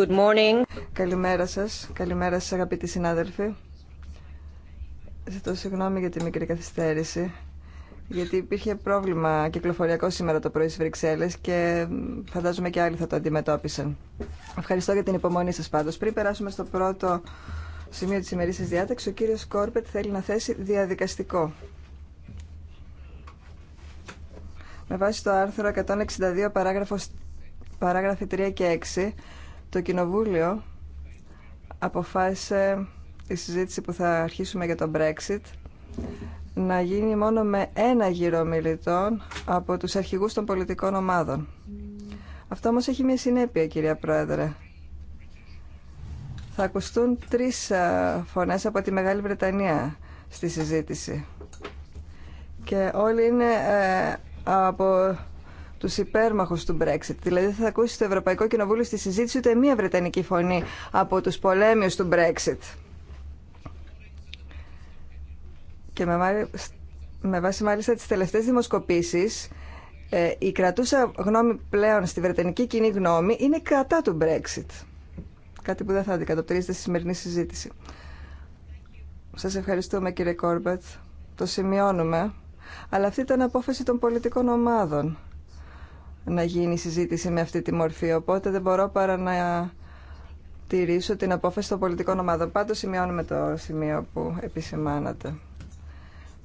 Good morning. Καλημέρα σας. Καλημέρα σας αγαπητοί συνάδελφοι. Ζητώ συγγνώμη για τη μικρή καθυστέρηση. Γιατί υπήρχε πρόβλημα κυκλοφοριακό σήμερα το πρωί στις Βρυξέλλες και φαντάζομαι και άλλοι θα το αντιμετώπισαν. Ευχαριστώ για την υπομονή σας πάντως. Πριν περάσουμε στο πρώτο σημείο της της διάταξης, ο κύριος Κόρπετ θέλει να θέσει διαδικαστικό. Με βάση το άρθρο 162 παράγραφος παράγραφοι 3 και 6 το Κοινοβούλιο αποφάσισε η συζήτηση που θα αρχίσουμε για το Brexit να γίνει μόνο με ένα γύρο μιλητών από τους αρχηγούς των πολιτικών ομάδων. Αυτό όμως έχει μια συνέπεια, κυρία Πρόεδρε. Θα ακουστούν τρεις φωνές από τη Μεγάλη Βρετανία στη συζήτηση. Και όλοι είναι ε, από τους υπέρμαχους του Brexit. Δηλαδή θα ακούσει το Ευρωπαϊκό Κοινοβούλιο στη συζήτηση ούτε μία βρετανική φωνή από τους πολέμιους του Brexit. Και με, με βάση μάλιστα τις τελευταίες δημοσκοπήσεις, ε, η κρατούσα γνώμη πλέον στη βρετανική κοινή γνώμη είναι κατά του Brexit. Κάτι που δεν θα αντικατοπτρίζεται στη σημερινή συζήτηση. Σας ευχαριστούμε κύριε Κόρμπετ. Το σημειώνουμε. Αλλά αυτή ήταν απόφαση των πολιτικών ομάδων να γίνει η συζήτηση με αυτή τη μορφή. Οπότε δεν μπορώ παρά να τηρήσω την απόφαση των πολιτικών ομάδων. Πάντως σημειώνουμε το σημείο που επισημάνατε.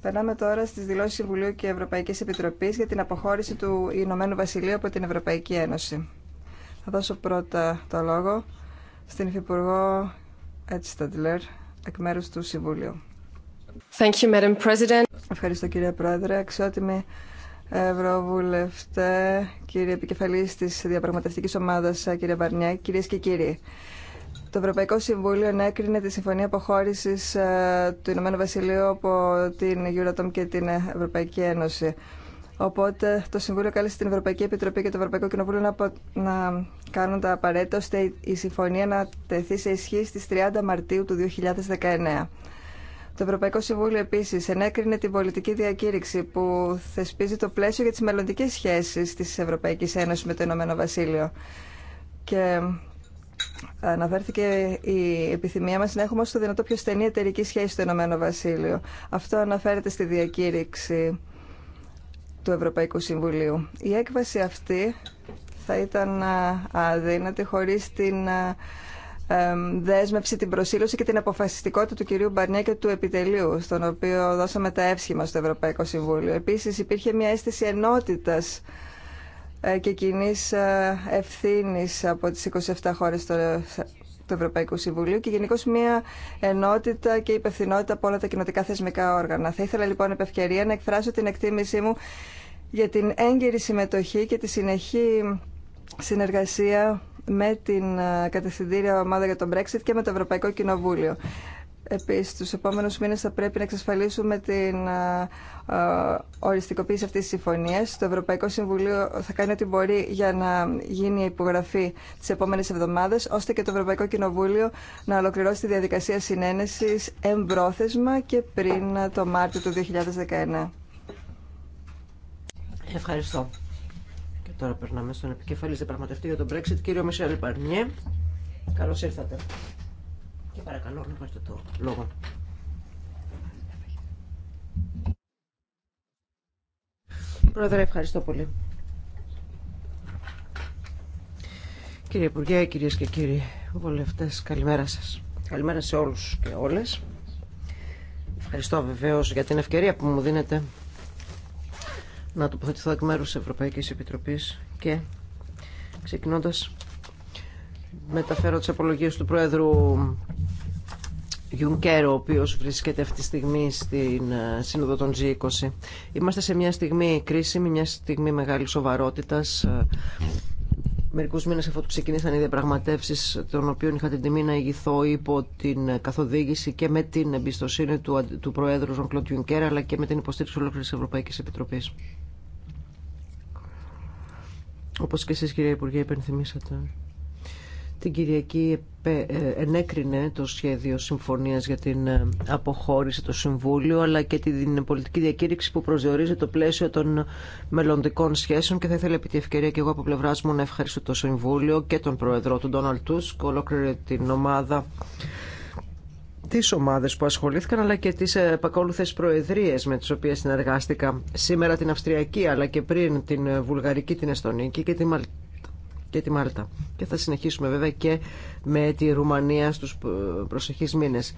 Περνάμε τώρα στι δηλώσει Συμβουλίου και Ευρωπαϊκή Επιτροπή για την αποχώρηση του Ηνωμένου Βασιλείου από την Ευρωπαϊκή Ένωση. Θα δώσω πρώτα το λόγο στην Υφυπουργό Έτσταντλερ εκ μέρου του Συμβουλίου. Ευχαριστώ, κύριε Πρόεδρε. Αξιότιμη Ευρωβουλευτέ, κύριε Επικεφαλή της διαπραγματευτικής ομάδας, κύριε Βαρνιά, κυρίες και κύριοι. Το Ευρωπαϊκό Συμβούλιο ενέκρινε τη συμφωνία αποχώρηση ε, του Ηνωμένου Βασιλείου από την Euratom και την Ευρωπαϊκή Ένωση. Οπότε το Συμβούλιο κάλεσε την Ευρωπαϊκή Επιτροπή και το Ευρωπαϊκό Κοινοβούλιο να, να κάνουν τα απαραίτητα ώστε η συμφωνία να τεθεί σε ισχύ στι 30 Μαρτίου του 2019. Το Ευρωπαϊκό Συμβούλιο επίση ενέκρινε την πολιτική διακήρυξη που θεσπίζει το πλαίσιο για τι μελλοντικέ σχέσει τη Ευρωπαϊκή Ένωση με το Ηνωμένο Βασίλειο. Και αναφέρθηκε η επιθυμία μας να έχουμε όσο το δυνατό πιο στενή εταιρική σχέση στο Ηνωμένο Βασίλειο. Αυτό αναφέρεται στη διακήρυξη του Ευρωπαϊκού Συμβουλίου. Η έκβαση αυτή θα ήταν αδύνατη χωρίς την δέσμευση, την προσήλωση και την αποφασιστικότητα του κυρίου Μπαρνιέ και του επιτελείου, στον οποίο δώσαμε τα εύσχυμα στο Ευρωπαϊκό Συμβούλιο. Επίσης υπήρχε μια αίσθηση ενότητας ε, και κοινή ε, ευθύνη από τις 27 χώρε του Ευρωπαϊκού Συμβουλίου και γενικώ μια ενότητα και υπευθυνότητα από όλα τα κοινοτικά θεσμικά όργανα. Θα ήθελα λοιπόν επευκαιρία να εκφράσω την εκτίμησή μου για την έγκαιρη συμμετοχή και τη συνεχή συνεργασία με την ε, κατευθυντήρια ομάδα για τον Brexit και με το Ευρωπαϊκό Κοινοβούλιο. Επίσης, τους επόμενους μήνες θα πρέπει να εξασφαλίσουμε την ε, ε, οριστικοποίηση αυτής της συμφωνίας. Το Ευρωπαϊκό Συμβουλίο θα κάνει ό,τι μπορεί για να γίνει η υπογραφή τις επόμενες εβδομάδες, ώστε και το Ευρωπαϊκό Κοινοβούλιο να ολοκληρώσει τη διαδικασία συνένεσης εμπρόθεσμα και πριν το Μάρτιο του 2019. Ευχαριστώ. Τώρα περνάμε στον επικεφαλής διαπραγματευτή για τον Brexit, κύριο Μισελ Παρνιέ. Καλώς ήρθατε. Και παρακαλώ να πάρετε το λόγο. Πρόεδρε, ευχαριστώ πολύ. Κύριε Υπουργέ, κυρίες και κύριοι βουλευτές, καλημέρα σας. Καλημέρα σε όλους και όλες. Ευχαριστώ βεβαίως για την ευκαιρία που μου δίνετε να τοποθετηθώ εκ μέρους της Ευρωπαϊκής Επιτροπής και ξεκινώντας μεταφέρω τις απολογίες του Πρόεδρου Γιουνκέρο, ο οποίος βρίσκεται αυτή τη στιγμή στην ε, Σύνοδο των G20. Είμαστε σε μια στιγμή κρίσιμη, μια στιγμή μεγάλης σοβαρότητας. Ε, Μερικού μήνε αφού ξεκινήσαν οι διαπραγματεύσει, των οποίων είχα την τιμή να ηγηθώ υπό την καθοδήγηση και με την εμπιστοσύνη του, του Προέδρου Ζων Κλοντ Ιουνκέρα, αλλά και με την υποστήριξη ολόκληρη τη Ευρωπαϊκή Επιτροπή όπως και εσείς κυρία Υπουργέ υπενθυμίσατε, την Κυριακή ε, ενέκρινε το σχέδιο συμφωνίας για την ε, αποχώρηση του Συμβούλιο αλλά και την πολιτική διακήρυξη που προσδιορίζει το πλαίσιο των μελλοντικών σχέσεων και θα ήθελα επί τη ευκαιρία και εγώ από πλευρά μου να ευχαριστώ το Συμβούλιο και τον Πρόεδρο του Ντόναλτ Τούσκ, ολόκληρη την ομάδα τις ομάδες που ασχολήθηκαν αλλά και τι ε, επακόλουθε προεδρίες με τις οποίες συνεργάστηκα σήμερα την Αυστριακή αλλά και πριν την ε, Βουλγαρική, την Εστονίκη και τη, και τη Μάλτα και θα συνεχίσουμε βέβαια και με τη Ρουμανία στους ε, προσεχείς μήνες.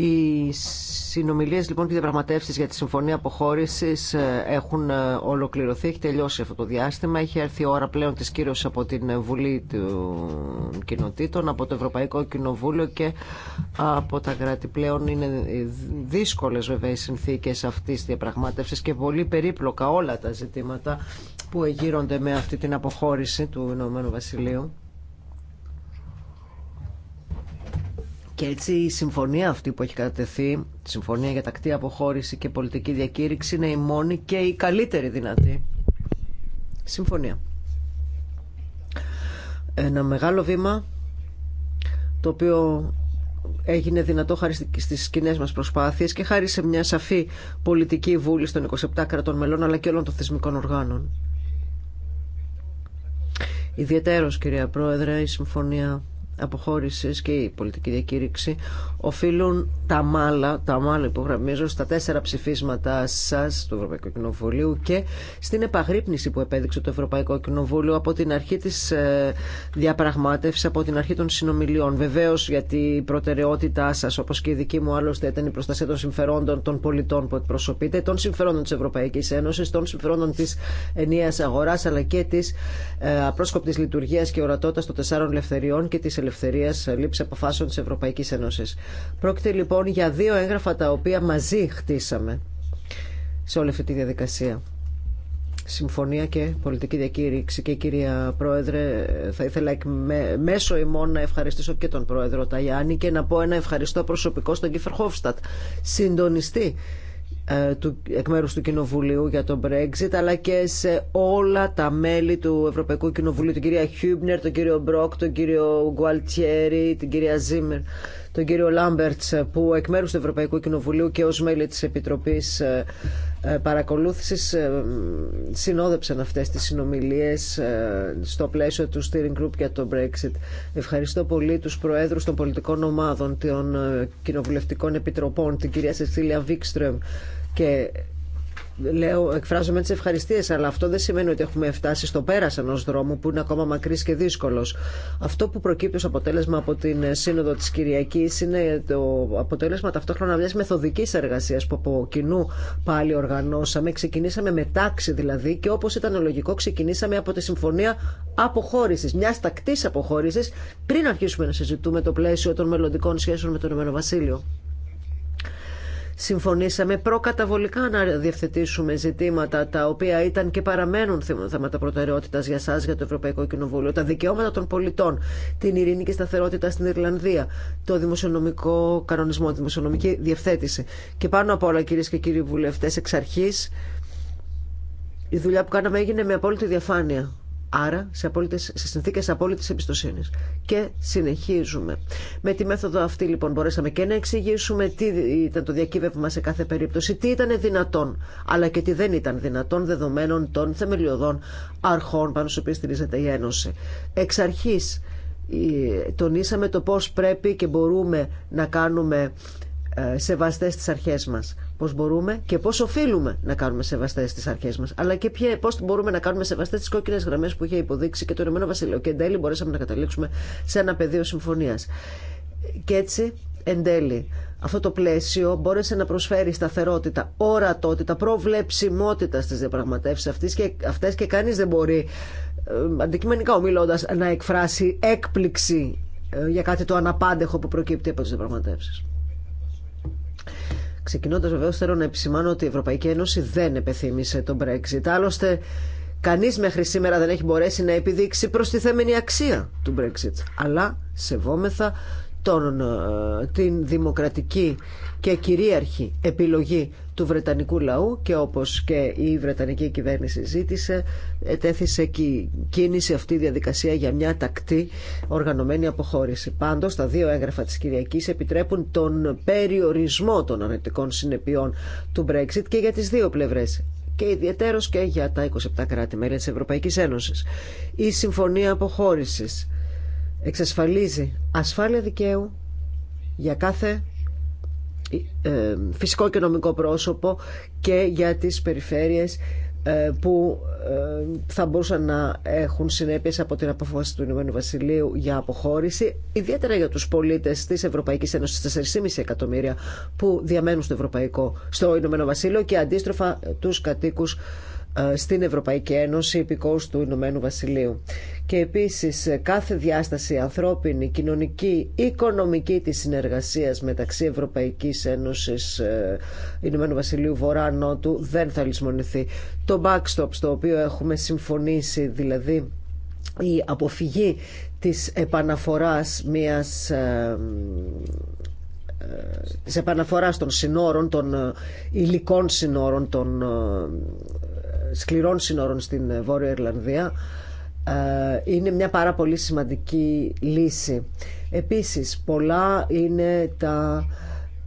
Οι συνομιλίε λοιπόν και οι διαπραγματεύσει για τη συμφωνία αποχώρηση ε, έχουν ε, ολοκληρωθεί, έχει τελειώσει αυτό το διάστημα. Έχει έρθει η ώρα πλέον τη κύρωση από την Βουλή των Κοινοτήτων, από το Ευρωπαϊκό Κοινοβούλιο και από τα κράτη. Πλέον είναι δύσκολε βέβαια οι συνθήκε αυτή τη διαπραγμάτευση και πολύ περίπλοκα όλα τα ζητήματα που εγείρονται με αυτή την αποχώρηση του Ηνωμένου Βασιλείου. Και έτσι η συμφωνία αυτή που έχει κατατεθεί, η συμφωνία για τακτή αποχώρηση και πολιτική διακήρυξη είναι η μόνη και η καλύτερη δυνατή συμφωνία. Ένα μεγάλο βήμα το οποίο έγινε δυνατό χάρη στις κοινέ μας προσπάθειες και χάρη σε μια σαφή πολιτική βούλη των 27 κρατών μελών αλλά και όλων των θεσμικών οργάνων. Ιδιαίτερος κυρία Πρόεδρε η συμφωνία Αποχώρηση και η πολιτική διακήρυξη οφείλουν τα μάλα, τα μάλα υπογραμμίζω, στα τέσσερα ψηφίσματα σα του Ευρωπαϊκού Κοινοβουλίου και στην επαγρύπνηση που επέδειξε το Ευρωπαϊκό Κοινοβούλιο από την αρχή της ε, διαπραγματεύση, από την αρχή των συνομιλιών. Βεβαίω γιατί η προτεραιότητά σα, όπω και η δική μου άλλωστε, ήταν η προστασία των συμφερόντων των πολιτών που εκπροσωπείτε, των συμφερόντων τη Ευρωπαϊκή Ένωση, των συμφερόντων τη ενιαία αγορά, αλλά και τη ε, απρόσκοπτης και ορατότητα των τεσσάρων ελευθεριών και της ελευθερία λήψη αποφάσεων τη Ευρωπαϊκή Ένωση. Πρόκειται λοιπόν για δύο έγγραφα τα οποία μαζί χτίσαμε σε όλη αυτή τη διαδικασία. Συμφωνία και πολιτική διακήρυξη. Και κυρία Πρόεδρε, θα ήθελα με, μέσω ημών να ευχαριστήσω και τον Πρόεδρο Ταγιάννη και να πω ένα ευχαριστώ προσωπικό στον Κίφερ Χόφστατ, συντονιστή ε, του, εκ μέρους του Κοινοβουλίου για τον Brexit αλλά και σε όλα τα μέλη του Ευρωπαϊκού Κοινοβουλίου την κυρία Χιούμπνερ, τον κύριο Μπρόκ, τον κύριο Γκουαλτιέρη, την κυρία Ζήμερ τον κύριο Λάμπερτς που εκ μέρους του Ευρωπαϊκού Κοινοβουλίου και ως μέλη της Επιτροπής ε, ε, παρακολούθησης ε, συνόδεψαν αυτές τις συνομιλίες ε, στο πλαίσιο του Steering Group για το Brexit. Ευχαριστώ πολύ τους Προέδρους των πολιτικών ομάδων των Κοινοβουλευτικών Επιτροπών, την κυρία Σεσίλια Βίκστρεμ και λέω, εκφράζομαι τι ευχαριστίε, αλλά αυτό δεν σημαίνει ότι έχουμε φτάσει στο πέρα ενό δρόμου που είναι ακόμα μακρύ και δύσκολο. Αυτό που προκύπτει ω αποτέλεσμα από την Σύνοδο τη Κυριακή είναι το αποτέλεσμα ταυτόχρονα μια μεθοδική εργασία που από κοινού πάλι οργανώσαμε. Ξεκινήσαμε με τάξη δηλαδή και όπω ήταν λογικό, ξεκινήσαμε από τη Συμφωνία Αποχώρηση, μια τακτή αποχώρηση, πριν αρχίσουμε να συζητούμε το πλαίσιο των μελλοντικών σχέσεων με τον Ηνωμένο συμφωνήσαμε προκαταβολικά να διευθετήσουμε ζητήματα τα οποία ήταν και παραμένουν θέματα προτεραιότητα για εσά, για το Ευρωπαϊκό Κοινοβούλιο, τα δικαιώματα των πολιτών, την ειρήνη και σταθερότητα στην Ιρλανδία, το δημοσιονομικό κανονισμό, τη δημοσιονομική διευθέτηση. Και πάνω απ' όλα, κυρίε και κύριοι βουλευτέ, εξ αρχή η δουλειά που κάναμε έγινε με απόλυτη διαφάνεια. Άρα σε, απόλυτες, σε συνθήκες απόλυτης εμπιστοσύνης. Και συνεχίζουμε. Με τη μέθοδο αυτή λοιπόν μπορέσαμε και να εξηγήσουμε τι ήταν το διακύβευμα σε κάθε περίπτωση, τι ήταν δυνατόν, αλλά και τι δεν ήταν δυνατόν δεδομένων των θεμελιωδών αρχών πάνω στους οποίους στηρίζεται η Ένωση. Εξ αρχής τονίσαμε το πώς πρέπει και μπορούμε να κάνουμε ε, σεβαστές τις αρχές μας πώς μπορούμε και πώς οφείλουμε να κάνουμε σεβαστές τις αρχές μας, αλλά και ποιε, πώς μπορούμε να κάνουμε σεβαστές τις κόκκινες γραμμές που είχε υποδείξει και το Ηνωμένο Βασίλειο. Και εν τέλει μπορέσαμε να καταλήξουμε σε ένα πεδίο συμφωνίας. Και έτσι, εν τέλει, αυτό το πλαίσιο μπόρεσε να προσφέρει σταθερότητα, ορατότητα, προβλεψιμότητα στις διαπραγματεύσεις αυτές και, αυτές και κανείς δεν μπορεί ε, αντικειμενικά ομιλώντας να εκφράσει έκπληξη ε, για κάτι το αναπάντεχο που προκύπτει από τις διαπραγματεύσεις. Ξεκινώντας βεβαίω θέλω να επισημάνω ότι η Ευρωπαϊκή Ένωση δεν επεθύμησε τον Brexit. Άλλωστε κανείς μέχρι σήμερα δεν έχει μπορέσει να επιδείξει θέμενη αξία του Brexit. Αλλά σεβόμεθα τον, ε, την δημοκρατική και κυρίαρχη επιλογή του Βρετανικού λαού και όπως και η Βρετανική κυβέρνηση ζήτησε ετέθησε και κίνηση αυτή η διαδικασία για μια τακτή οργανωμένη αποχώρηση. Πάντως τα δύο έγγραφα της Κυριακής επιτρέπουν τον περιορισμό των ανετικών συνεπειών του Brexit και για τις δύο πλευρές και ιδιαίτερο και για τα 27 κράτη-μέλη της Ευρωπαϊκής Ένωσης. Η Συμφωνία Αποχώρησης εξασφαλίζει ασφάλεια δικαίου για κάθε ε, φυσικό και νομικό πρόσωπο και για τις περιφέρειες ε, που ε, θα μπορούσαν να έχουν συνέπειες από την αποφάση του Ηνωμένου Βασιλείου για αποχώρηση, ιδιαίτερα για τους πολίτες της Ευρωπαϊκής Ένωσης, 4,5 εκατομμύρια που διαμένουν στο, Ευρωπαϊκό, στο Ηνωμένο Βασίλειο και αντίστροφα τους κατοίκους ε, στην Ευρωπαϊκή Ένωση επικούς του Ηνωμένου Βασιλείου. Και επίσης ε, κάθε διάσταση ανθρώπινη, κοινωνική, οικονομική της συνεργασίας μεταξύ Ευρωπαϊκής Ένωσης ε, Ηνωμένου Βασιλείου Βορρά Νότου δεν θα λησμονηθεί. Το backstop στο οποίο έχουμε συμφωνήσει, δηλαδή η αποφυγή της επαναφοράς μιας της επαναφοράς των συνόρων, των υλικών συνόρων, των σκληρών σύνορων στην ε, Βόρεια Ιρλανδία ε, είναι μια πάρα πολύ σημαντική λύση. Επίσης, πολλά είναι τα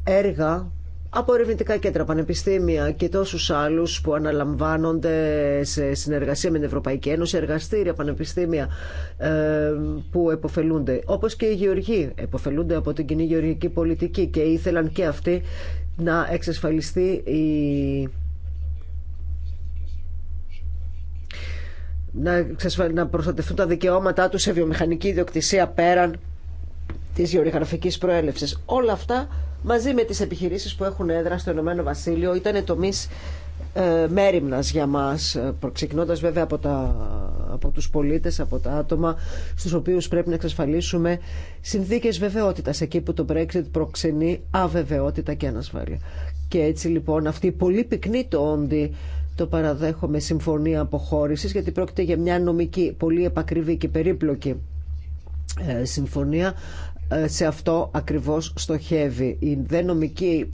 έργα από ερευνητικά κέντρα, πανεπιστήμια και τόσους άλλους που αναλαμβάνονται σε συνεργασία με την Ευρωπαϊκή Ένωση, εργαστήρια, πανεπιστήμια ε, που εποφελούνται. Όπως και οι γεωργοί εποφελούνται από την κοινή γεωργική πολιτική και ήθελαν και αυτοί να εξασφαλιστεί η να, να προστατευτούν τα δικαιώματά του σε βιομηχανική ιδιοκτησία πέραν τη γεωργραφικής προέλευση. Όλα αυτά μαζί με τι επιχειρήσει που έχουν έδρα στο Ηνωμένο Βασίλειο ήταν τομεί ε, για μα, ε, ξεκινώντα βέβαια από, τα, από τους πολίτες, από τα άτομα στου οποίου πρέπει να εξασφαλίσουμε συνθήκε βεβαιότητα, εκεί που το Brexit προξενεί αβεβαιότητα και ανασφάλεια. Και έτσι λοιπόν αυτή η πολύ πυκνή τόντη το παραδέχομαι συμφωνία αποχώρησης γιατί πρόκειται για μια νομική πολύ επακριβή και περίπλοκη ε, συμφωνία ε, σε αυτό ακριβώς στοχεύει. Η δεν νομική,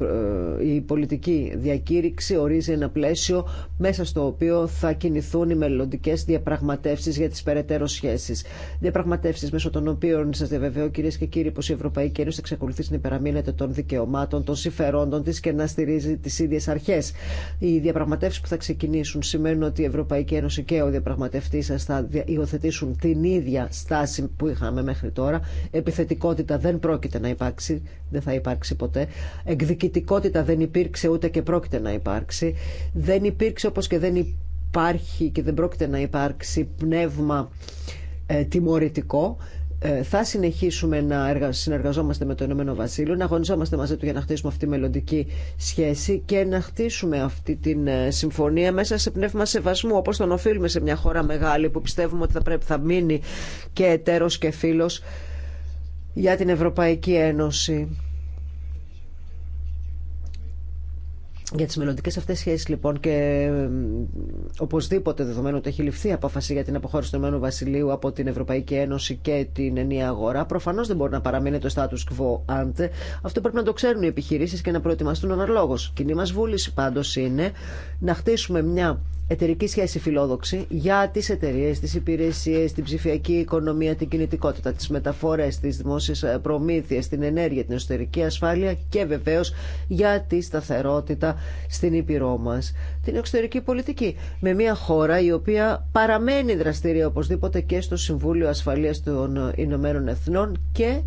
ε, η πολιτική διακήρυξη ορίζει ένα πλαίσιο μέσα στο οποίο θα κινηθούν οι μελλοντικέ διαπραγματεύσεις για τις περαιτέρω σχέσεις. Διαπραγματεύσεις μέσω των οποίων σας διαβεβαιώ κύριε και κύριοι πως η Ευρωπαϊκή Ένωση θα εξακολουθήσει να υπεραμείνεται των δικαιωμάτων, των συμφερόντων της και να στηρίζει τις ίδιες αρχές. Οι διαπραγματεύσεις που θα ξεκινήσουν σημαίνουν ότι η Ευρωπαϊκή Ένωση και ο διαπραγματευτής σας θα υιοθετήσουν την ίδια στάση που είχαμε μέχρι τώρα, επιθετικότητα δεν πρόκειται να υπάρξει, δεν θα υπάρξει ποτέ. Εκδικητικότητα δεν υπήρξε ούτε και πρόκειται να υπάρξει. Δεν υπήρξε όπως και δεν υπάρχει και δεν πρόκειται να υπάρξει πνεύμα ε, τιμωρητικό ε, θα συνεχίσουμε να συνεργαζόμαστε με το Ηνωμένο Βασίλειο, να αγωνιζόμαστε μαζί του για να χτίσουμε αυτή τη μελλοντική σχέση και να χτίσουμε αυτή τη ε, συμφωνία μέσα σε πνεύμα σεβασμού, όπω τον οφείλουμε σε μια χώρα μεγάλη που πιστεύουμε ότι θα πρέπει θα μείνει και εταίρο και φίλο για την Ευρωπαϊκή Ένωση. Για τις μελλοντικέ αυτές σχέσεις λοιπόν και οπωσδήποτε δεδομένου ότι έχει ληφθεί απόφαση για την αποχώρηση του Ενωμένου Βασιλείου από την Ευρωπαϊκή Ένωση και την ενή αγορά, προφανώς δεν μπορεί να παραμείνει το status quo ante. Αυτό πρέπει να το ξέρουν οι επιχειρήσεις και να προετοιμαστούν αναλόγω. Κοινή μας βούληση πάντως είναι να χτίσουμε μια εταιρική σχέση φιλόδοξη για τι εταιρείε, τις υπηρεσίες, την ψηφιακή οικονομία, την κινητικότητα, τις μεταφορές, τις δημόσιες ε, προμήθειες, την ενέργεια, την εσωτερική ασφάλεια και βεβαίως για τη σταθερότητα στην Ήπειρό μα, την εξωτερική πολιτική. Με μια χώρα η οποία παραμένει δραστηρία οπωσδήποτε και στο Συμβούλιο Ασφαλεία των Ηνωμένων Εθνών και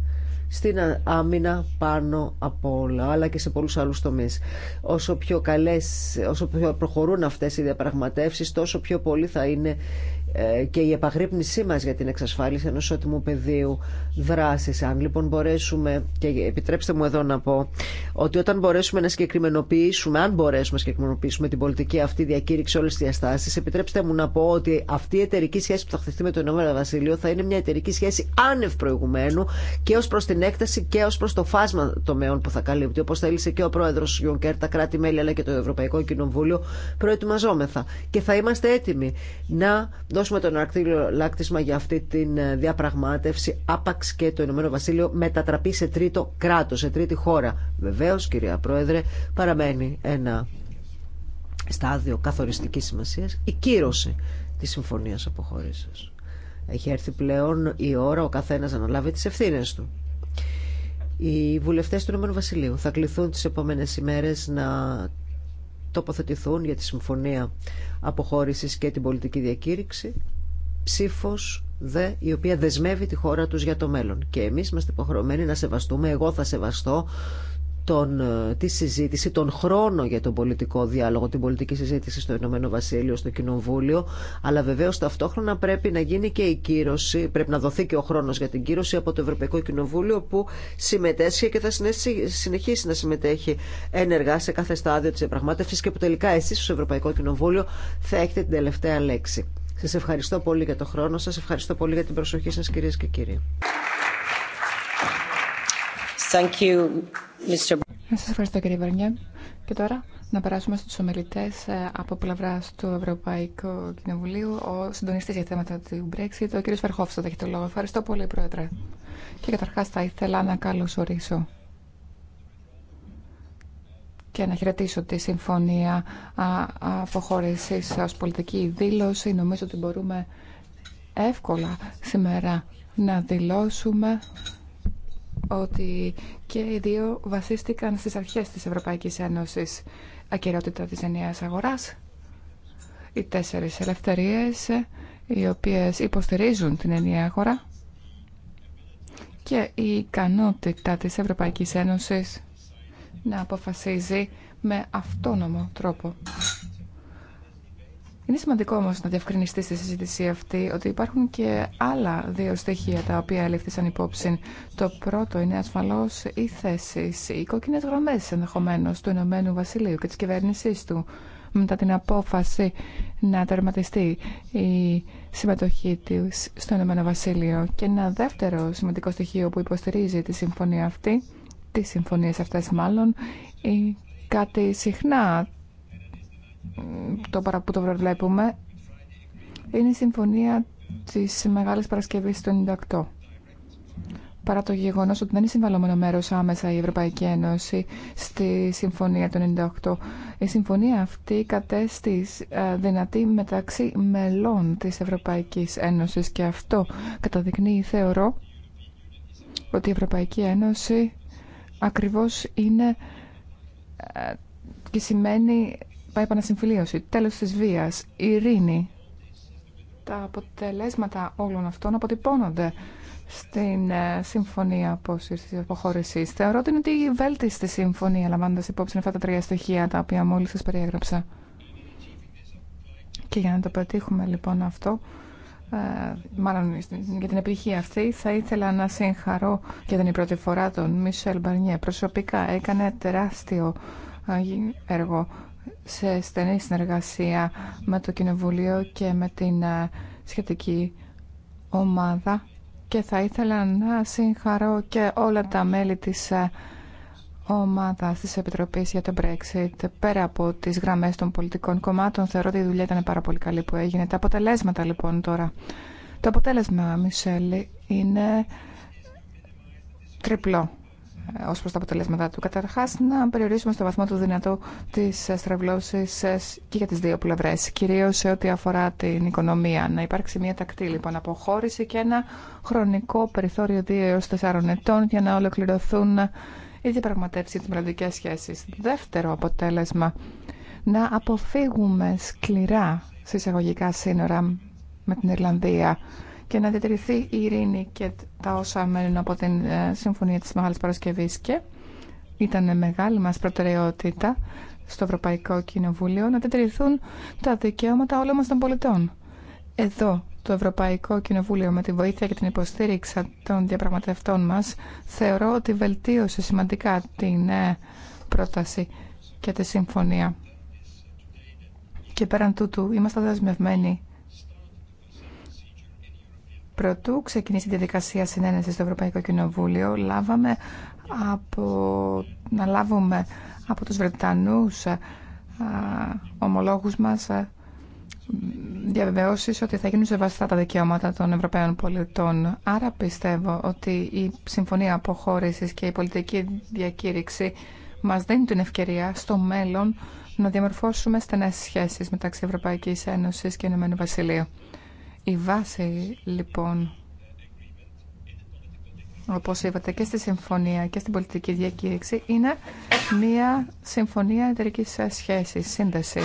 στην άμυνα πάνω από όλα, αλλά και σε πολλούς άλλους τομείς. Όσο πιο, καλές, όσο πιο προχωρούν αυτές οι διαπραγματεύσεις, τόσο πιο πολύ θα είναι ε, και η επαγρύπνησή μας για την εξασφάλιση ενός ότιμου πεδίου αν λοιπόν μπορέσουμε, και επιτρέψτε μου εδώ να πω, ότι όταν μπορέσουμε να συγκεκριμενοποιήσουμε, αν μπορέσουμε να συγκεκριμενοποιήσουμε την πολιτική αυτή διακήρυξη όλες τις διαστάσεις, επιτρέψτε μου να πω ότι αυτή η εταιρική σχέση που θα χτιστεί με το Ηνωμένο Βασίλειο θα είναι μια εταιρική σχέση άνευ προηγουμένου και ως προς την έκταση και ως προς το φάσμα τομέων που θα καλύπτει. Όπως θέλησε και ο πρόεδρος Γιονκέρ, τα κράτη-μέλη αλλά και το Ευρωπαϊκό Κοινοβούλιο, προετοιμαζόμεθα. Και θα είμαστε έτοιμοι να δώσουμε τον αρκτήριο λάκτισμα για αυτή την ε, διαπραγμάτευση άπαξ και το Ηνωμένο Βασίλειο μετατραπεί σε τρίτο κράτο, σε τρίτη χώρα. Βεβαίω, κυρία Πρόεδρε, παραμένει ένα στάδιο καθοριστικής σημασίας η κύρωση της συμφωνίας αποχωρηση Έχει έρθει πλέον η ώρα ο καθένας να αναλάβει τις ευθύνε του. Οι βουλευτέ του Ηνωμένου Βασιλείου θα κληθούν τις επόμενες ημέρε να τοποθετηθούν για τη συμφωνία αποχώρηση και την πολιτική διακήρυξη. Ψήφος δε, η οποία δεσμεύει τη χώρα τους για το μέλλον. Και εμείς είμαστε υποχρεωμένοι να σεβαστούμε, εγώ θα σεβαστώ τον, ε, τη συζήτηση, τον χρόνο για τον πολιτικό διάλογο, την πολιτική συζήτηση στο Ηνωμένο Βασίλειο, στο Κοινοβούλιο, αλλά βεβαίω ταυτόχρονα πρέπει να γίνει και η κύρωση, πρέπει να δοθεί και ο χρόνο για την κύρωση από το Ευρωπαϊκό Κοινοβούλιο που συμμετέσχει και θα συνεχίσει να συμμετέχει ενεργά σε κάθε στάδιο τη διαπραγμάτευση και που τελικά εσεί, στο Ευρωπαϊκό Κοινοβούλιο θα έχετε την τελευταία λέξη. Σας ευχαριστώ πολύ για το χρόνο σας, ευχαριστώ πολύ για την προσοχή σας κυρίες και κύριοι. Thank you, Mr. Σας ευχαριστώ κύριε Βαρνιέ. Και τώρα να περάσουμε στους ομιλητές ε, από πλευρά του Ευρωπαϊκού Κοινοβουλίου. Ο συντονιστής για θέματα του Brexit, ο κύριος θα έχει το λόγο. Ευχαριστώ πολύ, Πρόεδρε. Και καταρχάς θα ήθελα να καλωσορίσω και να χαιρετήσω τη συμφωνία αποχώρησης ως πολιτική δήλωση. Νομίζω ότι μπορούμε εύκολα σήμερα να δηλώσουμε ότι και οι δύο βασίστηκαν στις αρχές της Ευρωπαϊκής Ένωσης ακαιρεότητα της ενιαίας αγοράς οι τέσσερις ελευθερίες οι οποίες υποστηρίζουν την ενιαία αγορά και η ικανότητα της Ευρωπαϊκής Ένωσης να αποφασίζει με αυτόνομο τρόπο. Είναι σημαντικό όμω να διευκρινιστεί στη συζήτηση αυτή ότι υπάρχουν και άλλα δύο στοιχεία τα οποία λήφθησαν υπόψη. Το πρώτο είναι ασφαλώ οι θέσει, οι κόκκινε γραμμέ ενδεχομένω του Ηνωμένου Βασιλείου και τη κυβέρνησή του μετά την απόφαση να τερματιστεί η συμμετοχή του στο Ηνωμένο Βασίλειο. Και ένα δεύτερο σημαντικό στοιχείο που υποστηρίζει τη συμφωνία αυτή τις συμφωνίες αυτές μάλλον κάτι συχνά το παρά που το προβλέπουμε είναι η συμφωνία της Μεγάλης Παρασκευής του 1998. Παρά το γεγονός ότι δεν είναι συμβαλόμενο μέρος άμεσα η Ευρωπαϊκή Ένωση στη Συμφωνία του 1998, η συμφωνία αυτή κατέστη ε, δυνατή μεταξύ μελών της Ευρωπαϊκής Ένωσης και αυτό καταδεικνύει, θεωρώ, ότι η Ευρωπαϊκή Ένωση ακριβώς είναι ε, και σημαίνει πάει επανασυμφιλίωση, τέλος της βίας, ειρήνη. Τα αποτελέσματα όλων αυτών αποτυπώνονται στην ε, συμφωνία τη αποχώρηση. Θεωρώ ότι είναι τη βέλτιστη συμφωνία, λαμβάνοντα υπόψη αυτά τα τρία στοιχεία τα οποία μόλις σα περιέγραψα. Και για να το πετύχουμε λοιπόν αυτό, ε, μάλλον για την επιτυχία αυτή, θα ήθελα να συγχαρώ για την πρώτη φορά τον Μισελ Μπαρνιέ. Προσωπικά έκανε τεράστιο ε, έργο σε στενή συνεργασία με το Κοινοβουλίο και με την ε, σχετική ομάδα και θα ήθελα να συγχαρώ και όλα τα μέλη της ομάδα τη Επιτροπή για το Brexit, πέρα από τι γραμμέ των πολιτικών κομμάτων, θεωρώ ότι η δουλειά ήταν πάρα πολύ καλή που έγινε. Τα αποτελέσματα λοιπόν τώρα. Το αποτέλεσμα, Μισελ, είναι τριπλό ε, ω προ τα αποτελέσματά του. Καταρχά, να περιορίσουμε στο βαθμό του δυνατό τι στρεβλώσει ε, και για τι δύο πλευρέ, κυρίω σε ό,τι αφορά την οικονομία. Να υπάρξει μια τακτή λοιπόν αποχώρηση και ένα χρονικό περιθώριο 2 έω 4 ετών για να ολοκληρωθούν Ήδη διαπραγματεύσει για τι μελλοντικέ σχέσει. Δεύτερο αποτέλεσμα, να αποφύγουμε σκληρά συσσαγωγικά σύνορα με την Ιρλανδία και να διατηρηθεί η ειρήνη και τα όσα μένουν από την ε, Συμφωνία της Μεγάλης Παρασκευής και ήταν μεγάλη μας προτεραιότητα στο Ευρωπαϊκό Κοινοβούλιο να διατηρηθούν τα δικαιώματα όλων μας των πολιτών. Εδώ το Ευρωπαϊκό Κοινοβούλιο με τη βοήθεια και την υποστήριξη των διαπραγματευτών μας, θεωρώ ότι βελτίωσε σημαντικά την ε, πρόταση και τη συμφωνία. Και πέραν τούτου, είμαστε δεσμευμένοι Πρωτού ξεκινήσει η διαδικασία συνένεσης στο Ευρωπαϊκό Κοινοβούλιο, λάβαμε από, να λάβουμε από τους Βρετανούς α, ε, ομολόγους μας ε, διαβεβαιώσει ότι θα γίνουν σεβαστά τα δικαιώματα των Ευρωπαίων πολιτών. Άρα πιστεύω ότι η συμφωνία αποχώρησης και η πολιτική διακήρυξη μας δίνει την ευκαιρία στο μέλλον να διαμορφώσουμε στενές σχέσεις μεταξύ Ευρωπαϊκής Ένωσης και Ηνωμένου Βασιλείου. Η βάση λοιπόν όπως είπατε και στη συμφωνία και στην πολιτική διακήρυξη, είναι μια συμφωνία εταιρική σχέση, σύνδεση.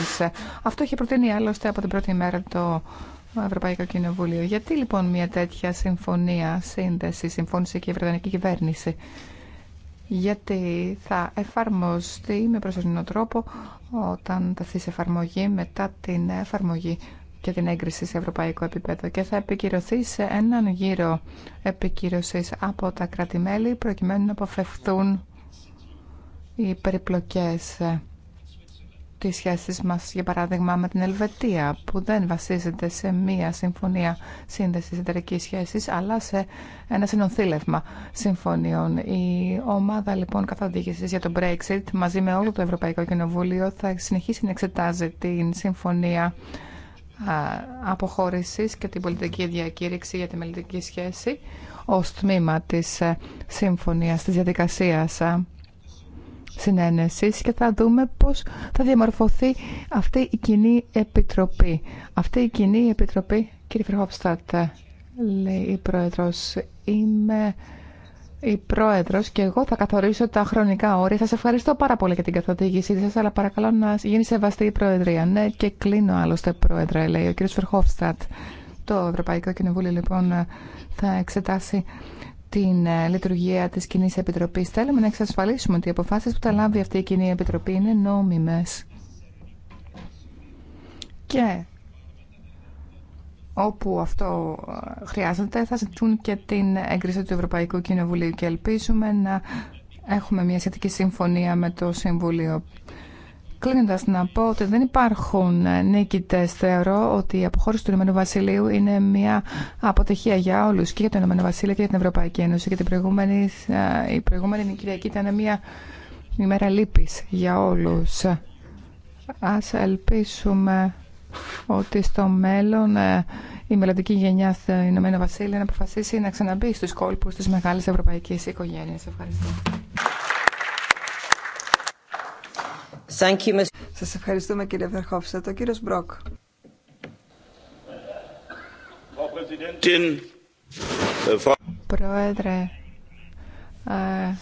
Αυτό είχε προτείνει άλλωστε από την πρώτη μέρα το Ευρωπαϊκό Κοινοβούλιο. Γιατί λοιπόν μια τέτοια συμφωνία, σύνδεση, συμφώνησε και η Βρετανική κυβέρνηση. Γιατί θα εφαρμοστεί με προσωρινό τρόπο όταν θα σε εφαρμογή μετά την εφαρμογή και την έγκριση σε ευρωπαϊκό επίπεδο και θα επικυρωθεί σε έναν γύρο επικύρωσης από τα κρατημέλη μελη προκειμένου να αποφευθούν οι περιπλοκές της σχέσης μας, για παράδειγμα, με την Ελβετία, που δεν βασίζεται σε μία συμφωνία σύνδεσης εταιρικής σχέσης, αλλά σε ένα συνοθήλευμα συμφωνιών. Η ομάδα, λοιπόν, καθοδήγησης για το Brexit, μαζί με όλο το Ευρωπαϊκό Κοινοβούλιο, θα συνεχίσει να εξετάζει την συμφωνία αποχώρησης και την πολιτική διακήρυξη για τη μελλοντική σχέση ως τμήμα της ε, συμφωνίας, της διαδικασίας ε, συνένεσης και θα δούμε πώς θα διαμορφωθεί αυτή η κοινή επιτροπή. Αυτή η κοινή επιτροπή, κύριε Φερχόφστατ, ε, λέει η Πρόεδρος, είμαι η Πρόεδρος και εγώ θα καθορίσω τα χρονικά όρια. Σας ευχαριστώ πάρα πολύ για την καθοδήγησή σα, αλλά παρακαλώ να γίνει σεβαστή η Προεδρία. Ναι, και κλείνω άλλωστε Πρόεδρε, λέει ο κ. Φερχόφστατ. Το Ευρωπαϊκό Κοινοβούλιο λοιπόν θα εξετάσει την ε, λειτουργία της κοινή Επιτροπής. Θέλουμε να εξασφαλίσουμε ότι οι αποφάσει που θα λάβει αυτή η κοινή Επιτροπή είναι νόμιμέ. Και όπου αυτό ε, χρειάζεται θα ζητούν και την έγκριση του Ευρωπαϊκού Κοινοβουλίου και ελπίζουμε να έχουμε μια σχετική συμφωνία με το Συμβούλιο. Κλείνοντα να πω ότι δεν υπάρχουν ε, νίκητε, θεωρώ ότι η αποχώρηση του Ηνωμένου Βασιλείου είναι μια αποτυχία για όλου, και για το Ηνωμένο Βασίλειο και για την Ευρωπαϊκή Ένωση. Και ε, η προηγούμενη Κυριακή ήταν μια ημέρα λύπη για όλου. Α ελπίσουμε ότι στο μέλλον ε, η μελλοντική γενιά στο Ηνωμένο Βασίλειο να αποφασίσει να ξαναμπεί στου κόλπους τη μεγάλη Ευρωπαϊκή οικογένεια. Ευχαριστώ. Σας ευχαριστούμε κύριε Βερχόφσα. Το κύριο Μπρόκ. Πρόεδρε, ε,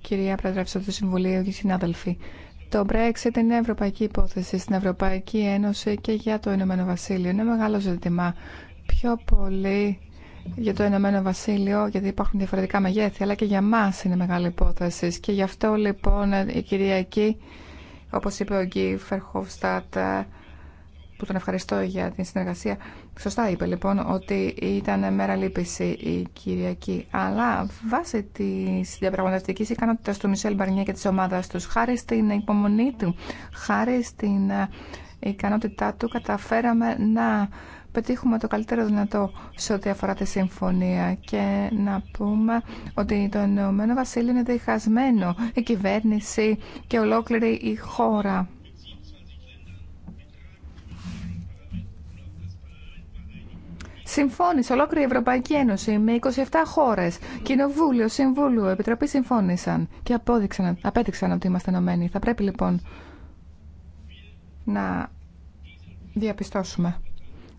κυρία Πρόεδρε του Συμβουλίου και συνάδελφοι, το Brexit είναι ευρωπαϊκή υπόθεση στην Ευρωπαϊκή Ένωση και για το Ηνωμένο Βασίλειο. Είναι μεγάλο ζήτημα. Πιο πολύ για το Ηνωμένο Βασίλειο, γιατί υπάρχουν διαφορετικά μεγέθη, αλλά και για μα είναι μεγάλη υπόθεση. Και γι' αυτό λοιπόν η Κυριακή, όπως είπε ο Γκί Φερχόφστατ, που τον ευχαριστώ για την συνεργασία, σωστά είπε λοιπόν ότι ήταν μέρα λύπηση η Κυριακή. Αλλά βάσει τη διαπραγματευτική ικανότητα του Μισελ Μπαρνιέ και τη ομάδα του, χάρη στην υπομονή του, χάρη στην ε, ικανότητά του, καταφέραμε να πετύχουμε το καλύτερο δυνατό σε ό,τι αφορά τη συμφωνία και να πούμε ότι το Ηνωμένο Βασίλειο είναι διχασμένο, η κυβέρνηση και ολόκληρη η χώρα. Συμφώνησε ολόκληρη η Ευρωπαϊκή Ένωση με 27 χώρε. Κοινοβούλιο, Συμβούλιο, Επιτροπή συμφώνησαν και απόδειξαν, απέδειξαν ότι είμαστε ενωμένοι. Θα πρέπει λοιπόν να διαπιστώσουμε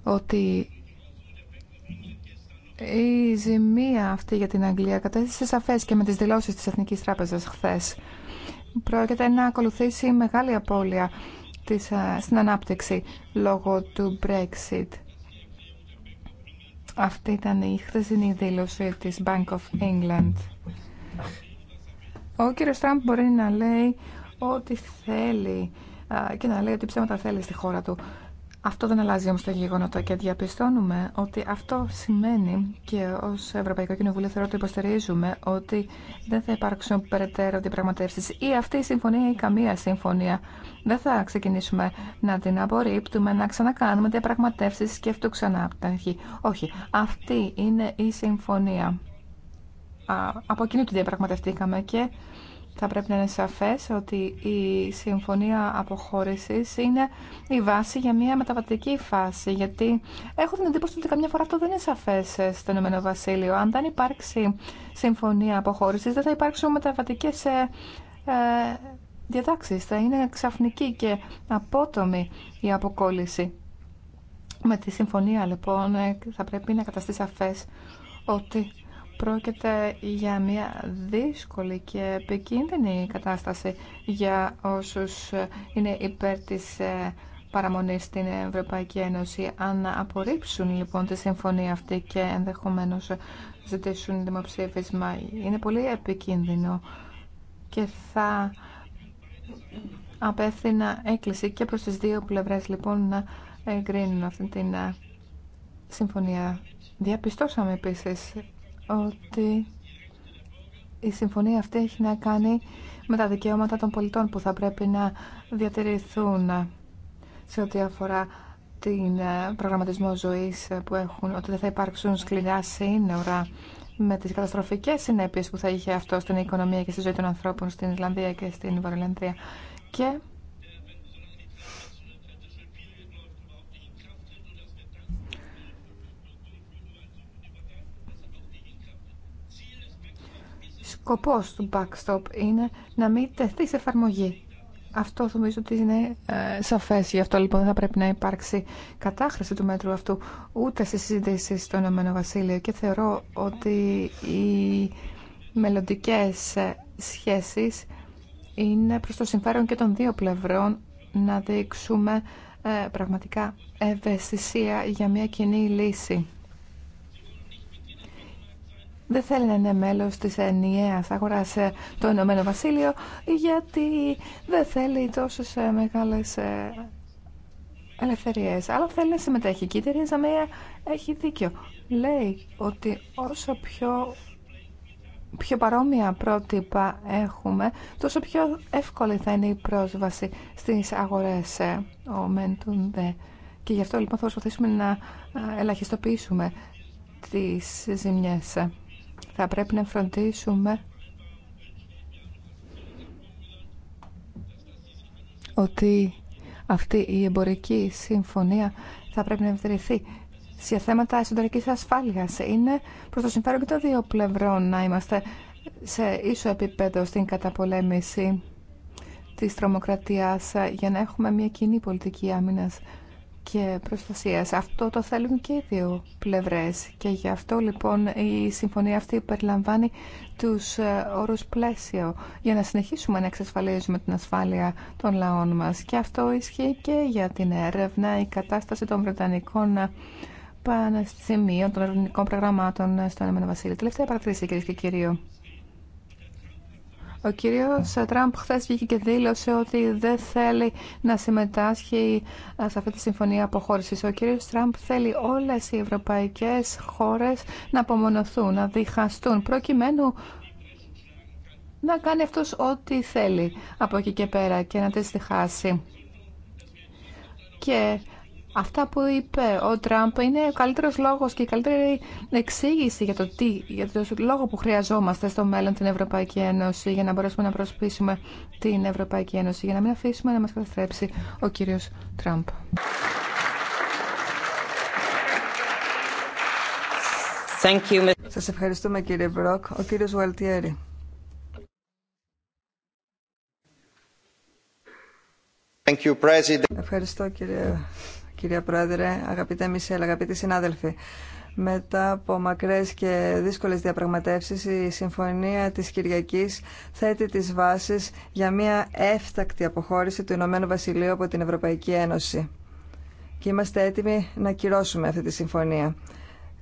ότι η ζημία αυτή για την Αγγλία κατέστησε σαφές και με τις δηλώσει της Εθνικής Τράπεζα χθε. Πρόκειται να ακολουθήσει μεγάλη απώλεια ε, στην ανάπτυξη λόγω του Brexit. Αυτή ήταν η χθεσινή δήλωση της Bank of England. Ο κύριος Τραμπ μπορεί να λέει ό,τι θέλει και να λέει ότι ψέματα θέλει στη χώρα του. Αυτό δεν αλλάζει όμως τα γεγονότα και διαπιστώνουμε ότι αυτό σημαίνει και ως Ευρωπαϊκό Κοινοβούλιο θεωρώ ότι υποστηρίζουμε ότι δεν θα υπάρξουν περαιτέρω διαπραγματεύσεις Ή αυτή η συμφωνία ή καμία συμφωνία. Δεν θα ξεκινήσουμε να την απορρίπτουμε, να ξανακάνουμε διαπραγματεύσει και αυτού ξανά από Όχι, αυτή είναι η συμφωνία. Από εκείνη τη διαπραγματευτήκαμε και θα πρέπει να είναι σαφές ότι η συμφωνία αποχώρησης είναι η βάση για μια μεταβατική φάση. Γιατί έχω την εντύπωση ότι καμιά φορά αυτό δεν είναι σαφές στο Ηνωμένο Βασίλειο. Αν δεν υπάρξει συμφωνία αποχώρησης δεν θα υπάρξουν μεταβατικές ε, ε, διατάξεις. Θα είναι ξαφνική και απότομη η αποκόλληση. Με τη συμφωνία λοιπόν ε, θα πρέπει να καταστεί σαφές ότι Πρόκειται για μια δύσκολη και επικίνδυνη κατάσταση για όσους είναι υπέρ της ε, παραμονή στην Ευρωπαϊκή Ένωση. Αν απορρίψουν λοιπόν τη συμφωνία αυτή και ενδεχομένως ζητήσουν δημοψήφισμα, είναι πολύ επικίνδυνο και θα απέθυνα έκκληση και προς τις δύο πλευρές λοιπόν να εγκρίνουν αυτή την ε, συμφωνία. Διαπιστώσαμε επίσης ότι η συμφωνία αυτή έχει να κάνει με τα δικαιώματα των πολιτών που θα πρέπει να διατηρηθούν σε ό,τι αφορά την ε, προγραμματισμό ζωής που έχουν, ότι δεν θα υπάρξουν σκληρά σύνορα με τις καταστροφικές συνέπειες που θα είχε αυτό στην οικονομία και στη ζωή των ανθρώπων στην Ισλανδία και στην Βορειολανδία. Και σκοπός του backstop είναι να μην τεθεί σε εφαρμογή. Αυτό θυμίζω ότι είναι ε, γι' αυτό λοιπόν δεν θα πρέπει να υπάρξει κατάχρηση του μέτρου αυτού ούτε στη συζήτηση στο Ηνωμένο Βασίλειο και θεωρώ ότι οι μελλοντικέ ε, σχέσεις είναι προς το συμφέρον και των δύο πλευρών να δείξουμε ε, πραγματικά ευαισθησία για μια κοινή λύση δεν θέλει να είναι μέλος της ενιαίας αγοράς ε, το Ηνωμένο Βασίλειο γιατί δεν θέλει τόσες ε, μεγάλες ε, ελευθερίες. Αλλά θέλει να συμμετέχει και η Τερίζα έχει δίκιο. Λέει ότι όσο πιο, πιο παρόμοια πρότυπα έχουμε, τόσο πιο εύκολη θα είναι η πρόσβαση στις αγορές ο Και γι' αυτό λοιπόν θα προσπαθήσουμε να ελαχιστοποιήσουμε τις ζημιές θα πρέπει να φροντίσουμε ότι αυτή η εμπορική συμφωνία θα πρέπει να ευτερηθεί σε θέματα εσωτερικής ασφάλειας. Είναι προς το συμφέρον και των δύο πλευρών να είμαστε σε ίσο επίπεδο στην καταπολέμηση της τρομοκρατίας για να έχουμε μια κοινή πολιτική άμυνας και προστασίας. Αυτό το θέλουν και οι δύο πλευρές και γι' αυτό λοιπόν η συμφωνία αυτή περιλαμβάνει τους ε, όρους πλαίσιο για να συνεχίσουμε να εξασφαλίζουμε την ασφάλεια των λαών μας και αυτό ισχύει και για την έρευνα, η κατάσταση των Βρετανικών πανεπιστημίων, των ερευνητικών προγραμμάτων στον Ηνωμένο Βασίλειο. Τελευταία παρατήρηση κυρίε και κύριοι. Ο κύριος Τραμπ χθε βγήκε και δήλωσε ότι δεν θέλει να συμμετάσχει ε, σε αυτή τη συμφωνία αποχώρησης. Ο κύριος Τραμπ θέλει όλες οι ευρωπαϊκές χώρες να απομονωθούν, να διχαστούν, προκειμένου να κάνει αυτός ό,τι θέλει από εκεί και πέρα και να τις διχάσει. Αυτά που είπε ο Τραμπ είναι ο καλύτερος λόγος και η καλύτερη εξήγηση για το τι, για το λόγο που χρειαζόμαστε στο μέλλον την Ευρωπαϊκή Ένωση για να μπορέσουμε να προσπίσουμε την Ευρωπαϊκή Ένωση, για να μην αφήσουμε να μας καταστρέψει ο κύριος Τραμπ. Σα Σας ευχαριστούμε κύριε Μπροκ. Ο κύριος Γουαλτιέρη. Ευχαριστώ κύριε κυρία Πρόεδρε, αγαπητέ Μισελ, αγαπητοί συνάδελφοι. Μετά από μακρές και δύσκολες διαπραγματεύσεις, η Συμφωνία της Κυριακής θέτει τις βάσεις για μια έφτακτη αποχώρηση του Ηνωμένου Βασιλείου από την Ευρωπαϊκή Ένωση. Και είμαστε έτοιμοι να κυρώσουμε αυτή τη συμφωνία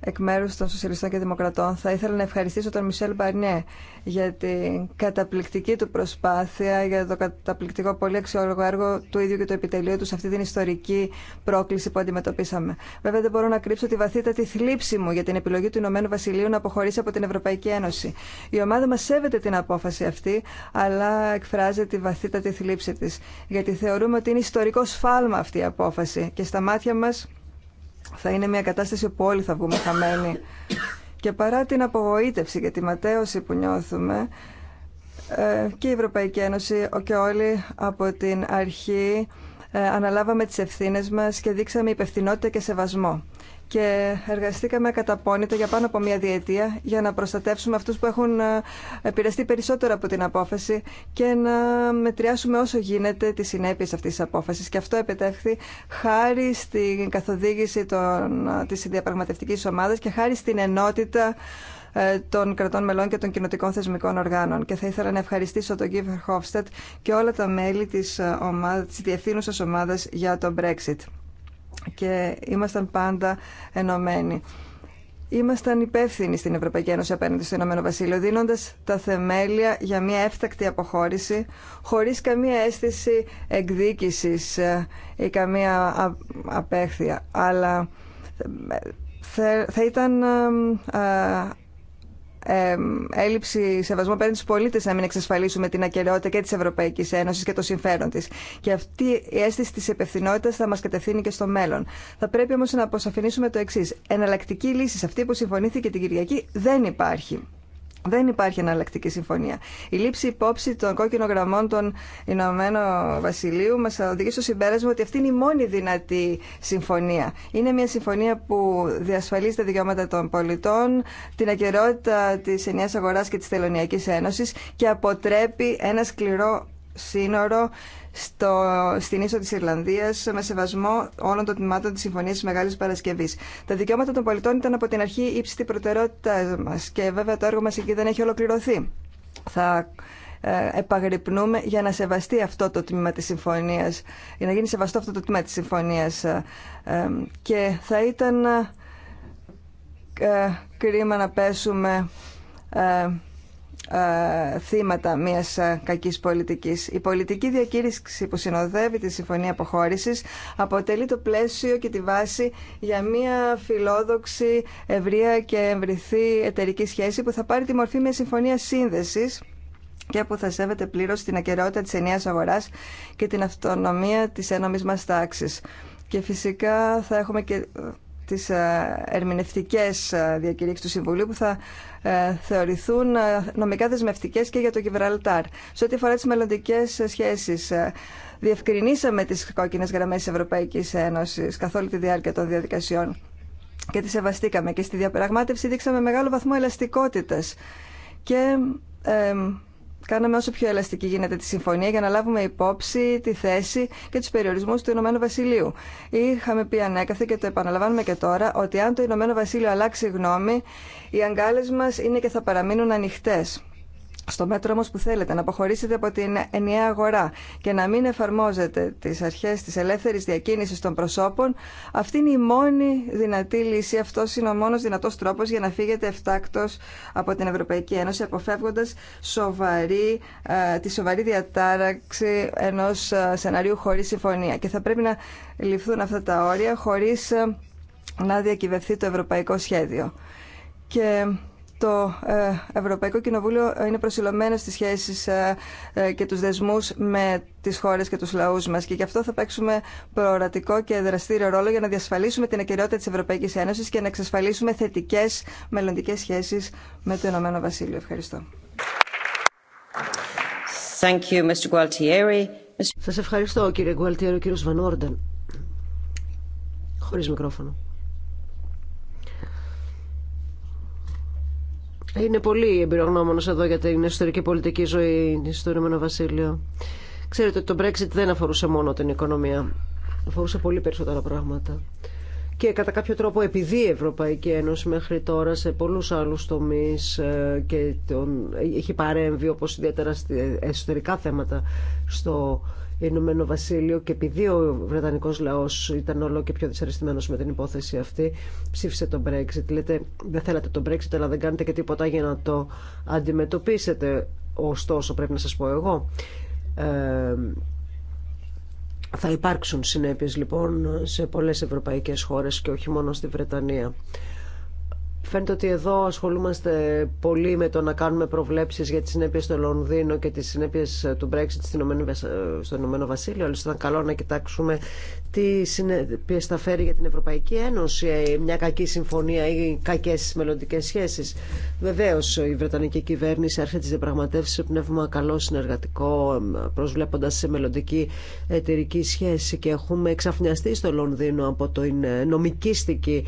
εκ μέρου των Σοσιαλιστών και Δημοκρατών θα ήθελα να ευχαριστήσω τον Μισελ Μπαρνιέ για την καταπληκτική του προσπάθεια, για το καταπληκτικό πολύ αξιόλογο έργο του ίδιου και το επιτελείο του σε αυτή την ιστορική πρόκληση που αντιμετωπίσαμε. Βέβαια δεν μπορώ να κρύψω τη βαθύτατη θλίψη μου για την επιλογή του Ηνωμένου Βασιλείου να αποχωρήσει από την Ευρωπαϊκή Ένωση. Η ομάδα μα σέβεται την απόφαση αυτή, αλλά εκφράζει τη βαθύτατη θλίψη τη. γιατί θεωρούμε ότι είναι ιστορικό σφάλμα αυτή η απόφαση και στα μάτια μα θα είναι μια κατάσταση που όλοι θα βγούμε χαμένοι. Και παρά την απογοήτευση και τη ματέωση που νιώθουμε, ε, και η Ευρωπαϊκή Ένωση και όλοι από την αρχή ε, αναλάβαμε τις ευθύνες μας και δείξαμε υπευθυνότητα και σεβασμό και εργαστήκαμε καταπώνητα για πάνω από μία διετία για να προστατεύσουμε αυτούς που έχουν ε, επηρεαστεί περισσότερο από την απόφαση και να μετριάσουμε όσο γίνεται τις συνέπειες αυτής της απόφασης. Και αυτό επιτεύχθη χάρη στην καθοδήγηση των, ε, της διαπραγματευτικής ομάδας και χάρη στην ενότητα ε, των κρατών μελών και των κοινοτικών θεσμικών οργάνων. Και θα ήθελα να ευχαριστήσω τον Γκίφερ Χόφστετ και όλα τα μέλη της, ομάδα, της διευθύνουσας ομάδας για τον Brexit και ήμασταν πάντα ενωμένοι. Ήμασταν υπεύθυνοι στην Ευρωπαϊκή Ένωση απέναντι στο Ηνωμένο Βασίλειο, δίνοντα τα θεμέλια για μια έφτακτη αποχώρηση, χωρί καμία αίσθηση εκδίκηση ε, ή καμία απέχθεια. Αλλά ε, θα ήταν ε, ε, έλλειψη σεβασμού απέναντι στου πολίτε να μην εξασφαλίσουμε την ακεραιότητα και τη Ευρωπαϊκή Ένωση και το συμφέρον τη. Και αυτή η αίσθηση τη υπευθυνότητα θα μα κατευθύνει και στο μέλλον. Θα πρέπει όμω να αποσαφηνίσουμε το εξή. Εναλλακτική λύση σε αυτή που συμφωνήθηκε την Κυριακή δεν υπάρχει. Δεν υπάρχει εναλλακτική συμφωνία. Η λήψη υπόψη των κόκκινων γραμμών των Ηνωμένων Βασιλείου μας οδηγεί στο συμπέρασμα ότι αυτή είναι η μόνη δυνατή συμφωνία. Είναι μια συμφωνία που διασφαλίζει τα δικαιώματα των πολιτών, την ακαιρεότητα της ενιαίας αγοράς και της Θελωνιακής Ένωση και αποτρέπει ένα σκληρό σύνορο στο, στην ίσο της Ιρλανδίας με σεβασμό όλων των τμήματων της Συμφωνίας τη Μεγάλης Παρασκευής. Τα δικαιώματα των πολιτών ήταν από την αρχή ύψιστη προτεραιότητα μα και βέβαια το έργο μα εκεί δεν έχει ολοκληρωθεί. Θα ε, επαγρυπνούμε για να σεβαστεί αυτό το τμήμα της συμφωνίας, για να γίνει σεβαστό αυτό το τμήμα της συμφωνίας. Ε, ε, και θα ήταν κρίμα να πέσουμε ε, θύματα μιας ε, κακής πολιτικής. Η πολιτική διακήρυξη που συνοδεύει τη Συμφωνία Αποχώρησης αποτελεί το πλαίσιο και τη βάση για μια φιλόδοξη, ευρεία και εμβριθή εταιρική σχέση που θα πάρει τη μορφή μια συμφωνία σύνδεσης και που θα σέβεται πλήρως την ακαιρεότητα της ενιαίας αγοράς και την αυτονομία της ένομης μας τάξης. Και φυσικά θα έχουμε και ε, τις ε, ερμηνευτικές ε, διακηρύξεις του Συμβουλίου που θα ε, θεωρηθούν νομικά δεσμευτικές και για το Γιβραλτάρ. Σε ό,τι αφορά τις μελλοντικές σχέσεις, διευκρινίσαμε τις κόκκινες γραμμές της Ευρωπαϊκής Ένωσης καθ' όλη τη διάρκεια των διαδικασιών και τις σεβαστήκαμε και στη διαπραγμάτευση δείξαμε μεγάλο βαθμό ελαστικότητας και κάναμε όσο πιο ελαστική γίνεται τη συμφωνία για να λάβουμε υπόψη τη θέση και του περιορισμού του Ηνωμένου Βασιλείου. Είχαμε πει ανέκαθε και το επαναλαμβάνουμε και τώρα ότι αν το Ηνωμένο Βασίλειο αλλάξει γνώμη, οι αγκάλε μα είναι και θα παραμείνουν ανοιχτέ στο μέτρο όμως που θέλετε, να αποχωρήσετε από την ενιαία αγορά και να μην εφαρμόζετε τις αρχές της ελεύθερης διακίνησης των προσώπων, αυτή είναι η μόνη δυνατή λύση, αυτό είναι ο μόνος δυνατός τρόπος για να φύγετε εφτάκτος από την Ευρωπαϊκή Ένωση, αποφεύγοντας σοβαρή, ε, τη σοβαρή διατάραξη ενός ε, σενάριου χωρίς συμφωνία. Και θα πρέπει να ληφθούν αυτά τα όρια χωρίς ε, να διακυβευθεί το ευρωπαϊκό σχέδιο. Και το ε, Ευρωπαϊκό Κοινοβούλιο είναι προσιλωμένο στις σχέσεις ε, ε, και τους δεσμούς με τις χώρες και τους λαούς μας και γι' αυτό θα παίξουμε προορατικό και δραστήριο ρόλο για να διασφαλίσουμε την ακυριότητα της Ευρωπαϊκής Ένωσης και να εξασφαλίσουμε θετικές μελλοντικές σχέσεις με το Ηνωμένο Βασίλειο. Ευχαριστώ. Thank ευχαριστώ κύριε Γουαλτιέρο, Βανόρντεν. Χωρίς μικρόφωνο. Είναι πολύ εμπειρογνώμονος εδώ για την ιστορική πολιτική ζωή στο Ηνωμένο Βασίλειο. Ξέρετε ότι το Brexit δεν αφορούσε μόνο την οικονομία. Αφορούσε πολύ περισσότερα πράγματα. Και κατά κάποιο τρόπο επειδή η Ευρωπαϊκή Ένωση μέχρι τώρα σε πολλούς άλλους τομείς ε, και τον, ε, έχει παρέμβει όπως ιδιαίτερα ε, εσωτερικά θέματα στο Ηνωμένο Βασίλειο και επειδή ο Βρετανικό λαό ήταν όλο και πιο δυσαρεστημένο με την υπόθεση αυτή, ψήφισε τον Brexit. Λέτε, δεν θέλατε τον Brexit, αλλά δεν κάνετε και τίποτα για να το αντιμετωπίσετε. Ωστόσο, πρέπει να σα πω εγώ. Ε, θα υπάρξουν συνέπειες λοιπόν σε πολλές ευρωπαϊκές χώρες και όχι μόνο στη Βρετανία. Φαίνεται ότι εδώ ασχολούμαστε πολύ με το να κάνουμε προβλέψεις για τις συνέπειες στο Λονδίνο και τις συνέπειες ε, του Brexit ε, στο Ηνωμένο Βασίλειο, αλλά ήταν καλό να κοιτάξουμε τι συνέπειες θα φέρει για την Ευρωπαϊκή Ένωση, ε, μια κακή συμφωνία ή κακές μελλοντικέ σχέσεις. Βεβαίως η Βρετανική κυβέρνηση κυβερνηση ερχεται τι διαπραγματευσει σε πνεύμα καλό συνεργατικό, προσβλέποντας σε μελλοντική εταιρική σχέση και έχουμε εξαφνιαστεί στο Λονδίνο από την νομικίστικη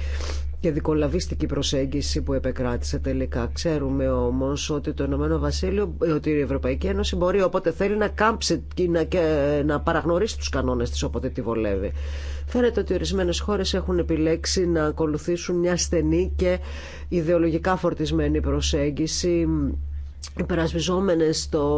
και δικολαβίστικη προσέγγιση που επεκράτησε τελικά. Ξέρουμε όμως ότι το Ηνωμένο Βασίλειο, ότι η Ευρωπαϊκή Ένωση μπορεί όποτε θέλει να κάμψει και να, και να παραγνωρίσει τους κανόνες τη όποτε τη βολεύει. Φαίνεται ότι ορισμένες χώρες έχουν επιλέξει να ακολουθήσουν μια στενή και ιδεολογικά φορτισμένη προσέγγιση υπερασπιζόμενες το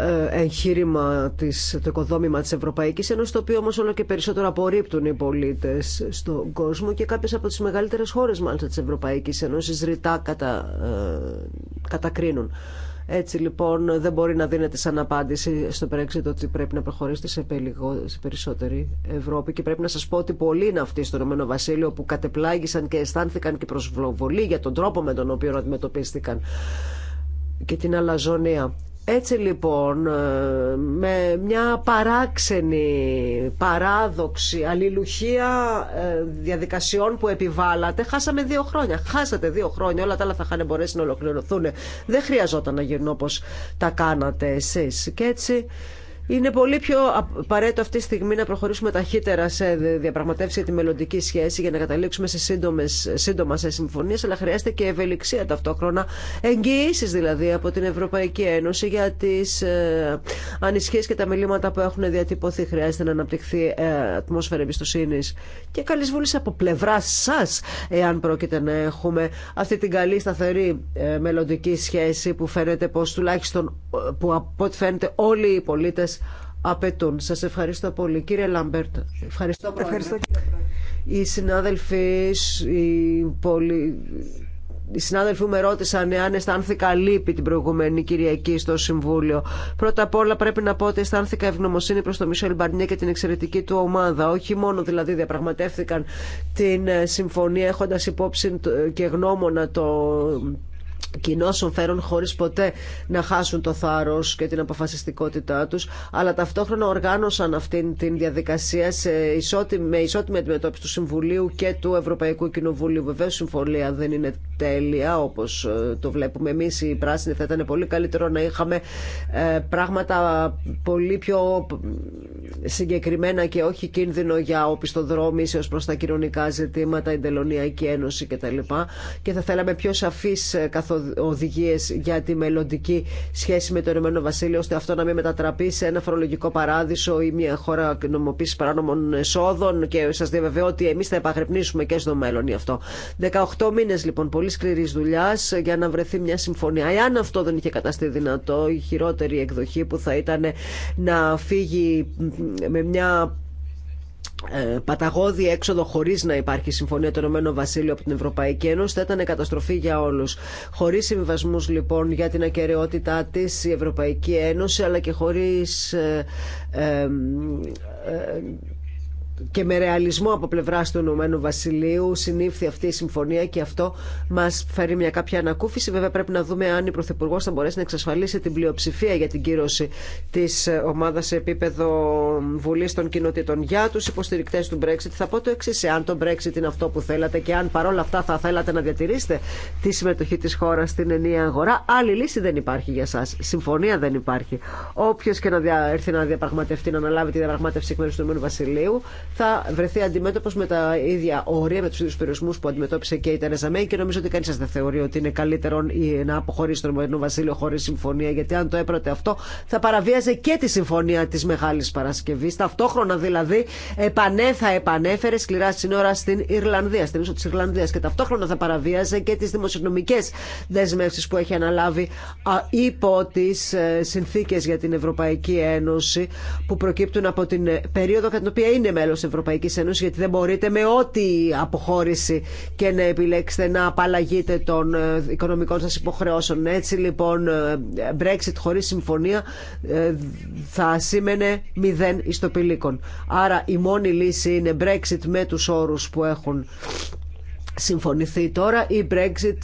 ε, εγχείρημα, της, το οικοδόμημα της Ευρωπαϊκής Ένωσης, το οποίο όμως όλο και περισσότερο απορρίπτουν οι πολίτες στον κόσμο και κάποιες από τις μεγαλύτερες χώρες μάλιστα της Ευρωπαϊκής Ένωσης ρητά κατα, ε, κατακρίνουν. Έτσι λοιπόν δεν μπορεί να δίνεται σαν απάντηση στο Brexit ότι πρέπει να προχωρήσετε σε, σε περισσότερη Ευρώπη και πρέπει να σας πω ότι πολλοί είναι αυτοί στο Ηνωμένο Βασίλειο που κατεπλάγησαν και αισθάνθηκαν και προσβολή για τον τρόπο με τον οποίο αντιμετωπίστηκαν και την αλαζονία. Έτσι λοιπόν, ε, με μια παράξενη, παράδοξη αλληλουχία ε, διαδικασιών που επιβάλλατε, χάσαμε δύο χρόνια. Χάσατε δύο χρόνια, όλα τα άλλα θα είχαν μπορέσει να ολοκληρωθούν. Δεν χρειαζόταν να γίνουν όπως τα κάνατε εσείς. Και έτσι είναι πολύ πιο απαραίτητο αυτή τη στιγμή να προχωρήσουμε ταχύτερα σε διαπραγματεύσει για τη μελλοντική σχέση για να καταλήξουμε σε σύντομες, σύντομα σε συμφωνίε, αλλά χρειάζεται και ευελιξία ταυτόχρονα, εγγυήσει δηλαδή από την Ευρωπαϊκή Ένωση για τι ε, και τα μελήματα που έχουν διατυπωθεί. Χρειάζεται να αναπτυχθεί ε, ατμόσφαιρα εμπιστοσύνη και καλή βούληση από πλευρά σα, εάν πρόκειται να έχουμε αυτή την καλή σταθερή ε, μελλοντική σχέση που φαίνεται πω τουλάχιστον ε, που από ό,τι φαίνεται όλοι οι πολίτε απαιτούν. Σας ευχαριστώ πολύ. Κύριε Λάμπερτ, ευχαριστώ πολύ. Ευχαριστώ, κύριε οι συνάδελφοι, οι, πολυ... οι συνάδελφοι με ρώτησαν αν αισθάνθηκα λύπη την προηγούμενη Κυριακή στο Συμβούλιο. Πρώτα απ' όλα πρέπει να πω ότι αισθάνθηκα ευγνωμοσύνη προ τον Μισελ Μπαρνιέ και την εξαιρετική του ομάδα. Όχι μόνο δηλαδή διαπραγματεύτηκαν την ε, συμφωνία έχοντα υπόψη και γνώμονα το κοινό συμφέρον χωρί ποτέ να χάσουν το θάρρο και την αποφασιστικότητά του, αλλά ταυτόχρονα οργάνωσαν αυτήν την διαδικασία σε ισότιμη, με ισότιμη αντιμετώπιση του Συμβουλίου και του Ευρωπαϊκού Κοινοβουλίου. Βεβαίω, η συμφωνία δεν είναι τέλεια όπω ε, το βλέπουμε Εμεί, οι πράσινοι θα ήταν πολύ καλύτερο να είχαμε ε, πράγματα πολύ πιο συγκεκριμένα και όχι κίνδυνο για οπισθοδρόμηση ως προ τα κοινωνικά ζητήματα, η Τελωνιακή Ένωση κτλ. Και θα θέλαμε πιο ε, οδηγίε για τη μελλοντική σχέση με το Ηνωμένο Βασίλειο, ώστε αυτό να μην μετατραπεί σε ένα φορολογικό παράδεισο ή μια χώρα νομοποίηση παράνομων εσόδων. Και σα διαβεβαιώ ότι εμεί θα επαγρυπνήσουμε και στο μέλλον γι' αυτό. 18 μήνε λοιπόν πολύ σκληρή δουλειά για να βρεθεί μια συμφωνία. Εάν αυτό δεν είχε καταστεί δυνατό, η χειρότερη εκδοχή που θα ήταν να φύγει με μια ε, παταγώδη έξοδο χωρί να υπάρχει συμφωνία του Ηνωμένου Βασίλειου από την Ευρωπαϊκή Ένωση θα ήταν καταστροφή για όλου. Χωρί συμβιβασμού λοιπόν για την ακεραιότητά τη η Ευρωπαϊκή Ένωση αλλά και χωρί. Ε, ε, και με ρεαλισμό από πλευρά του Ηνωμένου Βασιλείου συνήφθη αυτή η συμφωνία και αυτό μα φέρει μια κάποια ανακούφιση. Βέβαια, πρέπει να δούμε αν η Πρωθυπουργό θα μπορέσει να εξασφαλίσει την πλειοψηφία για την κύρωση τη ομάδα σε επίπεδο Βουλή των Κοινοτήτων. Για του υποστηρικτέ του Brexit, θα πω το εξή: Εάν το Brexit είναι αυτό που θέλατε και αν παρόλα αυτά θα θέλατε να διατηρήσετε τη συμμετοχή τη χώρα στην ενιαία αγορά, άλλη λύση δεν υπάρχει για εσά. Συμφωνία δεν υπάρχει. Όποιο και να έρθει να διαπραγματευτεί, να αναλάβει τη διαπραγμάτευση εκ μέρου του Ηνωμένου Βασιλείου, θα βρεθεί αντιμέτωπο με τα ίδια όρια, με του ίδιου περιορισμού που αντιμετώπισε και η Τερέζα Μέη και νομίζω ότι κανεί δεν θεωρεί ότι είναι καλύτερο να αποχωρήσει τον Ηνωμένο Βασίλειο χωρί συμφωνία, γιατί αν το έπρεπε αυτό θα παραβίαζε και τη συμφωνία τη Μεγάλη Παρασκευή. Ταυτόχρονα δηλαδή επανέ, θα επανέφερε σκληρά σύνορα στην Ιρλανδία, στην ίσο τη Ιρλανδία και ταυτόχρονα θα παραβίαζε και τι δημοσιονομικέ δεσμεύσει που έχει αναλάβει υπό τι ε, συνθήκε για την Ευρωπαϊκή Ένωση που προκύπτουν από την ε, περίοδο κατά την οποία είναι μέλο Ευρωπαϊκή Ένωση, γιατί δεν μπορείτε με ό,τι αποχώρηση και να επιλέξετε να απαλλαγείτε των ε, οικονομικών σας υποχρεώσεων. Έτσι λοιπόν ε, Brexit χωρί συμφωνία ε, θα σήμαινε μηδέν ιστοπηλίκων. Άρα η μόνη λύση είναι Brexit με τους όρους που έχουν συμφωνηθεί τώρα ή Brexit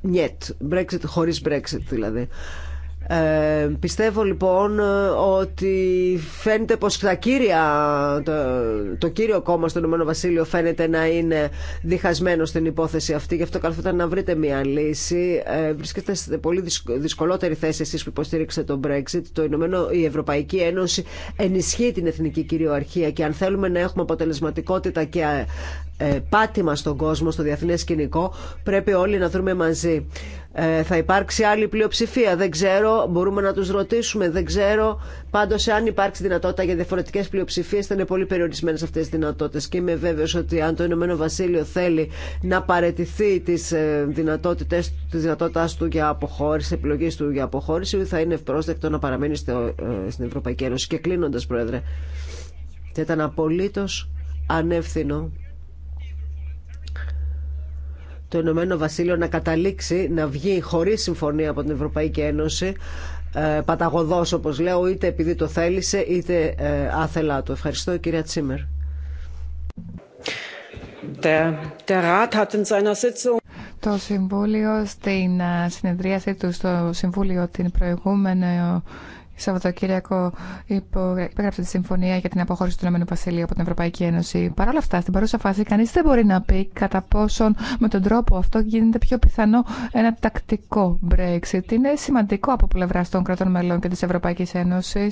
Νιέτ, Brexit χωρίς Brexit δηλαδή. Ε, πιστεύω λοιπόν ότι φαίνεται πως τα το, το κύριο κόμμα στον Ηνωμένο Βασίλειο φαίνεται να είναι διχασμένο στην υπόθεση αυτή. Γι' αυτό καλό ήταν να βρείτε μια λύση. Ε, βρίσκεστε σε πολύ δυσκολότερη θέση εσείς που υποστήριξε τον Brexit. Το Ηνωμένο, η Ευρωπαϊκή Ένωση ενισχύει την εθνική κυριαρχία και αν θέλουμε να έχουμε αποτελεσματικότητα και ε, πάτημα στον κόσμο, στο διεθνές σκηνικό, πρέπει όλοι να δούμε μαζί. Ε, θα υπάρξει άλλη πλειοψηφία, δεν ξέρω, μπορούμε να τους ρωτήσουμε, δεν ξέρω. Πάντως, αν υπάρξει δυνατότητα για διαφορετικές πλειοψηφίες, θα είναι πολύ περιορισμένε αυτές τις δυνατότητες. Και είμαι βέβαιο ότι αν το Ηνωμένο Βασίλειο θέλει να παρετηθεί τις ε, δυνατότητες, τις δυνατότητας του για αποχώρηση, επιλογής του για αποχώρηση, θα είναι ευπρόσδεκτο να παραμένει στην Ευρωπαϊκή Ένωση. Και κλείνοντα Πρόεδρε, θα ήταν απολύτω ανεύθυνο το Ηνωμένο Βασίλειο να καταλήξει να βγει χωρίς συμφωνία από την Ευρωπαϊκή Ένωση ε, παταγωδός όπως λέω είτε επειδή το θέλησε είτε ε, άθελά του. Ευχαριστώ κυρία Τσίμερ. Το Συμβούλιο στην ε, συνεδρίαση του στο Συμβούλιο την προηγούμενη Σαββατοκύριακο υπέγραψε τη συμφωνία για την αποχώρηση του Ηνωμένου Βασιλείου από την Ευρωπαϊκή Ένωση. Παρ' όλα αυτά, στην παρούσα φάση, κανεί δεν μπορεί να πει κατά πόσον με τον τρόπο αυτό γίνεται πιο πιθανό ένα τακτικό Brexit. Είναι σημαντικό από πλευρά των κρατών μελών και τη Ευρωπαϊκή Ένωση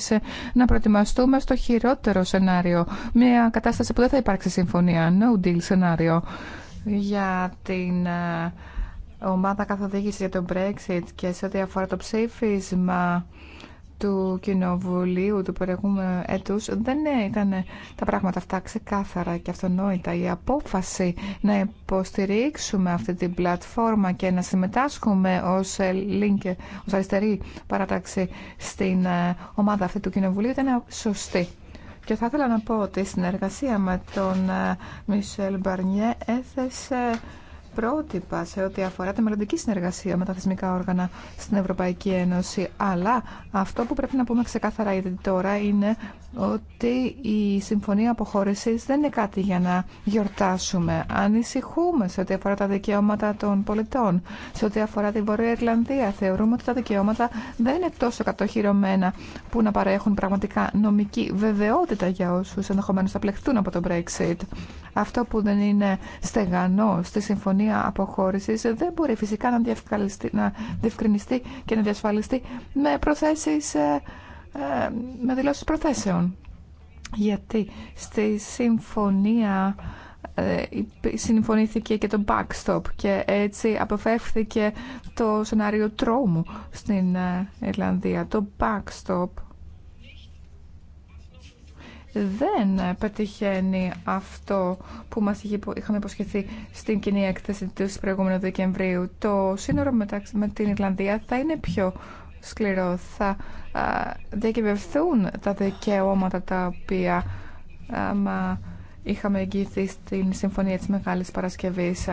να προετοιμαστούμε στο χειρότερο σενάριο. Μια κατάσταση που δεν θα υπάρξει συμφωνία. No deal σενάριο. Για την ε, ομάδα καθοδήγηση για τον Brexit και σε ό,τι αφορά το ψήφισμα του Κοινοβουλίου του προηγούμενου έτους δεν ήταν τα πράγματα αυτά ξεκάθαρα και αυτονόητα. Η απόφαση να υποστηρίξουμε αυτή την πλατφόρμα και να συμμετάσχουμε ως, link, ως αριστερή παράταξη στην ε, ομάδα αυτή του Κοινοβουλίου ήταν σωστή. Και θα ήθελα να πω ότι η συνεργασία με τον Μισελ Μπαρνιέ έθεσε πρότυπα σε ό,τι αφορά τη μελλοντική συνεργασία με τα θεσμικά όργανα στην Ευρωπαϊκή Ένωση. Αλλά αυτό που πρέπει να πούμε ξεκάθαρα ήδη τώρα είναι ότι η συμφωνία αποχώρησης δεν είναι κάτι για να γιορτάσουμε. Ανησυχούμε σε ό,τι αφορά τα δικαιώματα των πολιτών, σε ό,τι αφορά τη Βόρεια Ιρλανδία. Θεωρούμε ότι τα δικαιώματα δεν είναι τόσο κατοχυρωμένα που να παρέχουν πραγματικά νομική βεβαιότητα για όσου ενδεχομένω θα πλεχθούν από το Brexit. Αυτό που δεν είναι στεγανό στη συμφωνία αποχώρησης δεν μπορεί φυσικά να, να διευκρινιστεί και να διασφαλιστεί με προθέσεις ε, ε, με δηλώσεις προθέσεων. Γιατί στη συμφωνία ε, συμφωνήθηκε και το backstop και έτσι αποφεύθηκε το σενάριο τρόμου στην ε, Ιρλανδία. Το backstop δεν πετυχαίνει αυτό που μας είχαμε υποσχεθεί στην κοινή έκθεση του προηγούμενου Δεκεμβρίου. Το σύνορο μεταξύ με την Ιρλανδία θα είναι πιο σκληρό. Θα διακυβευθούν τα δικαιώματα τα οποία μα είχαμε εγγυηθεί στην Συμφωνία της Μεγάλης Παρασκευής.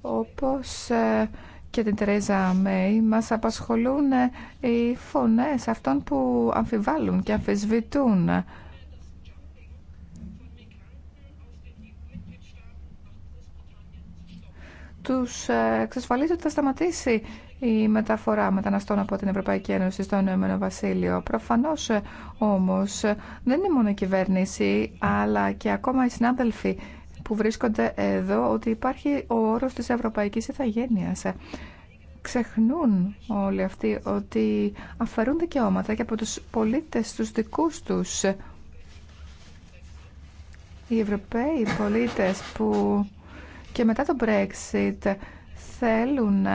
Όπως ε, και την Τερέζα Μέη μας απασχολούν ε, οι φωνές αυτών που αμφιβάλλουν και αμφισβητούν τους ε, εξασφαλίζει ότι θα σταματήσει η μεταφορά μεταναστών από την Ευρωπαϊκή Ένωση στο Ηνωμένο Βασίλειο. Προφανώς ε, όμως δεν είναι μόνο η κυβέρνηση αλλά και ακόμα οι συνάδελφοι που βρίσκονται εδώ ότι υπάρχει ο όρος της Ευρωπαϊκής Ιθαγένειας. Ξεχνούν όλοι αυτοί ότι αφαιρούν δικαιώματα και από τους πολίτες τους δικούς τους. Οι Ευρωπαίοι πολίτες που και μετά το Brexit θέλουν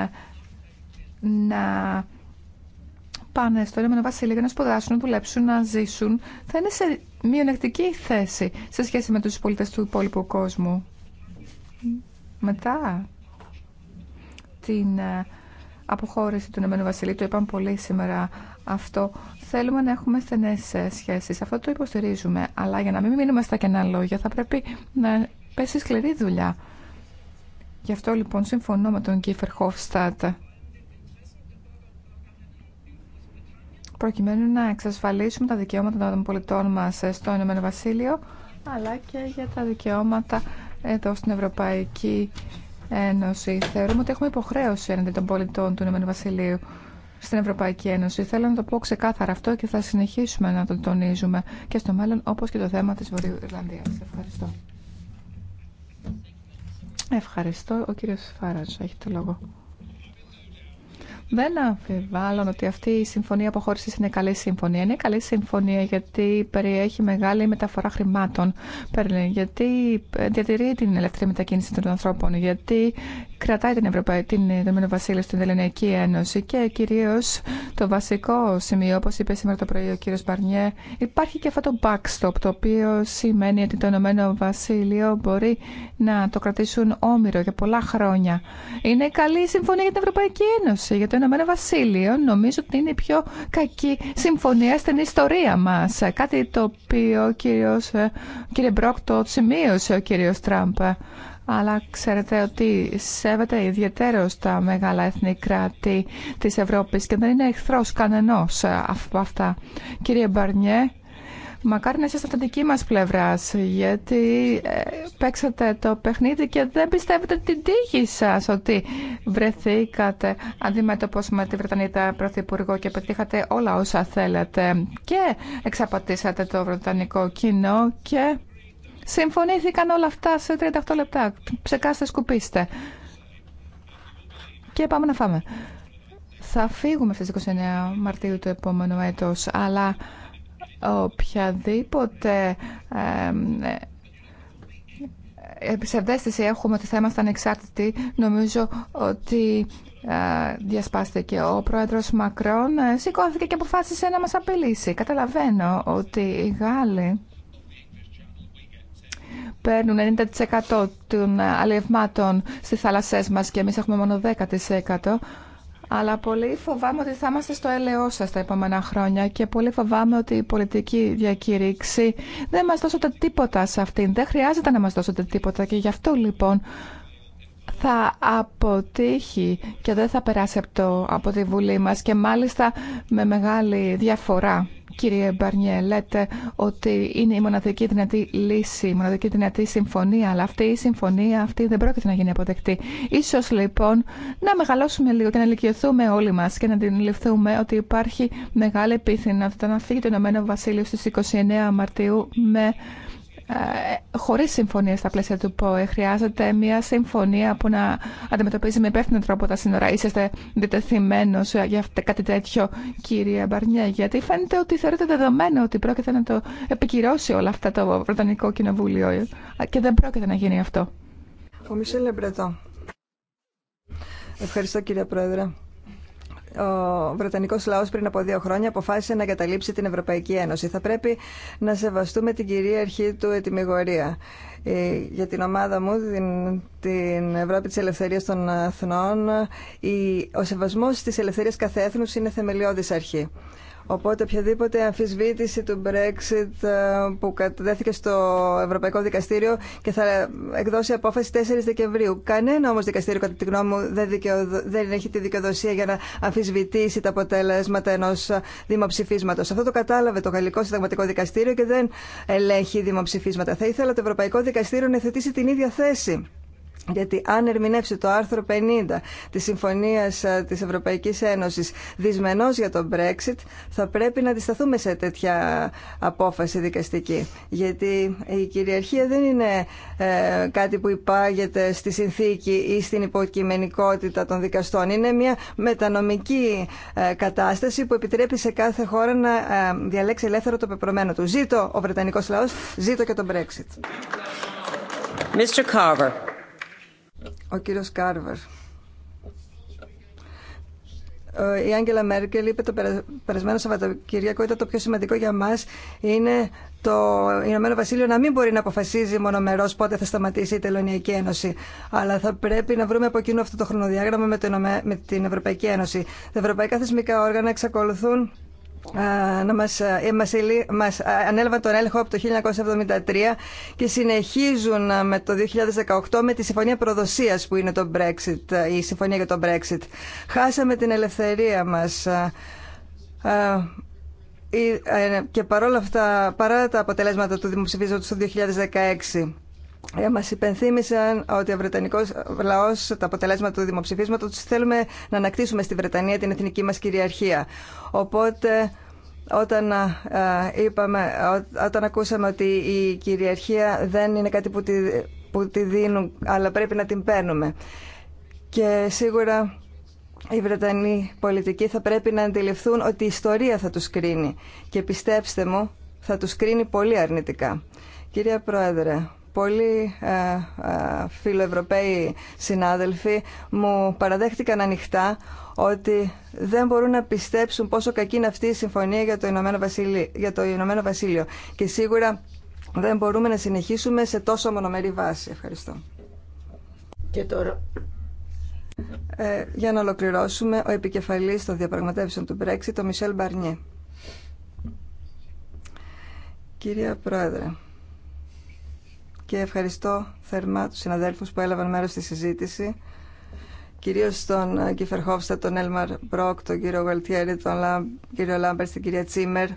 να πάνε στο Ηνωμένο Βασίλειο για να σπουδάσουν, να δουλέψουν, να ζήσουν, θα είναι σε μειονεκτική θέση σε σχέση με τους πολίτες του υπόλοιπου κόσμου. Μετά την ε, αποχώρηση του Ηνωμένου Βασιλείου, το είπαν πολύ σήμερα αυτό, θέλουμε να έχουμε στενές ε, σχέσεις. Αυτό το υποστηρίζουμε, αλλά για να μην μείνουμε στα κενά λόγια θα πρέπει να πέσει σκληρή δουλειά. Γι' αυτό λοιπόν συμφωνώ με τον Κίφερ Χόφστατ προκειμένου να εξασφαλίσουμε τα δικαιώματα των πολιτών μας στο Ηνωμένο Βασίλειο αλλά και για τα δικαιώματα εδώ στην Ευρωπαϊκή Ένωση. Θεωρούμε ότι έχουμε υποχρέωση έναντι των πολιτών του Ηνωμένου Βασιλείου στην Ευρωπαϊκή Ένωση. Θέλω να το πω ξεκάθαρα αυτό και θα συνεχίσουμε να το τονίζουμε και στο μέλλον όπως και το θέμα της Βορείου Ευχαριστώ. Ευχαριστώ. Ο κύριος Φάρας έχει το λόγο. Δεν αμφιβάλλω ότι αυτή η συμφωνία αποχώρηση είναι καλή συμφωνία. Είναι καλή συμφωνία γιατί περιέχει μεγάλη μεταφορά χρημάτων. Γιατί διατηρεί την ελεύθερη μετακίνηση των ανθρώπων. Γιατί κρατάει την Ευρωπαϊκή, την ε, στην Ελληνική Ένωση και κυρίω το βασικό σημείο, όπω είπε σήμερα το πρωί ο κύριο Μπαρνιέ, υπάρχει και αυτό το backstop, το οποίο σημαίνει ότι το Ηνωμένο Βασίλειο μπορεί να το κρατήσουν όμοιρο για πολλά χρόνια. Είναι καλή η συμφωνία για την Ευρωπαϊκή Ένωση. Για το Ενωμένο Βασίλειο νομίζω ότι είναι η πιο κακή συμφωνία στην ιστορία μα. Κάτι το οποίο ο κύριος, ε, κύριε Μπρόκ το σημείωσε ο κύριο Τραμπ αλλά ξέρετε ότι σέβεται ιδιαίτερο τα μεγάλα εθνικά κράτη της Ευρώπης και δεν είναι εχθρός κανενός από αυτά. Κύριε Μπαρνιέ, μακάρι να είστε στα δική μας πλευρά, γιατί ε, παίξατε το παιχνίδι και δεν πιστεύετε την τύχη σας ότι βρεθήκατε αντιμέτωπος με τη Βρετανίδα Πρωθυπουργό και πετύχατε όλα όσα θέλετε και εξαπατήσατε το βρετανικό κοινό και Συμφωνήθηκαν όλα αυτά σε 38 λεπτά. Ψεκάστε, σκουπίστε. Και πάμε να φάμε. Θα φύγουμε στις 29 Μαρτίου του επόμενου έτος, αλλά οποιαδήποτε ψευδέστηση ε, έχουμε ότι θα είμαστε ανεξάρτητοι, νομίζω ότι ε, διασπάστηκε. Ο πρόεδρος Μακρόν ε, σηκώθηκε και αποφάσισε να μας απειλήσει. Καταλαβαίνω ότι οι Γάλλοι παίρνουν 90% των αλευμάτων στις θάλασσές μας και εμείς έχουμε μόνο 10%. Αλλά πολύ φοβάμαι ότι θα είμαστε στο έλεό σα τα επόμενα χρόνια και πολύ φοβάμαι ότι η πολιτική διακήρυξη δεν μας δώσετε τίποτα σε αυτήν. Δεν χρειάζεται να μας δώσετε τίποτα και γι' αυτό λοιπόν θα αποτύχει και δεν θα περάσει από, από τη Βουλή μας και μάλιστα με μεγάλη διαφορά. Κύριε Μπαρνιέ, λέτε ότι είναι η μοναδική δυνατή λύση, η μοναδική δυνατή συμφωνία, αλλά αυτή η συμφωνία αυτή δεν πρόκειται να γίνει αποδεκτή. Ίσως λοιπόν να μεγαλώσουμε λίγο και να ηλικιωθούμε όλοι μας και να αντιληφθούμε ότι υπάρχει μεγάλη πιθανότητα να φύγει το Ηνωμένο Βασίλειο στις 29 Μαρτίου με ε, χωρίς συμφωνία στα πλαίσια του ΠΟΕ. Χρειάζεται μια συμφωνία που να αντιμετωπίζει με υπεύθυνο τρόπο τα σύνορα. Είσαστε διτεθειμένος για κάτι τέτοιο, κύριε Μπαρνιέ, γιατί φαίνεται ότι θεωρείται δεδομένο ότι πρόκειται να το επικυρώσει όλα αυτά το Βρετανικό Κοινοβούλιο και δεν πρόκειται να γίνει αυτό. Ευχαριστώ κύριε Πρόεδρε ο Βρετανικό λαό πριν από δύο χρόνια αποφάσισε να καταλήψει την Ευρωπαϊκή Ένωση. Θα πρέπει να σεβαστούμε την κυρίαρχη του ετοιμιγορία. Ε, για την ομάδα μου, την, την Ευρώπη τη Ελευθερία των Αθνών, ο σεβασμό τη ελευθερία κάθε έθνου είναι θεμελιώδη αρχή. Οπότε οποιαδήποτε αμφισβήτηση του Brexit ε, που κατέθηκε στο Ευρωπαϊκό Δικαστήριο και θα εκδώσει απόφαση 4 Δεκεμβρίου. Κανένα όμως δικαστήριο κατά τη γνώμη μου δεν, δεν έχει τη δικαιοδοσία για να αμφισβητήσει τα αποτέλεσματα ενός δημοψηφίσματος. Αυτό το κατάλαβε το Γαλλικό Συνταγματικό Δικαστήριο και δεν ελέγχει δημοψηφίσματα. Θα ήθελα το Ευρωπαϊκό Δικαστήριο να θετήσει την ίδια θέση. Γιατί αν ερμηνεύσει το άρθρο 50 της Συμφωνίας ε, της Ευρωπαϊκής Ένωσης δυσμενώς για τον Brexit, θα πρέπει να αντισταθούμε σε τέτοια απόφαση δικαστική. Γιατί η κυριαρχία δεν είναι ε, κάτι που υπάγεται στη συνθήκη ή στην υποκειμενικότητα των δικαστών. Είναι μια μετανομική ε, κατάσταση που επιτρέπει σε κάθε χώρα να διαλέξει ελεύθερο το πεπρωμένο του. Ζήτω ο Βρετανικός λαός, ζήτω και τον Brexit. Ο κύριος Κάρβερ. Ε, η Άγγελα Μέρκελ είπε το περασμένο Σαββατοκύριακο ήταν το πιο σημαντικό για μας είναι το Ηνωμένο Βασίλειο να μην μπορεί να αποφασίζει μονομερό πότε θα σταματήσει η Τελωνιακή Ένωση. Αλλά θα πρέπει να βρούμε από κοινού αυτό το χρονοδιάγραμμα με την Ευρωπαϊκή Ένωση. Τα ευρωπαϊκά θεσμικά όργανα εξακολουθούν να μας ε, ε, ανέλαβαν τον έλεγχο από το 1973 και συνεχίζουν ε, με το 2018 με τη συμφωνία προδοσίας που είναι το Brexit, η συμφωνία για το Brexit. Χάσαμε την ελευθερία μας και παρόλα αυτά, παρά τα αποτελέσματα του δημοψηφίσματος του 2016 ε, μας υπενθύμησαν ότι ο Βρετανικός λαός τα αποτελέσματα του δημοψηφίσματος θέλουμε να ανακτήσουμε στη Βρετανία την εθνική μας κυριαρχία. Οπότε όταν, είπαμε, όταν ακούσαμε ότι η κυριαρχία δεν είναι κάτι που τη, που δίνουν αλλά πρέπει να την παίρνουμε. Και σίγουρα οι Βρετανοί πολιτικοί θα πρέπει να αντιληφθούν ότι η ιστορία θα τους κρίνει. Και πιστέψτε μου, θα τους κρίνει πολύ αρνητικά. Κυρία Πρόεδρε, πολλοί ε, ε, φιλοευρωπαίοι συνάδελφοι μου παραδέχτηκαν ανοιχτά ότι δεν μπορούν να πιστέψουν πόσο κακή είναι αυτή η συμφωνία για το Ηνωμένο Βασίλειο. Για το Βασίλειο. Και σίγουρα δεν μπορούμε να συνεχίσουμε σε τόσο μονομερή βάση. Ευχαριστώ. Και τώρα... Ε, για να ολοκληρώσουμε, ο επικεφαλής των διαπραγματεύσεων του Brexit, ο Μισελ Μπαρνιέ. Κυρία Πρόεδρε, και ευχαριστώ θερμά τους συναδέλφους που έλαβαν μέρος στη συζήτηση κυρίως τον ε, Κίφερ Χόφστα, τον Έλμαρ Μπρόκ, τον κύριο Γαλτιέρη, τον κύριο Λάμπερ, την κυρία Τσίμερ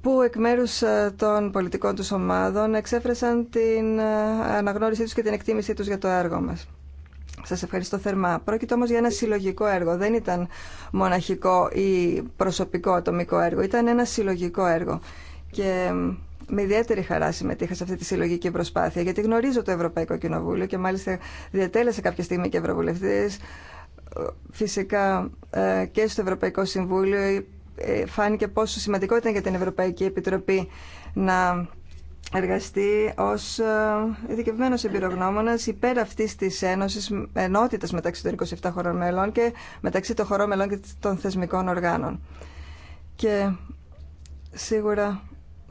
που εκ μέρου ε, των πολιτικών τους ομάδων εξέφρασαν την ε, αναγνώρισή τους και την εκτίμησή τους για το έργο μας. Σας ευχαριστώ θερμά. Πρόκειται όμως για ένα συλλογικό έργο. Δεν ήταν μοναχικό ή προσωπικό ατομικό έργο. Ήταν ένα συλλογικό έργο. Και με ιδιαίτερη χαρά συμμετείχα σε αυτή τη συλλογική προσπάθεια, γιατί γνωρίζω το Ευρωπαϊκό Κοινοβούλιο και μάλιστα διατέλεσα κάποια στιγμή και ευρωβουλευτή. Φυσικά ε, και στο Ευρωπαϊκό Συμβούλιο ε, φάνηκε πόσο σημαντικό ήταν για την Ευρωπαϊκή Επιτροπή να εργαστεί ως ε, ειδικευμένο εμπειρογνώμονας υπέρ αυτής της Ένωση ενότητας μεταξύ των 27 χωρών μελών και μεταξύ των χωρών μελών και των θεσμικών οργάνων. Και σίγουρα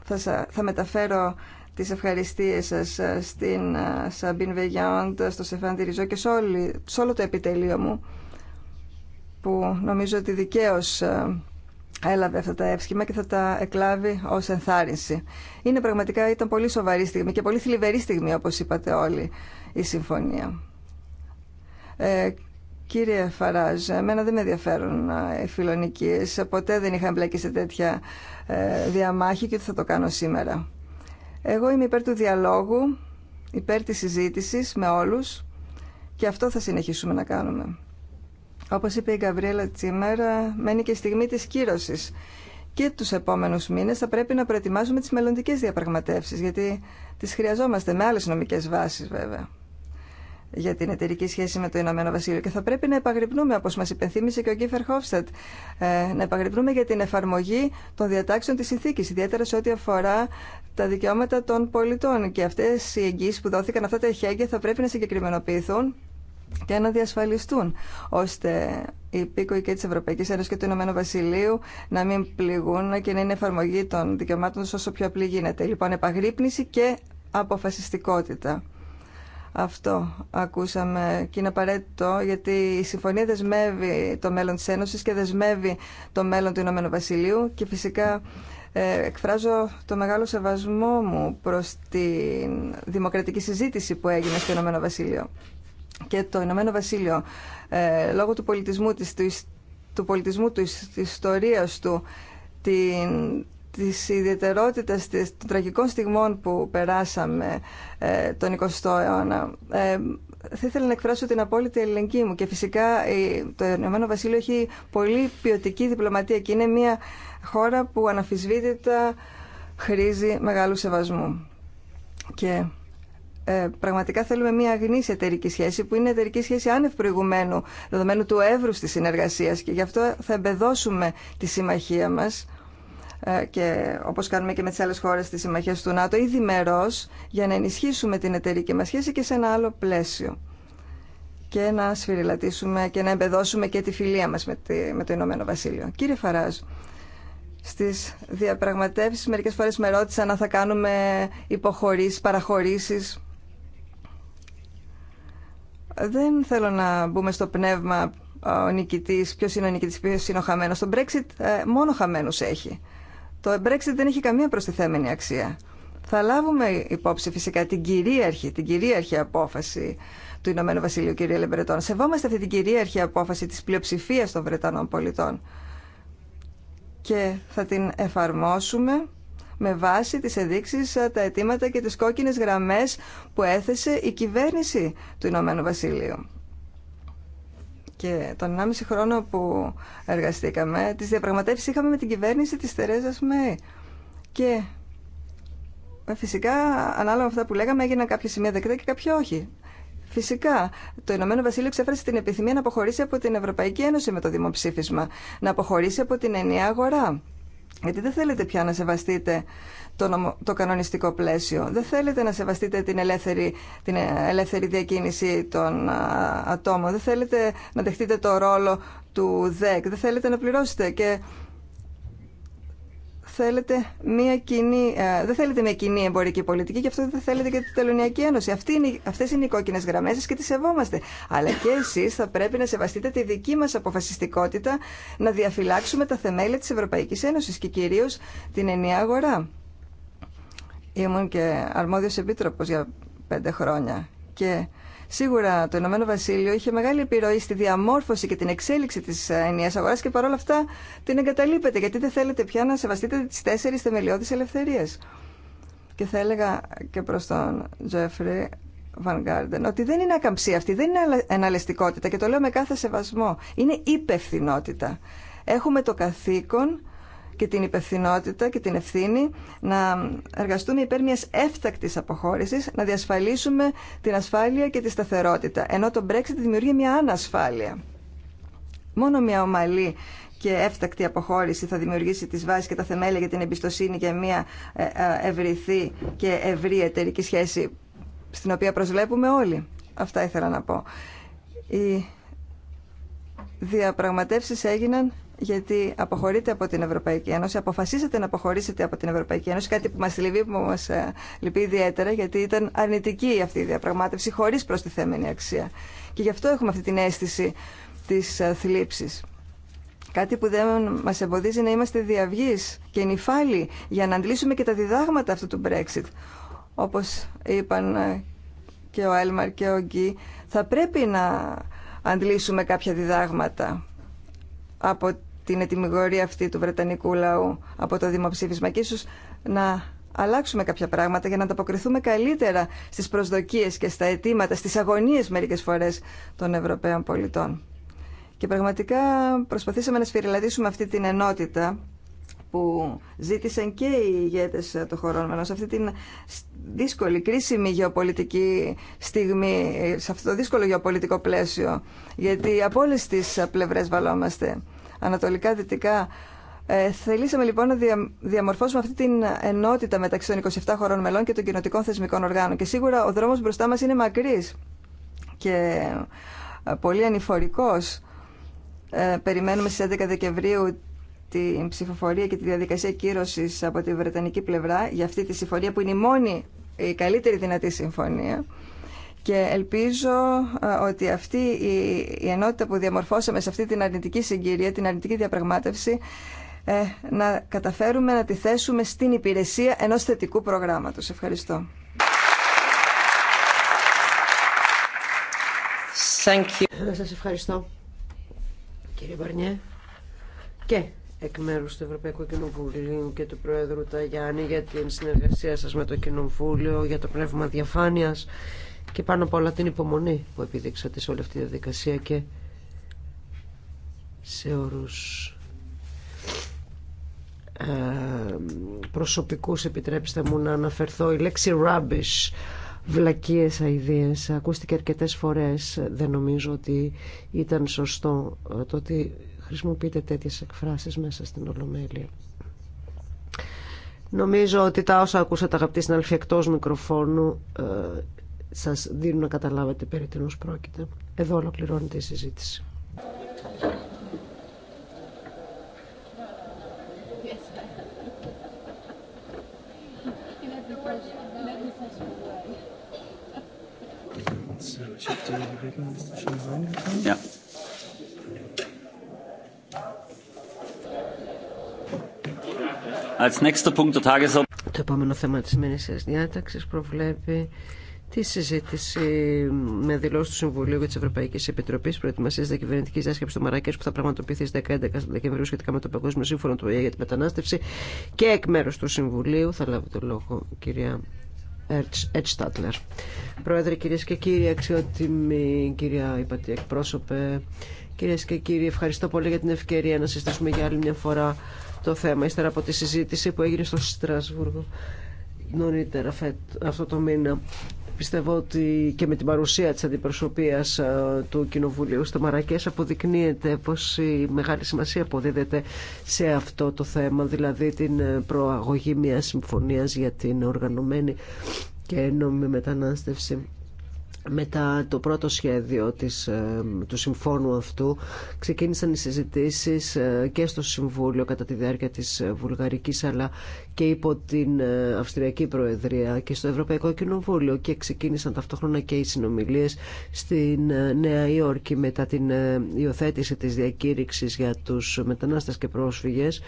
θα, θα μεταφέρω τις ευχαριστίες σας ε, στην ε, Σαμπίν Βεγιάντ, στο Σεφάν και σε, όλο το επιτελείο μου που νομίζω ότι δικαίως ε, έλαβε αυτά τα εύσχημα και θα τα εκλάβει ως ενθάρρυνση. Είναι πραγματικά, ήταν πολύ σοβαρή στιγμή και πολύ θλιβερή στιγμή όπως είπατε όλοι η συμφωνία. Κύριε Φαράζ, εμένα δεν με ενδιαφέρουν οι φιλονικίες. Ποτέ δεν είχα εμπλέκει σε τέτοια ε, διαμάχη και θα το κάνω σήμερα. Εγώ είμαι υπέρ του διαλόγου, υπέρ της συζήτησης με όλους και αυτό θα συνεχίσουμε να κάνουμε. Όπως είπε η Γκαβρίλα Τσίμερα, μένει και η στιγμή της κύρωσης. Και τους επόμενους μήνες θα πρέπει να προετοιμάσουμε τις μελλοντικές διαπραγματεύσεις, γιατί τις χρειαζόμαστε με άλλες νομικές βάσεις βέβαια για την εταιρική σχέση με το Ηνωμένο Βασίλειο. Και θα πρέπει να επαγρυπνούμε, όπω μα υπενθύμησε και ο Γκίφερ Χόφστατ, ε, να επαγρυπνούμε για την εφαρμογή των διατάξεων τη συνθήκη, ιδιαίτερα σε ό,τι αφορά τα δικαιώματα των πολιτών. Και αυτέ οι εγγύσει που δόθηκαν, αυτά τα εχέγγυα, θα πρέπει να συγκεκριμενοποιηθούν και να διασφαλιστούν, ώστε οι πίκοοι και τη Ευρωπαϊκή Ένωση και του Ηνωμένου Βασιλείου να μην πληγούν και να είναι εφαρμογή των δικαιωμάτων όσο πιο απλή γίνεται. Λοιπόν, επαγρύπνηση και αποφασιστικότητα. Αυτό ακούσαμε και είναι απαραίτητο γιατί η συμφωνία δεσμεύει το μέλλον της Ένωσης και δεσμεύει το μέλλον του Ηνωμένου Βασιλείου και φυσικά ε, εκφράζω το μεγάλο σεβασμό μου προς τη δημοκρατική συζήτηση που έγινε στο Ηνωμένο Βασίλειο. Και το Ηνωμένο Βασίλειο, ε, λόγω του πολιτισμού της, του, πολιτισμού του, της ιστορίας του, την, της ιδιαιτερότητας των τραγικών στιγμών που περάσαμε ε, τον 20ο αιώνα, ε, θα ήθελα να εκφράσω την απόλυτη ελληνική μου. Και φυσικά το Ηνωμένο Βασίλειο έχει πολύ ποιοτική διπλωματία και είναι μια χώρα που αναφυσβήτητα χρήζει μεγάλου σεβασμού. Και ε, πραγματικά θέλουμε μια αγνής εταιρική σχέση που είναι εταιρική σχέση άνευ προηγουμένου, δεδομένου του εύρου της συνεργασίας και γι' αυτό θα εμπεδώσουμε τη συμμαχία μας ε, και όπως κάνουμε και με τις άλλες χώρες της συμμαχίας του ΝΑΤΟ ή διμερός για να ενισχύσουμε την εταιρική μας σχέση και σε ένα άλλο πλαίσιο και να σφυριλατήσουμε και να εμπεδώσουμε και τη φιλία μας με, με το Ηνωμένο Βασίλειο. Κύριε Φαράζ, στις διαπραγματεύσεις μερικές φορές με ρώτησαν αν θα κάνουμε υποχωρήσεις, παραχωρήσεις. Δεν θέλω να μπούμε στο πνεύμα ε, ο νικητής, ποιος είναι ο νικητής, ποιος είναι ο χαμένος. Το Brexit ε, μόνο χαμένους έχει. Το Brexit δεν έχει καμία προστιθέμενη αξία. Θα λάβουμε υπόψη φυσικά την κυρίαρχη, την κυρίαρχη απόφαση του Ηνωμένου Βασιλείου, κύριε Λεμπρετών. Σεβόμαστε αυτή την κυρίαρχη απόφαση της πλειοψηφίας των Βρετανών πολιτών και θα την εφαρμόσουμε με βάση τις ενδείξεις, τα αιτήματα και τις κόκκινες γραμμές που έθεσε η κυβέρνηση του Ηνωμένου Βασιλείου. Και τον 1,5 χρόνο που εργαστήκαμε, τις διαπραγματεύσεις είχαμε με την κυβέρνηση της Τερέζας Μέη. Και ε, φυσικά, ανάλογα με αυτά που λέγαμε, έγιναν κάποια σημεία δεκτά και κάποια όχι. Φυσικά, το Ηνωμένο Βασίλειο εξέφρασε την επιθυμία να αποχωρήσει από την Ευρωπαϊκή Ένωση με το δημοψήφισμα, να αποχωρήσει από την ενιαία αγορά. Γιατί δεν θέλετε πια να σεβαστείτε το, το κανονιστικό πλαίσιο. Δεν θέλετε να σεβαστείτε την ελεύθερη, την ελεύθερη διακίνηση των ατόμων. Δεν θέλετε να δεχτείτε το ρόλο του ΔΕΚ. Δεν θέλετε να πληρώσετε και θέλετε μια κοινή, ε, δεν θέλετε μια κοινή εμπορική πολιτική και αυτό δεν θέλετε και την Τελωνιακή Ένωση. Αυτή είναι, αυτές είναι οι κόκκινες γραμμές σας και τις σεβόμαστε. Αλλά και εσείς θα πρέπει να σεβαστείτε τη δική μας αποφασιστικότητα να διαφυλάξουμε τα θεμέλια της Ευρωπαϊκής Ένωσης και κυρίως την ενιαία αγορά ήμουν και αρμόδιος επίτροπος για πέντε χρόνια και σίγουρα το Ηνωμένο Βασίλειο είχε μεγάλη επιρροή στη διαμόρφωση και την εξέλιξη της ε, ενιαίας αγοράς και παρόλα αυτά την εγκαταλείπετε γιατί δεν θέλετε πια να σεβαστείτε τις τέσσερις θεμελιώδεις ελευθερίες. Και θα έλεγα και προς τον Τζέφρι Βαν Garden, ότι δεν είναι ακαμψία αυτή, δεν είναι εναλλεστικότητα και το λέω με κάθε σεβασμό. Είναι υπευθυνότητα. Έχουμε το καθήκον και την υπευθυνότητα και την ευθύνη να εργαστούμε υπέρ μιας έφτακτης αποχώρησης, να διασφαλίσουμε την ασφάλεια και τη σταθερότητα, ενώ το Brexit δημιουργεί μια ανασφάλεια. Μόνο μια ομαλή και έφτακτη αποχώρηση θα δημιουργήσει τις βάσεις και τα θεμέλια για την εμπιστοσύνη και μια ε, ε, ευρυθή και ευρύ εταιρική σχέση στην οποία προσβλέπουμε όλοι. Αυτά ήθελα να πω. Οι διαπραγματεύσεις έγιναν γιατί αποχωρείτε από την Ευρωπαϊκή Ένωση, αποφασίσατε να αποχωρήσετε από την Ευρωπαϊκή Ένωση, κάτι που μας λυπεί, που μας ε, λυπεί ιδιαίτερα, γιατί ήταν αρνητική αυτή η διαπραγμάτευση χωρίς προστιθέμενη αξία. Και γι' αυτό έχουμε αυτή την αίσθηση της ε, θλίψης. Κάτι που δεν μας εμποδίζει να είμαστε διαυγείς και νυφάλοι για να αντλήσουμε και τα διδάγματα αυτού του Brexit. Όπως είπαν ε, και ο Έλμαρ και ο Γκί, θα πρέπει να αντλήσουμε κάποια διδάγματα από την ετοιμιγορία αυτή του Βρετανικού λαού από το δημοψήφισμα και ίσως να αλλάξουμε κάποια πράγματα για να ανταποκριθούμε καλύτερα στις προσδοκίες και στα αιτήματα, στις αγωνίες μερικές φορές των Ευρωπαίων πολιτών. Και πραγματικά προσπαθήσαμε να σφυριλατήσουμε αυτή την ενότητα που ζήτησαν και οι ηγέτες των χωρών μας σε αυτή την δύσκολη, κρίσιμη γεωπολιτική στιγμή, σε αυτό το δύσκολο γεωπολιτικό πλαίσιο, γιατί από όλε τι πλευρές βαλόμαστε ανατολικά, δυτικά. Ε, θελήσαμε λοιπόν να διαμορφώσουμε αυτή την ενότητα μεταξύ των 27 χωρών μελών και των κοινοτικών θεσμικών οργάνων. Και σίγουρα ο δρόμος μπροστά μας είναι μακρύς και ε, πολύ ανηφορικός. Ε, περιμένουμε στις 11 Δεκεμβρίου την ψηφοφορία και τη διαδικασία κύρωσης από τη Βρετανική πλευρά για αυτή τη συμφωνία που είναι η μόνη, η καλύτερη δυνατή συμφωνία. Και ελπίζω ε, ότι αυτή η ενότητα που διαμορφώσαμε σε αυτή την αρνητική συγκυρία, την αρνητική διαπραγμάτευση, ε, να καταφέρουμε να τη θέσουμε στην υπηρεσία ενός θετικού προγράμματος. Ευχαριστώ. Thank σας ευχαριστώ, κύριε Μπαρνιέ. Και εκ μέρου του Ευρωπαϊκού Κοινοβουλίου και του Πρόεδρου Ταγιάννη για την συνεργασία σας με το Κοινοβούλιο, για το πνεύμα διαφάνειας και πάνω απ' όλα την υπομονή που επιδείξατε σε όλη αυτή τη διαδικασία και σε όρους ε, προσωπικούς επιτρέψτε μου να αναφερθώ η λέξη rubbish βλακίες αηδίες ακούστηκε αρκετές φορές δεν νομίζω ότι ήταν σωστό ε, το ότι χρησιμοποιείτε τέτοιες εκφράσεις μέσα στην Ολομέλεια Νομίζω ότι τα όσα ακούσατε αγαπητοί συναλφιακτός μικροφόνου ε, σας δίνουν να καταλάβετε περί τίνος πρόκειται. Εδώ ολοκληρώνεται η συζήτηση. Το επόμενο θέμα της σημερινής διάταξης προβλέπει τη συζήτηση με δηλώσει του Συμβουλίου και τη Ευρωπαϊκή Επιτροπή προετοιμασία διακυβερνητική διάσκεψη του Μαράκε που θα πραγματοποιηθεί στι 10-11 Δεκεμβρίου σχετικά με το Παγκόσμιο Σύμφωνο του ΟΗΕ για τη Μετανάστευση και εκ μέρου του Συμβουλίου θα λάβει το λόγο κυρία Ετστάτλερ. Πρόεδρε, κυρίε και κύριοι, αξιότιμη κυρία Υπατή εκπρόσωπε, κυρίε και κύριοι, ευχαριστώ πολύ για την ευκαιρία να συζητήσουμε για άλλη μια φορά το θέμα, ύστερα από τη συζήτηση που έγινε στο Στρασβούργο νωρίτερα αυτό το μήνα πιστεύω ότι και με την παρουσία της αντιπροσωπείας ε, του Κοινοβουλίου στο Μαρακές αποδεικνύεται πως η μεγάλη σημασία αποδίδεται σε αυτό το θέμα, δηλαδή την ε, προαγωγή μιας συμφωνίας για την οργανωμένη και νόμιμη μετανάστευση μετά το πρώτο σχέδιο της, ε, του συμφώνου αυτού ξεκίνησαν οι συζητήσεις ε, και στο Συμβούλιο κατά τη διάρκεια της Βουλγαρικής αλλά και υπό την ε, Αυστριακή Προεδρία και στο Ευρωπαϊκό Κοινοβούλιο και ξεκίνησαν ταυτόχρονα και οι συνομιλίες στην Νέα Υόρκη μετά την υιοθέτηση της διακήρυξης για τους μετανάστες και πρόσφυγες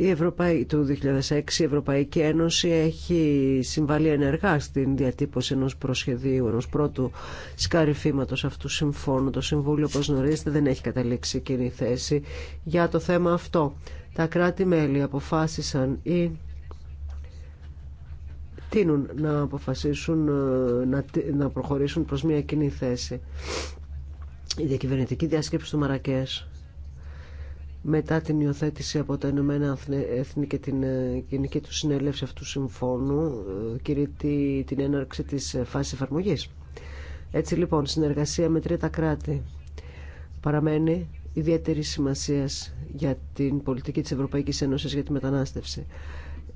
η Ευρωπαϊ... του 2006 η Ευρωπαϊκή Ένωση έχει συμβάλει ενεργά στην διατύπωση ενός προσχεδίου, ενός πρώτου σκαρυφήματος αυτού συμφώνου. Το Συμβούλιο, όπως γνωρίζετε, δεν έχει καταλήξει κοινή θέση για το θέμα αυτό. Τα κράτη-μέλη αποφάσισαν ή τείνουν να αποφασίσουν ε, να προχωρήσουν προς μια κοινή θέση. Η διακυβερνητική διάσκεψη του Μαρακές μετά την υιοθέτηση από τα Ηνωμένα Έθνη και την ε, Γενική του Συνέλευση αυτού του συμφώνου ε, κηρύττει την έναρξη της ε, φάσης εφαρμογής. Έτσι λοιπόν, συνεργασία με τρίτα κράτη παραμένει ιδιαίτερη σημασία για την πολιτική της Ευρωπαϊκής Ένωσης για τη μετανάστευση.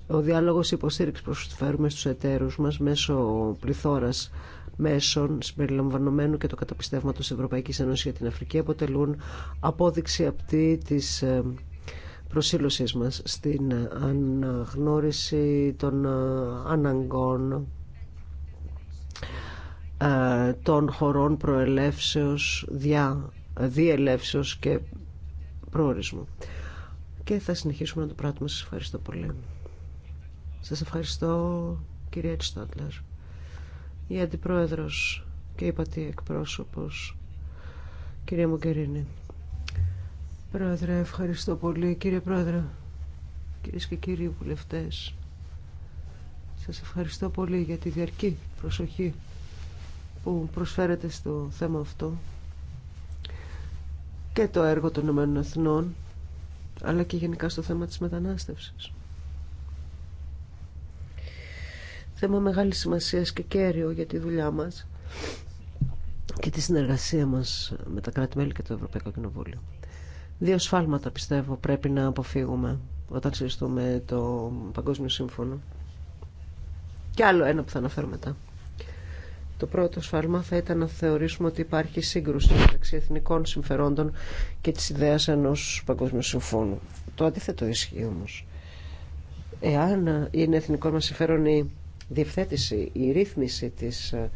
Ο διάλογος υποστήριξη προσφέρουμε στους εταίρους μας μέσω πληθώρας μέσων συμπεριλαμβανομένου και το καταπιστεύματος Ευρωπαϊκής Ένωσης για την Αφρική αποτελούν απόδειξη αυτή της ε, προσήλωσής μας στην ε, αναγνώριση των ε, αναγκών των χωρών προελεύσεως, δια, διελεύσεως και προορισμού. Και θα συνεχίσουμε να το πράττουμε. Σας ευχαριστώ πολύ. Σας ευχαριστώ κυρία Τσιτάτλερ η Αντιπρόεδρος και η Πατή Εκπρόσωπος, κυρία Μογκερίνη. Πρόεδρε, ευχαριστώ πολύ. Κύριε Πρόεδρε, κυρίες και κύριοι βουλευτές, σας ευχαριστώ πολύ για τη διαρκή προσοχή που προσφέρετε στο θέμα αυτό και το έργο των Ηνωμένων Εθνών αλλά και γενικά στο θέμα της μετανάστευσης. θέμα μεγάλης σημασίας και κέριο για τη δουλειά μας και τη συνεργασία μας με τα κράτη-μέλη και το Ευρωπαϊκό Κοινοβούλιο. Δύο σφάλματα πιστεύω πρέπει να αποφύγουμε όταν συζητούμε το Παγκόσμιο Σύμφωνο. Και άλλο ένα που θα αναφέρω μετά. Το πρώτο σφάλμα θα ήταν να θεωρήσουμε ότι υπάρχει σύγκρουση μεταξύ εθνικών συμφερόντων και της ιδέας ενός παγκόσμιου συμφώνου. Το αντίθετο ισχύει όμως. Εάν είναι εθνικό μας συμφέρον η διευθέτηση, η ρύθμιση της ε,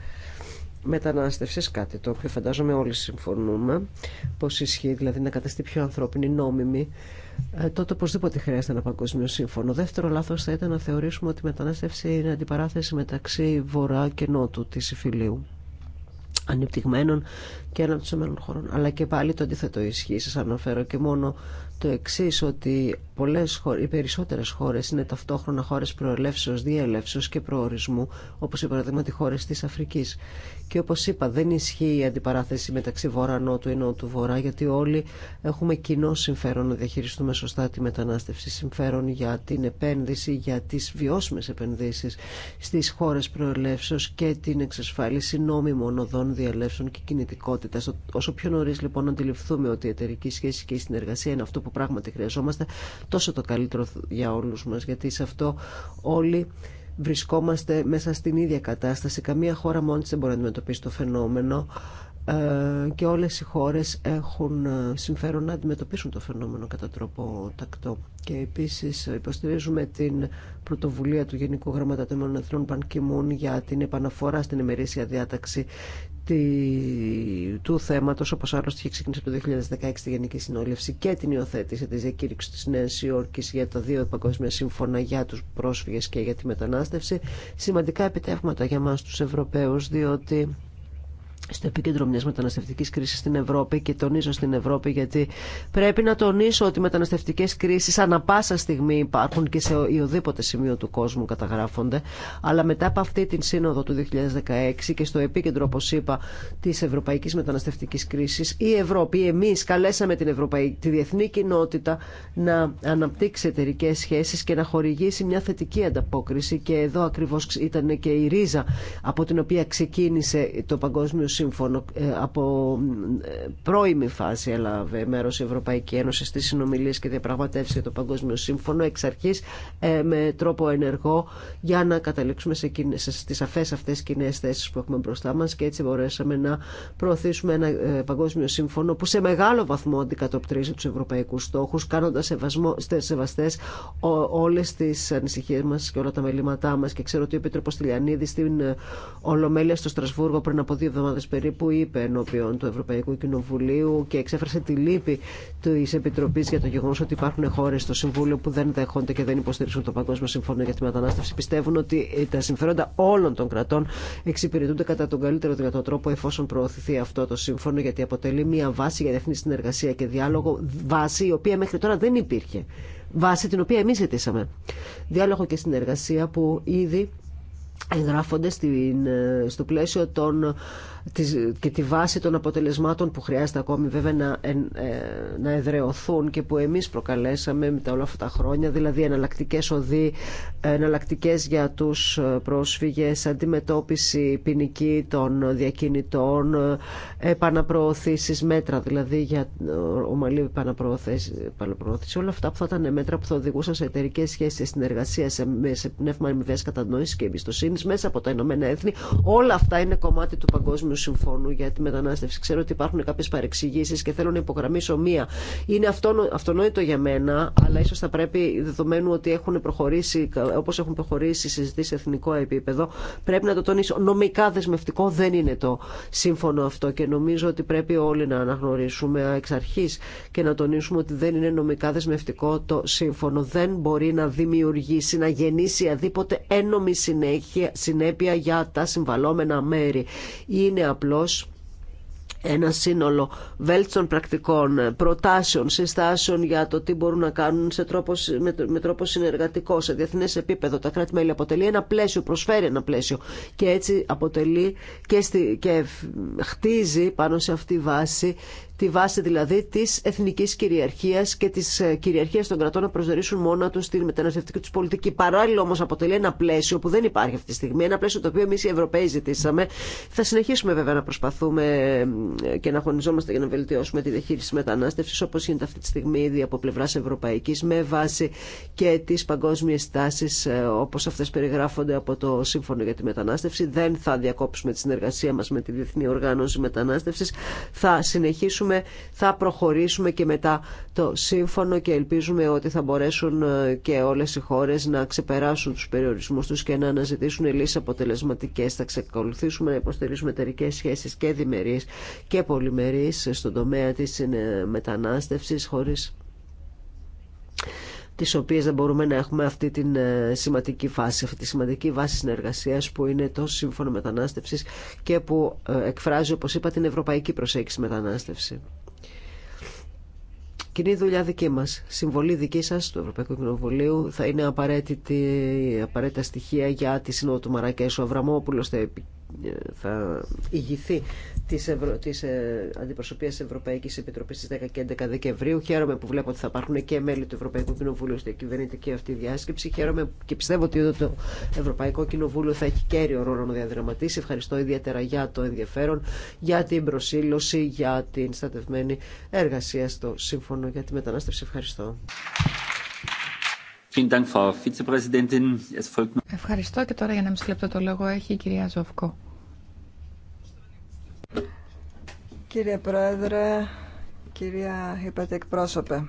μετανάστευσης, κάτι το οποίο φαντάζομαι όλοι συμφωνούμε, πως ισχύει δηλαδή να καταστεί πιο ανθρώπινη, νόμιμη, ε, τότε οπωσδήποτε χρειάζεται ένα παγκόσμιο σύμφωνο. Δεύτερο λάθος θα ήταν να θεωρήσουμε ότι η μετανάστευση είναι αντιπαράθεση μεταξύ βορρά και νότου της υφηλίου ανεπτυγμένων και αναπτυσσομένων χωρών. Αλλά και πάλι το αντίθετο ισχύει. Σα αναφέρω και μόνο το εξή ότι πολλές χώρες, οι περισσότερες χώρες είναι ταυτόχρονα χώρες προελεύσεως, διέλευσεως και προορισμού, όπως οι παραδείγματι χώρες της Αφρικής. Και όπως είπα, δεν ισχύει η αντιπαράθεση μεταξύ βορρά-νότου ή νότου-βορρά, γιατί όλοι έχουμε κοινό συμφέρον να διαχειριστούμε σωστά τη μετανάστευση, συμφέρον για την επένδυση, για τις βιώσιμες επενδύσεις στις χώρες προελεύσεως και την εξασφάλιση νόμιμων οδών διελεύσεων και κινητικότητα. Όσο πιο νωρί λοιπόν αντιληφθούμε ότι η εταιρική σχέση και η συνεργασία είναι αυτό που πράγματι χρειαζόμαστε, τόσο το καλύτερο για όλους μας, γιατί σε αυτό όλοι βρισκόμαστε μέσα στην ίδια κατάσταση. Καμία χώρα μόνη δεν μπορεί να αντιμετωπίσει το φαινόμενο. Ε, και όλες οι χώρες έχουν ε, συμφέρον να αντιμετωπίσουν το φαινόμενο κατά τρόπο τακτό. Και επίσης υποστηρίζουμε την πρωτοβουλία του Γενικού Γραμματέα Εθνών Πανκιμούν για την επαναφορά στην ημερήσια διάταξη του θέματος όπως άλλωστε είχε ξεκινήσει το 2016 τη Γενική Συνόλευση και την υιοθέτηση της διακήρυξης της Νέας Υόρκης για τα δύο παγκόσμια σύμφωνα για τους πρόσφυγες και για τη μετανάστευση σημαντικά επιτεύγματα για μας τους Ευρωπαίους διότι στο επίκεντρο μιας μεταναστευτικής κρίσης στην Ευρώπη και τονίζω στην Ευρώπη γιατί πρέπει να τονίσω ότι οι μεταναστευτικές κρίσεις ανα πάσα στιγμή υπάρχουν και σε οδήποτε σημείο του κόσμου καταγράφονται αλλά μετά από αυτή την σύνοδο του 2016 και στο επίκεντρο όπως είπα της ευρωπαϊκής μεταναστευτικής κρίσης η Ευρώπη, εμείς καλέσαμε την Ευρωπαϊκή, τη διεθνή κοινότητα να αναπτύξει εταιρικέ σχέσεις και να χορηγήσει μια θετική ανταπόκριση και εδώ ακριβώς ήταν και η ρίζα από την οποία ξεκίνησε το Παγκόσμιο σύμφωνο ε, από ε, πρώιμη φάση έλαβε μέρο η Ευρωπαϊκή Ένωση στι συνομιλίε και διαπραγματεύσει για το Παγκόσμιο Σύμφωνο εξ αρχή ε, με τρόπο ενεργό για να καταλήξουμε σε, στι σαφέ αυτέ κοινέ θέσει που έχουμε μπροστά μα και έτσι μπορέσαμε να προωθήσουμε ένα Παγκόσμιο Σύμφωνο που σε μεγάλο βαθμό αντικατοπτρίζει του ευρωπαϊκού στόχου, κάνοντα σεβαστέ όλε τι ανησυχίε μα και όλα τα μελήματά μα. Και ξέρω ότι ο Επίτροπο Τηλιανίδη στην Ολομέλεια στο Στρασβούργο πριν από δύο εβδομάδε περίπου είπε ενώπιον του Ευρωπαϊκού Κοινοβουλίου και εξέφρασε τη λύπη τη Επιτροπή για το γεγονό ότι υπάρχουν χώρε στο Συμβούλιο που δεν δέχονται και δεν υποστηρίζουν το Παγκόσμιο Συμφώνιο για τη Μετανάστευση. Πιστεύουν ότι τα συμφέροντα όλων των κρατών εξυπηρετούνται κατά τον καλύτερο δυνατό τρόπο εφόσον προωθηθεί αυτό το σύμφωνο, γιατί αποτελεί μια βάση για διεθνή συνεργασία και διάλογο, βάση η οποία μέχρι τώρα δεν υπήρχε. Βάση την οποία εμεί ζητήσαμε. Διάλογο και συνεργασία που ήδη εγγράφονται στην, ε, στο πλαίσιο των και τη βάση των αποτελεσμάτων που χρειάζεται ακόμη βέβαια να, ε, να εδρεωθούν και που εμείς προκαλέσαμε μετά όλα αυτά τα χρόνια, δηλαδή εναλλακτικέ οδοί, εναλλακτικέ για τους ε, πρόσφυγες, αντιμετώπιση ποινική των διακινητών, ε, επαναπροωθήσεις, μέτρα δηλαδή για ομαλή επαναπροώθηση, όλα αυτά που θα ήταν μέτρα που θα οδηγούσαν σε εταιρικέ σχέσει, συνεργασία, σε, σε πνεύμα αμοιβέ κατανόηση και εμπιστοσύνη μέσα από τα Ηνωμένα Έθνη. Όλα αυτά είναι κομμάτι του παγκόσμιου Ευρωπαϊκού Συμφώνου για τη Μετανάστευση. Ξέρω ότι υπάρχουν κάποιε παρεξηγήσει και θέλω να υπογραμμίσω μία. Είναι αυτονόητο για μένα, αλλά ίσω θα πρέπει, δεδομένου ότι έχουν προχωρήσει, όπω έχουν προχωρήσει συζητήσει σε εθνικό επίπεδο, πρέπει να το τονίσω. Νομικά δεσμευτικό δεν είναι το σύμφωνο αυτό και νομίζω ότι πρέπει όλοι να αναγνωρίσουμε εξ αρχή και να τονίσουμε ότι δεν είναι νομικά δεσμευτικό το σύμφωνο. Δεν μπορεί να δημιουργήσει, να γεννήσει αδίποτε ένομη συνέπεια για τα συμβαλόμενα μέρη. Είναι απλώς ένα σύνολο βέλτιστων πρακτικών, προτάσεων, συστάσεων για το τι μπορούν να κάνουν σε τρόπο, με, με τρόπο συνεργατικό, σε διεθνές επίπεδο. Τα κράτη-μέλη αποτελεί ένα πλαίσιο, προσφέρει ένα πλαίσιο και έτσι αποτελεί και, στη, και χτίζει πάνω σε αυτή βάση τη βάση δηλαδή τη εθνική κυριαρχία και τη ε, κυριαρχία των κρατών να προσδιορίσουν μόνα του την μεταναστευτική του πολιτική. Παράλληλα όμω αποτελεί ένα πλαίσιο που δεν υπάρχει αυτή τη στιγμή, ένα πλαίσιο το οποίο εμεί οι Ευρωπαίοι ζητήσαμε. Θα συνεχίσουμε βέβαια να προσπαθούμε ε, και να αγωνιζόμαστε για να βελτιώσουμε τη διαχείριση μετανάστευση όπω γίνεται αυτή τη στιγμή ήδη από πλευρά Ευρωπαϊκή με βάση και τι παγκόσμιε τάσει, ε, όπω αυτέ περιγράφονται από το Σύμφωνο για τη Μετανάστευση. Δεν θα διακόψουμε τη συνεργασία μα με τη Διεθνή Οργάνωση μετανάστευση. Θα συνεχίσουμε θα προχωρήσουμε και μετά το σύμφωνο και ελπίζουμε ότι θα μπορέσουν ε, και όλες οι χώρες να ξεπεράσουν τους περιορισμούς τους και να αναζητήσουν λύσεις αποτελεσματικές. Θα ξεκολουθήσουμε να υποστηρίσουμε εταιρικέ σχέσεις και διμερείς και πολυμερείς στον τομέα της ε, μετανάστευσης χωρίς τις οποίες δεν μπορούμε να έχουμε αυτή τη ε, σημαντική αυτή τη σημαντική βάση συνεργασίας που είναι το Σύμφωνο Μετανάστευσης και που ε, εκφράζει, όπως είπα, την ευρωπαϊκή προσέγγιση μετανάστευση. Κοινή δουλειά δική μας, συμβολή δική σας του Ευρωπαϊκού Κοινοβουλίου θα είναι απαραίτητη, απαραίτητα στοιχεία για τη Σύνοδο του Μαρακέσου. Ε, θα ηγηθεί τη Ευρω... Ευρωπαϊκή ε... Αντιπροσωπείας Ευρωπαϊκής Επιτροπής στις 10 και 11 Δεκεμβρίου. Χαίρομαι που βλέπω ότι θα υπάρχουν και μέλη του Ευρωπαϊκού Κοινοβούλου στη κυβερνητική αυτή διάσκεψη. Χαίρομαι και πιστεύω ότι το Ευρωπαϊκό Κοινοβούλιο θα έχει κέριο ρόλο να διαδραματίσει. Ευχαριστώ ιδιαίτερα για το ενδιαφέρον, για την προσήλωση, για την στατευμένη εργασία στο Σύμφωνο για τη Μετανάστευση. Ευχαριστώ. Ευχαριστώ και τώρα για να μην λεπτό το λόγο έχει η κυρία Ζόφκο. Κύριε Πρόεδρε, κυρία είπατε εκπρόσωπε,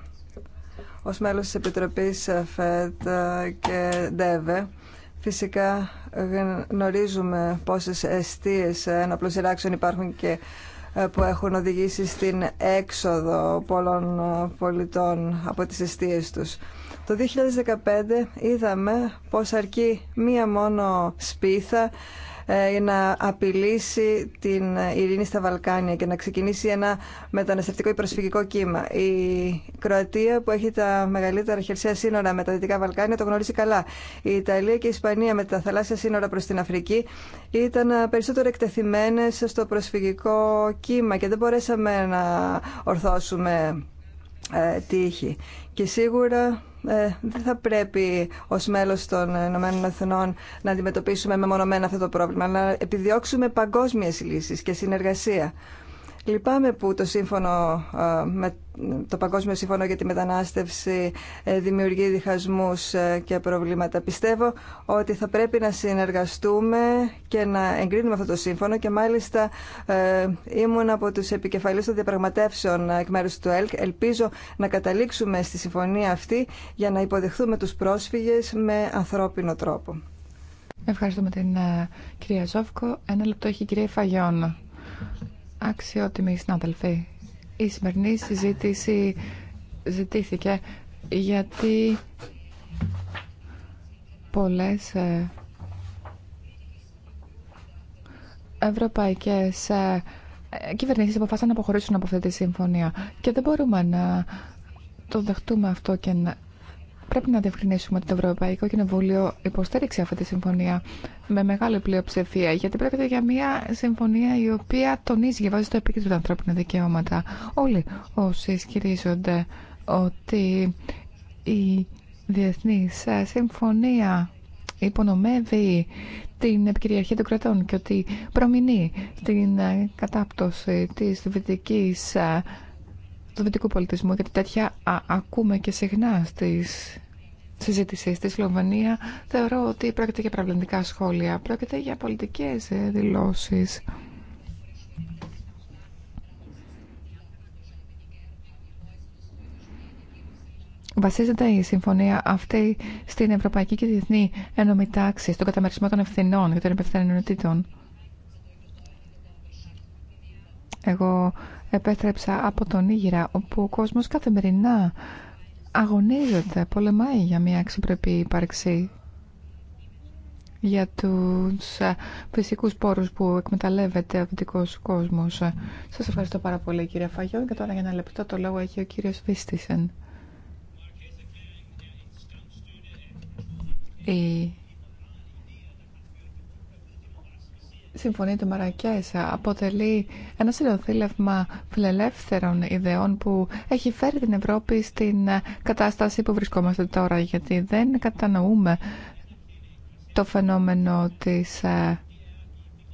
ως μέλος της Επιτροπής ΦΕΤ και ΔΕΒΕ, φυσικά γνωρίζουμε πόσες αιστείες έναπλων υπάρχουν και ε, που έχουν οδηγήσει στην έξοδο πολλών ε, πολιτών από τις αιστείες τους. Το 2015 είδαμε πως αρκεί μία μόνο σπίθα για ε, να απειλήσει την ειρήνη στα Βαλκάνια και να ξεκινήσει ένα μεταναστευτικό ή προσφυγικό κύμα. Η Κροατία που έχει τα μεγαλύτερα χερσαία σύνορα με τα Δυτικά Βαλκάνια το γνωρίζει καλά. Η Ιταλία και η Ισπανία με τα θαλάσσια σύνορα προς την Αφρική ήταν περισσότερο εκτεθειμένες στο προσφυγικό κύμα και δεν μπορέσαμε να ορθώσουμε ε, τύχη. Και σίγουρα ε, δεν θα πρέπει ως μέλος των Ηνωμένων Εθνών να αντιμετωπίσουμε μεμονωμένα αυτό το πρόβλημα, αλλά να επιδιώξουμε παγκόσμιες λύσεις και συνεργασία. Λυπάμαι που το σύμφωνο, ε, το Παγκόσμιο Σύμφωνο για τη Μετανάστευση ε, δημιουργεί διχασμούς ε, και προβλήματα. Πιστεύω ότι θα πρέπει να συνεργαστούμε και να εγκρίνουμε αυτό το σύμφωνο και μάλιστα ήμουν από τους επικεφαλείς των διαπραγματεύσεων εκ μέρους του ΕΛΚ. Ελπίζω να καταλήξουμε στη συμφωνία αυτή για να υποδεχθούμε τους πρόσφυγες με ανθρώπινο τρόπο. Ευχαριστούμε την κυρία Ζόφκο. Ένα λεπτό έχει η κυρία Αξιότιμοι συνάδελφοι, η σημερινή συζήτηση ζητήθηκε γιατί πολλές ε, ευρωπαϊκές ε, κυβερνήσεις αποφάσισαν να αποχωρήσουν από αυτή τη συμφωνία και δεν μπορούμε να το δεχτούμε αυτό και να Πρέπει να διευκρινίσουμε ότι το Ευρωπαϊκό Κοινοβούλιο υποστήριξε αυτή τη συμφωνία με μεγάλη πλειοψηφία, γιατί πρόκειται για μια συμφωνία η οποία τονίζει και βάζει στο επίκεντρο τα ανθρώπινα δικαιώματα. Όλοι όσοι ισχυρίζονται ότι η διεθνή συμφωνία υπονομεύει την επικυριαρχία των κρατών και ότι προμηνεί την κατάπτωση της δυτικής του δυτικού πολιτισμού, γιατί τέτοια ακούμε και συχνά στι συζήτησει στη Σλοβανία. θεωρώ ότι πρόκειται για πραγματικά σχόλια, πρόκειται για πολιτικές δηλώσει. Βασίζεται η συμφωνία αυτή στην Ευρωπαϊκή και Διεθνή Ένωμη Τάξη, στον καταμερισμό των ευθυνών και των υπευθυνότητων. Εγώ επέστρεψα από τον Ήγηρα, όπου ο κόσμος καθημερινά αγωνίζεται, πολεμάει για μια αξιπρεπή ύπαρξη για τους ε, φυσικούς πόρους που εκμεταλλεύεται ο δυτικός κόσμος. Σας ευχαριστώ πάρα πολύ κύριε Φαγιόν και τώρα για ένα λεπτό το λόγο έχει ο κύριος Βίστησεν. Συμφωνία του Μαρακέσα αποτελεί ένα συνοθήλευμα φιλελεύθερων ιδεών που έχει φέρει την Ευρώπη στην κατάσταση που βρισκόμαστε τώρα γιατί δεν κατανοούμε το φαινόμενο της ε,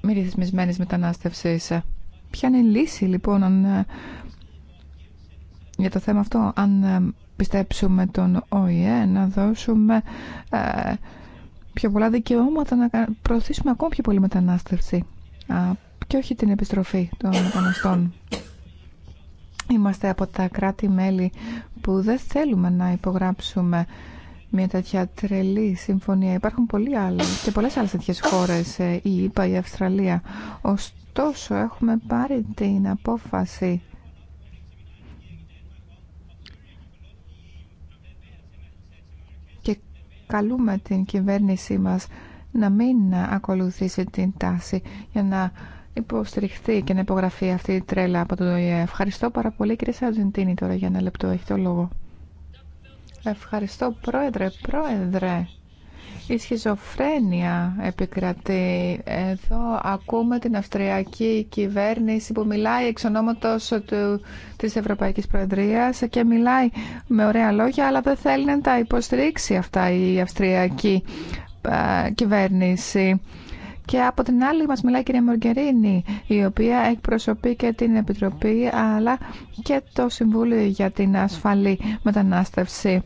μη ρυθμισμένης μετανάστευσης. Ποια είναι η λύση λοιπόν ε, για το θέμα αυτό αν ε, πιστέψουμε τον ΟΗΕ να δώσουμε πιο πολλά δικαιώματα, να προωθήσουμε ακόμη πιο πολύ μετανάστευση και όχι την επιστροφή των μεταναστών. Είμαστε από τα κράτη-μέλη που δεν θέλουμε να υπογράψουμε μια τέτοια τρελή συμφωνία. Υπάρχουν πολλοί άλλοι και πολλές άλλες τέτοιες χώρες, ε, η ΙΠΑ, η Αυστραλία. Ωστόσο, έχουμε πάρει την απόφαση καλούμε την κυβέρνησή μας να μην ακολουθήσει την τάση για να υποστηριχθεί και να υπογραφεί αυτή η τρέλα από το Ευχαριστώ πάρα πολύ κύριε Σαρτζεντίνη τώρα για ένα λεπτό. Έχει το λόγο. Ευχαριστώ πρόεδρε, πρόεδρε η σχιζοφρένεια επικρατεί. Εδώ ακούμε την Αυστριακή κυβέρνηση που μιλάει εξ ονόματος του, της Ευρωπαϊκής Προεδρίας και μιλάει με ωραία λόγια, αλλά δεν θέλει να τα υποστηρίξει αυτά η Αυστριακή κυβέρνηση. Και από την άλλη μας μιλάει η κυρία Μοργκερίνη, η οποία εκπροσωπεί και την Επιτροπή αλλά και το Συμβούλιο για την Ασφαλή Μετανάστευση.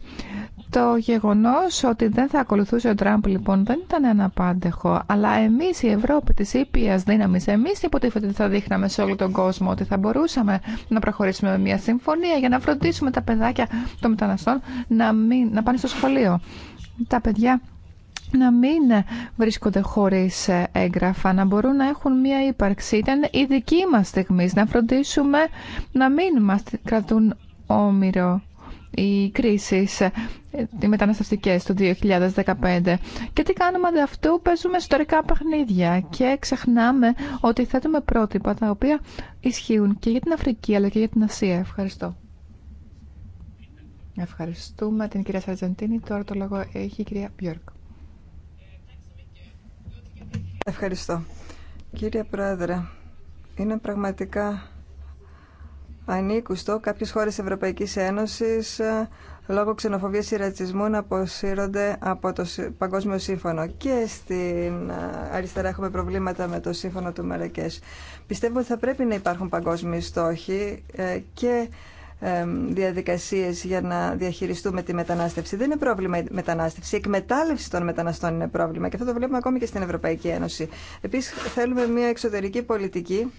Το γεγονός ότι δεν θα ακολουθούσε ο Τραμπ λοιπόν δεν ήταν ένα πάντεχο. αλλά εμείς η Ευρώπη της ήπιας δύναμης, εμείς υποτίθεται ότι θα δείχναμε σε όλο τον κόσμο ότι θα μπορούσαμε να προχωρήσουμε με μια συμφωνία για να φροντίσουμε τα παιδάκια των μεταναστών να, να πάνε στο σχολείο. Τα παιδιά να μην βρίσκονται χωρίς έγγραφα, να μπορούν να έχουν μία ύπαρξη. Ήταν η δική μας στιγμή να φροντίσουμε να μην μας κρατούν όμοιρο οι κρίσεις, ε, οι μεταναστευτικές του 2015. Και τι κάνουμε αντί αυτού, παίζουμε ιστορικά παιχνίδια και ξεχνάμε ότι θέτουμε πρότυπα τα οποία ισχύουν και για την Αφρική αλλά και για την Ασία. Ευχαριστώ. Ευχαριστούμε την κυρία Σαρτζεντίνη. Τώρα το λόγο έχει η κυρία Μπιόρκ. Ευχαριστώ. Κύριε Πρόεδρε, είναι πραγματικά ανήκουστο κάποιες χώρες Ευρωπαϊκή Ένωση ε, λόγω ξενοφοβία ή ρατσισμού να αποσύρονται από το Παγκόσμιο Σύμφωνο. Και στην ε, αριστερά έχουμε προβλήματα με το Σύμφωνο του Μαρακέ. Πιστεύω ότι θα πρέπει να υπάρχουν παγκόσμιοι στόχοι ε, και διαδικασίες για να διαχειριστούμε τη μετανάστευση. Δεν είναι πρόβλημα η μετανάστευση. Η εκμετάλλευση των μεταναστών είναι πρόβλημα και αυτό το βλέπουμε ακόμη και στην Ευρωπαϊκή Ένωση. Επίσης θέλουμε μια εξωτερική πολιτική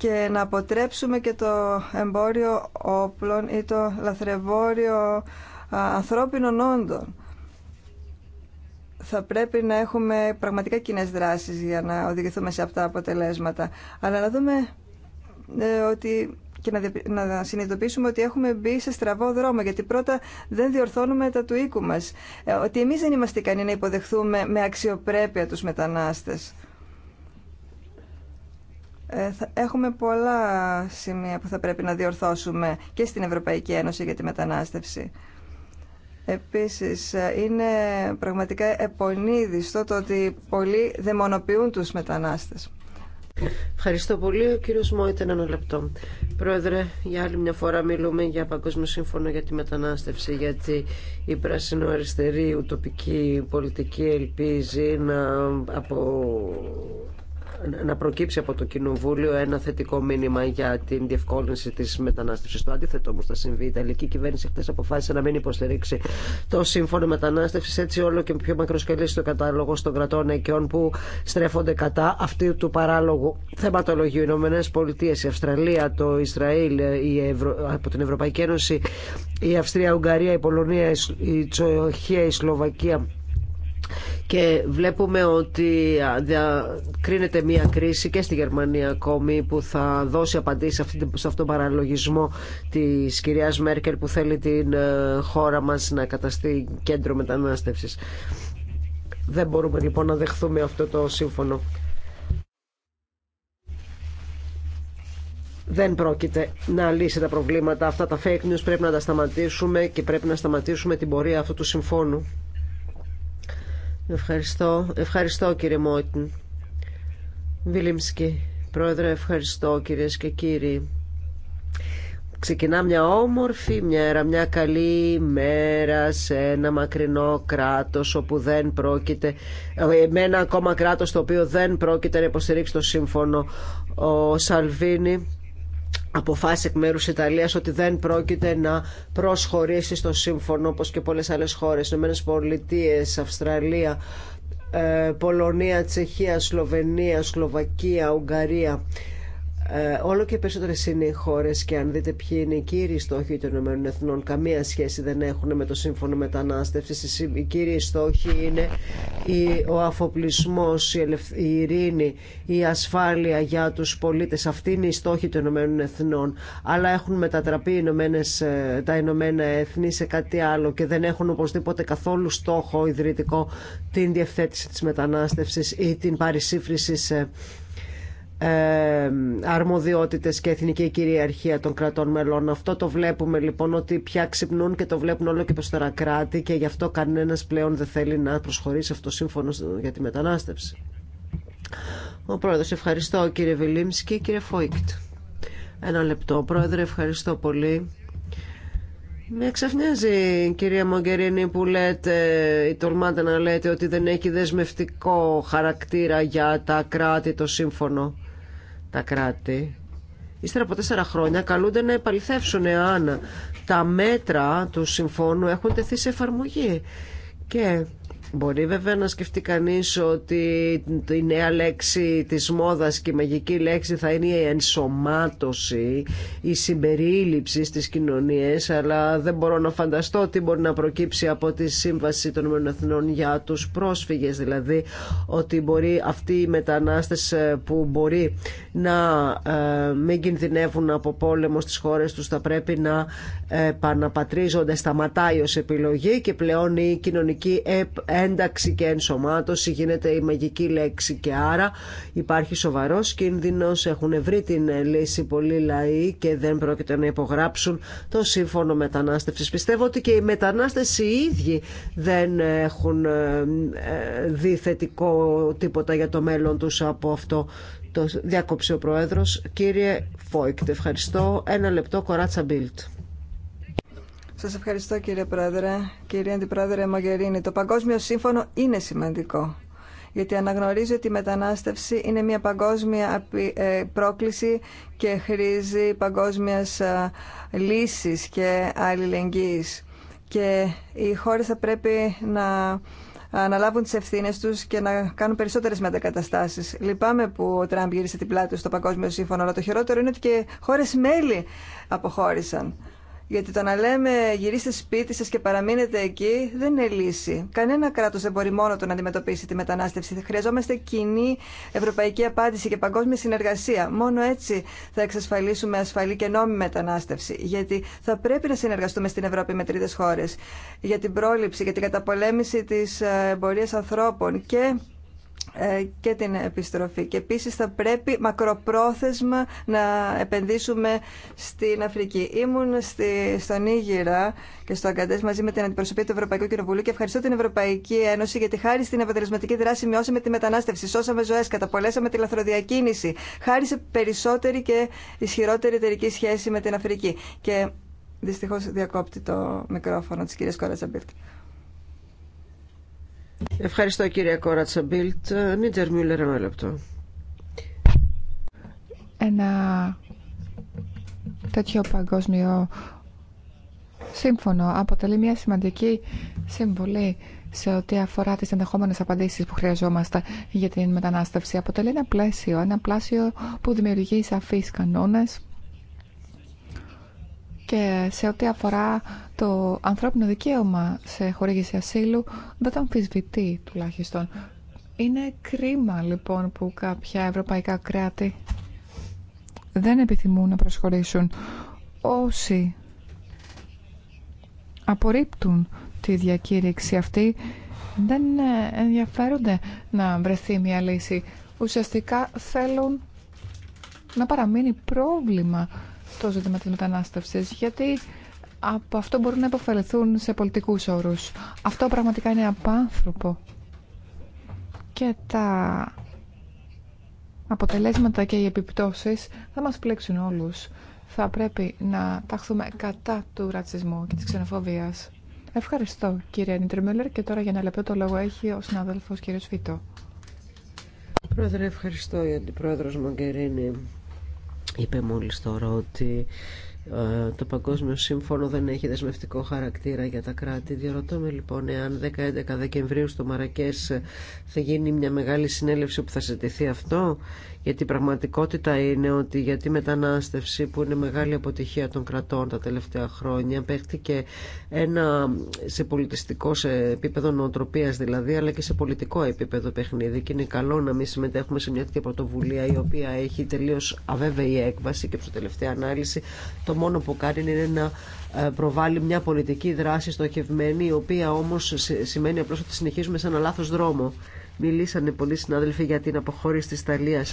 και να αποτρέψουμε και το εμπόριο όπλων ή το λαθρεβόριο ανθρώπινων όντων. Θα πρέπει να έχουμε πραγματικά κοινέ δράσεις για να οδηγηθούμε σε αυτά αποτελέσματα. Αλλά να δούμε ε, ότι και να συνειδητοποιήσουμε ότι έχουμε μπει σε στραβό δρόμο, γιατί πρώτα δεν διορθώνουμε τα του οίκου μας. Ε, ότι εμείς δεν είμαστε ικανοί να υποδεχθούμε με αξιοπρέπεια τους μετανάστες. Ε, έχουμε πολλά σημεία που θα πρέπει να διορθώσουμε και στην Ευρωπαϊκή Ένωση για τη μετανάστευση. Επίσης, ε, είναι πραγματικά επονίδιστο το ότι πολλοί δαιμονοποιούν τους μετανάστες. Ευχαριστώ πολύ. Ο κύριος Μόιτεν, ένα λεπτό. Πρόεδρε, για άλλη μια φορά μιλούμε για Παγκόσμιο Σύμφωνο για τη Μετανάστευση, γιατί η πράσινο-αριστερή ουτοπική πολιτική ελπίζει να απο να προκύψει από το Κοινοβούλιο ένα θετικό μήνυμα για την διευκόλυνση τη μετανάστευση. Το αντίθετο όμω θα συμβεί. Η Ιταλική κυβέρνηση χθε αποφάσισε να μην υποστηρίξει το σύμφωνο μετανάστευση. Έτσι, όλο και πιο μακροσκελή στο κατάλογο των κρατών αικαιών που στρέφονται κατά αυτή του παράλογου θεματολογίου. Οι Ηνωμένε Πολιτείε, η Αυστραλία, το Ισραήλ, η από την Ευρωπαϊκή Ένωση, η Αυστρία, η Ουγγαρία, η Πολωνία, η Τσοχία, η Σλοβακία και βλέπουμε ότι κρίνεται μια κρίση και στη Γερμανία ακόμη που θα δώσει απαντήσει σε αυτόν τον παραλογισμό της κυρία Μέρκελ που θέλει την ε, χώρα μα να καταστεί κέντρο μεταναστευση. Δεν μπορούμε λοιπόν να δεχθούμε αυτό το σύμφωνο. δεν πρόκειται να λύσει τα προβλήματα. Αυτά τα fake news πρέπει να τα σταματήσουμε και πρέπει να σταματήσουμε την πορεία αυτού του συμφώνου. Ευχαριστώ. Ευχαριστώ κύριε Μότιν. Βιλίμσκι, πρόεδρε, ευχαριστώ κυρίες και κύριοι. Ξεκινά μια όμορφη μέρα, μια καλή μέρα σε ένα μακρινό κράτος όπου δεν πρόκειται, ε, με ένα ακόμα κράτος το οποίο δεν πρόκειται να υποστηρίξει το σύμφωνο. Ο Σαλβίνη αποφάσει εκ μέρου Ιταλία ότι δεν πρόκειται να προσχωρήσει στο σύμφωνο όπω και πολλέ άλλε χώρε. Ηνωμένε Πολιτείε, Αυστραλία, ε, Πολωνία, Τσεχία, Σλοβενία, Σλοβακία, Ουγγαρία ε, όλο και περισσότερε είναι οι χώρε και αν δείτε ποιοι είναι οι κύριοι στόχοι των ΗΕ, καμία σχέση δεν έχουν με το σύμφωνο μετανάστευση. Οι κύριοι στόχοι είναι ο αφοπλισμό, η ειρήνη, η ασφάλεια για του πολίτε. Αυτή είναι η στόχη των ΗΕ. Αλλά έχουν μετατραπεί Ηνωμένες, ε, τα Ηνωμένα Έθνη σε κάτι άλλο και δεν έχουν οπωσδήποτε καθόλου στόχο ιδρυτικό την διευθέτηση τη μετανάστευση ή την παρισύφρηση σε αρμοδιότητες και εθνική κυριαρχία των κρατών μελών. Αυτό το βλέπουμε λοιπόν ότι πια ξυπνούν και το βλέπουν όλο και προς τώρα κράτη και γι' αυτό κανένας πλέον δεν θέλει να προσχωρήσει αυτό το σύμφωνο για τη μετανάστευση. Ο Πρόεδρος, ευχαριστώ κύριε Βιλίμσκι. Κύριε Φόικτ, ένα λεπτό. Πρόεδρε, ευχαριστώ πολύ. Με ξαφνιάζει κυρία Μογκερίνη που λέτε ή τολμάτε να λέτε ότι δεν έχει δεσμευτικό χαρακτήρα για τα κράτη το σύμφωνο τα κράτη ύστερα από τέσσερα χρόνια καλούνται να επαληθεύσουν εάν τα μέτρα του συμφώνου έχουν τεθεί σε εφαρμογή. Και Μπορεί βέβαια να σκεφτεί κανείς ότι η νέα λέξη της μόδας και η μαγική λέξη θα είναι η ενσωμάτωση, η συμπερίληψη στις κοινωνίες, αλλά δεν μπορώ να φανταστώ τι μπορεί να προκύψει από τη Σύμβαση των Εθνών για τους πρόσφυγες, δηλαδή ότι μπορεί αυτοί οι μετανάστες ε, που μπορεί να ε, μην κινδυνεύουν από πόλεμο στις χώρες τους θα πρέπει να επαναπατρίζονται, σταματάει ως επιλογή και πλέον η κοινωνική ένταξη και ενσωμάτωση γίνεται η μαγική λέξη και άρα υπάρχει σοβαρός κίνδυνος, έχουν βρει την λύση πολλοί λαοί και δεν πρόκειται να υπογράψουν το σύμφωνο μετανάστευσης. Πιστεύω ότι και οι μετανάστες οι ίδιοι δεν έχουν ε, ε, δει θετικό τίποτα για το μέλλον τους από αυτό το διάκοψε ο Πρόεδρος. Κύριε Φόικτ, ευχαριστώ. Ένα λεπτό, κοράτσα μπίλτ. Σα ευχαριστώ κύριε Πρόεδρε. Κύριε Αντιπρόεδρε Μογερίνη, το Παγκόσμιο Σύμφωνο είναι σημαντικό γιατί αναγνωρίζει ότι η μετανάστευση είναι μια παγκόσμια ε, πρόκληση και χρήζει παγκόσμια ε, λύση και αλληλεγγύης. Και οι χώρες θα πρέπει να αναλάβουν τις ευθύνες τους και να κάνουν περισσότερες μετακαταστάσει. Λυπάμαι που ο Τραμπ γύρισε την πλάτη στο Παγκόσμιο Σύμφωνο, αλλά το χειρότερο είναι ότι και χώρε μέλη αποχώρησαν. Γιατί το να λέμε γυρίστε σπίτι σα και παραμείνετε εκεί δεν είναι λύση. Κανένα κράτο δεν μπορεί μόνο του να αντιμετωπίσει τη μετανάστευση. Χρειαζόμαστε κοινή ευρωπαϊκή απάντηση και παγκόσμια συνεργασία. Μόνο έτσι θα εξασφαλίσουμε ασφαλή και νόμιμη μετανάστευση. Γιατί θα πρέπει να συνεργαστούμε στην Ευρώπη με τρίτε χώρε για την πρόληψη, για την καταπολέμηση τη ε, εμπορία ανθρώπων και ε, και την επιστροφή. Και επίσης θα πρέπει μακροπρόθεσμα να επενδύσουμε στην Αφρική. Ήμουν στη, στον Ήγηρα και στο Αγκαντές μαζί με την αντιπροσωπή του Ευρωπαϊκού Κοινοβουλίου και ευχαριστώ την Ευρωπαϊκή Ένωση γιατί χάρη στην αποτελεσματική δράση μειώσαμε τη μετανάστευση, σώσαμε ζωές, καταπολέσαμε τη λαθροδιακίνηση, χάρη σε περισσότερη και ισχυρότερη εταιρική σχέση με την Αφρική. Και δυστυχώς διακόπτει το μικρόφωνο της κυρίας Κόρα Ευχαριστώ κύριε Κόρατσα Μπίλτ. Μιούλερ, ένα λεπτό. Ένα τέτοιο παγκόσμιο σύμφωνο αποτελεί μια σημαντική συμβολή σε ό,τι αφορά τις ενδεχόμενες απαντήσεις που χρειαζόμαστε για την μετανάστευση. Αποτελεί ένα πλαίσιο, ένα πλαίσιο που δημιουργεί σαφείς κανόνες και σε ό,τι αφορά το ανθρώπινο δικαίωμα σε χορήγηση ασύλου δεν το αμφισβητεί τουλάχιστον. Είναι κρίμα λοιπόν που κάποια ευρωπαϊκά κράτη δεν επιθυμούν να προσχωρήσουν όσοι απορρίπτουν τη διακήρυξη αυτή δεν ενδιαφέρονται να βρεθεί μια λύση. Ουσιαστικά θέλουν να παραμείνει πρόβλημα το ζήτημα της μετανάστευσης, γιατί από αυτό μπορούν να υποφεληθούν σε πολιτικούς όρους. Αυτό πραγματικά είναι απάνθρωπο. Και τα αποτελέσματα και οι επιπτώσεις θα μας πλέξουν όλους. Θα πρέπει να ταχθούμε κατά του ρατσισμού και της ξενοφοβίας. Ευχαριστώ κύριε Μέλλερ και τώρα για ένα λεπτό το λόγο έχει ο συνάδελφος κύριος Φίτο. Πρόεδρε, ευχαριστώ για την πρόεδρος Μογκερίνη είπε μόλις τώρα ότι ε, το Παγκόσμιο Σύμφωνο δεν έχει δεσμευτικό χαρακτήρα για τα κράτη. Διαρωτώ με λοιπόν 10-11 Δεκεμβρίου στο Μαρακές θα γίνει μια μεγάλη συνέλευση που θα συζητηθεί αυτό γιατί η πραγματικότητα είναι ότι για τη μετανάστευση που είναι μεγάλη αποτυχία των κρατών τα τελευταία χρόνια παίχτηκε ένα σε πολιτιστικό σε επίπεδο νοοτροπίας δηλαδή αλλά και σε πολιτικό επίπεδο παιχνίδι και είναι καλό να μην συμμετέχουμε σε μια τέτοια πρωτοβουλία η οποία έχει τελείως αβέβαιη έκβαση και προ τελευταία ανάλυση το μόνο που κάνει είναι να ε, προβάλλει μια πολιτική δράση στοχευμένη, η οποία όμως σημαίνει απλώ ότι συνεχίζουμε σε ένα λάθο δρόμο. Μιλήσανε πολλοί συνάδελφοι για την αποχώρηση τη Ιταλία.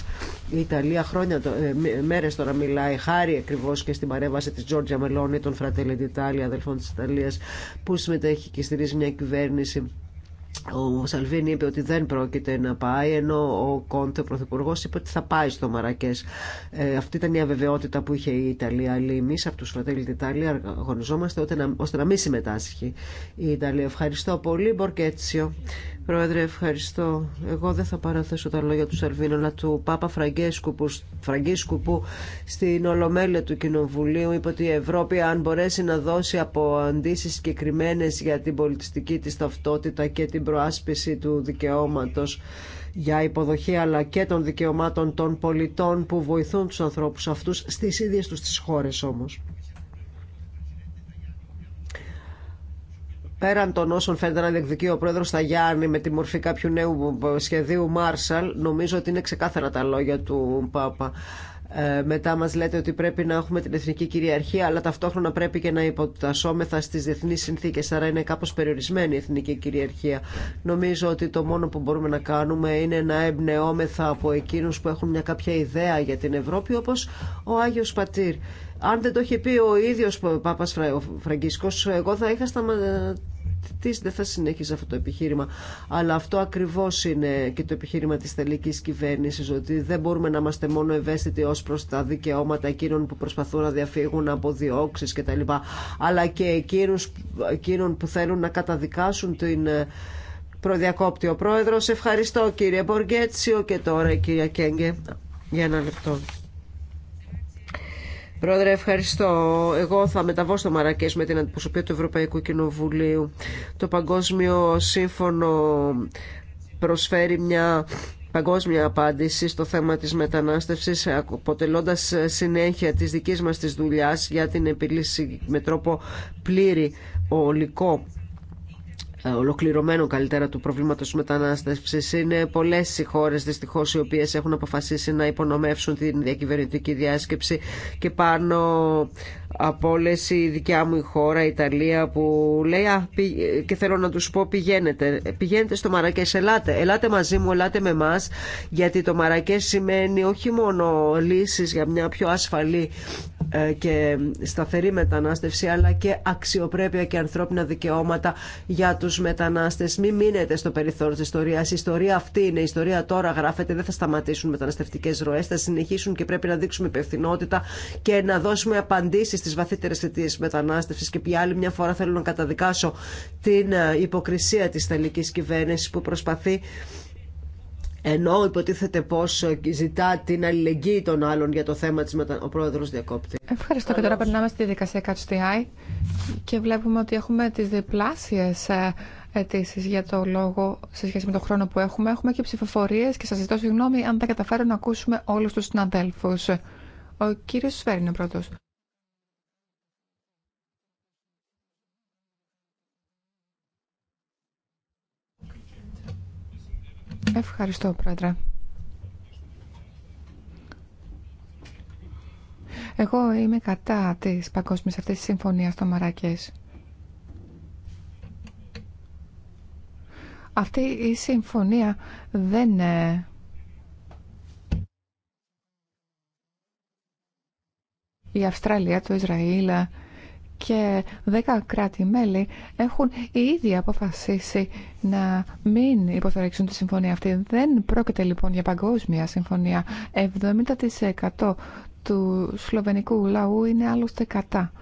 Η Ιταλία χρόνια, ε, μέρες τώρα μιλάει, χάρη ακριβώ και στην παρέμβαση τη Τζόρτζια Μελώνη, των Φρατέλε Ιταλία, αδελφών τη Ιταλίας, που συμμετέχει και στηρίζει μια κυβέρνηση ο Σαλβίνη είπε ότι δεν πρόκειται να πάει, ενώ ο Κόντε, ο Πρωθυπουργό, είπε ότι θα πάει στο Μαρακέ. Ε, αυτή ήταν η αβεβαιότητα που είχε η Ιταλία. Αλλά εμεί από του Φρατέλη τη Ιταλία αγωνιζόμαστε ώστε να, ώστε να μην συμμετάσχει η Ιταλία. Ευχαριστώ πολύ, Μπορκέτσιο. Πρόεδρε, ευχαριστώ. Εγώ δεν θα παραθέσω τα λόγια του Σαλβίνη, αλλά του Πάπα Φραγκίσκου που, στην Ολομέλεια του Κοινοβουλίου είπε ότι η Ευρώπη, αν μπορέσει να δώσει αντίσει συγκεκριμένε για την πολιτιστική τη ταυτότητα και την την προάσπιση του δικαιώματος για υποδοχή αλλά και των δικαιωμάτων των πολιτών που βοηθούν τους ανθρώπους αυτούς στις ίδιες τους τις χώρες όμως. Πέραν των όσων φαίνεται να διεκδικεί ο πρόεδρο Σταγιάννη με τη μορφή κάποιου νέου σχεδίου Μάρσαλ, νομίζω ότι είναι ξεκάθαρα τα λόγια του Πάπα. Ε, μετά μας λέτε ότι πρέπει να έχουμε την εθνική κυριαρχία, αλλά ταυτόχρονα πρέπει και να υποτασσόμεθα στις διεθνείς συνθήκες, άρα είναι κάπως περιορισμένη η εθνική κυριαρχία. Νομίζω ότι το μόνο που μπορούμε να κάνουμε είναι να εμπνεόμεθα από εκείνους που έχουν μια κάποια ιδέα για την Ευρώπη, όπως ο Άγιος Πατήρ. Αν δεν το είχε πει ο ίδιος ο Πάπας Φραγκίσκος, εγώ θα είχα σταματήσει δεν θα συνέχιζε αυτό το επιχείρημα. Αλλά αυτό ακριβώς είναι και το επιχείρημα της τελική κυβέρνησης, ότι δεν μπορούμε να είμαστε μόνο ευαίσθητοι ως προς τα δικαιώματα εκείνων που προσπαθούν να διαφύγουν από διώξεις κτλ. Αλλά και εκείνους, εκείνων που θέλουν να καταδικάσουν την ε, προδιακόπτη ο πρόεδρος. Ευχαριστώ κύριε Μποργέτσιο και τώρα η κυρία Κέγκε για ένα λεπτό. Πρόεδρε, ευχαριστώ. Εγώ θα μεταβώ στο Μαρακές με την αντιπροσωπεία του Ευρωπαϊκού Κοινοβουλίου. Το Παγκόσμιο Σύμφωνο προσφέρει μια παγκόσμια απάντηση στο θέμα της μετανάστευσης αποτελώντας συνέχεια της δικής μας της δουλειάς για την επίλυση με τρόπο πλήρη ολικό ε, ολοκληρωμένο καλύτερα του προβλήματος μετανάστευση Είναι πολλές οι χώρε δυστυχώ οι οποίες έχουν αποφασίσει να υπονομεύσουν την διακυβερνητική διάσκεψη και πάνω από όλε η δικιά μου χώρα, η Ιταλία που λέει και θέλω να του πω πηγαίνετε, πηγαίνετε στο Μαρακές, ελάτε, ελάτε μαζί μου, ελάτε με εμά, γιατί το Μαρακέ σημαίνει όχι μόνο λύσει για μια πιο ασφαλή ε, και σταθερή μετανάστευση αλλά και αξιοπρέπεια και ανθρώπινα δικαιώματα για τους μετανάστες. Μην μείνετε στο περιθώριο της ιστορίας. Η ιστορία αυτή είναι, η ιστορία τώρα γράφεται, δεν θα σταματήσουν μεταναστευτικές ροές, θα συνεχίσουν και πρέπει να δείξουμε υπευθυνότητα και να δώσουμε απαντήσεις στις βαθύτερες αιτίες μετανάστευσης και πια άλλη μια φορά θέλω να καταδικάσω την ε, υποκρισία της θελικής κυβέρνησης που προσπαθεί ενώ υποτίθεται πώ ζητά την αλληλεγγύη των άλλων για το θέμα της μετα... ο Πρόεδρο διακόπτη. Ευχαριστώ και τώρα περνάμε στη δικασία και βλέπουμε ότι έχουμε τις διπλάσιε αιτήσει για το λόγο σε σχέση με τον χρόνο που έχουμε. Έχουμε και ψηφοφορίε και σα ζητώ συγγνώμη αν δεν καταφέρω να ακούσουμε όλου του συναδέλφου. Ο κύριο Σφαίρη είναι πρώτο. Ευχαριστώ, Πρόεδρε. Εγώ είμαι κατά της παγκόσμιας αυτής της συμφωνίας των Μαρακές. Αυτή η συμφωνία δεν ε, η Αυστραλία, το Ισραήλ, και 10 κράτη-μέλη έχουν ήδη αποφασίσει να μην υποστηρίξουν τη συμφωνία αυτή. Δεν πρόκειται λοιπόν για παγκόσμια συμφωνία. 70% του σλοβενικού λαού είναι άλλωστε κατά.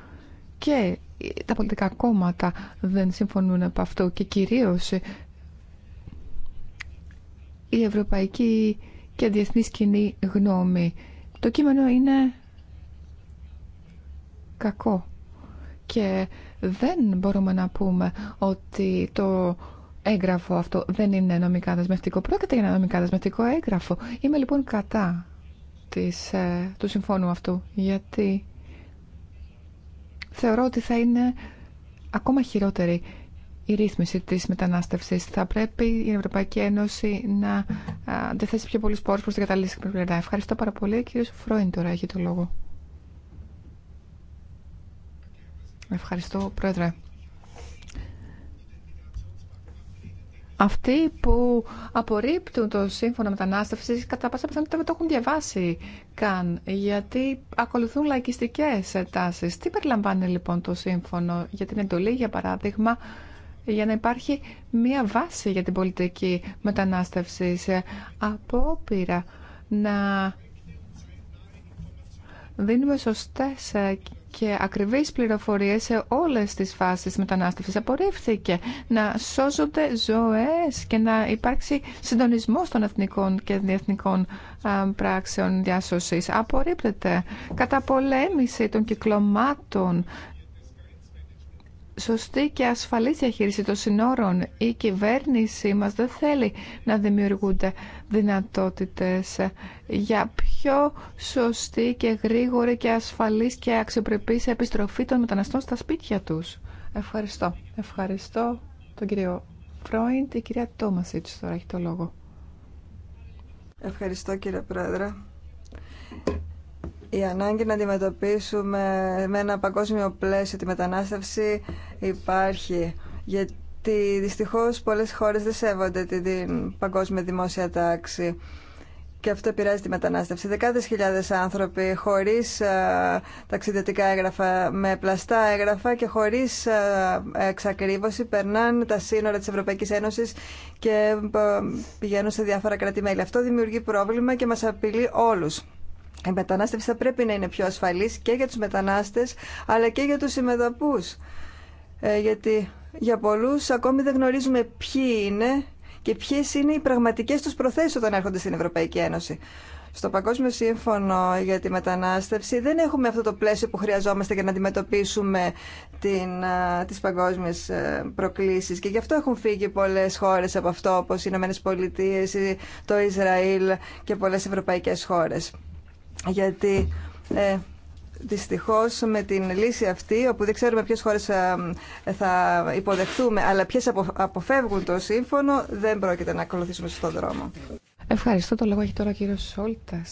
Και τα πολιτικά κόμματα δεν συμφωνούν από αυτό και κυρίως η ευρωπαϊκή και διεθνή κοινή γνώμη. Το κείμενο είναι κακό και δεν μπορούμε να πούμε ότι το έγγραφο αυτό δεν είναι νομικά δεσμευτικό. Πρόκειται για ένα νομικά δεσμευτικό έγγραφο. Είμαι λοιπόν κατά της, ε, του συμφώνου αυτού, γιατί θεωρώ ότι θα είναι ακόμα χειρότερη η ρύθμιση της μετανάστευσης. Θα πρέπει η Ευρωπαϊκή Ένωση να ε, αντιθέσει πιο πολλούς πόρους προς την κατάλληλη Ευχαριστώ πάρα πολύ. Κύριος Φρόιν τώρα έχει το λόγο. Ευχαριστώ, Πρόεδρε. Αυτοί που απορρίπτουν το σύμφωνο μετανάστευση κατά πάσα πιθανότητα δεν το έχουν διαβάσει καν, γιατί ακολουθούν λαϊκιστικές τάσει. Τι περιλαμβάνει λοιπόν το σύμφωνο για την εντολή, για παράδειγμα, για να υπάρχει μία βάση για την πολιτική μετανάστευση, απόπειρα να δίνουμε σωστές και ακριβείς πληροφορίες σε όλες τις φάσεις μετανάστευσης. Απορρίφθηκε να σώζονται ζωές και να υπάρξει συντονισμός των εθνικών και διεθνικών πράξεων διάσωσης. Απορρίπτεται καταπολέμηση των κυκλωμάτων σωστή και ασφαλή διαχείριση των συνόρων. Η κυβέρνησή μας δεν θέλει να δημιουργούνται δυνατότητες για πιο σωστή και γρήγορη και ασφαλής και αξιοπρεπής επιστροφή των μεταναστών στα σπίτια τους. Ευχαριστώ. Ευχαριστώ τον κύριο Φρόιντ. Η κυρία Τόμασιτς τώρα έχει το λόγο. Ευχαριστώ κύριε Πρόεδρε. Η ανάγκη να αντιμετωπίσουμε με ένα παγκόσμιο πλαίσιο τη μετανάστευση υπάρχει. Γιατί ότι δυστυχώς πολλές χώρες δεν σέβονται την παγκόσμια δημόσια τάξη και αυτό επηρεάζει τη μετανάστευση. Δεκάδες χιλιάδες άνθρωποι χωρίς ε, α, έγγραφα, με πλαστά έγγραφα και χωρίς ε, εξακρίβωση περνάνε τα σύνορα της Ευρωπαϊκής Ένωσης και ε, πηγαίνουν σε διάφορα Αυτό δημιουργεί πρόβλημα και μας απειλεί όλους. Η μετανάστευση θα πρέπει να είναι πιο ασφαλής και για τους μετανάστες αλλά και για τους συμμεταπούς. Ε, γιατί για πολλούς ακόμη δεν γνωρίζουμε ποιοι είναι και ποιες είναι οι πραγματικές τους προθέσεις όταν έρχονται στην Ευρωπαϊκή Ένωση. Στο Παγκόσμιο Σύμφωνο για τη Μετανάστευση δεν έχουμε αυτό το πλαίσιο που χρειαζόμαστε για να αντιμετωπίσουμε την, τις παγκόσμιες ε, προκλήσεις και γι' αυτό έχουν φύγει πολλές χώρες από αυτό όπως οι Ηνωμένες Πολιτείες, το Ισραήλ και πολλές ευρωπαϊκές χώρες. Γιατί ε, Δυστυχώ με την λύση αυτή, όπου δεν ξέρουμε ποιε χώρε θα υποδεχθούμε, αλλά ποιε αποφεύγουν το σύμφωνο, δεν πρόκειται να ακολουθήσουμε στον δρόμο. Ευχαριστώ. Το λόγο έχει τώρα ο κύριος Σόλτα.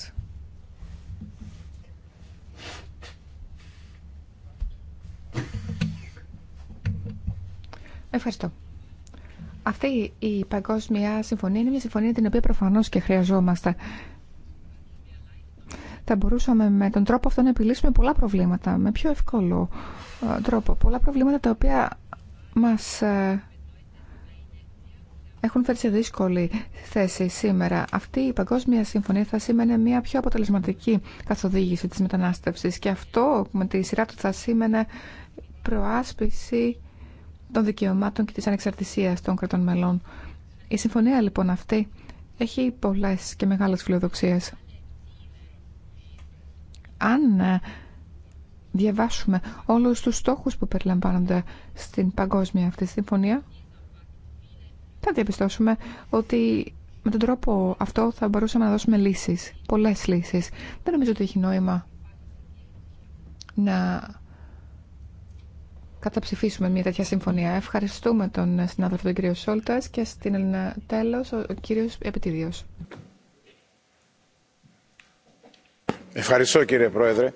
Ευχαριστώ. Αυτή η παγκόσμια συμφωνία είναι μια συμφωνία την οποία προφανώς και χρειαζόμαστε θα μπορούσαμε με τον τρόπο αυτό να επιλύσουμε πολλά προβλήματα με πιο εύκολο ε, τρόπο. Πολλά προβλήματα τα οποία μας ε, έχουν φέρει σε δύσκολη θέση σήμερα. Αυτή η παγκόσμια συμφωνία θα σήμαινε μια πιο αποτελεσματική καθοδήγηση της μετανάστευσης και αυτό με τη σειρά του θα σήμαινε προάσπιση των δικαιωμάτων και της ανεξαρτησίας των κρατών μελών. Η συμφωνία λοιπόν αυτή έχει πολλές και μεγάλες φιλοδοξίες αν ε, διαβάσουμε όλους τους στόχους που περιλαμβάνονται στην παγκόσμια αυτή συμφωνία, θα διαπιστώσουμε ότι με τον τρόπο αυτό θα μπορούσαμε να δώσουμε λύσεις, πολλές λύσεις. Δεν νομίζω ότι έχει νόημα να καταψηφίσουμε μια τέτοια συμφωνία. Ευχαριστούμε τον συνάδελφο τον κύριο Σόλτας και στην ε, τέλος ο κύριος Επιτιδίος. Ευχαριστώ κύριε Πρόεδρε.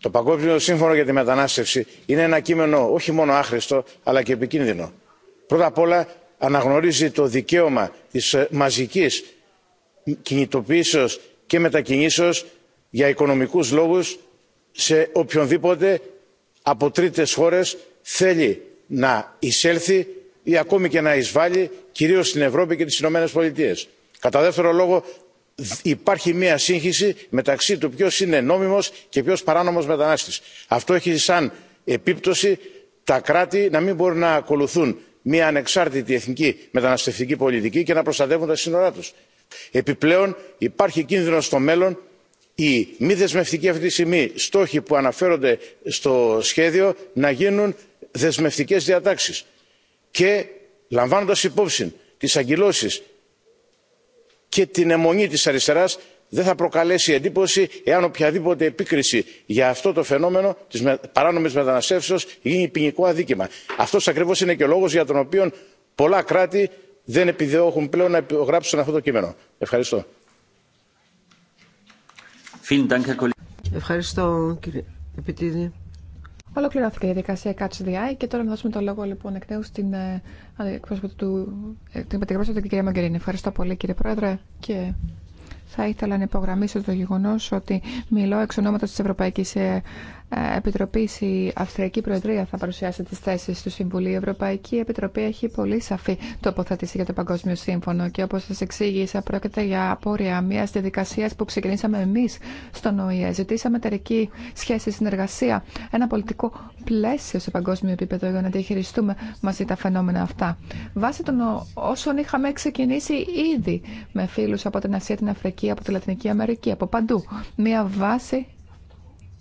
Το Παγκόσμιο Σύμφωνο για τη Μετανάστευση είναι ένα κείμενο όχι μόνο άχρηστο αλλά και επικίνδυνο. Πρώτα απ' όλα αναγνωρίζει το δικαίωμα της ε, μαζικής κινητοποίησεως και μετακινήσεως για οικονομικούς λόγους σε οποιονδήποτε από τρίτες χώρες θέλει να εισέλθει ή ακόμη και να εισβάλλει κυρίως στην Ευρώπη και τις Ηνωμένες Πολιτείες. Κατά δεύτερο λόγο υπάρχει μια σύγχυση μεταξύ του ποιος είναι νόμιμος και ποιος παράνομος μετανάστης. αυτό έχει σαν επίπτωση τα κράτη να μην μπορούν να ακολουθούν μια ανεξάρτητη εθνική μεταναστευτική πολιτική και να προστατεύουν τα σύνορά τους. επιπλέον υπάρχει κίνδυνο στο μέλλον οι μη δεσμευτικοί αυτή τη στιγμή στόχοι που αναφέρονται στο σχέδιο να γίνουν δεσμευτικές διατάξεις και λαμβάνοντας υπόψη τις αγκυλώσεις και την αιμονή της αριστεράς δεν θα προκαλέσει εντύπωση εάν οποιαδήποτε επίκριση για αυτό το φαινόμενο της παράνομης μεταναστεύσεως γίνει ποινικό αδίκημα. Αυτός ακριβώς είναι και ο λόγος για τον οποίο πολλά κράτη δεν επιδιώχουν πλέον να γράψουν αυτό το κείμενο. Ευχαριστώ. Ευχαριστώ κύριε Ολοκληρώθηκε η διαδικασία Catch the Eye και τώρα να δώσουμε το λόγο λοιπόν εκ νέου στην ε, εκπρόσωπο του, ε, την κυρία Μαγκερίνη. Ευχαριστώ πολύ κύριε Πρόεδρε και θα ήθελα να υπογραμμίσω το γεγονό ότι μιλώ εξ ονόματο τη Ευρωπαϊκή ε, ε, Επιτροπή η Αυστριακή Προεδρία θα παρουσιάσει τι θέσει του Συμβουλίου. Η Ευρωπαϊκή Επιτροπή έχει πολύ σαφή τοποθέτηση για το Παγκόσμιο Σύμφωνο και όπω σα εξήγησα πρόκειται για απόρρια μια διαδικασία που ξεκινήσαμε εμεί στον ΟΗΕ. Ζητήσαμε εταιρική σχέση, συνεργασία, ένα πολιτικό πλαίσιο σε παγκόσμιο επίπεδο για να διαχειριστούμε μαζί τα φαινόμενα αυτά. Βάσει των όσων είχαμε ξεκινήσει ήδη με φίλου από την Ασία, την Αφρική, από τη Λατινική Αμερική, από παντού. Μια βάση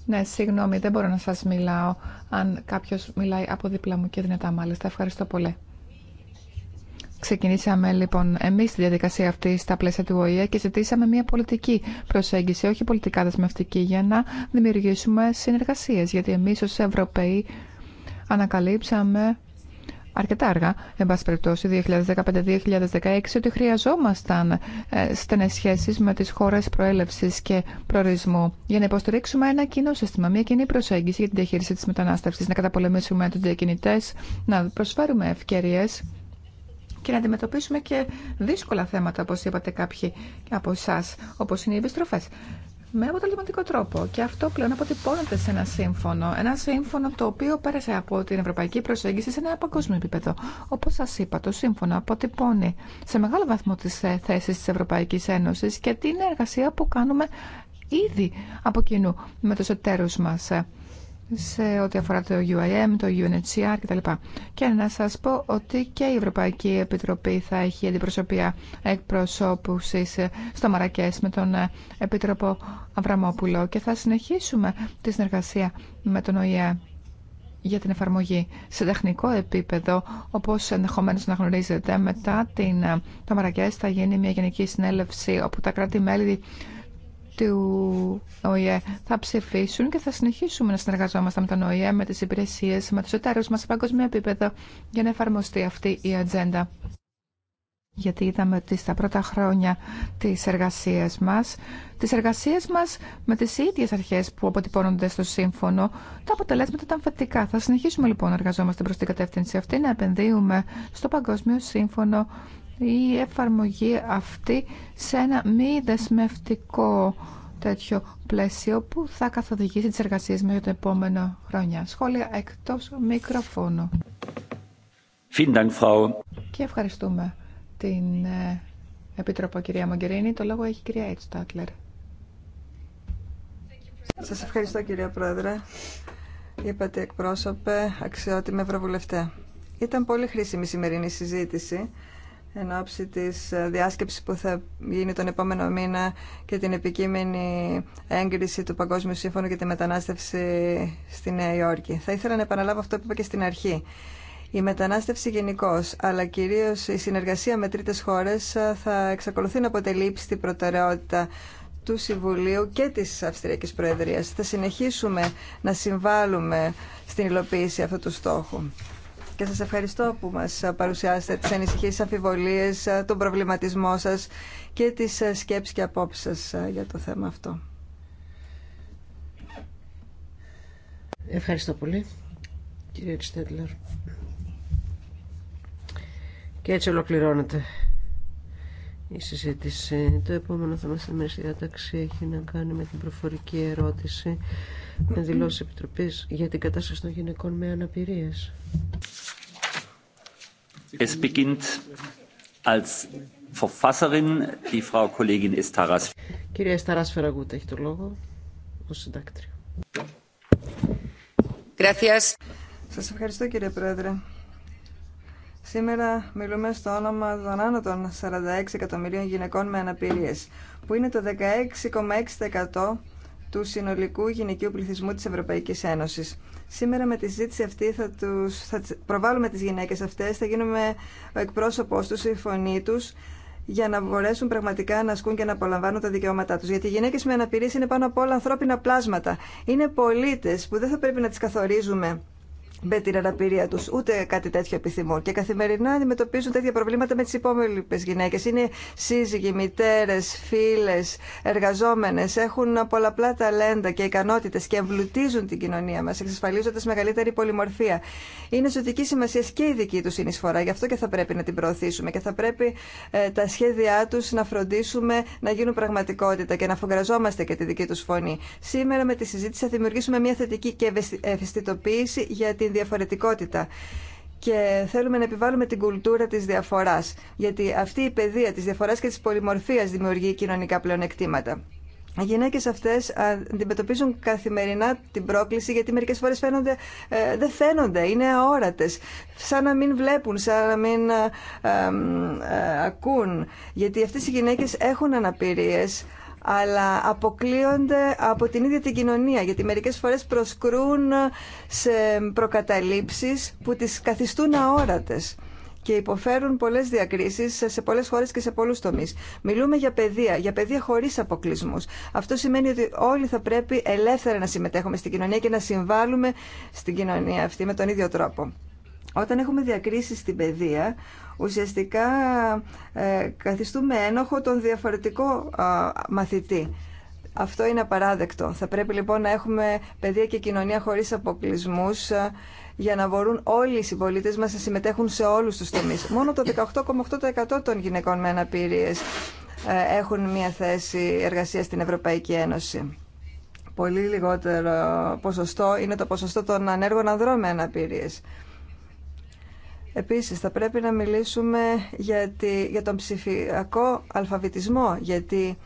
ναι, συγγνώμη, δεν μπορώ να σας μιλάω αν κάποιος μιλάει από δίπλα μου και δυνατά μάλιστα. Ευχαριστώ πολύ. Ξεκινήσαμε λοιπόν εμείς τη διαδικασία αυτή στα πλαίσια του ΟΗΕ και ζητήσαμε μια πολιτική προσέγγιση, όχι πολιτικά δεσμευτική, για να δημιουργήσουμε συνεργασίες. Γιατί εμείς ως Ευρωπαίοι ανακαλύψαμε αρκετά αργά, εν παση περιπτώσει, 2015-2016, ότι χρειαζόμασταν ε, στενές σχέσεις με τις χώρες προέλευσης και προορισμού για να υποστηρίξουμε ένα κοινό σύστημα, μια κοινή προσέγγιση για την διαχείριση τη μετανάστευση, να καταπολεμήσουμε του διακινητέ, να προσφέρουμε ευκαιρίες και να αντιμετωπίσουμε και δύσκολα θέματα, όπως είπατε κάποιοι από εσά, όπως είναι οι επιστροφές με αποτελεσματικό τρόπο. Και αυτό πλέον αποτυπώνεται σε ένα σύμφωνο. Ένα σύμφωνο το οποίο πέρασε από την ευρωπαϊκή προσέγγιση σε ένα παγκόσμιο επίπεδο. Όπω σα είπα, το σύμφωνο αποτυπώνει σε μεγάλο βαθμό τι ε, θέσει τη Ευρωπαϊκή Ένωση και την εργασία που κάνουμε ήδη από κοινού με του εταίρου μα σε ό,τι αφορά το UIM, το UNHCR κτλ. Και να σας πω ότι και η Ευρωπαϊκή Επιτροπή θα έχει αντιπροσωπεία εκπροσώπουσης στο Μαρακές με τον ε, Επίτροπο Αβραμόπουλο και θα συνεχίσουμε τη συνεργασία με τον ΟΗΕ για την εφαρμογή σε τεχνικό επίπεδο, όπως ενδεχομένω να γνωρίζετε, μετά την, ε, το Μαρακές θα γίνει μια γενική συνέλευση όπου τα κράτη-μέλη του ΟΗΕ θα ψηφίσουν και θα συνεχίσουμε να συνεργαζόμαστε με τον ΟΗΕ, με τις υπηρεσίες, με τους εταίρους μας σε παγκοσμίο επίπεδο για να εφαρμοστεί αυτή η ατζέντα. Γιατί είδαμε ότι στα πρώτα χρόνια της εργασίας μας, τις εργασίες μας με τις ίδιες αρχές που αποτυπώνονται στο σύμφωνο, τα αποτελέσματα ήταν φετικά. Θα συνεχίσουμε λοιπόν να εργαζόμαστε προς την κατεύθυνση αυτή, να επενδύουμε στο Παγκόσμιο Σύμφωνο η εφαρμογή αυτή σε ένα μη δεσμευτικό τέτοιο πλαίσιο που θα καθοδηγήσει τις εργασίες με το επόμενο χρόνια. Σχόλια εκτός μικροφώνου. Και ευχαριστούμε την ε, Επίτροπο κυρία Μογκερίνη. Το λόγο έχει η κυρία Έτσου Σας ευχαριστώ κυρία Πρόεδρε. Είπατε εκπρόσωπε, αξιότιμη Ευρωβουλευτέ. Ήταν πολύ χρήσιμη η σημερινή συζήτηση εν ώψη της ε, διάσκεψης που θα γίνει τον επόμενο μήνα και την επικείμενη έγκριση του Παγκόσμιου Σύμφωνου για τη Μετανάστευση στη Νέα Υόρκη. Θα ήθελα να επαναλάβω αυτό που είπα και στην αρχή. Η μετανάστευση γενικώ, αλλά κυρίω η συνεργασία με τρίτε χώρε ε, θα εξακολουθεί να αποτελεί ύψιστη προτεραιότητα του Συμβουλίου και τη Αυστριακή Προεδρία. Θα συνεχίσουμε να συμβάλλουμε στην υλοποίηση αυτού του στόχου και σας ευχαριστώ που μας παρουσιάσετε τις ανησυχίες, τις αμφιβολίες, τον προβληματισμό σας και τις σκέψεις και απόψεις σας για το θέμα αυτό. Ευχαριστώ πολύ, κύριε Τστέτλερ. Και έτσι ολοκληρώνεται η συζήτηση. Το επόμενο θέμα στη μέση διάταξη έχει να κάνει με την προφορική ερώτηση με δηλώσει επιτροπή για την κατάσταση των γυναικών με αναπηρίες. Es beginnt als Verfasserin die Frau Kollegin Κυρία έχει το λόγο Σας ευχαριστώ κύριε Πρόεδρε. Σήμερα μιλούμε στο όνομα των άνω των 46 εκατομμυρίων γυναικών με αναπηρίες, που είναι το 16,6% του συνολικού γυναικείου πληθυσμού της Ευρωπαϊκής Ένωσης. Σήμερα με τη συζήτηση αυτή θα, τους, θα προβάλλουμε τις γυναίκες αυτές, θα γίνουμε ο εκπρόσωπός τους, η φωνή τους, για να μπορέσουν πραγματικά να ασκούν και να απολαμβάνουν τα δικαιώματά του. Γιατί οι γυναίκε με αναπηρία είναι πάνω απ' όλα ανθρώπινα πλάσματα. Είναι πολίτε που δεν θα πρέπει να τι καθορίζουμε με την αναπηρία του. Ούτε κάτι τέτοιο επιθυμούν. Και καθημερινά αντιμετωπίζουν τέτοια προβλήματα με τι υπόλοιπε γυναίκε. Είναι σύζυγοι, μητέρε, φίλε, εργαζόμενε. Έχουν πολλαπλά ταλέντα και ικανότητε και εμπλουτίζουν την κοινωνία μα, εξασφαλίζοντα μεγαλύτερη πολυμορφία. Είναι ζωτική σημασία και η δική του συνεισφορά. Γι' αυτό και θα πρέπει να την προωθήσουμε και θα πρέπει ε, τα σχέδιά του να φροντίσουμε να γίνουν πραγματικότητα και να φογκραζόμαστε και τη δική του φωνή. Σήμερα με τη συζήτηση θα δημιουργήσουμε μια θετική και ευαισθητοποίηση για την διαφορετικότητα και θέλουμε να επιβάλλουμε την κουλτούρα της διαφοράς, γιατί αυτή η παιδεία της διαφοράς και της πολυμορφίας δημιουργεί κοινωνικά πλεονεκτήματα. Οι γυναίκε αυτέ αντιμετωπίζουν καθημερινά την πρόκληση γιατί μερικέ φορέ φαίνονται, ε, δεν φαίνονται, είναι αόρατε. Σαν να μην βλέπουν, σαν να μην ε, ε, ε ακούν. Γιατί αυτέ οι γυναίκε έχουν αναπηρίε, αλλά αποκλείονται από την ίδια την κοινωνία, γιατί μερικές φορές προσκρούν σε προκαταλήψεις που τις καθιστούν αόρατες και υποφέρουν πολλές διακρίσεις σε πολλές χώρες και σε πολλούς τομείς. Μιλούμε για παιδεία, για παιδεία χωρίς αποκλεισμού. Αυτό σημαίνει ότι όλοι θα πρέπει ελεύθερα να συμμετέχουμε στην κοινωνία και να συμβάλλουμε στην κοινωνία αυτή με τον ίδιο τρόπο. Όταν έχουμε διακρίσεις στην παιδεία, ουσιαστικά ε, καθιστούμε ένοχο τον διαφορετικό μαθητή. Αυτό είναι απαράδεκτο. Θα πρέπει λοιπόν να έχουμε παιδεία και κοινωνία χωρίς αποκλεισμούς ε, για να μπορούν όλοι οι συμπολίτε μας να συμμετέχουν σε όλους τους τομείς. Μόνο το 18,8% των γυναικών με αναπηρίες ε, έχουν μια θέση εργασία στην Ευρωπαϊκή Ένωση. Πολύ λιγότερο ποσοστό είναι το ποσοστό των ανέργων ανδρών με αναπηρίες. Επίσης, θα πρέπει να μιλήσουμε για, για τον ψηφιακό αλφαβητισμό, γιατί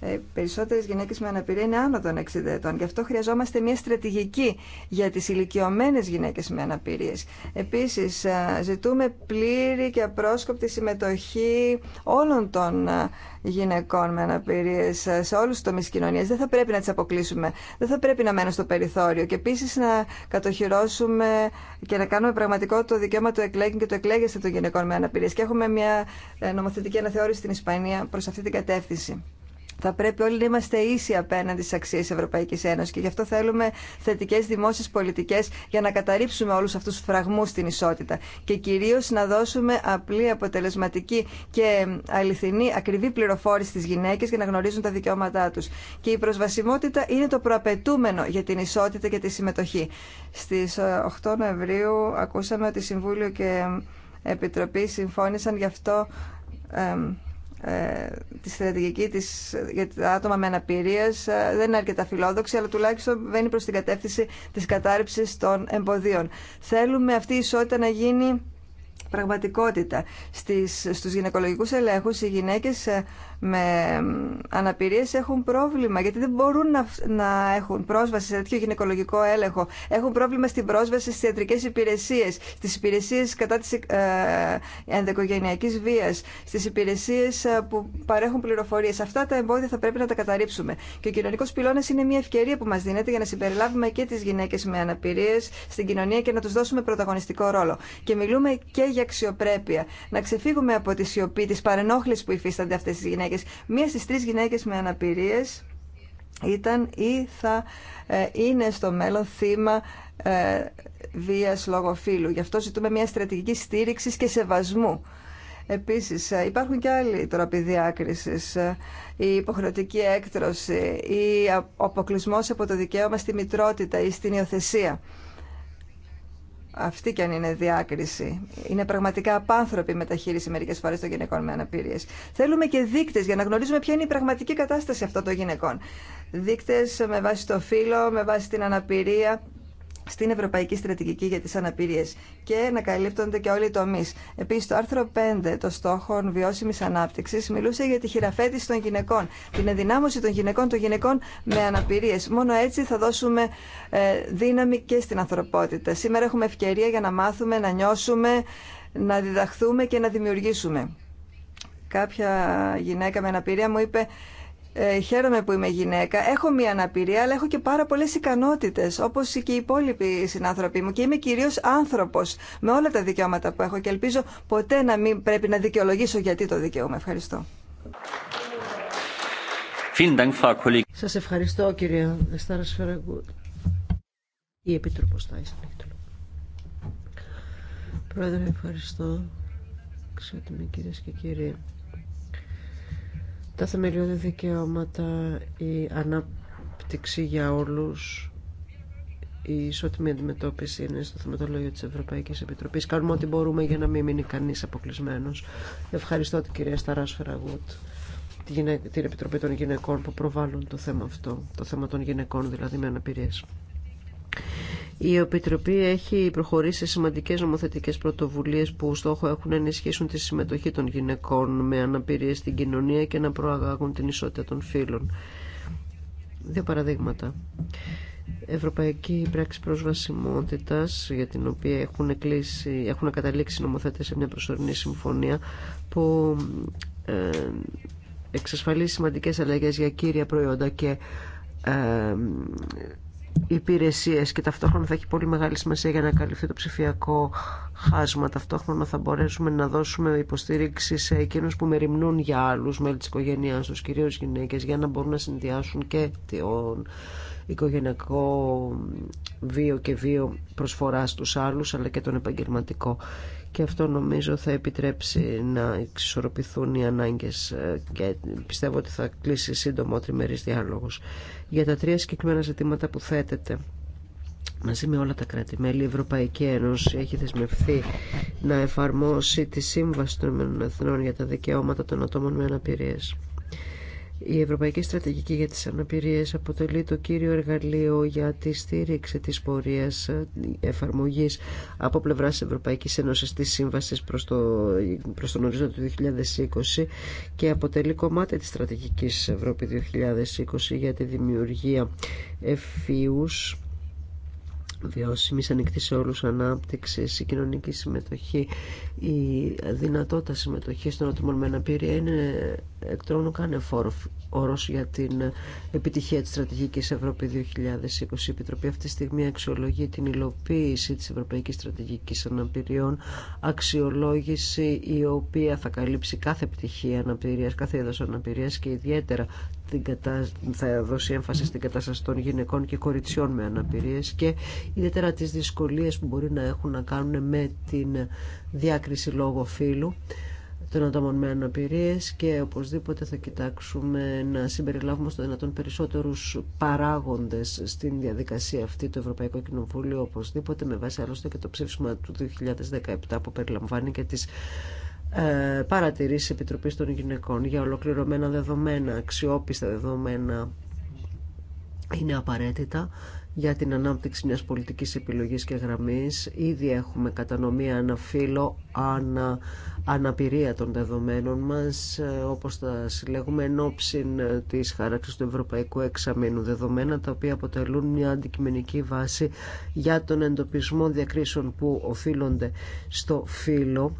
οι ε, περισσότερες γυναίκες με αναπηρία είναι άνω των 60 ετών. Γι' αυτό χρειαζόμαστε μια στρατηγική για τις ηλικιωμένε γυναίκες με αναπηρίες. Επίσης, ε, ζητούμε πλήρη και απρόσκοπτη συμμετοχή όλων των ε, γυναικών με αναπηρίες σε όλους τους τομείς κοινωνίας. Δεν θα πρέπει να τις αποκλείσουμε, δεν θα πρέπει να μένουν στο περιθώριο και επίσης να κατοχυρώσουμε και να κάνουμε πραγματικό το δικαίωμα του εκλέγην και το εκλέγεσθε των γυναικών με αναπηρίες. Και έχουμε μια νομοθετική αναθεώρηση στην Ισπανία προς αυτή την κατεύθυνση. Θα πρέπει όλοι να είμαστε ίσοι απέναντι στι αξίε Ευρωπαϊκή Ένωση και γι' αυτό θέλουμε θετικέ δημόσιε πολιτικέ για να καταρρύψουμε όλου αυτού του φραγμού στην ισότητα και κυρίω να δώσουμε απλή, αποτελεσματική και αληθινή, ακριβή πληροφόρηση στι γυναίκε για να γνωρίζουν τα δικαιώματά του. Και η προσβασιμότητα είναι το προαπαιτούμενο για την ισότητα και τη συμμετοχή. Στι 8 ε, Νοεμβρίου ακούσαμε ότι Συμβούλιο και Επιτροπή συμφώνησαν γι' αυτό. Ε, τη στρατηγική για τα άτομα με αναπηρία ε, δεν είναι αρκετά φιλόδοξη, αλλά τουλάχιστον βαίνει προς την κατεύθυνση της κατάρριψης των εμποδίων. Θέλουμε αυτή η ισότητα να γίνει πραγματικότητα. Στις, στους γυναικολογικούς ελέγχους οι γυναίκες ε, με αναπηρίες έχουν πρόβλημα γιατί δεν μπορούν να, να έχουν πρόσβαση σε τέτοιο γυναικολογικό έλεγχο. Έχουν πρόβλημα στην πρόσβαση στις ιατρικές υπηρεσίες, στις υπηρεσίες κατά της ε, ενδοικογενειακής βίας, στις υπηρεσίες ε, που παρέχουν πληροφορίες. Αυτά τα εμπόδια θα πρέπει να τα καταρρύψουμε. Και ο κοινωνικός πυλώνας είναι μια ευκαιρία που μας δίνεται για να συμπεριλάβουμε και τις γυναίκες με αναπηρίες στην κοινωνία και να τους δώσουμε πρωταγωνιστικό ρόλο. Και μιλούμε και για αξιοπρέπεια. Να ξεφύγουμε από τη σιωπή, τι που υφίστανται αυτές τις γυναίκες Μία στις τρεις γυναίκες με αναπηρίες ήταν ή θα ε, είναι στο μέλλον θύμα ε, βίας λόγω φύλου. Γι' αυτό ζητούμε μια στρατηγική στήριξης και σεβασμού. Επίσης ε, υπάρχουν και άλλοι τρόποι διάκρισης, η υποχρεωτική έκτρωση, η αποκλεισμό από το δικαίωμα στη μητρότητα ή στην υιοθεσία αυτή και αν είναι διάκριση. Είναι πραγματικά απάνθρωπη μεταχείριση μερικέ φορέ των γυναικών με αναπηρίε. Θέλουμε και δείκτε για να γνωρίζουμε ποια είναι η πραγματική κατάσταση αυτών των γυναικών. Δείκτε με βάση το φύλλο, με βάση την αναπηρία, στην Ευρωπαϊκή Στρατηγική για τις Αναπηρίες και να καλύπτονται και όλοι οι τομεί. Επίση, το άρθρο 5 των στόχων βιώσιμης ανάπτυξης μιλούσε για τη χειραφέτηση των γυναικών, την ενδυνάμωση των γυναικών, των γυναικών με αναπηρίες. Μόνο έτσι θα δώσουμε ε, δύναμη και στην ανθρωπότητα. Σήμερα έχουμε ευκαιρία για να μάθουμε, να νιώσουμε, να διδαχθούμε και να δημιουργήσουμε. Κάποια γυναίκα με αναπηρία μου είπε ε, χαίρομαι που είμαι γυναίκα. Έχω μία αναπηρία, αλλά έχω και πάρα πολλέ ικανότητε, όπω και οι υπόλοιποι συνάνθρωποι μου. Και είμαι κυρίω άνθρωπο, με όλα τα δικαιώματα που έχω. Και ελπίζω ποτέ να μην πρέπει να δικαιολογήσω γιατί το δικαιώμα. Ευχαριστώ. Σα ευχαριστώ κυρία Δεστάρα Φεραγκούτ Η Επίτροπο θα Πρόεδρε, ευχαριστώ. Ξέρετε κυρίε και κύριοι τα θεμελιώδη δικαιώματα, η ανάπτυξη για όλους, η ισότιμη αντιμετώπιση είναι στο θεματολόγιο της Ευρωπαϊκής Επιτροπής. Κάνουμε ό,τι μπορούμε για να μην μείνει κανείς αποκλεισμένος. Ευχαριστώ την κυρία Σταράς Φεραγούτ, την Επιτροπή των Γυναικών που προβάλλουν το θέμα αυτό, το θέμα των γυναικών δηλαδή με αναπηρίες. Η Επιτροπή έχει προχωρήσει σε σημαντικές νομοθετικές πρωτοβουλίες που στόχο έχουν να ενισχύσουν τη συμμετοχή των γυναικών με αναπηρίες στην κοινωνία και να προαγάγουν την ισότητα των φύλων. Δύο παραδείγματα. Ευρωπαϊκή πράξη προσβασιμότητας για την οποία έχουν, κλείσει, έχουν καταλήξει νομοθέτες σε μια προσωρινή συμφωνία που ε, εξασφαλίζει σημαντικέ αλλαγέ για κύρια προϊόντα και ε, Υπηρεσίε και ταυτόχρονα θα έχει πολύ μεγάλη σημασία για να καλυφθεί το ψηφιακό χάσμα. Ταυτόχρονα θα μπορέσουμε να δώσουμε υποστήριξη σε εκείνους που μεριμνούν για άλλου μέλη τη οικογένεια, του κυρίω γυναίκε, για να μπορούν να συνδυάσουν και τον οικογενειακό βίο και βίο προσφορά στους άλλου, αλλά και τον επαγγελματικό. Και αυτό νομίζω θα επιτρέψει να εξισορροπηθούν οι ανάγκες ε, και πιστεύω ότι θα κλείσει σύντομο ο τριμερής διάλογο για τα τρία συγκεκριμένα ζητήματα που θέτεται. Μαζί με όλα τα κράτη-μέλη, η Ευρωπαϊκή Ένωση έχει δεσμευθεί να εφαρμόσει τη Σύμβαση των Εθνών για τα Δικαιώματα των Ατόμων με Αναπηρίες. Η Ευρωπαϊκή Στρατηγική για τις Αναπηρίες αποτελεί το κύριο εργαλείο για τη στήριξη της πορείας ε, εφαρμογής από πλευράς Ευρωπαϊκής Ένωσης της Σύμβασης προς, το, προς τον ορίζοντα του 2020 και αποτελεί κομμάτι της Στρατηγικής Ευρώπη 2020 για τη δημιουργία ευφύους Βιώσιμη ανοιχτή σε όλου ανάπτυξη, η κοινωνική συμμετοχή, η δυνατότητα συμμετοχή των ατόμων με αναπηρία είναι εκτρόνου κανένα φόρο όρος για την επιτυχία τη στρατηγική Ευρώπη 2020. Η Επιτροπή αυτή τη στιγμή αξιολογεί την υλοποίηση τη Ευρωπαϊκή Στρατηγικής Αναπηριών, αξιολόγηση η οποία θα καλύψει κάθε επιτυχία αναπηρία, κάθε είδο αναπηρία και ιδιαίτερα θα δώσει έμφαση στην κατάσταση των γυναικών και κοριτσιών με αναπηρίες και ιδιαίτερα τις δυσκολίες που μπορεί να έχουν να κάνουν με την διάκριση λόγω φύλου των ατόμων με αναπηρίες και οπωσδήποτε θα κοιτάξουμε να συμπεριλάβουμε στο δυνατόν περισσότερους παράγοντες στην διαδικασία αυτή του Ευρωπαϊκό Κοινοβούλιο οπωσδήποτε με βάση άλλωστε και το ψήφισμα του 2017 που περιλαμβάνει και τις ε, παρατηρήσει Επιτροπής των Γυναικών για ολοκληρωμένα δεδομένα, αξιόπιστα δεδομένα είναι απαραίτητα για την ανάπτυξη μιας πολιτικής επιλογής και γραμμής. Ήδη έχουμε κατανομία φύλλο ανα, αναπηρία των δεδομένων μας, ε, όπως τα συλλέγουμε εν ώψη της χάραξης του Ευρωπαϊκού Εξαμήνου. Δεδομένα τα οποία αποτελούν μια αντικειμενική βάση για τον εντοπισμό διακρίσεων που οφείλονται στο φύλλο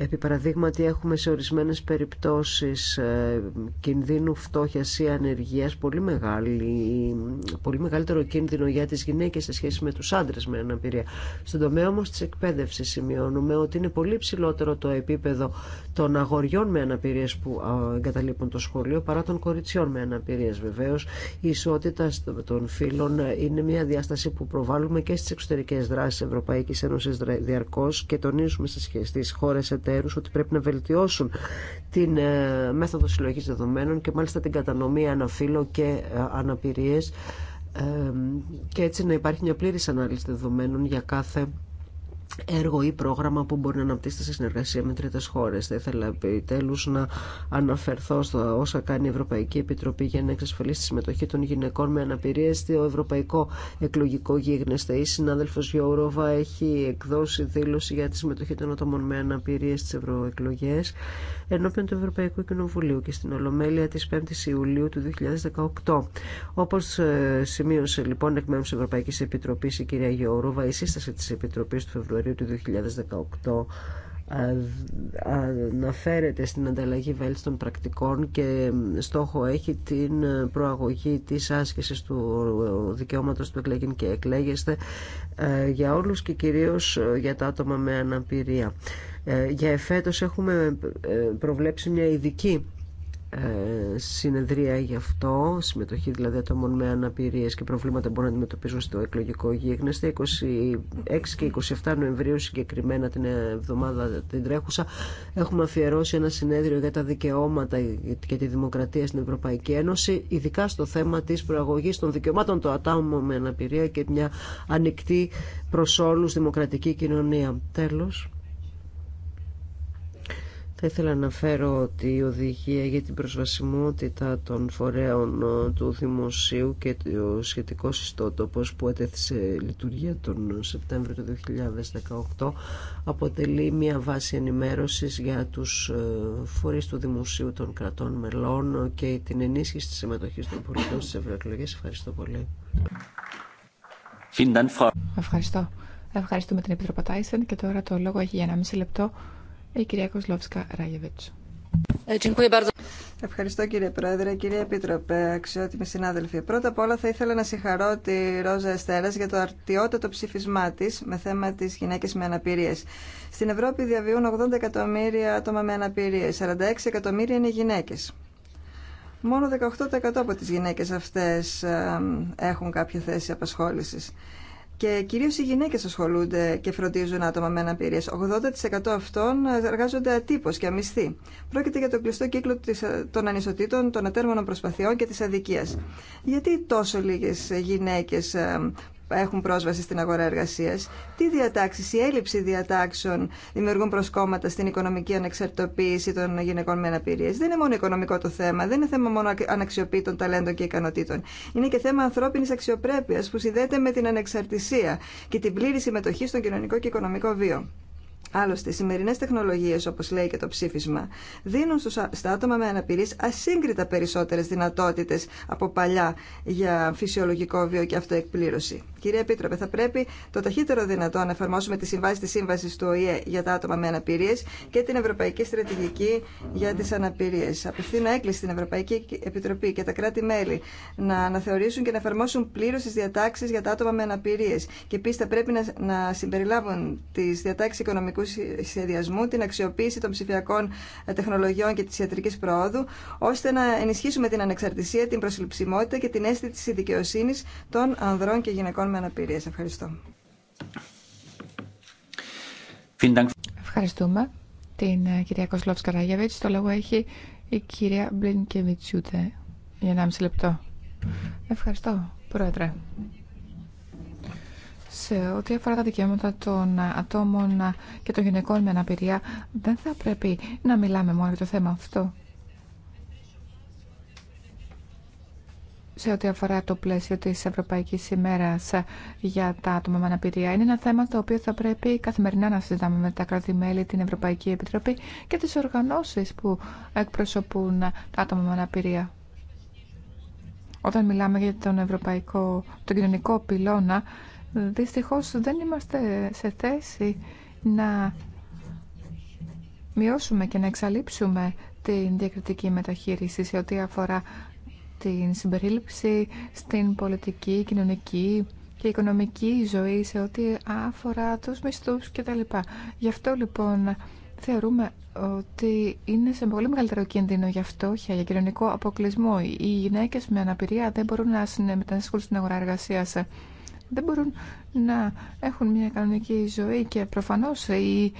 Επί παραδείγματι έχουμε σε ορισμένες περιπτώσεις ε, κινδύνου φτώχειας ή ανεργίας πολύ, μεγάλη, πολύ μεγαλύτερο κίνδυνο για τις γυναίκες σε σχέση με τους άντρες με αναπηρία. Στον τομέα όμως της εκπαίδευσης σημειώνουμε ότι είναι πολύ ψηλότερο το επίπεδο των αγοριών με αναπηρίες που εγκαταλείπουν το σχολείο παρά των κοριτσιών με αναπηρίες βεβαίως. Η ισότητα των φύλων ε, είναι μια διάσταση που προβάλλουμε και στις εξωτερικές δράσεις Ευρωπαϊκής Ένωσης διαρκώς και τονίζουμε στις χώρες εταίρους ότι πρέπει να βελτιώσουν την ε, μέθοδο συλλογής δεδομένων και μάλιστα την κατανομή αναφύλων και ε, αναπηρίες ε, και έτσι να υπάρχει μια πλήρης ανάλυση δεδομένων για κάθε έργο ή πρόγραμμα που μπορεί να αναπτύσσεται σε συνεργασία με τρίτες χώρες. Θα ήθελα επιτέλου να αναφερθώ στα όσα κάνει η Ευρωπαϊκή ηθελα επιτελου να αναφερθω στο οσα κανει η ευρωπαικη επιτροπη για να εξασφαλίσει τη συμμετοχή των γυναικών με αναπηρίες στο Ευρωπαϊκό Εκλογικό Γίγνεσθε. Η συνάδελφος Γιώροβα έχει εκδώσει δήλωση για τη συμμετοχή των ατόμων με αναπηρία στις ευρωεκλογές ενώπιον του Ευρωπαϊκού Κοινοβουλίου και στην Ολομέλεια της 5ης Ιουλίου του 2018. Όπως ε, σημείωσε λοιπόν εκ μέρου τη Ευρωπαϊκή Επιτροπή η κυρία Γεωρούβα, η σύσταση της Επιτροπή του Φεβρουαρίου του 2018 αναφέρεται στην ανταλλαγή βέλτιστων πρακτικών και στόχο έχει την προαγωγή της άσκησης του δικαιώματος του εκλέγην και εκλέγεστε ε, για όλους και κυρίως ε, για τα άτομα με αναπηρία. Ε, για εφέτος έχουμε ε, προβλέψει μια ειδική ε, συνεδρία γι' αυτό, συμμετοχή δηλαδή ατόμων με αναπηρίες και προβλήματα που μπορούν να αντιμετωπίζουν στο εκλογικό γίγνεσθε. 26 και 27 Νοεμβρίου συγκεκριμένα την εβδομάδα την τρέχουσα έχουμε αφιερώσει ένα συνέδριο για τα δικαιώματα και τη δημοκρατία στην Ευρωπαϊκή Ένωση, ειδικά στο θέμα της προαγωγής των δικαιωμάτων των ατόμων με αναπηρία και μια ανοιχτή προς όλους δημοκρατική κοινωνία. Τέλος. Θα ήθελα να φέρω ότι η οδηγία για την προσβασιμότητα των φορέων ε, του δημοσίου και ο σχετικός ιστότοπος που έτεθησε λειτουργία τον Σεπτέμβριο του 2018 αποτελεί μια βάση ενημέρωσης για τους ε, φορείς του δημοσίου των κρατών μελών και την ενίσχυση της συμμετοχής των πολιτών στις ευρωεκλογέ. Ευχαριστώ πολύ. Ευχαριστώ. Ευχαριστούμε την Επιτροπή Τάισεν και τώρα το λόγο έχει για ένα μισή λεπτό η κυρία Κοσλόφσκα ε, Ευχαριστώ κύριε Πρόεδρε, κύριε Επίτροπε, αξιότιμοι συνάδελφοι. Πρώτα απ' όλα θα ήθελα να συγχαρώ τη Ρόζα Εστέρας για το αρτιότατο ψήφισμά τη με θέμα τη γυναίκε με αναπηρίε. Στην Ευρώπη διαβιούν 80 εκατομμύρια άτομα με αναπηρίε, 46 εκατομμύρια είναι γυναίκε. Μόνο 18% από τι γυναίκε αυτέ έχουν κάποια θέση απασχόληση. Και κυρίως οι γυναίκες ασχολούνται και φροντίζουν άτομα με αναπηρίες. 80% αυτών εργάζονται ατύπως και αμυστοί. Πρόκειται για τον κλειστό κύκλο των ανισοτήτων, των ατέρμονων προσπαθειών και της αδικίας. Γιατί τόσο λίγες γυναίκες ε, έχουν πρόσβαση στην αγορά εργασία. Τι διατάξει, η έλλειψη διατάξεων δημιουργούν προσκόμματα στην οικονομική ανεξαρτητοποίηση των γυναικών με αναπηρίε. Δεν είναι μόνο οικονομικό το θέμα, δεν είναι θέμα μόνο αναξιοποιητών ταλέντων και ικανοτήτων. Είναι και θέμα ανθρώπινη αξιοπρέπεια που συνδέεται με την ανεξαρτησία και την πλήρη συμμετοχή στον κοινωνικό και οικονομικό βίο. Άλλωστε, οι σημερινέ τεχνολογίε, όπω λέει και το ψήφισμα, δίνουν στους, στα άτομα με αναπηρίε ασύγκριτα περισσότερε δυνατότητε από παλιά για φυσιολογικό βίο και αυτοεκπλήρωση. Κύριε Επίτροπε, θα πρέπει το ταχύτερο δυνατό να εφαρμόσουμε τη συμβάση τη Σύμβαση του ΟΗΕ για τα άτομα με αναπηρίε και την Ευρωπαϊκή Στρατηγική για τι Αναπηρίε. Απευθύνω έκκληση στην Ευρωπαϊκή Επιτροπή και τα κράτη-μέλη να αναθεωρήσουν και να εφαρμόσουν πλήρω τι διατάξει για τα άτομα με αναπηρίε. Και επίση θα πρέπει να, συμπεριλάβουν τι διατάξει οικονομικού σχεδιασμού, την αξιοποίηση των ψηφιακών ε, τεχνολογιών και τη ιατρική προόδου, ώστε να ενισχύσουμε την ανεξαρτησία, την προσληψιμότητα και την αίσθηση δικαιοσύνη των ανδρών και γυναικών ατόμων Ευχαριστώ. Ευχαριστούμε την ε, κυρία Κοσλόφ Σκαράγεβιτ. Το λόγο έχει η κυρία Μπλίνκεβιτσιούτε για 1,5 λεπτό. Ευχαριστώ, Πρόεδρε. Σε ό,τι αφορά τα δικαιώματα των ε, ατόμων ε, και των γυναικών με αναπηρία, δεν θα πρέπει να μιλάμε μόνο για το θέμα αυτό. σε ό,τι αφορά το πλαίσιο της Ευρωπαϊκής ημέρας για τα άτομα με αναπηρία. Είναι ένα θέμα το οποίο θα πρέπει καθημερινά να συζητάμε με τα κράτη-μέλη, την Ευρωπαϊκή Επιτροπή και τις οργανώσεις που εκπροσωπούν τα άτομα με αναπηρία. Όταν μιλάμε για τον, ευρωπαϊκό, τον κοινωνικό πυλώνα, δυστυχώς δεν είμαστε σε θέση να μειώσουμε και να εξαλείψουμε την διακριτική μεταχείριση σε ό,τι αφορά την συμπερίληψη στην πολιτική, κοινωνική και οικονομική ζωή σε ό,τι αφορά τους μισθούς κτλ. Γι' αυτό λοιπόν θεωρούμε ότι είναι σε πολύ μεγαλύτερο κίνδυνο για φτώχεια, για κοινωνικό αποκλεισμό. Οι γυναίκες με αναπηρία δεν μπορούν να συνεμετανασχολούν στην αγορά εργασία. Δεν μπορούν να έχουν μια κανονική ζωή και προφανώς η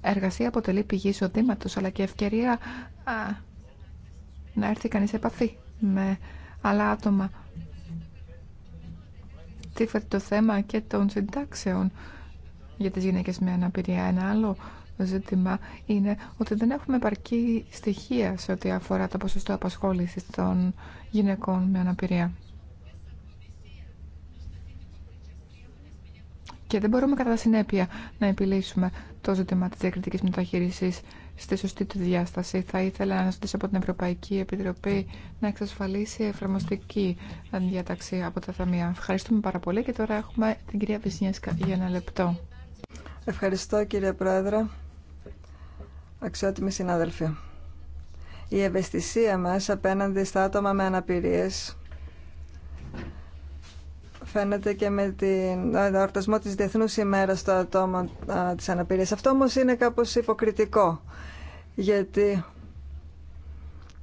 εργασία αποτελεί πηγή εισοδήματο, αλλά και ευκαιρία α, να έρθει κανείς σε επαφή με άλλα άτομα. Τίφερε το θέμα και των συντάξεων για τις γυναίκες με αναπηρία. Ένα άλλο ζήτημα είναι ότι δεν έχουμε επαρκή στοιχεία σε ό,τι αφορά το ποσοστό απασχόλησης των γυναικών με αναπηρία. Και δεν μπορούμε κατά συνέπεια να επιλύσουμε το ζήτημα της διακριτικής μεταχείρισης στη σωστή του διάσταση. Θα ήθελα να ζητήσω από την Ευρωπαϊκή Επιτροπή να εξασφαλίσει εφαρμοστική διάταξη από τα ταμεία. Ευχαριστούμε πάρα πολύ και τώρα έχουμε την κυρία Βυσνιέσκα για ένα λεπτό. Ευχαριστώ κύριε Πρόεδρε. Αξιότιμοι συνάδελφοι. Η ευαισθησία μας απέναντι στα άτομα με αναπηρίες φαίνεται και με την εορτασμό της Διεθνούς ημέρας των ατόμων της αναπηρίας. Αυτό όμως είναι κάπως υποκριτικό γιατί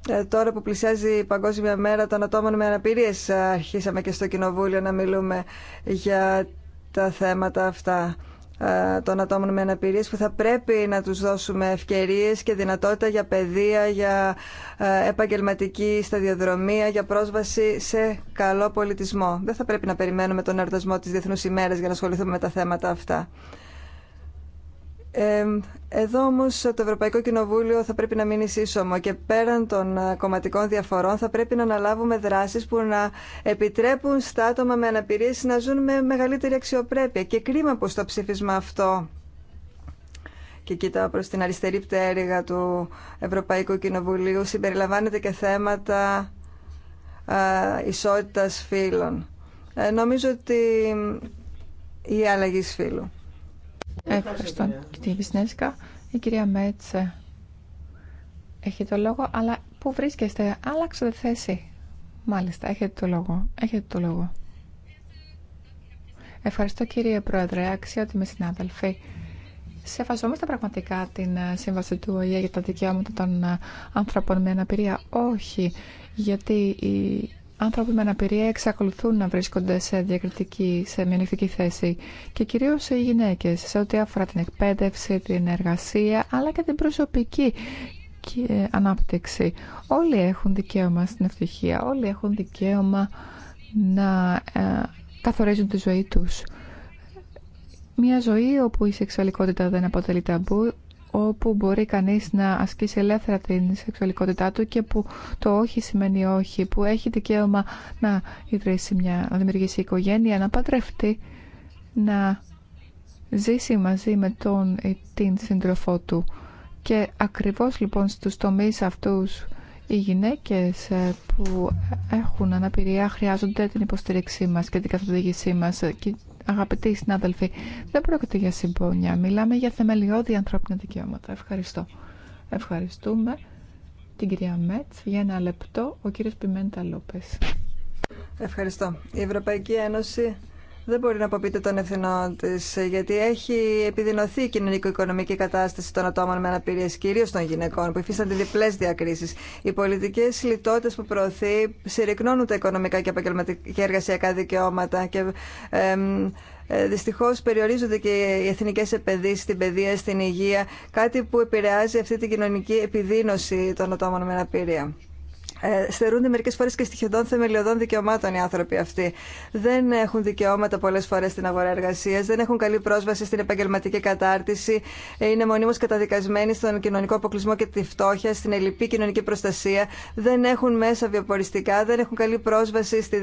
ε, τώρα που πλησιάζει η Παγκόσμια Μέρα των Ατόμων με Αναπηρίες ε, αρχίσαμε και στο Κοινοβούλιο να μιλούμε για τα θέματα αυτά ε, των ατόμων με αναπηρίες που θα πρέπει να τους δώσουμε ευκαιρίες και δυνατότητα για παιδεία, για επαγγελματική σταδιοδρομία, για πρόσβαση σε καλό πολιτισμό. Δεν θα πρέπει να περιμένουμε τον εορτασμό της Διεθνούς ημέρας για να ασχοληθούμε με τα θέματα αυτά εδώ όμω το Ευρωπαϊκό Κοινοβούλιο θα πρέπει να μείνει σύσσωμο και πέραν των ε, κομματικών διαφορών θα πρέπει να αναλάβουμε δράσεις που να επιτρέπουν στα άτομα με αναπηρία να ζουν με μεγαλύτερη αξιοπρέπεια. Και κρίμα που στο ψήφισμα αυτό και κοιτάω προς την αριστερή πτέρυγα του Ευρωπαϊκού Κοινοβουλίου συμπεριλαμβάνεται και θέματα ισότητας φύλων. Ε, νομίζω ότι η αλλαγή φύλου. Ευχαριστώ, κύριε Βυσνέσκα. Η κυρία Μέτσε έχει το λόγο, αλλά πού βρίσκεστε, άλλαξατε θέση. Μάλιστα, έχετε το λόγο. Έχετε το λόγο. Ευχαριστώ κύριε Πρόεδρε, αξιότιμοι συνάδελφοι. Σεβαζόμαστε πραγματικά την ε, σύμβαση του ΟΗΕ για τα δικαιώματα των ε, ανθρώπων με αναπηρία. Όχι, γιατί άνθρωποι με αναπηρία εξακολουθούν να βρίσκονται σε διακριτική, σε μειονεκτική θέση και κυρίως οι γυναίκες σε ό,τι αφορά την εκπαίδευση, την εργασία αλλά και την προσωπική και ε, ανάπτυξη. Όλοι έχουν δικαίωμα στην ευτυχία, όλοι έχουν δικαίωμα να ε, καθορίζουν τη ζωή τους. Μια ζωή όπου η σεξουαλικότητα δεν αποτελεί ταμπού, όπου μπορεί κανείς να ασκήσει ελεύθερα την σεξουαλικότητά του και που το όχι σημαίνει όχι, που έχει δικαίωμα να ιδρύσει μια, να δημιουργήσει οικογένεια, να παντρευτεί, να ζήσει μαζί με τον ή την σύντροφό του. Και ακριβώς λοιπόν στους τομείς αυτούς οι γυναίκες ε, που έχουν αναπηρία χρειάζονται την υποστήριξή μας και την καθοδήγησή μας. Ε, αγαπητοί συνάδελφοι, δεν πρόκειται για συμπόνια. Μιλάμε για θεμελιώδη ανθρώπινα δικαιώματα. Ευχαριστώ. Ευχαριστούμε την κυρία Μέτς. Για ένα λεπτό, ο κύριος Πιμέντα Λόπες. Ευχαριστώ. Η Ευρωπαϊκή Ένωση δεν μπορεί να αποποιείται των ευθυνών τη, γιατί έχει επιδεινωθεί η κοινωνικο-οικονομική κατάσταση των ατόμων με αναπηρίε, κυρίω των γυναικών, που υφίστανται διπλέ διακρίσει. Οι πολιτικέ λιτότητε που προωθεί συρρυκνώνουν τα οικονομικά και επαγγελματικά εργασιακά δικαιώματα και ε, ε, Δυστυχώ περιορίζονται και οι εθνικέ επενδύσει στην παιδεία, στην υγεία, κάτι που επηρεάζει αυτή την κοινωνική επιδείνωση των ατόμων με αναπηρία ε, στερούνται μερικέ φορέ και στοιχειωδών θεμελιωδών δικαιωμάτων οι άνθρωποι αυτοί. Δεν έχουν δικαιώματα πολλέ φορέ στην αγορά εργασία, δεν έχουν καλή πρόσβαση στην επαγγελματική κατάρτιση, ε, είναι μονίμω καταδικασμένοι στον κοινωνικό αποκλεισμό και τη φτώχεια, στην ελληπή κοινωνική προστασία, δεν έχουν μέσα βιοποριστικά, δεν έχουν καλή πρόσβαση στη,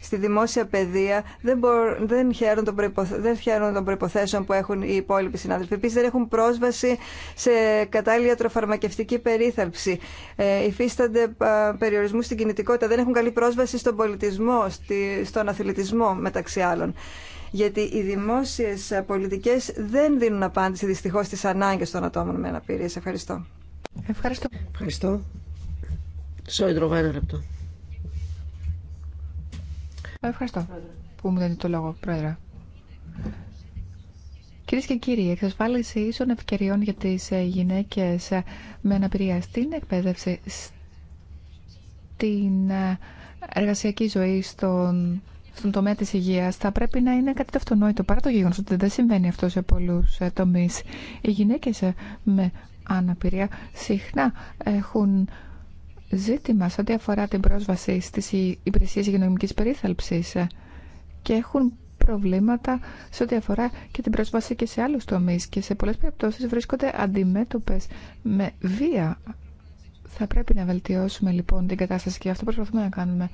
στη δημόσια παιδεία, δεν, μπο, δεν, χαίρουν των προϋποθε, δεν που έχουν οι υπόλοιποι συνάδελφοι. Επίση δεν έχουν πρόσβαση σε κατάλληλη τροφαρμακευτική περίθαλψη. Ε, υφίστανται περιορισμού στην κινητικότητα, δεν έχουν καλή πρόσβαση στον πολιτισμό, στον αθλητισμό μεταξύ άλλων. Γιατί οι δημόσιες πολιτικές δεν δίνουν απάντηση δυστυχώ στις ανάγκες των ατόμων με αναπηρία. Ευχαριστώ. Ευχαριστώ. Ευχαριστώ. Σόιντρο, ένα λεπτό. Ευχαριστώ που μου δίνει το λόγο, Πρόεδρε. Κυρίε και κύριοι, η εξασφάλιση ίσων ευκαιριών για τι γυναίκε με αναπηρία στην εκπαίδευση, την ε, εργασιακή ζωή στον, στον τομέα της υγείας θα πρέπει να είναι κάτι το αυτονόητο παρά το γεγονός ότι δεν συμβαίνει αυτό σε πολλούς ε, τομείς. Οι γυναίκες ε, με αναπηρία συχνά έχουν ζήτημα σε ό,τι αφορά την πρόσβαση στις υπηρεσίες υγειονομικής περίθαλψης και έχουν προβλήματα σε ό,τι αφορά και την πρόσβαση και σε άλλους τομείς και σε πολλές περιπτώσεις βρίσκονται αντιμέτωπες με βία θα πρέπει να βελτιώσουμε λοιπόν την κατάσταση και αυτό προσπαθούμε να κάνουμε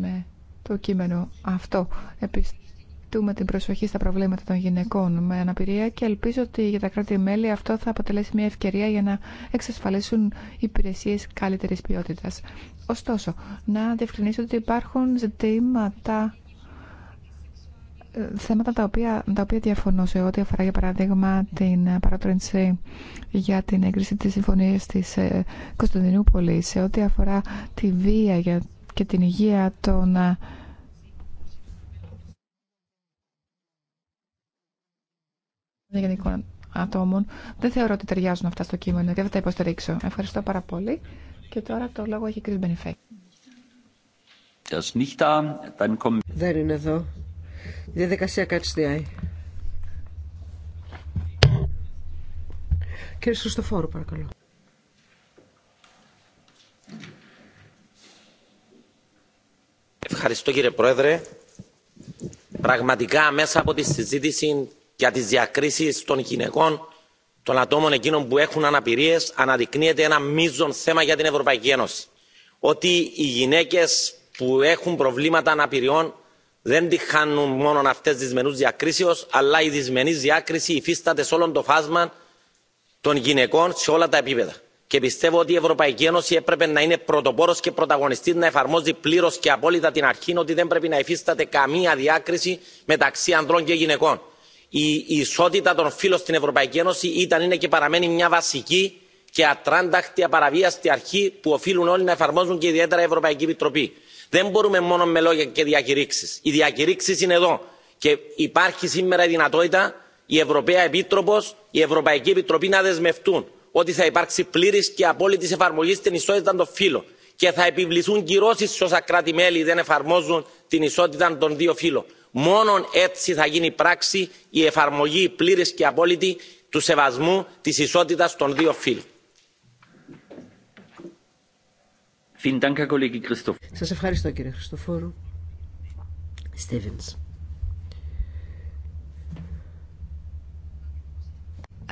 με το κείμενο αυτό. Επιστούμε την προσοχή στα προβλήματα των γυναικών με αναπηρία και ελπίζω ότι για τα κράτη-μέλη αυτό θα αποτελέσει μια ευκαιρία για να εξασφαλίσουν υπηρεσίες καλύτερη ποιότητα. Ωστόσο, να διευκρινίσω ότι υπάρχουν ζητήματα θέματα τα οποία, τα οποία διαφωνώ σε ό,τι αφορά για παράδειγμα την παρατρύνση για την έγκριση της συμφωνίας της ε, Κωνσταντινούπολης, σε ό,τι αφορά τη βία και την υγεία των ε, γενικών ατόμων. Δεν θεωρώ ότι ταιριάζουν αυτά στο κείμενο και δεν τα υποστηρίξω. Ευχαριστώ πάρα πολύ. Και τώρα το λόγο έχει κ. Μπενιφέκ. Δεν είναι εδώ. Διαδικασία Κύριε παρακαλώ. Ευχαριστώ κύριε Πρόεδρε. Πραγματικά μέσα από τη συζήτηση για τις διακρίσεις των γυναικών των ατόμων εκείνων που έχουν αναπηρίες αναδεικνύεται ένα μείζον θέμα για την Ευρωπαϊκή Ένωση. Ότι οι γυναίκες που έχουν προβλήματα αναπηριών δεν τη χάνουν μόνο τι δυσμενού διακρίσεως αλλά η δυσμενή διάκριση υφίσταται σε όλο το φάσμα των γυναικών σε όλα τα επίπεδα. Και πιστεύω ότι η Ευρωπαϊκή Ένωση έπρεπε να είναι πρωτοπόρο και πρωταγωνιστή να εφαρμόζει πλήρω και απόλυτα την αρχή ότι δεν πρέπει να υφίσταται καμία διάκριση μεταξύ ανδρών και γυναικών. Η ισότητα των φύλων στην Ευρωπαϊκή Ένωση ήταν, είναι και παραμένει μια βασική και ατράνταχτη απαραβίαστη αρχή που οφείλουν όλοι να εφαρμόζουν και ιδιαίτερα η Ευρωπαϊκή Επιτροπή δεν μπορούμε μόνο με λόγια και διακηρύξεις. οι διακηρύξεις είναι εδώ και υπάρχει σήμερα η δυνατότητα η ευρωπαία η ευρωπαϊκή επιτροπή να δεσμευτούν ότι θα υπάρξει πλήρης και απόλυτη εφαρμογή στην ισότητα των φύλων και θα επιβληθούν κυρώσεις σε όσα κράτη μέλη δεν εφαρμόζουν την ισότητα των δύο φύλων. μόνο έτσι θα γίνει πράξη η εφαρμογή πλήρης και απόλυτη του σεβασμού της ισότητας των δύο φύλων. Σας ευχαριστώ κύριε Χριστοφόρου. Stevens.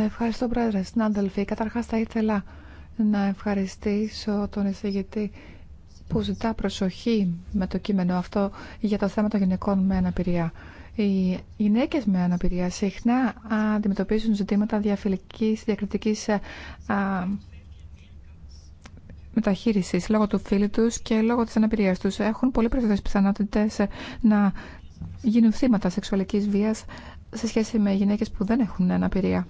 Ευχαριστώ πρόεδρε, συνάδελφοι. Καταρχάς θα ήθελα να ευχαριστήσω τον εισηγητή που ζητά προσοχή με το κείμενο αυτό για το θέμα των γυναικών με αναπηρία. Οι γυναίκες με αναπηρία συχνά αντιμετωπίζουν ζητήματα διαφυλικής, διακριτικής μεταχείρισης λόγω του φίλου του και λόγω τη αναπηρία του. έχουν πολύ περισσότερε πιθανότητε να γίνουν θύματα σεξουαλική βία σε σχέση με γυναίκε που δεν έχουν αναπηρία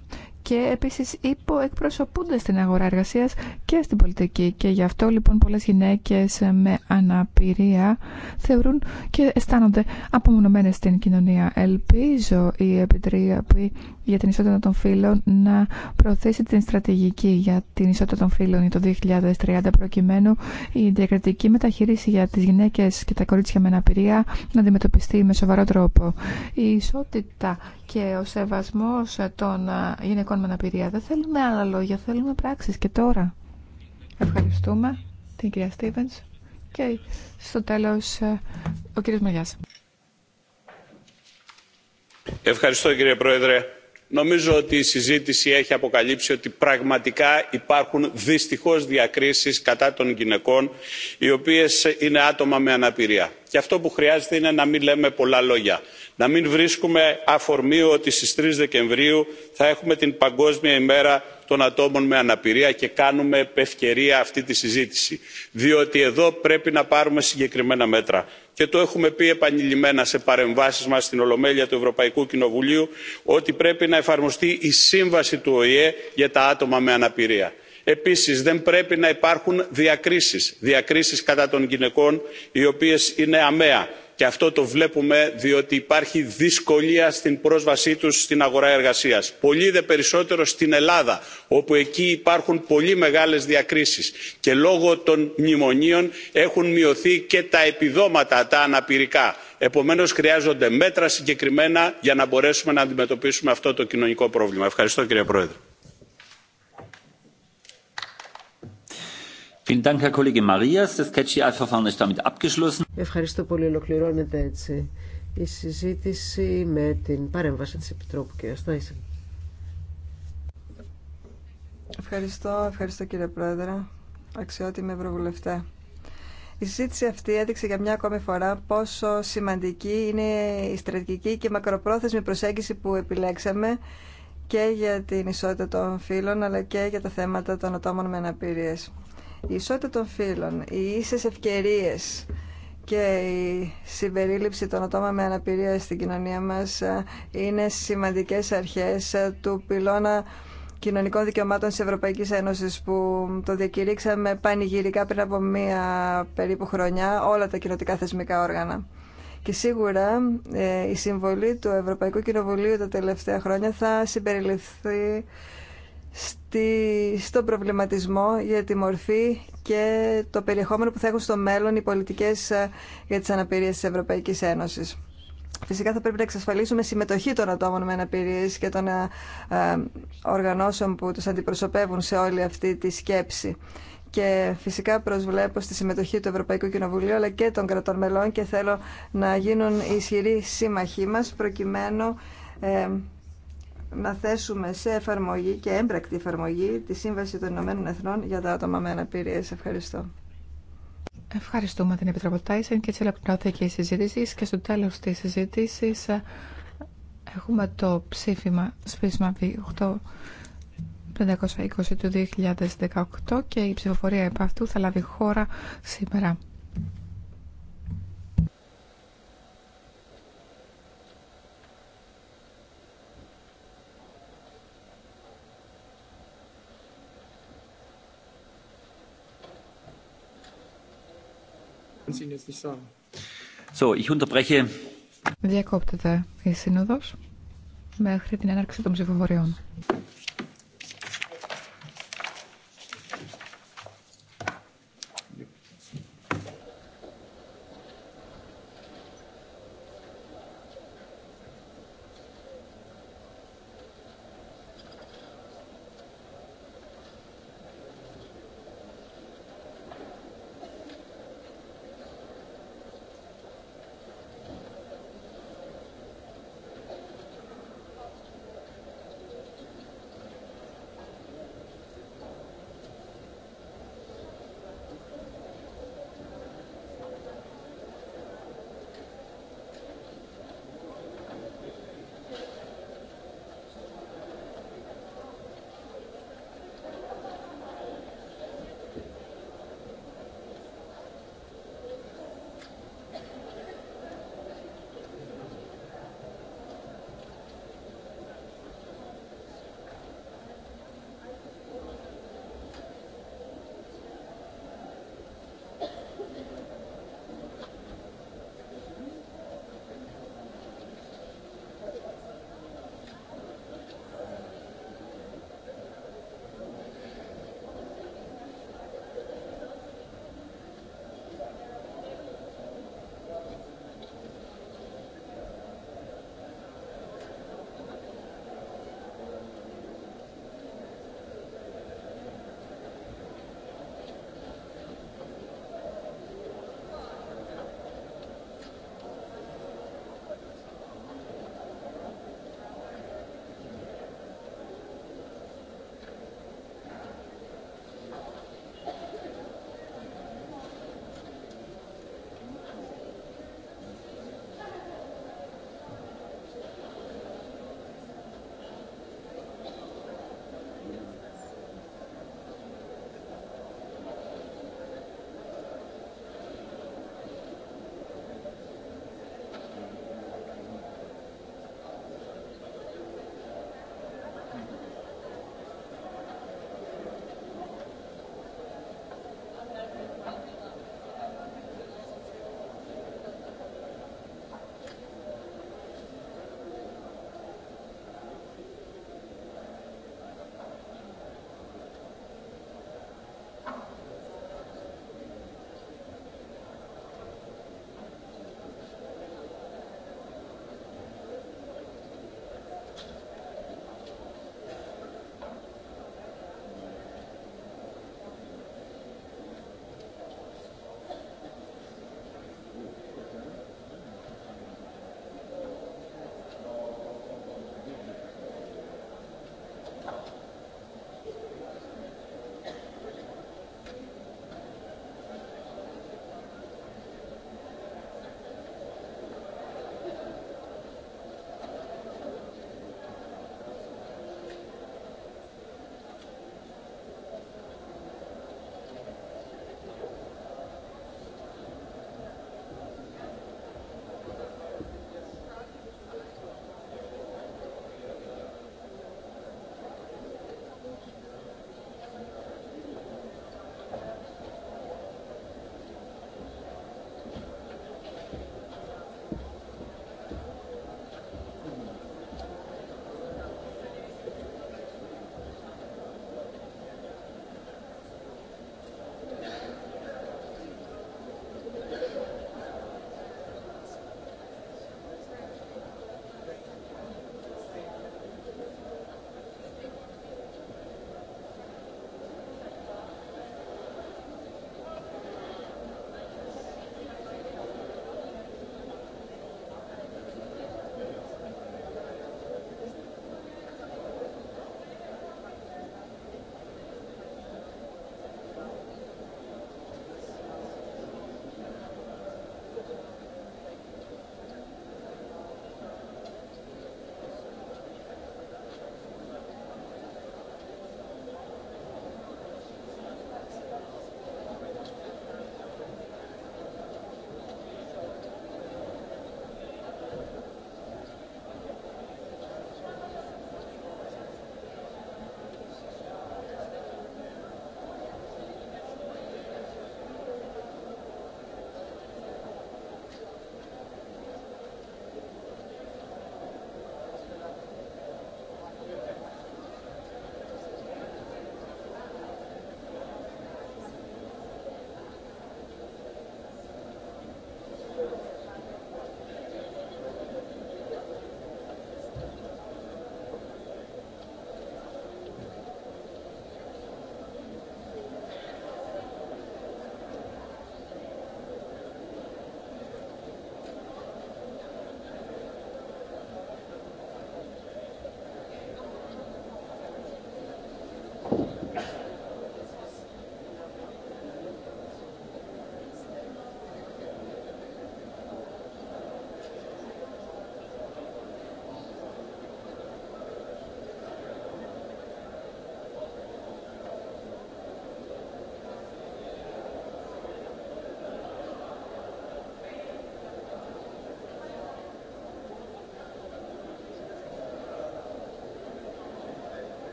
και επίσης υποεκπροσωπούνται στην αγορά εργασίας και στην πολιτική και γι' αυτό λοιπόν πολλές γυναίκες με αναπηρία θεωρούν και αισθάνονται απομονωμένες στην κοινωνία. Ελπίζω η Επιτροπή για την Ισότητα των Φύλων να προωθήσει την στρατηγική για την Ισότητα των Φύλων το 2030 προκειμένου η διακριτική μεταχείριση για τις γυναίκες και τα κορίτσια με αναπηρία να αντιμετωπιστεί με σοβαρό τρόπο. Η ισότητα και ο σεβασμός των ε, γυναικών με αναπηρία. Δεν θέλουμε άλλα λόγια, θέλουμε πράξεις και τώρα. Ευχαριστούμε την κυρία Στίβενς και στο τέλος ε, ο κύριος Μαγιάς. Ευχαριστώ κύριε Πρόεδρε. Νομίζω ότι η συζήτηση έχει αποκαλύψει ότι πραγματικά υπάρχουν δυστυχώς διακρίσεις κατά των γυναικών οι οποίες είναι άτομα με αναπηρία. Και αυτό που χρειάζεται είναι να μην λέμε πολλά λόγια να μην βρίσκουμε αφορμή ότι στις 3 Δεκεμβρίου θα έχουμε την Παγκόσμια ημέρα των ατόμων με αναπηρία και κάνουμε επευκαιρία αυτή τη συζήτηση. Διότι εδώ πρέπει να πάρουμε συγκεκριμένα μέτρα. Και το έχουμε πει επανειλημμένα σε παρεμβάσεις μας στην Ολομέλεια του Ευρωπαϊκού Κοινοβουλίου ότι πρέπει να εφαρμοστεί η σύμβαση του ΟΗΕ για τα άτομα με αναπηρία επίσης δεν πρέπει να υπάρχουν διακρίσεις διακρίσεις κατά των γυναικών οι οποίες είναι αμαία και αυτό το βλέπουμε διότι υπάρχει δυσκολία στην πρόσβασή τους στην αγορά εργασίας. πολύ δε περισσότερο στην ελλάδα όπου εκεί υπάρχουν πολύ μεγάλες διακρίσεις και λόγω των μνημονίων έχουν μειωθεί και τα επιδόματα τα αναπηρικά. επομένως χρειάζονται μέτρα συγκεκριμένα για να μπορέσουμε να αντιμετωπίσουμε αυτό το κοινωνικό πρόβλημα. ευχαριστώ κύριε πρόεδρε. Ευχαριστώ πολύ. Ολοκληρώνεται έτσι η συζήτηση με την παρέμβαση της Επιτρόπου κ. Ευχαριστώ, ευχαριστώ κύριε Πρόεδρε, αξιότιμη Ευρωβουλευτέ. Η συζήτηση αυτή έδειξε για μια ακόμη φορά πόσο σημαντική είναι η στρατηγική και μακροπρόθεσμη προσέγγιση που επιλέξαμε και για την ισότητα των φύλων αλλά και για τα θέματα των ατόμων με αναπηρίες. Η ισότητα των φύλων, οι ίσες ευκαιρίες και η συμπερίληψη των ατόμων με αναπηρία στην κοινωνία μας ε, είναι σημαντικές αρχές ε, του πυλώνα κοινωνικών δικαιωμάτων της Ευρωπαϊκής Ένωσης που το διακηρύξαμε πανηγυρικά πριν από μία περίπου χρονιά όλα τα κοινοτικά θεσμικά όργανα. Και σίγουρα ε, η συμβολή του Ευρωπαϊκού Κοινοβουλίου τα τελευταία χρόνια θα συμπεριληφθεί στη, στον προβληματισμό για τη μορφή και το περιεχόμενο που θα έχουν στο μέλλον οι πολιτικές ε, για τις αναπηρίες της Ευρωπαϊκής Ένωσης. Φυσικά θα πρέπει να εξασφαλίσουμε συμμετοχή των ατόμων με αναπηρίες και των ε, ε, οργανώσεων που τους αντιπροσωπεύουν σε όλη αυτή τη σκέψη. Και φυσικά προσβλέπω στη συμμετοχή του Ευρωπαϊκού Κοινοβουλίου αλλά και των κρατών μελών και θέλω να γίνουν ισχυροί σύμμαχοί μας προκειμένου να θέσουμε σε εφαρμογή και έμπρακτη εφαρμογή τη Σύμβαση των Ηνωμένων Εθνών για τα άτομα με αναπηρίε. Ευχαριστώ. Ευχαριστούμε την Επιτροπή Τάισεν και έτσι ολοκληρώθηκε η συζήτηση και στο τέλο τη συζήτηση ε, έχουμε το ψήφιμα σφίσμα V8 520 του 2018 και η ψηφοφορία επ' αυτού θα λάβει χώρα σήμερα. Διακόπτεται η Σύνοδος μέχρι την έναρξη των ψηφοφοριών.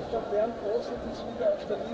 Ich glaube, Hochstadt Bern große, die wieder auf der Linie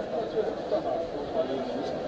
Thank you.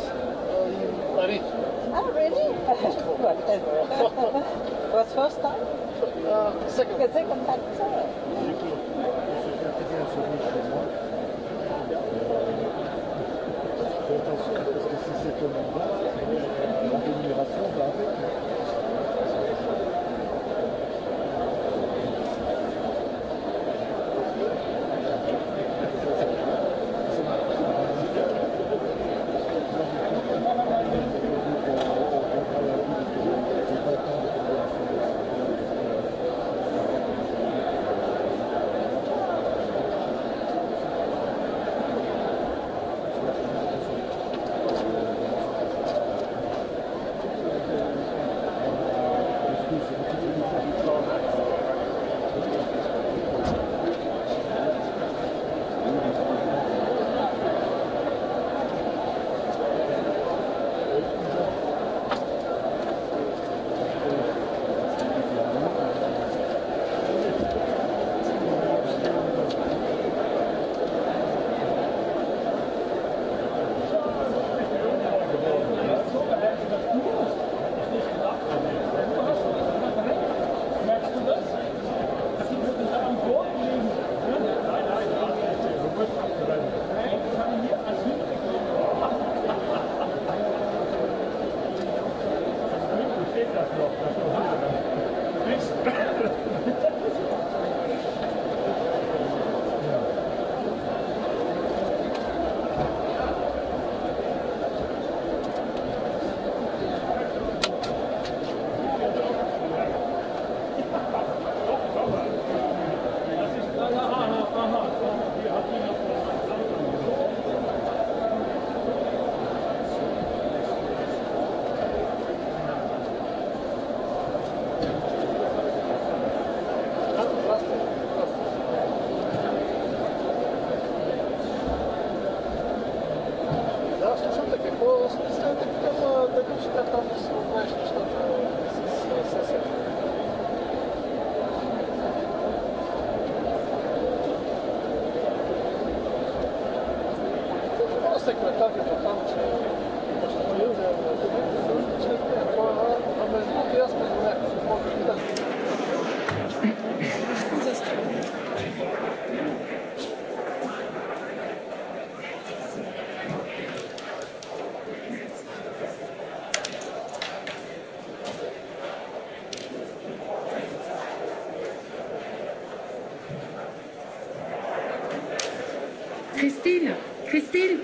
Christine, Christine.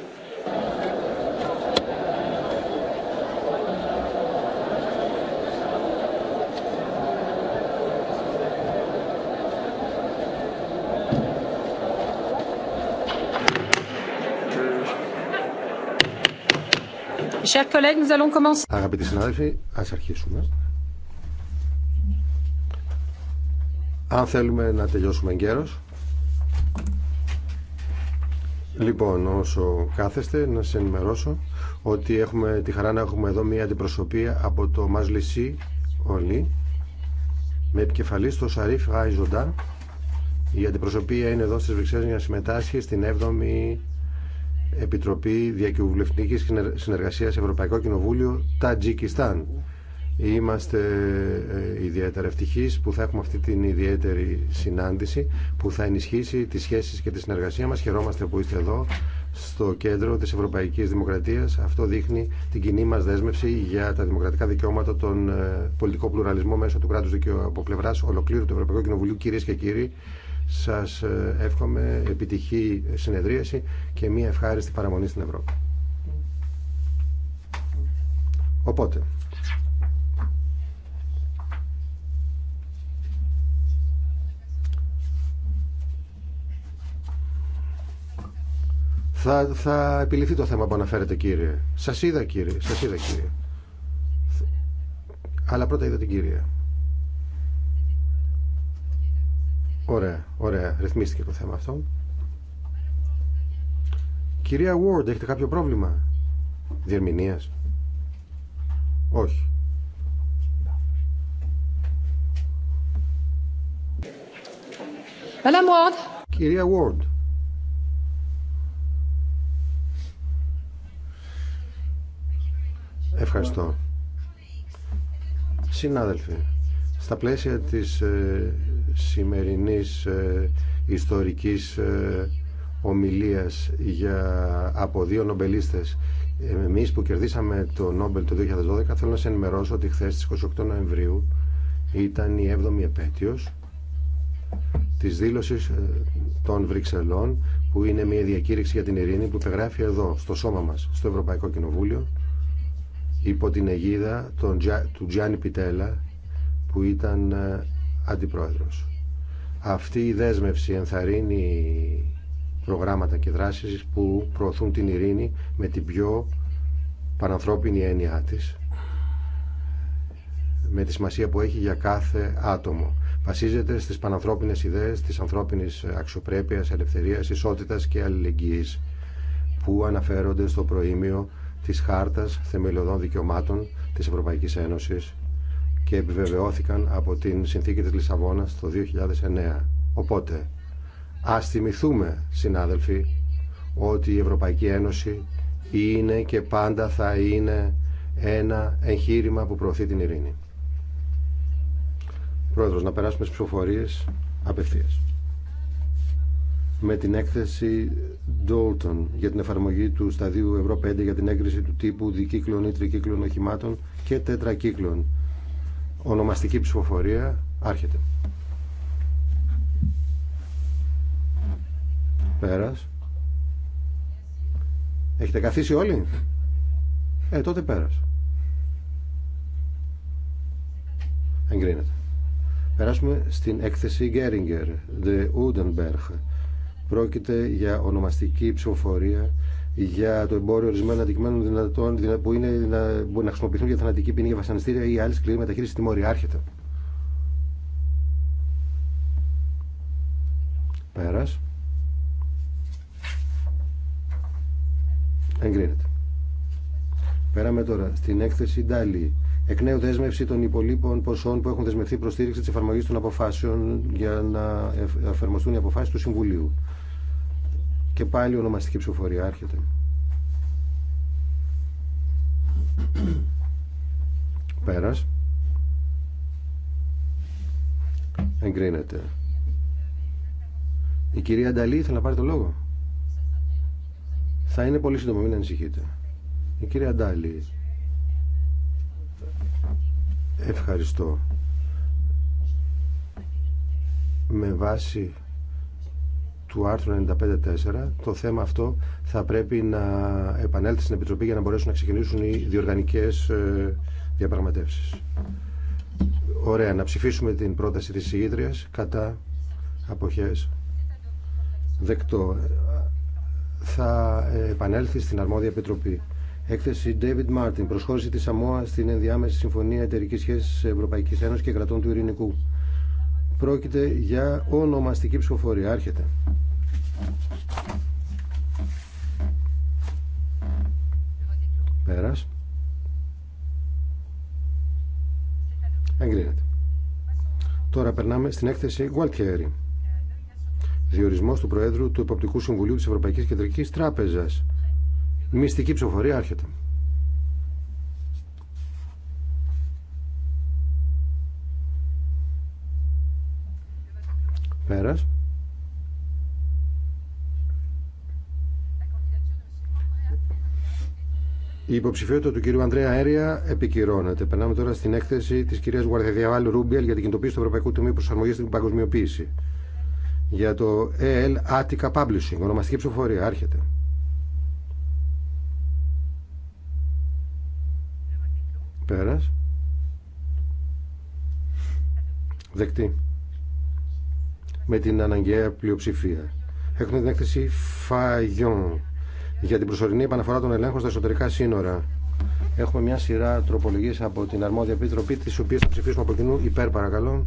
Αγαπητοί συνάδελφοι, ας αρχίσουμε. Αν θέλουμε να τελειώσουμε εγκαίρως, Λοιπόν, όσο κάθεστε, να σας ενημερώσω ότι έχουμε τη χαρά να έχουμε εδώ μία αντιπροσωπεία από το Μαζλισί Ολί με επικεφαλή στο Σαρίφ Ζοντά. Η αντιπροσωπεία είναι εδώ στις Βρυξέλλες για να συμμετάσχει στην 7η Επιτροπή Διακυβουλευτικής Συνεργασίας Ευρωπαϊκό Κοινοβούλιο Τατζικιστάν. Είμαστε ε, ιδιαίτερα ευτυχείς που θα έχουμε αυτή την ιδιαίτερη συνάντηση που θα ενισχύσει τις σχέσεις και τη συνεργασία μας. Χαιρόμαστε που είστε εδώ στο κέντρο της Ευρωπαϊκής Δημοκρατίας. Αυτό δείχνει την κοινή μας δέσμευση για τα δημοκρατικά δικαιώματα, τον ε, πολιτικό πλουραλισμό μέσω του κράτους δικαίου από πλευρά ολοκλήρου του Ευρωπαϊκού Κοινοβουλίου. Κυρίες και κύριοι, σας ε, εύχομαι επιτυχή συνεδρίαση και μια ευχάριστη παραμονή στην Ευρώπη. Θα, θα επιληθεί το θέμα που αναφέρετε κύριε. Σας είδα κύριε, σας είδα κύριε. Αλλά πρώτα είδα την κυρία. Ωραία, ωραία. Ρυθμίστηκε το θέμα αυτό. Κυρία Ward, έχετε κάποιο πρόβλημα διερμηνίας. Όχι. Madame Κυρία Ward. Συνάδελφοι, στα πλαίσια της ε, σημερινής ε, ιστορικής ε, ομιλίας για, από δύο νομπελίστες εμείς που κερδίσαμε το Νόμπελ το 2012 θέλω να σε ενημερώσω ότι χθες στις 28 Νοεμβρίου ήταν η 7η επέτειος της δήλωσης ε, των Βρυξελών που είναι μια διακήρυξη για την ειρήνη που υπεγράφει εδώ στο σώμα μας, στο Ευρωπαϊκό Κοινοβούλιο υπό την αιγίδα του Τζιάννη Πιτέλα που ήταν ε, αντιπρόεδρος. Αυτή η δέσμευση ενθαρρύνει προγράμματα και δράσεις που προωθούν την ειρήνη με την πιο πανανθρώπινη έννοιά της με τη σημασία που έχει για κάθε άτομο. Βασίζεται στις πανανθρώπινες ιδέες της ανθρώπινης αξιοπρέπειας, ελευθερίας, ισότητας και αλληλεγγύης που αναφέρονται στο προήμιο της Χάρτας Θεμελιωδών Δικαιωμάτων της Ευρωπαϊκής Ένωσης και επιβεβαιώθηκαν από την Συνθήκη της Λισαβόνας το 2009. Οπότε, ας θυμηθούμε, συνάδελφοι, ότι η Ευρωπαϊκή Ένωση είναι και πάντα θα είναι ένα εγχείρημα που προωθεί την ειρήνη. Πρόεδρος, να περάσουμε στις ψηφοφορίες απευθείας με την έκθεση Dalton για την εφαρμογή του σταδίου Ευρώ 5 για την έγκριση του τύπου δικύκλων ή τρικύκλων οχημάτων και τετρακύκλων. Ονομαστική ψηφοφορία άρχεται. Πέρας. Έχετε καθίσει όλοι. Ε, τότε πέρας. Εγκρίνεται. Περάσουμε στην έκθεση Γκέριγκερ, The Udenberg Πρόκειται για ονομαστική ψηφοφορία για το εμπόριο ορισμένων αντικειμένων δυνατών που είναι, να, να χρησιμοποιηθούν για θανατική ποινή, για βασανιστήρια ή άλλη σκληρή μεταχείριση τιμωρία. Άρχεται. Πέρας. Εγκρίνεται. Πέραμε τώρα στην έκθεση Ντάλι εκ νέου δέσμευση των υπολείπων ποσών που έχουν δεσμευτεί προ στήριξη τη εφαρμογή των αποφάσεων για να εφαρμοστούν οι αποφάσει του Συμβουλίου. Και πάλι ονομαστική ψηφοφορία άρχεται. Πέρα. Εγκρίνεται. Η κυρία Νταλή ήθελε να πάρει το λόγο. Θα είναι πολύ σύντομο, μην ανησυχείτε. Η κυρία Νταλή. Ευχαριστώ. Με βάση του άρθρου 95.4 το θέμα αυτό θα πρέπει να επανέλθει στην Επιτροπή για να μπορέσουν να ξεκινήσουν οι διοργανικές ε, διαπραγματεύσεις. Ωραία, να ψηφίσουμε την πρόταση της ηγήτριας κατά αποχές δεκτό. Θα επανέλθει στην αρμόδια Επιτροπή. Έκθεση David Martin. Προσχώρηση τη ΑΜΟΑ στην ενδιάμεση συμφωνία εταιρική σχέση Ευρωπαϊκή Ένωση και κρατών του Ειρηνικού. Πρόκειται για ονομαστική ψηφοφορία. Άρχεται. Πέρας. Εγκρίνεται. Τώρα περνάμε στην έκθεση Γουαλτιέρη. Διορισμός του Προέδρου του Εποπτικού Συμβουλίου της Ευρωπαϊκής Κεντρικής Τράπεζας. Μυστική ψηφοφορία άρχεται. Πέρας. Η υποψηφιότητα του κυρίου Ανδρέα Αέρια επικυρώνεται. Περνάμε τώρα στην έκθεση τη κυρία Γουαρδεδιαβάλ Ρούμπιελ για την κινητοποίηση του Ευρωπαϊκού Τμήματο Προσαρμογή στην Παγκοσμιοποίηση. Για το EL ε Attica Publishing. Ονομαστική ψηφοφορία. Άρχεται. Πέρας. Δεκτή. Με την αναγκαία πλειοψηφία. Έχουμε την έκθεση Φαγιόν για την προσωρινή επαναφορά των ελέγχων στα εσωτερικά σύνορα. Έχουμε μια σειρά τρόπολογίες από την αρμόδια επιτροπή, τις οποίες θα ψηφίσουμε από κοινού υπέρ, παρακαλώ.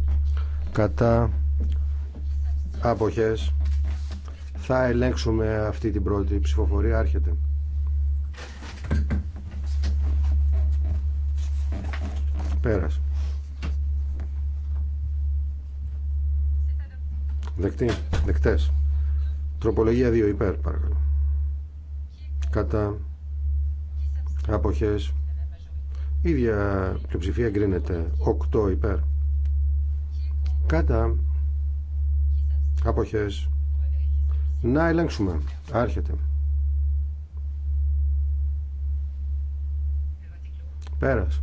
Κατά αποχές Θα ελέγξουμε αυτή την πρώτη ψηφοφορία. Άρχεται. Πέρας. Δεκτή. Δεκτές. Τροπολογία 2 υπέρ παρακαλώ. Κατά αποχές ίδια πλειοψηφία εγκρίνεται 8 υπέρ. Κατά αποχές να ελέγξουμε. Άρχεται. Πέρας.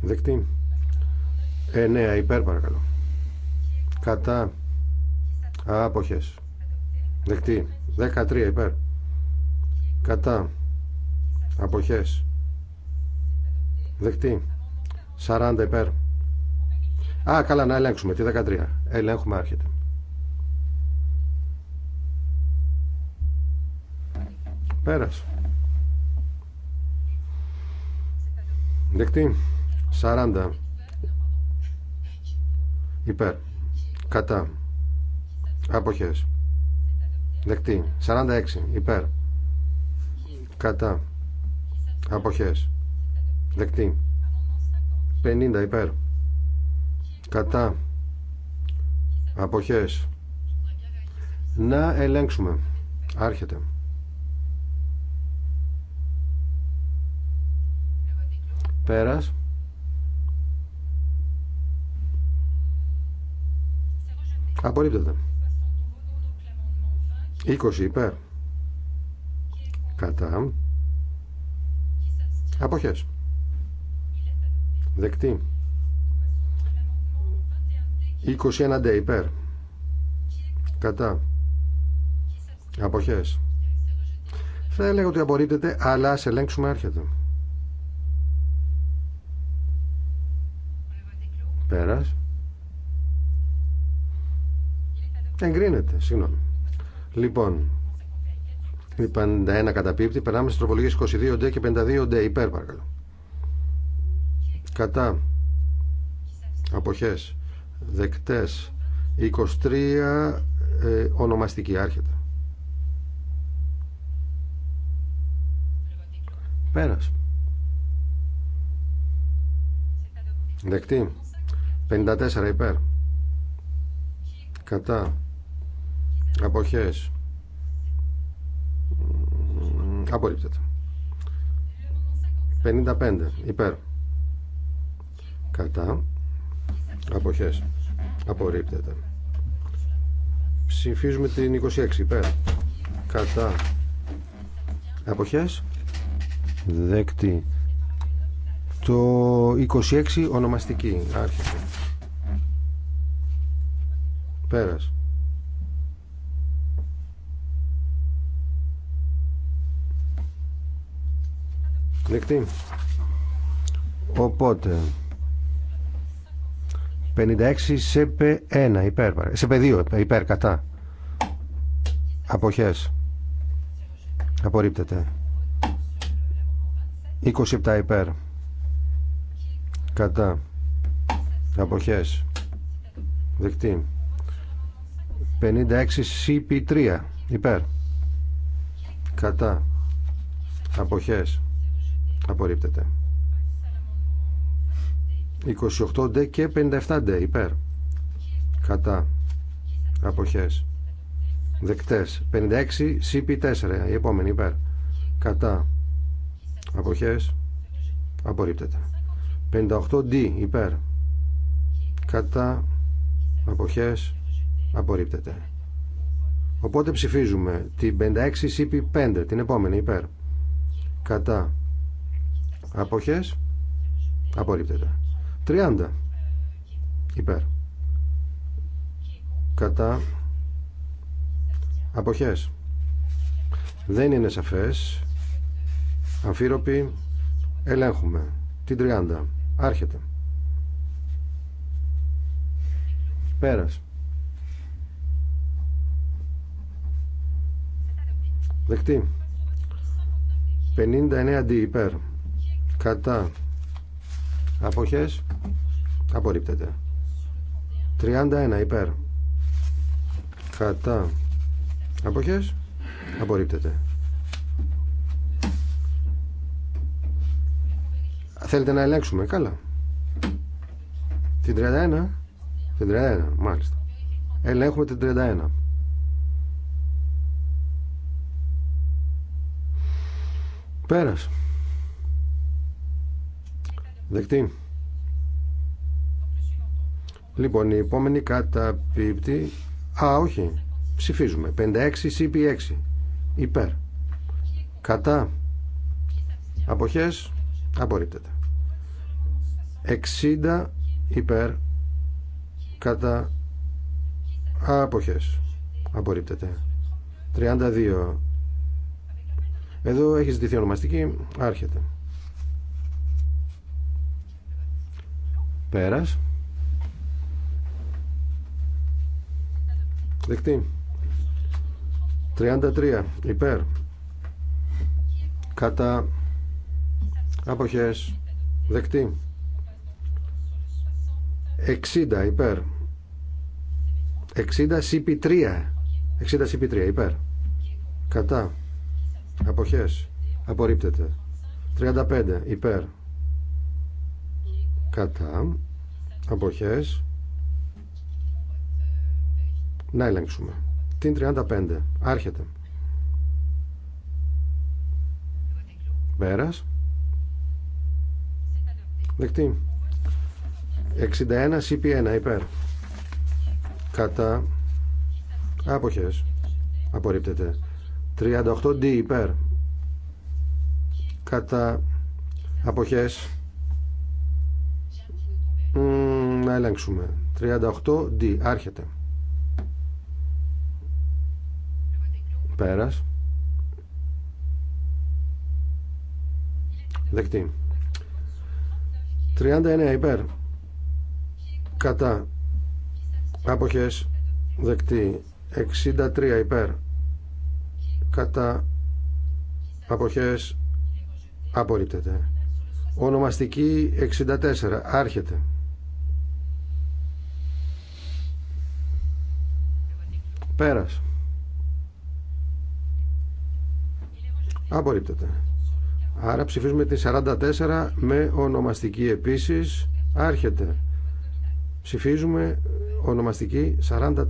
Δεκτή. 9 ε, ναι, υπέρ παρακαλώ. Κατά. Άποχες. Δεκτή. 13 υπέρ. Κατά. Αποχές. Δεκτή. 40 υπέρ. Α, καλά, να ελέγξουμε τη 13. Ελέγχουμε, άρχεται. Πέρασε. Δεκτή. 40 υπέρ κατά αποχές δεκτή 46 υπέρ κατά αποχές δεκτή 50 υπέρ κατά αποχές να ελέγξουμε άρχεται πέρας Απορρίπτεται. 20 υπέρ. Κατά. Αποχές. Δεκτή. 21 ντε υπέρ. Κατά. Αποχές. Θα έλεγα ότι απορρίπτεται, αλλά ας ελέγξουμε έρχεται. Πέρας. Εγκρίνεται, συγγνώμη. Λοιπόν, η 51 καταπίπτει, περάμε στις τροπολογίες 22D και 52D υπέρ παρακαλώ. Κατά αποχές δεκτές 23 ε, ονομαστική άρχεται. Πέρας. Δεκτή. 54 υπέρ. Κατά Αποχές. Απορρίπτεται. 55. Υπέρ. Κατά. Αποχές. Απορρίπτεται. Ψηφίζουμε την 26. Υπέρ. Κατά. Αποχές. Δεκτή. Το 26 ονομαστική. Άρχισε. Πέρας. Δεκτή. Οπότε 56 σε 1 υπέρ, σε 2 υπέρ κατά. Αποχές. Απορρίπτεται. 27 υπέρ. Κατά. Αποχές. Δεκτή. 56 CP3 υπέρ. Κατά. Αποχές. Απορρίπτεται. 28 ντε και 57 ντε υπέρ. Κατά. Αποχές. Δεκτές. 56 CP4 η επόμενη υπέρ. Κατά. Αποχές. Απορρίπτεται. 58 D υπέρ. Κατά. Αποχές. Απορρίπτεται. Οπότε ψηφίζουμε την 56 CP5 την επόμενη υπέρ. Κατά Αποχές. Απορρίπτεται. 30. Υπέρ. Κατά. Αποχές. Δεν είναι σαφές. Αμφίροποι. Ελέγχουμε. Την 30. Άρχεται. Πέρας. Δεκτή. 59 αντί υπέρ κατά αποχές απορρίπτεται 31 υπέρ κατά αποχές απορρίπτεται θέλετε να ελέγξουμε καλά την 31 την 31 μάλιστα ελέγχουμε την 31 πέρασε Δεκτή. Λοιπόν, η επόμενη καταπίπτη... Α, όχι. Ψηφίζουμε. 56 CP6. Υπέρ. Κατά. Αποχές. Απορρίπτεται. 60 υπέρ. Κατά. Αποχές. Απορρίπτεται. 32. Εδώ έχει ζητηθεί ονομαστική. Άρχεται. Πέρας. Δεκτή. 33. Υπέρ. Κατά. Αποχές. Δεκτή. 60. Υπέρ. 60 CP3. 60 CP3. Υπέρ. Κατά. Αποχές. Απορρίπτεται. 35. Υπέρ. Κατά αποχές να ελέγξουμε την 35 άρχεται πέρας δεκτή 61 CP1 υπέρ κατά αποχές απορρίπτεται 38D υπέρ κατά αποχές ελέγξουμε. 38D. Άρχεται. Πέρας. Δεκτή. 39 υπέρ. Κατά. Αποχές. Δεκτή. 63 υπέρ. Κατά. Αποχές. Απορρίπτεται. Ονομαστική 64. Άρχεται. Πέρας. Απορρίπτεται. Άρα ψηφίζουμε τη 44 με ονομαστική επίσης. Άρχεται. Ψηφίζουμε ονομαστική 44.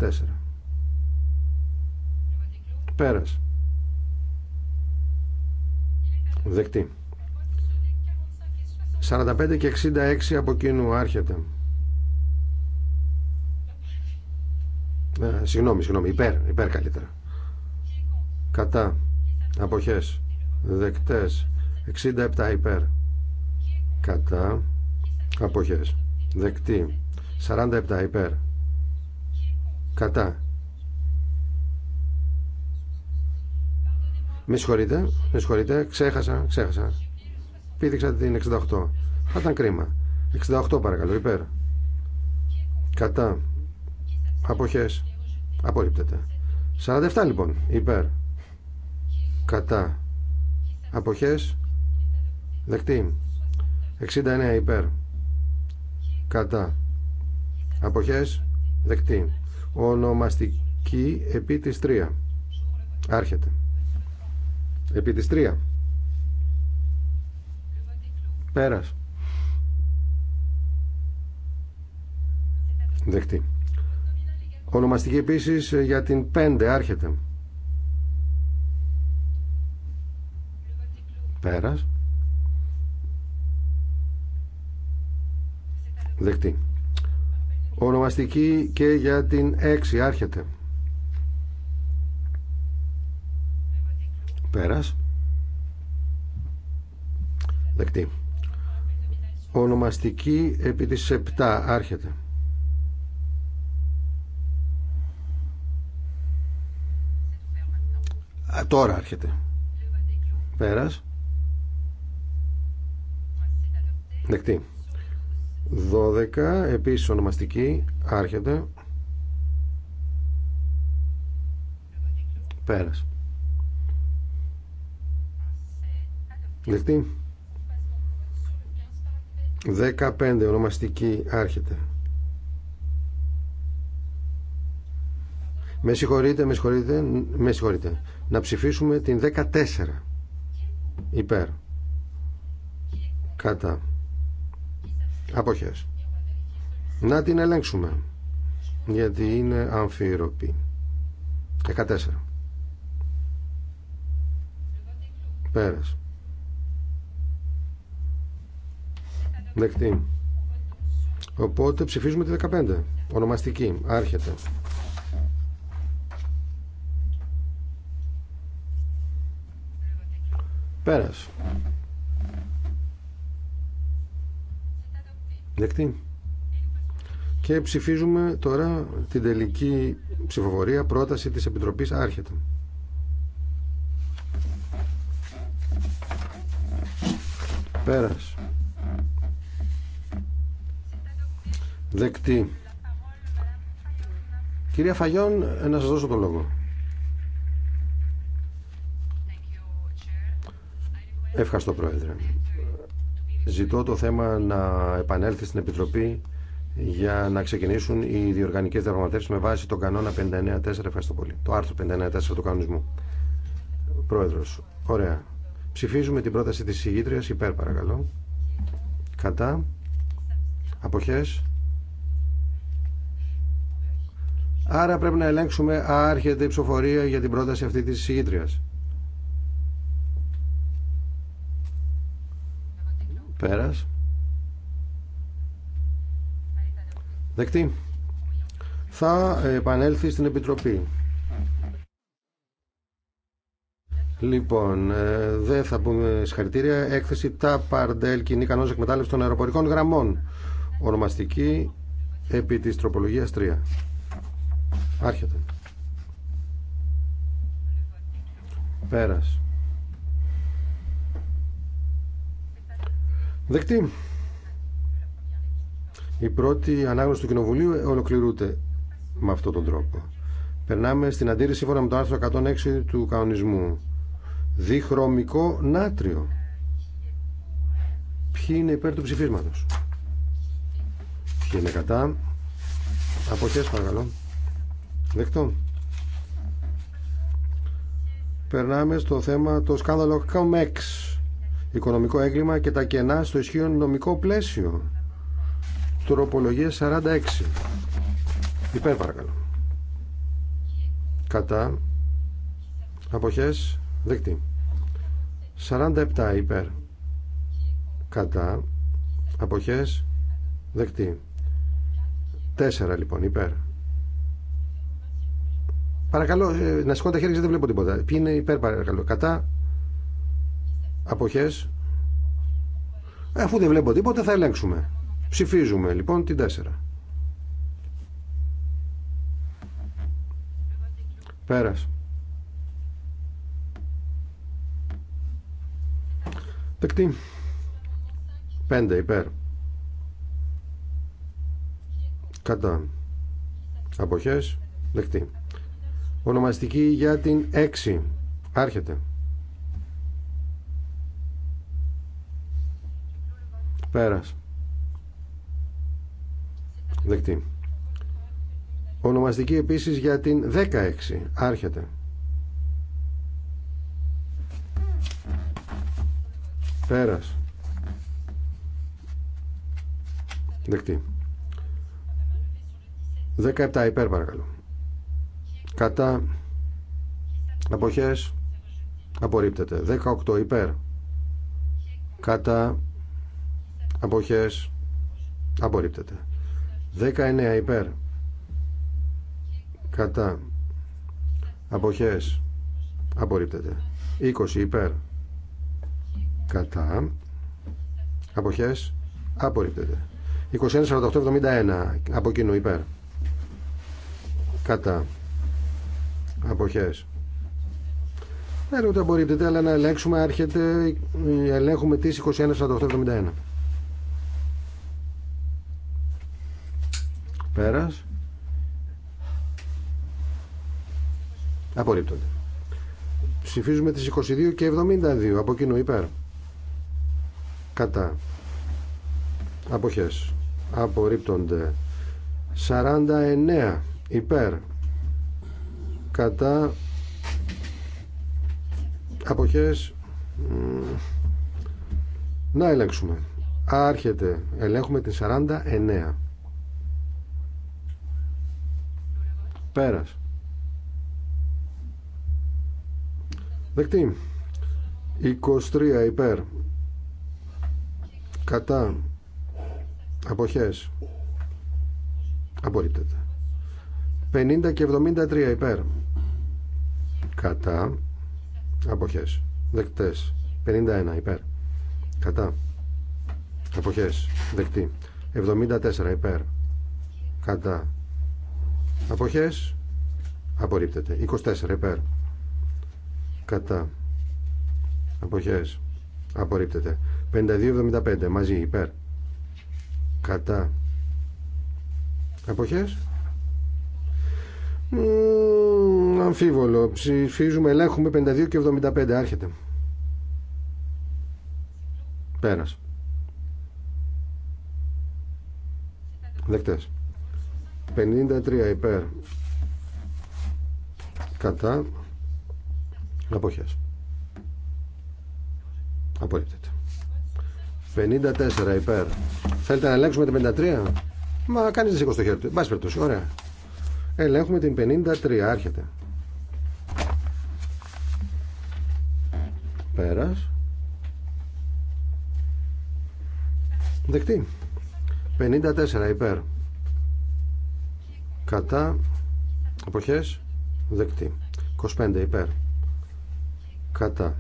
Πέρας. Δεκτή. 45 και 66 από κοινού άρχεται. Ε, συγγνώμη, συγγνώμη, υπέρ, υπέρ καλύτερα. Κατά. Αποχές. Δεκτές. 67 υπέρ. Κατά. Αποχές. Δεκτή. 47 υπέρ. Κατά. Με συγχωρείτε, με συγχωρείτε, ξέχασα, ξέχασα. Πήδηξα την 68. Θα ήταν κρίμα. 68 παρακαλώ, υπέρ. Κατά. Αποχές. Απορρίπτεται. 47 λοιπόν. Υπέρ. Κατά. Αποχές. Δεκτή. 69 υπέρ. Κατά. Αποχές. Δεκτή. Ονομαστική επί της 3. Άρχεται. Επί της 3. Πέρας. Δεκτή. Ονομαστική επίση ε, για την 5 άρχεται. Πέρας. Δεκτή. Ονομαστική και για την 6 άρχεται. Πέρας. Δεκτή. Ονομαστική επί της 7 άρχεται. Τώρα άρχεται. Πέρας. Δεκτή. 12 επίση ονομαστική άρχεται. Πέρας. Δεκτή. 15 ονομαστική άρχεται. Με συγχωρείτε, με συγχωρείτε, με συγχωρείτε. Να ψηφίσουμε την 14. Υπέρ. Κατά. Αποχές. Να την ελέγξουμε. Γιατί είναι αμφιερωπή. 14. Πέρας. Δεκτή. Οπότε ψηφίζουμε τη 15. Ονομαστική. Άρχεται. Πέρας. Δεκτή. Και ψηφίζουμε τώρα την τελική ψηφοφορία, πρόταση της Επιτροπής Άρχεται. Πέρας. Δεκτή. Κυρία Φαγιόν, ε, να σας δώσω το λόγο. Ευχαριστώ, Πρόεδρε. Ζητώ το θέμα να επανέλθει στην Επιτροπή για να ξεκινήσουν οι διοργανικές διαπραγματεύσεις με βάση τον κανόνα 59.4. Ευχαριστώ Το άρθρο 59.4 του κανονισμού. Πρόεδρος. Ωραία. Ψηφίζουμε την πρόταση της συγγήτριας υπέρ παρακαλώ. Κατά. Αποχές. Άρα πρέπει να ελέγξουμε άρχεται η ψηφοφορία για την πρόταση αυτή της συγγήτριας. Πέρας. Δεκτή. Θα επανέλθει στην Επιτροπή. Λοιπόν, ε, δεν θα πούμε συγχαρητήρια. Έκθεση τα Παρντέλ κοινή κανόνε εκμετάλλευση των αεροπορικών γραμμών. Ονομαστική επί της τροπολογίας 3. Άρχεται. Πέρας. Δεκτή. Η πρώτη ανάγνωση του Κοινοβουλίου ολοκληρούται με αυτόν τον τρόπο. Περνάμε στην αντίρρηση σύμφωνα με το άρθρο 106 του κανονισμού. Διχρωμικό νάτριο. Ποιοι είναι υπέρ του ψηφίσματος. Ποιοι είναι κατά. Αποχές παρακαλώ. Δεκτό. Περνάμε στο θέμα το σκάνδαλο Καμέξ οικονομικό έγκλημα και τα κενά στο ισχύον νομικό πλαίσιο. Τροπολογία 46. Υπέρ παρακαλώ. Κατά. Αποχές. Δεκτή. 47 υπέρ. Κατά. Αποχές. Δεκτή. 4 λοιπόν υπέρ. Παρακαλώ, ε, να σηκώνω τα χέρια, δεν βλέπω τίποτα. Ποιοι είναι υπέρ, παρακαλώ. Κατά, Αποχές. Αφού δεν βλέπω τίποτα θα ελέγξουμε. Ψηφίζουμε λοιπόν την 4. Πέρας. Δεκτή. 5 υπέρ. Κατά. Αποχές. Δεκτή. Ονομαστική για την 6. Άρχεται. Πέρας. Δεκτή. Ονομαστική επίσης για την 16. Άρχεται. Πέρας. Δεκτή. 17 υπέρ παρακαλώ. Κατά αποχές απορρίπτεται. 18 υπέρ. Κατά Αποχές. Απορρίπτεται. 19 υπέρ. Κατά. Αποχές. Απορρίπτεται. 20 υπέρ. Κατά. Αποχές. Απορρίπτεται. 21-48-71 από κοινού υπέρ. Κατά. Αποχές. Δεν ότι απορρίπτεται, αλλά να ελέγξουμε, άρχεται, ελέγχουμε τις 21-48-71. Πέρας. Απορρίπτονται. Ψηφίζουμε τις 22 και 72. Από κοινού υπέρ. Κατά. Αποχές. Απορρίπτονται. 49 υπέρ. Κατά. Αποχές. Να ελέγξουμε. Άρχεται. Ελέγχουμε την 49. Δεκτή. 23 υπέρ. Κατά. Αποχές. Απορρίπτεται. 50 και 73 υπέρ. Κατά. Αποχές. Δεκτές. 51 υπέρ. Κατά. Αποχές. Δεκτή. 74 υπέρ. Κατά. Αποχές. Απορρίπτεται. 24 υπέρ. Κατά. Αποχές. Απορρίπτεται. 52-75 μαζί υπέρ. Κατά. Αποχές. Μ, αμφίβολο. Ψηφίζουμε, ελέγχουμε 52 και 75. Άρχεται. Πέρας. Δεκτές. 53 υπέρ κατά αποχές απορρίπτεται 54 υπέρ θέλετε να ελέγξουμε την 53 μα κανείς δεν σήκωσε χέρι του μπας περιπτώσει ωραία ελέγχουμε την 53 άρχεται πέρας δεκτή 54 υπέρ κατά αποχές δεκτή 25 υπέρ κατά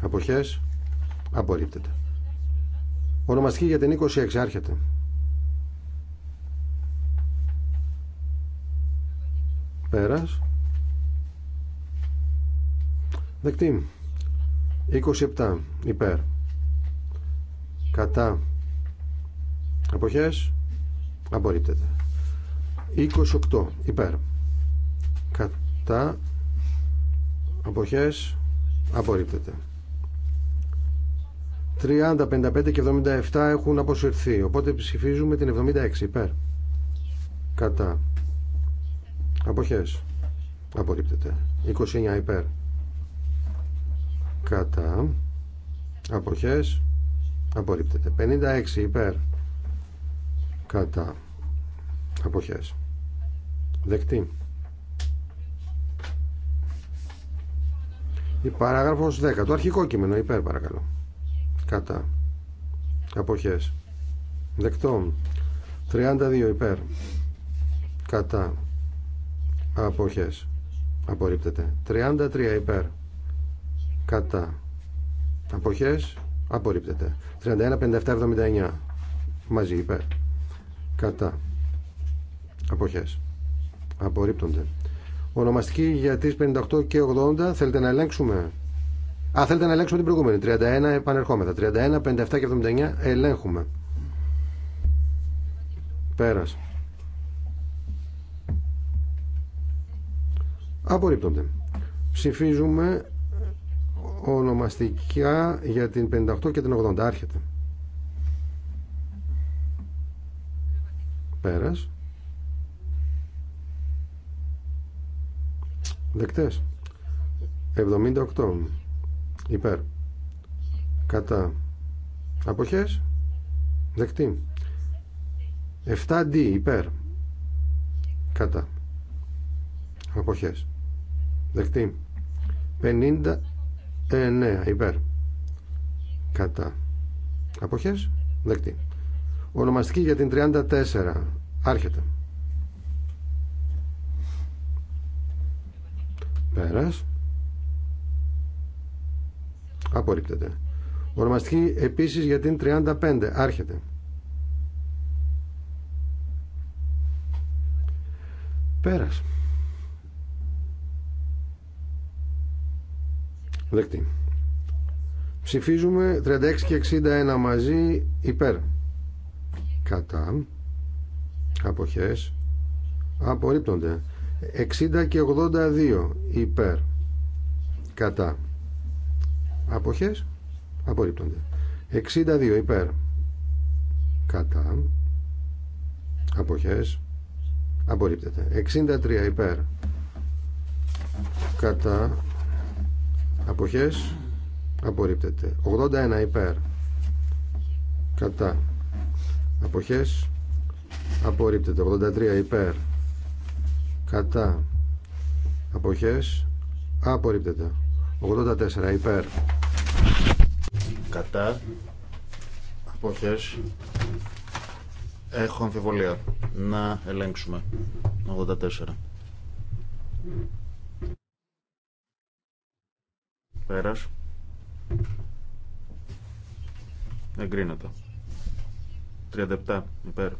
αποχές απορρίπτεται ονομαστική για την 26 άρχεται πέρας δεκτή 27 υπέρ κατά αποχές απορρίπτεται 28 υπέρ κατά αποχές απορρίπτεται 30, 55 και 77 έχουν αποσυρθεί οπότε ψηφίζουμε την 76 υπέρ κατά αποχές απορρίπτεται 29 υπέρ κατά αποχές απορρίπτεται 56 υπέρ κατά αποχές Δεκτή. Η παράγραφος 10. Το αρχικό κείμενο υπέρ παρακαλώ. Κατά. Αποχές. Δεκτό. 32 υπέρ. Κατά. Αποχές. Απορρίπτεται. 33 υπέρ. Κατά. Αποχές. Απορρίπτεται. 31, 57, 79. Μαζί υπέρ. Κατά. Αποχές. Απορρίπτονται. Ονομαστική για τις 58 και 80. Θέλετε να ελέγξουμε. Α, θέλετε να ελέγξουμε την προηγούμενη. 31 επανερχόμεθα. 31, 57 και 79 ελέγχουμε. Πέρας. Απορρίπτονται. Ψηφίζουμε ονομαστικά για την 58 και την 80. Άρχεται. Πέρας. Δεκτές. 78. Υπέρ. Κατά. Αποχές. Δεκτή. 7D. Υπέρ. Κατά. Αποχές. Δεκτή. 59. Υπέρ. Κατά. Αποχές. Δεκτή. Ονομαστική για την 34. Άρχεται. Πέρας. Απορρίπτεται. Ορμαστική επίσης για την 35. Άρχεται. Πέρας. Δεκτή. Ψηφίζουμε 36 και 61 μαζί υπέρ. Κατά. Αποχές. Απορρίπτονται. 60 και 82 υπέρ κατά αποχές απορρίπτονται 62 υπέρ κατά αποχές απορρίπτεται 63 υπέρ κατά αποχές απορρίπτεται 81 υπέρ κατά αποχές απορρίπτεται 83 υπέρ κατά αποχές απορρίπτεται 84 υπέρ κατά αποχές έχω αμφιβολία να ελέγξουμε 84 πέρας εγκρίνεται 37 υπέρ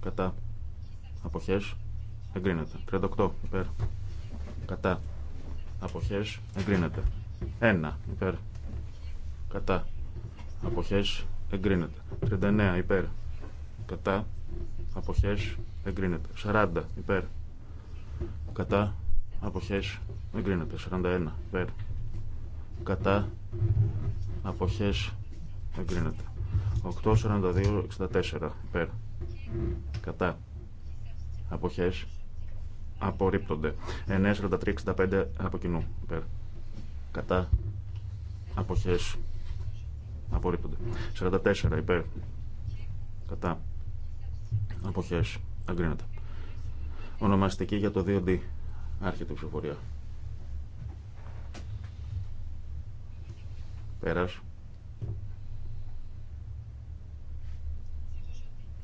κατά αποχές εγκρίνεται. 38 υπέρ. Κατά. Αποχές εγκρίνεται. 1 υπέρ. Κατά. Αποχές εγκρίνεται. 39 υπέρ. Κατά. Αποχές εγκρίνεται. 40 υπέρ. Κατά. Αποχές εγκρίνεται. 41 υπέρ. Κατά. Αποχές εγκρίνεται. 8, 42, 64 υπέρ. Κατά. Αποχές απορρίπτονται. 9, 43, 65 από κοινού. Υπέρ. Κατά. Αποχές. Απορρίπτονται. 44 υπέρ. Κατά. Αποχές. Αγκρίνεται. Ονομαστική για το 2D. Άρχεται η ψηφοφορία. Πέρας.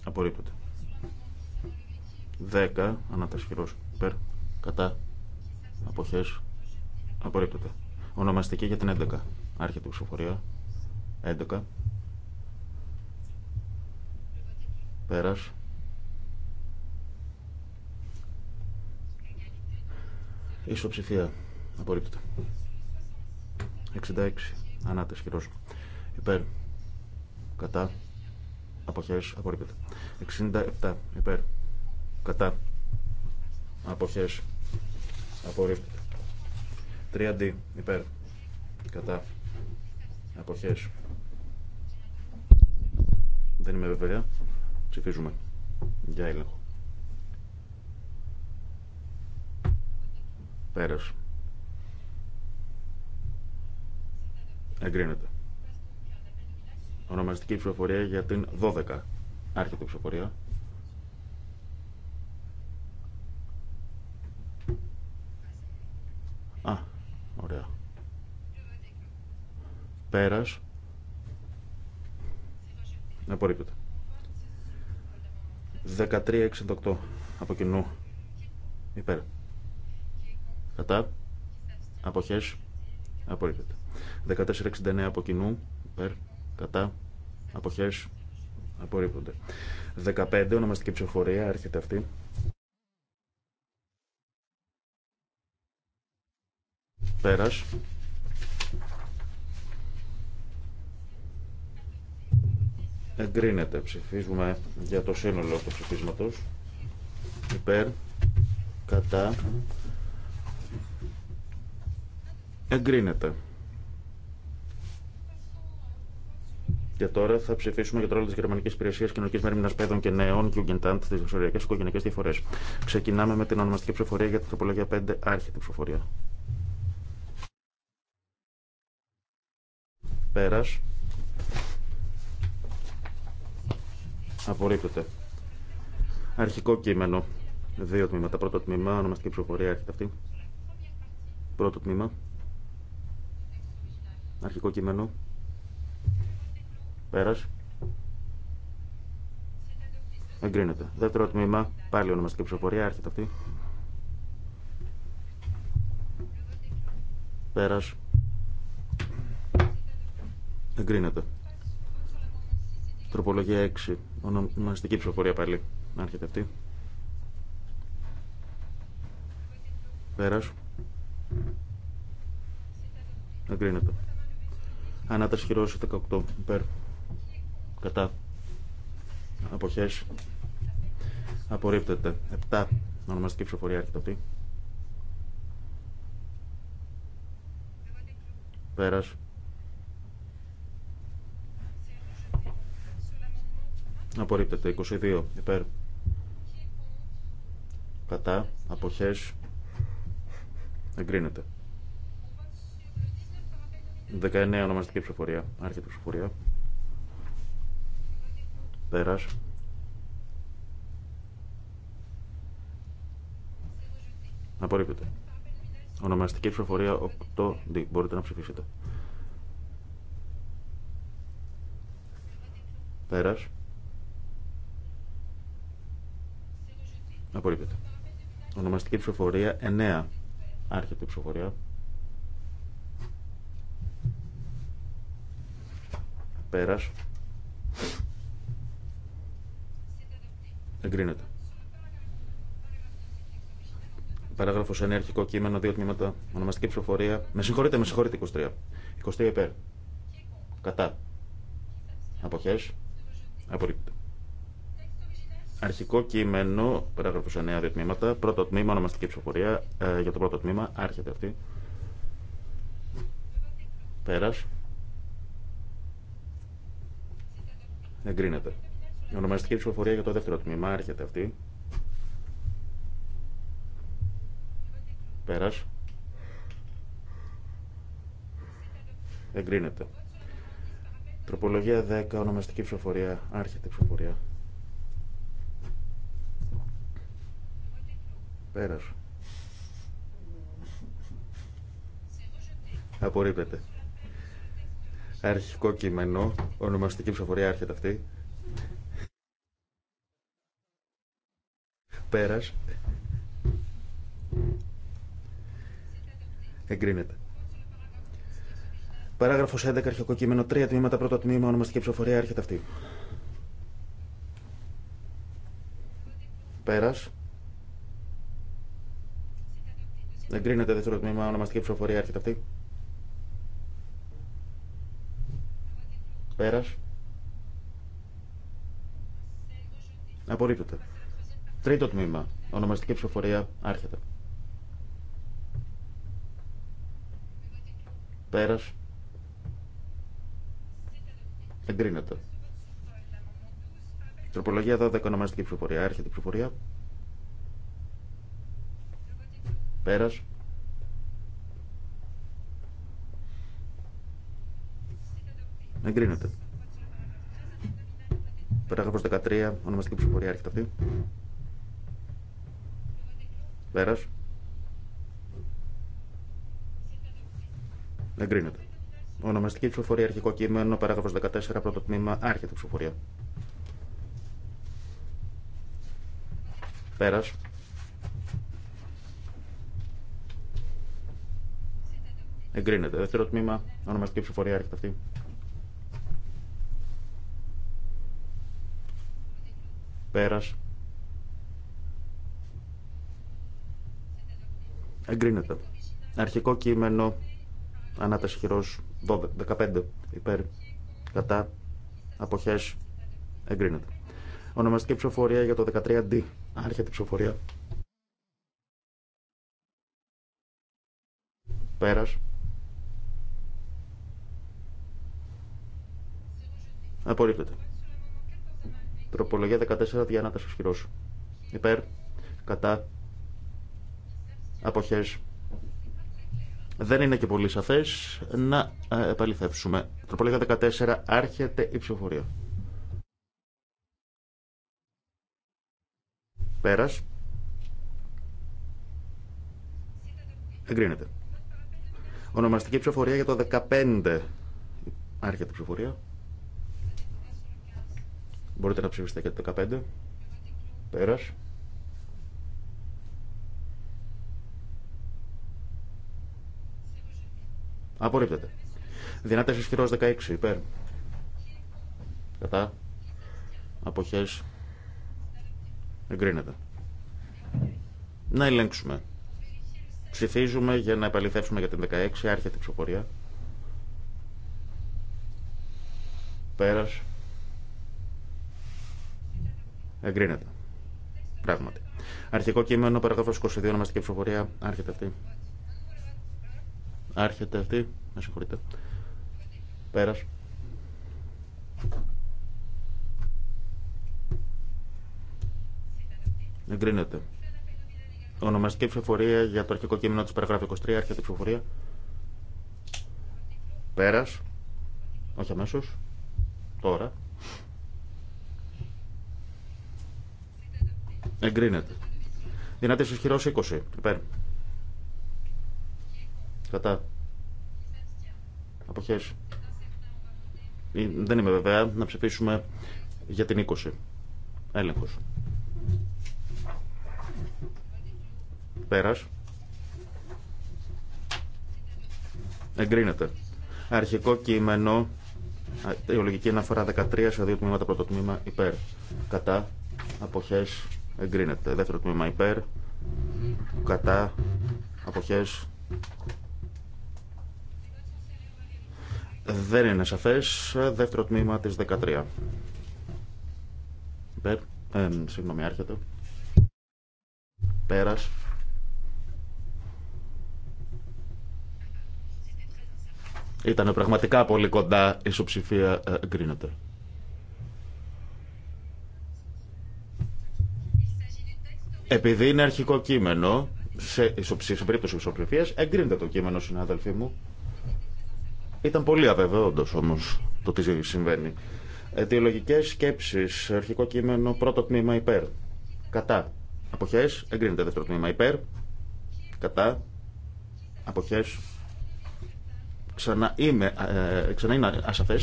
Απορρίπτονται. 10 Ανατασχυρώσει. Υπέρ. Κατά. Αποχές. Απορρίπτεται. Ονομαστική για την 11. Άρχεται η ψηφοφορία. 11. Πέρας. Ισοψηφία. Απορρίπτεται. 66. Ανάτες χειρός. Υπέρ. Κατά. Αποχές. Απορρίπτεται. 67. Υπέρ. Κατά. Αποχές. Απορρίπτεται. 3D. Υπέρ. Κατά. Αποχές. Δεν είμαι βέβαια. Ψηφίζουμε. Για έλεγχο. Πέρας. Εγκρίνεται. Ονομαστική ψηφοφορία για την 12. Άρχεται ψηφοφορία. Ωραία. Πέρας. Απορρίπτεται. 1368 από κοινού. Υπέρ. Κατά. Αποχές. Απορρίπτεται. 1469 από κοινού. Υπέρ. Κατά. Αποχές. Απορρίπτονται. 15 ονομαστική ψηφοφορία. Έρχεται αυτή. Πέρας. Εγκρίνεται. Ψηφίζουμε για το σύνολο του ψηφίσματος. Υπέρ. Κατά. Εγκρίνεται. Και τώρα θα ψηφίσουμε για το ρόλο τη Γερμανική Υπηρεσία Κοινωνική Μέρημνα Παιδών και Νέων, Jugendamt, τι δεξιωριακέ οικογενειακέ διαφορέ. Ξεκινάμε με την ονομαστική ψηφοφορία για την τροπολογία 5, άρχεται ψηφοφορία. Πέρας. Απορρίπτεται. Αρχικό κείμενο. Δύο τμήματα. Πρώτο τμήμα, ονομαστική ψηφοφορία, έρχεται αυτή. Πρώτο τμήμα. Αρχικό κείμενο. Πέρας. Εγκρίνεται. Δεύτερο τμήμα, πάλι ονομαστική ψηφοφορία, έρχεται αυτή. Πέρας. Εγκρίνεται. Τροπολογία 6. Ονομαστική ψηφοφορία πάλι. Να έρχεται αυτή. Πέρας. Εγκρίνεται. Ανάταση χειρός 18. Υπέρ. Κατά. Αποχές. Απορρίπτεται. 7. Ονομαστική ψηφοφορία έρχεται αυτή. Πέρας. Απορρίπτεται. 22. Υπέρ. Κατά. Αποχές. Εγκρίνεται. 19. Ονομαστική ψηφοφορία. Άρχεται ψηφοφορία. Πέρας. Απορρίπτεται. Ονομαστική ψηφοφορία 8D. Μπορείτε να ψηφίσετε. Πέρας. Απορρίπτεται. Ονομαστική ψηφοφορία 9. Άρχεται η ψηφοφορία. Πέρα. Εγκρίνεται. Παράγραφο 9, αρχικό κείμενο, δύο τμήματα, ονομαστική ψηφοφορία. Με συγχωρείτε, με συγχωρείτε 23. 23 υπέρ. Κατά. Αποχέ. Απορρίπτεται. Αρχικό κείμενο, παράγραφο 9, δύο τμήματα. Πρώτο τμήμα, ονομαστική ψηφοφορία. Ε, για το πρώτο τμήμα, άρχεται αυτή. Πέρα. Εγκρίνεται. Ονομαστική ψηφοφορία για το δεύτερο τμήμα, άρχεται αυτή. Πέρα. Εγκρίνεται. Τροπολογία 10, ονομαστική ψηφοφορία, άρχεται ψηφοφορία. Πέρας. Απορρίπεται. Αρχικό κείμενο, ονομαστική ψηφοφορία άρχεται αυτή. Πέρας. Εγκρίνεται. Παράγραφος 11, αρχικό κείμενο, 3 τμήματα, πρώτο τμήμα, ονομαστική ψηφοφορία άρχεται αυτή. Πέρας. Εγκρίνεται δεύτερο τμήμα, ονομαστική ψηφοφορία, έρχεται αυτή. Πέρας. Απορρίπτεται. Τρίτο τμήμα, ονομαστική ψηφοφορία, άρχεται. Πέρας. Εγκρίνεται. Τροπολογία 12, ονομαστική ψηφοφορία, έρχεται η ψηφοφορία. Πέρας. Εγκρίνεται. Παράγραφος 13, ονομαστική ψηφοφορία έρχεται αυτή. Πέρας. Εγκρίνεται. Ονομαστική ψηφοφορία αρχικό κείμενο, παράγραφος 14, πρώτο τμήμα, άρχεται ψηφοφορία. Πέρας. Εγκρίνεται. Δεύτερο τμήμα, ονομαστική ψηφοφορία. έρχεται αυτή. Πέρας. Εγκρίνεται. Αρχικό κείμενο, ανάταση χειρός, 12, 15 υπέρ, κατά, αποχές, εγκρίνεται. Ονομαστική ψηφοφορία για το 13D. Άρχεται η ψηφοφορία. Πέρας. Απορρίπτεται. Τροπολογία 14 διανάταση χειρό. Υπέρ. Κατά. Αποχέ. Δεν είναι και πολύ σαφέ να ε, επαληθεύσουμε. Τροπολογία 14 άρχεται η ψηφοφορία. Πέρας. Εγκρίνεται. Ονομαστική ψηφοφορία για το 15. Άρχεται η ψηφοφορία. Μπορείτε να ψηφίσετε και το 15. Πέρας. Απορρίπτεται. Δυνατές ισχυρός 16 υπέρ. Κατά. Αποχές. Εγκρίνεται. Να ελέγξουμε. Ψηφίζουμε για να επαληθεύσουμε για την 16. Άρχεται η ψηφοφορία. Πέρας. Εγκρίνεται. Πράγματι. Αρχικό κείμενο, παραγράφος 22, ονομαστική ψηφοφορία. Άρχεται αυτή. Άρχεται αυτή. Με συγχωρείτε. Πέρας. Εγκρίνεται. Ονομαστική ψηφοφορία για το αρχικό κείμενο της παραγράφου 23. Άρχεται η ψηφοφορία. Πέρας. Όχι αμέσως. Τώρα. Εγκρίνεται. Δυνατή ισχυρό 20. Υπέρ. Κατά. Αποχέ. Ε, δεν είμαι βέβαια. Να ψηφίσουμε για την 20. Έλεγχος. Πέρας. Εγκρίνεται. Αρχικό κείμενο, η αναφορά 13 σε δύο τμήματα, πρώτο τμήμα υπέρ. Κατά, αποχές, εγκρίνεται. Δεύτερο τμήμα υπέρ, κατά, αποχές. Δεν είναι σαφές. Δεύτερο τμήμα της 13. Υπέρ, ε, συγγνώμη, Πέρας. Ήταν πραγματικά πολύ κοντά η ισοψηφία ε, εγκρίνεται. Επειδή είναι αρχικό κείμενο, σε, σε περίπτωση ισοψηφία, εγκρίνεται το κείμενο, συνάδελφοί μου. Ήταν πολύ αβεβαιό όμω το τι συμβαίνει. Αιτιολογικέ σκέψει, αρχικό κείμενο, πρώτο τμήμα υπέρ. Κατά. Αποχέ, εγκρίνεται δεύτερο τμήμα υπέρ. Κατά. Αποχέ. Ξανά, ε, ξανά είναι ασαφέ.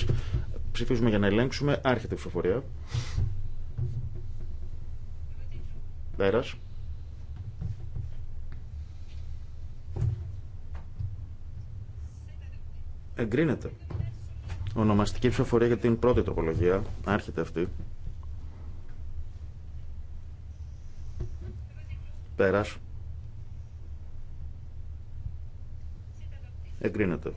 Ψηφίζουμε για να ελέγξουμε. Άρχεται η ψηφοφορία. Πέρας. Εγκρίνεται. Ονομαστική ψηφοφορία για την πρώτη τροπολογία. Άρχεται αυτή. Πέρας. Εγκρίνεται.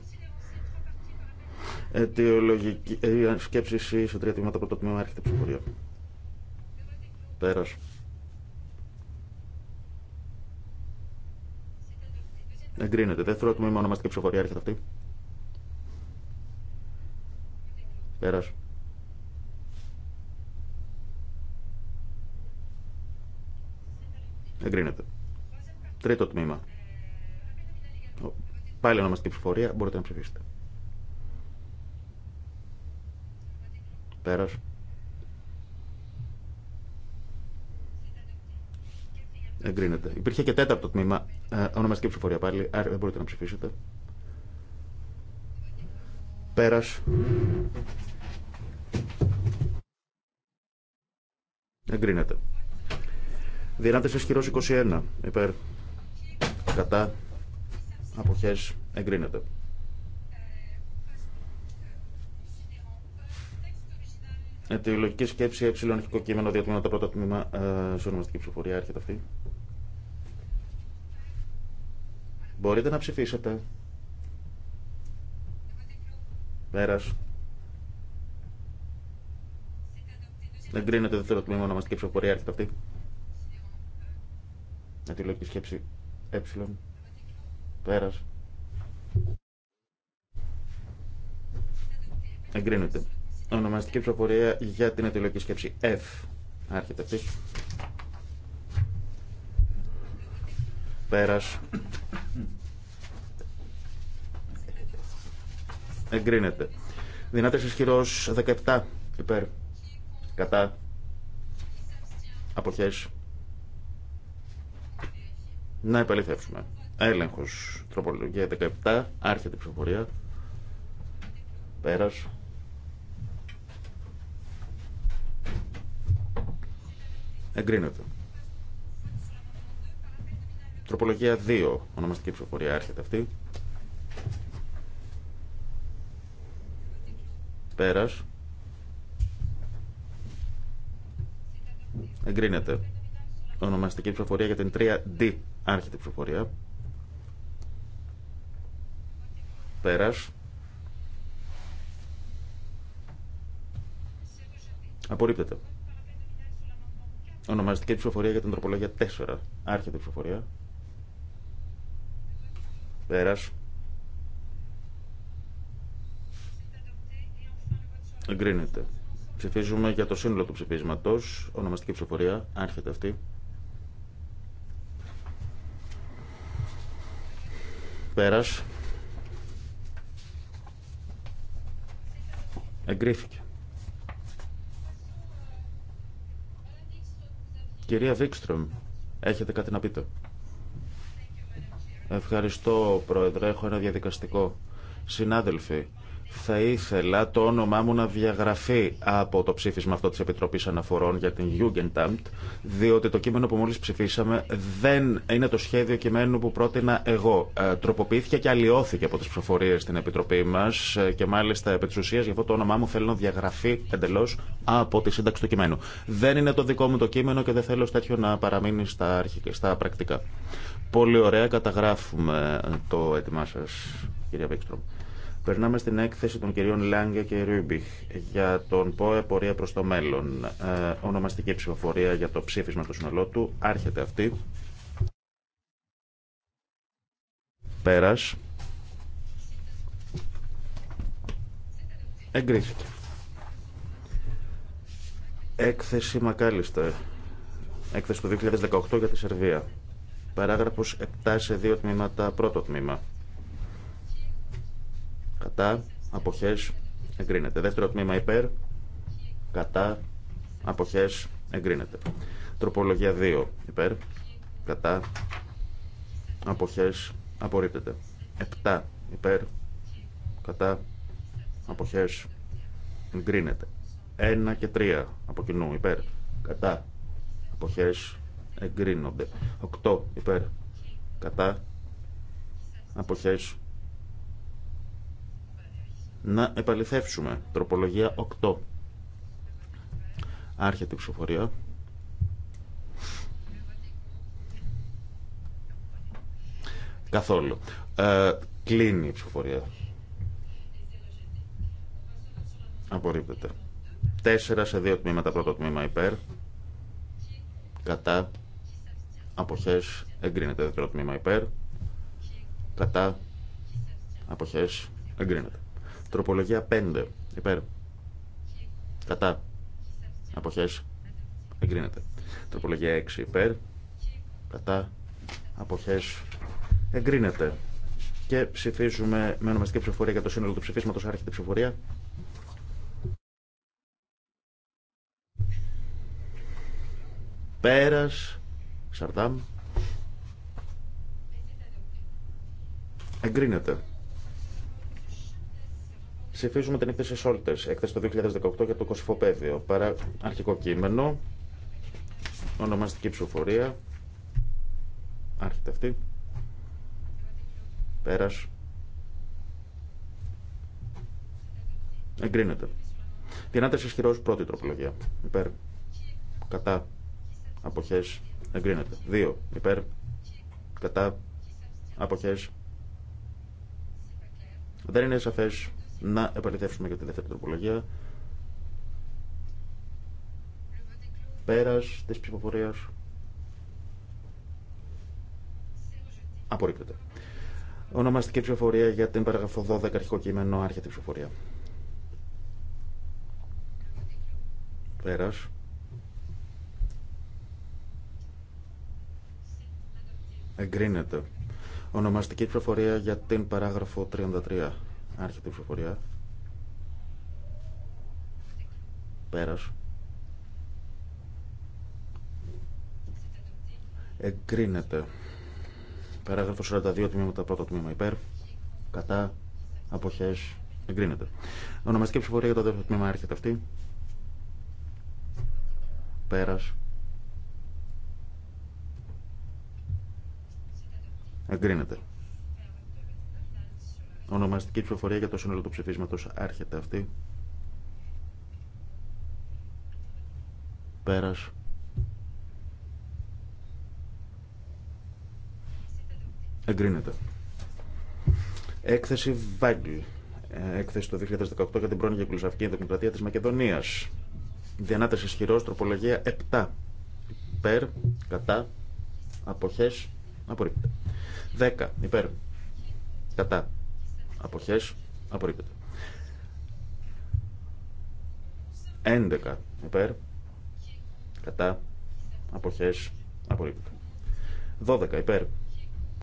Αιτιολογική ε, σκέψη σε τρία τμήματα πρώτο τμήμα έρχεται ψηφοφορία. Πέρας. Εγκρίνεται. Δεύτερο τμήμα ονομαστική ψηφοφορία έρχεται αυτή. Πέρας. Εγκρίνεται. Τρίτο τμήμα. Πάλι ονομαστική ψηφοφορία. Μπορείτε να ψηφίσετε. Πέρας. Εγκρίνεται. Υπήρχε και τέταρτο τμήμα. Ε, ονομαστική ψηφορία πάλι. Άρα δεν μπορείτε να ψηφίσετε. Πέρας. Εγκρίνεται. Δυνάτες ισχυρός 21. Υπέρ. Κατά. Αποχές. Εγκρίνεται. Αιτιολογική σκέψη ε, αρχικό κείμενο, διατμήμα το πρώτο τμήμα, ε, σε ονομαστική ψηφοφορία, έρχεται αυτή. Μπορείτε να ψηφίσετε. Πέρας. δεν κρίνεται δεύτερο τμήμα ονομαστική ψηφοφορία. Έρχεται αυτή. Αιτιολογική σκέψη ε. Πέρας. Εγκρίνεται. Ονομαστική ψηφοφορία για την αιτιολογική σκέψη F. Άρχεται αυτή. Πέρας. εγκρίνεται. Δυνατές ισχυρό 17 υπέρ κατά αποχές να επαληθεύσουμε. Έλεγχο. τροπολογία 17, άρχεται η ψηφοφορία. Πέρας. Εγκρίνεται. Τροπολογία 2, ονομαστική ψηφοφορία, άρχεται αυτή. Πέρας. Εγκρίνεται. Ονομαστική ψηφοφορία για την 3D. Άρχιτε ψηφοφορία. Πέρας. Απορρίπτεται. Ονομαστική ψηφοφορία για την τροπολογία 4. Άρχεται η ψηφοφορία. Πέρας. Εγκρίνεται. Ψηφίζουμε για το σύνολο του ψηφίσματος. Ονομαστική ψηφοφορία. Άρχεται αυτή. Πέρα. Εγκρίθηκε. Κυρία Βίξτρομ, έχετε κάτι να πείτε. Ευχαριστώ, Πρόεδρε. Έχω ένα διαδικαστικό. Συνάδελφοι, θα ήθελα το όνομά μου να διαγραφεί από το ψήφισμα αυτό της Επιτροπής Αναφορών για την Jugendamt, διότι το κείμενο που μόλις ψηφίσαμε δεν είναι το σχέδιο κειμένου που πρότεινα εγώ. Ε, τροποποιήθηκε και αλλοιώθηκε από τις προφορίες στην Επιτροπή μας ε, και μάλιστα επί της ουσίας γι' αυτό το όνομά μου θέλω να διαγραφεί εντελώς από τη σύνταξη του κειμένου. Δεν είναι το δικό μου το κείμενο και δεν θέλω τέτοιο να παραμείνει στα, αρχικά, στα πρακτικά. Πολύ ωραία, καταγράφουμε το έτοιμά σας, κυρία Βίξτρομ. Περνάμε στην έκθεση των κυρίων Λάγκε και Ρούμπιχ για τον ΠΟΕ πορεία προς το μέλλον. Ε, ονομαστική ψηφοφορία για το ψήφισμα στο σύνολό του. Άρχεται αυτή. Πέρας. Εγκρίθηκε. Έκθεση Μακάλιστα. Έκθεση του 2018 για τη Σερβία. Παράγραφος 7 σε δύο τμήματα. Πρώτο τμήμα κατά, αποχές, εγκρίνεται. Δεύτερο τμήμα υπέρ, κατά, αποχές, εγκρίνεται. Τροπολογία 2 υπέρ, κατά, αποχές, απορρίπτεται. 7 υπέρ, κατά, αποχές, εγκρίνεται. 1 και 3 από κοινού υπέρ, κατά, αποχές, εγκρίνονται. 8 υπέρ, κατά, αποχές, να επαληθεύσουμε. Τροπολογία 8. Άρχεται η ψηφοφορία. Καθόλου. Ε, κλείνει η ψηφοφορία. Απορρίπτεται. 4 σε 2 τμήματα. Πρώτο τμήμα υπέρ. Κατά. Αποχές. Εγκρίνεται. Δεύτερο τμήμα υπέρ. Κατά. Αποχές. Εγκρίνεται. Τροπολογία 5. Υπέρ. Κατά. Αποχέ. Εγκρίνεται. Τροπολογία 6. Υπέρ. Κατά. αποχέ. Εγκρίνεται. Και ψηφίζουμε με ονομαστική ψηφοφορία για το σύνολο του ψηφίσματος. Άρχεται ψηφοφορία. Πέρας. Σαρδάμ. Εγκρίνεται. Ψηφίζουμε την έκθεση Σόλτε, έκθεση το 2018 για το κοσυφοπαίδιο. Παρά αρχικό κείμενο, ονομαστική ψηφοφορία. Άρχεται αυτή. Πέρας. Εγκρίνεται. σε ισχυρό πρώτη τροπολογία. Υπέρ. Κατά. Αποχέ. Εγκρίνεται. Δύο Υπέρ. Κατά. Αποχέ. Δεν είναι σαφέ να επαληθεύσουμε για τη δεύτερη τροπολογία. Πέρας της ψηφοφορίας. Απορρίπτεται. Ονομαστική ψηφοφορία για την παραγραφό 12 αρχικό κείμενο άρχεται ψηφοφορία. Πέρας. Εγκρίνεται. Ονομαστική ψηφοφορία για την παράγραφο 33. Άρχεται η ψηφοφορία. Πέρας. Εγκρίνεται. Παράγραφος 42 τα πρώτο τμήμα υπέρ. Κατά. Αποχές. Εγκρίνεται. Ονομαστική ψηφοφορία για το δεύτερο τμήμα έρχεται αυτή. Πέρας. Εγκρίνεται. Ονομαστική ψηφοφορία για το σύνολο του ψηφίσματος άρχεται αυτή. Πέρας. Εγκρίνεται. Έκθεση Βάγκλ. Ε, έκθεση το 2018 για την πρώην Γεκλουσαυκή Δημοκρατία της Μακεδονίας. Διανάταση ισχυρός, τροπολογία 7. Υπέρ, κατά, αποχές, απορρίπτεται. 10. Υπέρ, κατά, Αποχές. Απορρίπτεται. 11 υπέρ. Κατά. Αποχές. Απορρίπτεται. 12 υπέρ.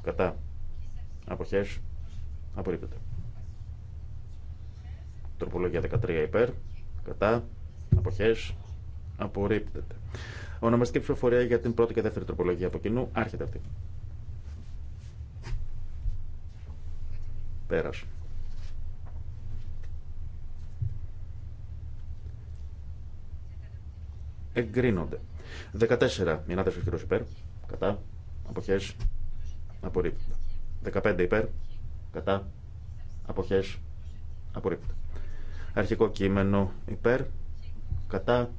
Κατά. Αποχές. Απορρίπτεται. Τροπολογία 13 υπέρ. Κατά. Αποχές. Απορρίπτεται. Ονομαστική ψηφοφορία για την πρώτη και δεύτερη τροπολογία από κοινού. Άρχεται αυτή. Πέρας. Εγκρίνονται. 14. Μην ο κύριος υπέρ. Κατά. Αποχές. Απορρίπτεται. 15 υπέρ. Κατά. Αποχές. Απορρίπτεται. Αρχικό κείμενο υπέρ. Κατά.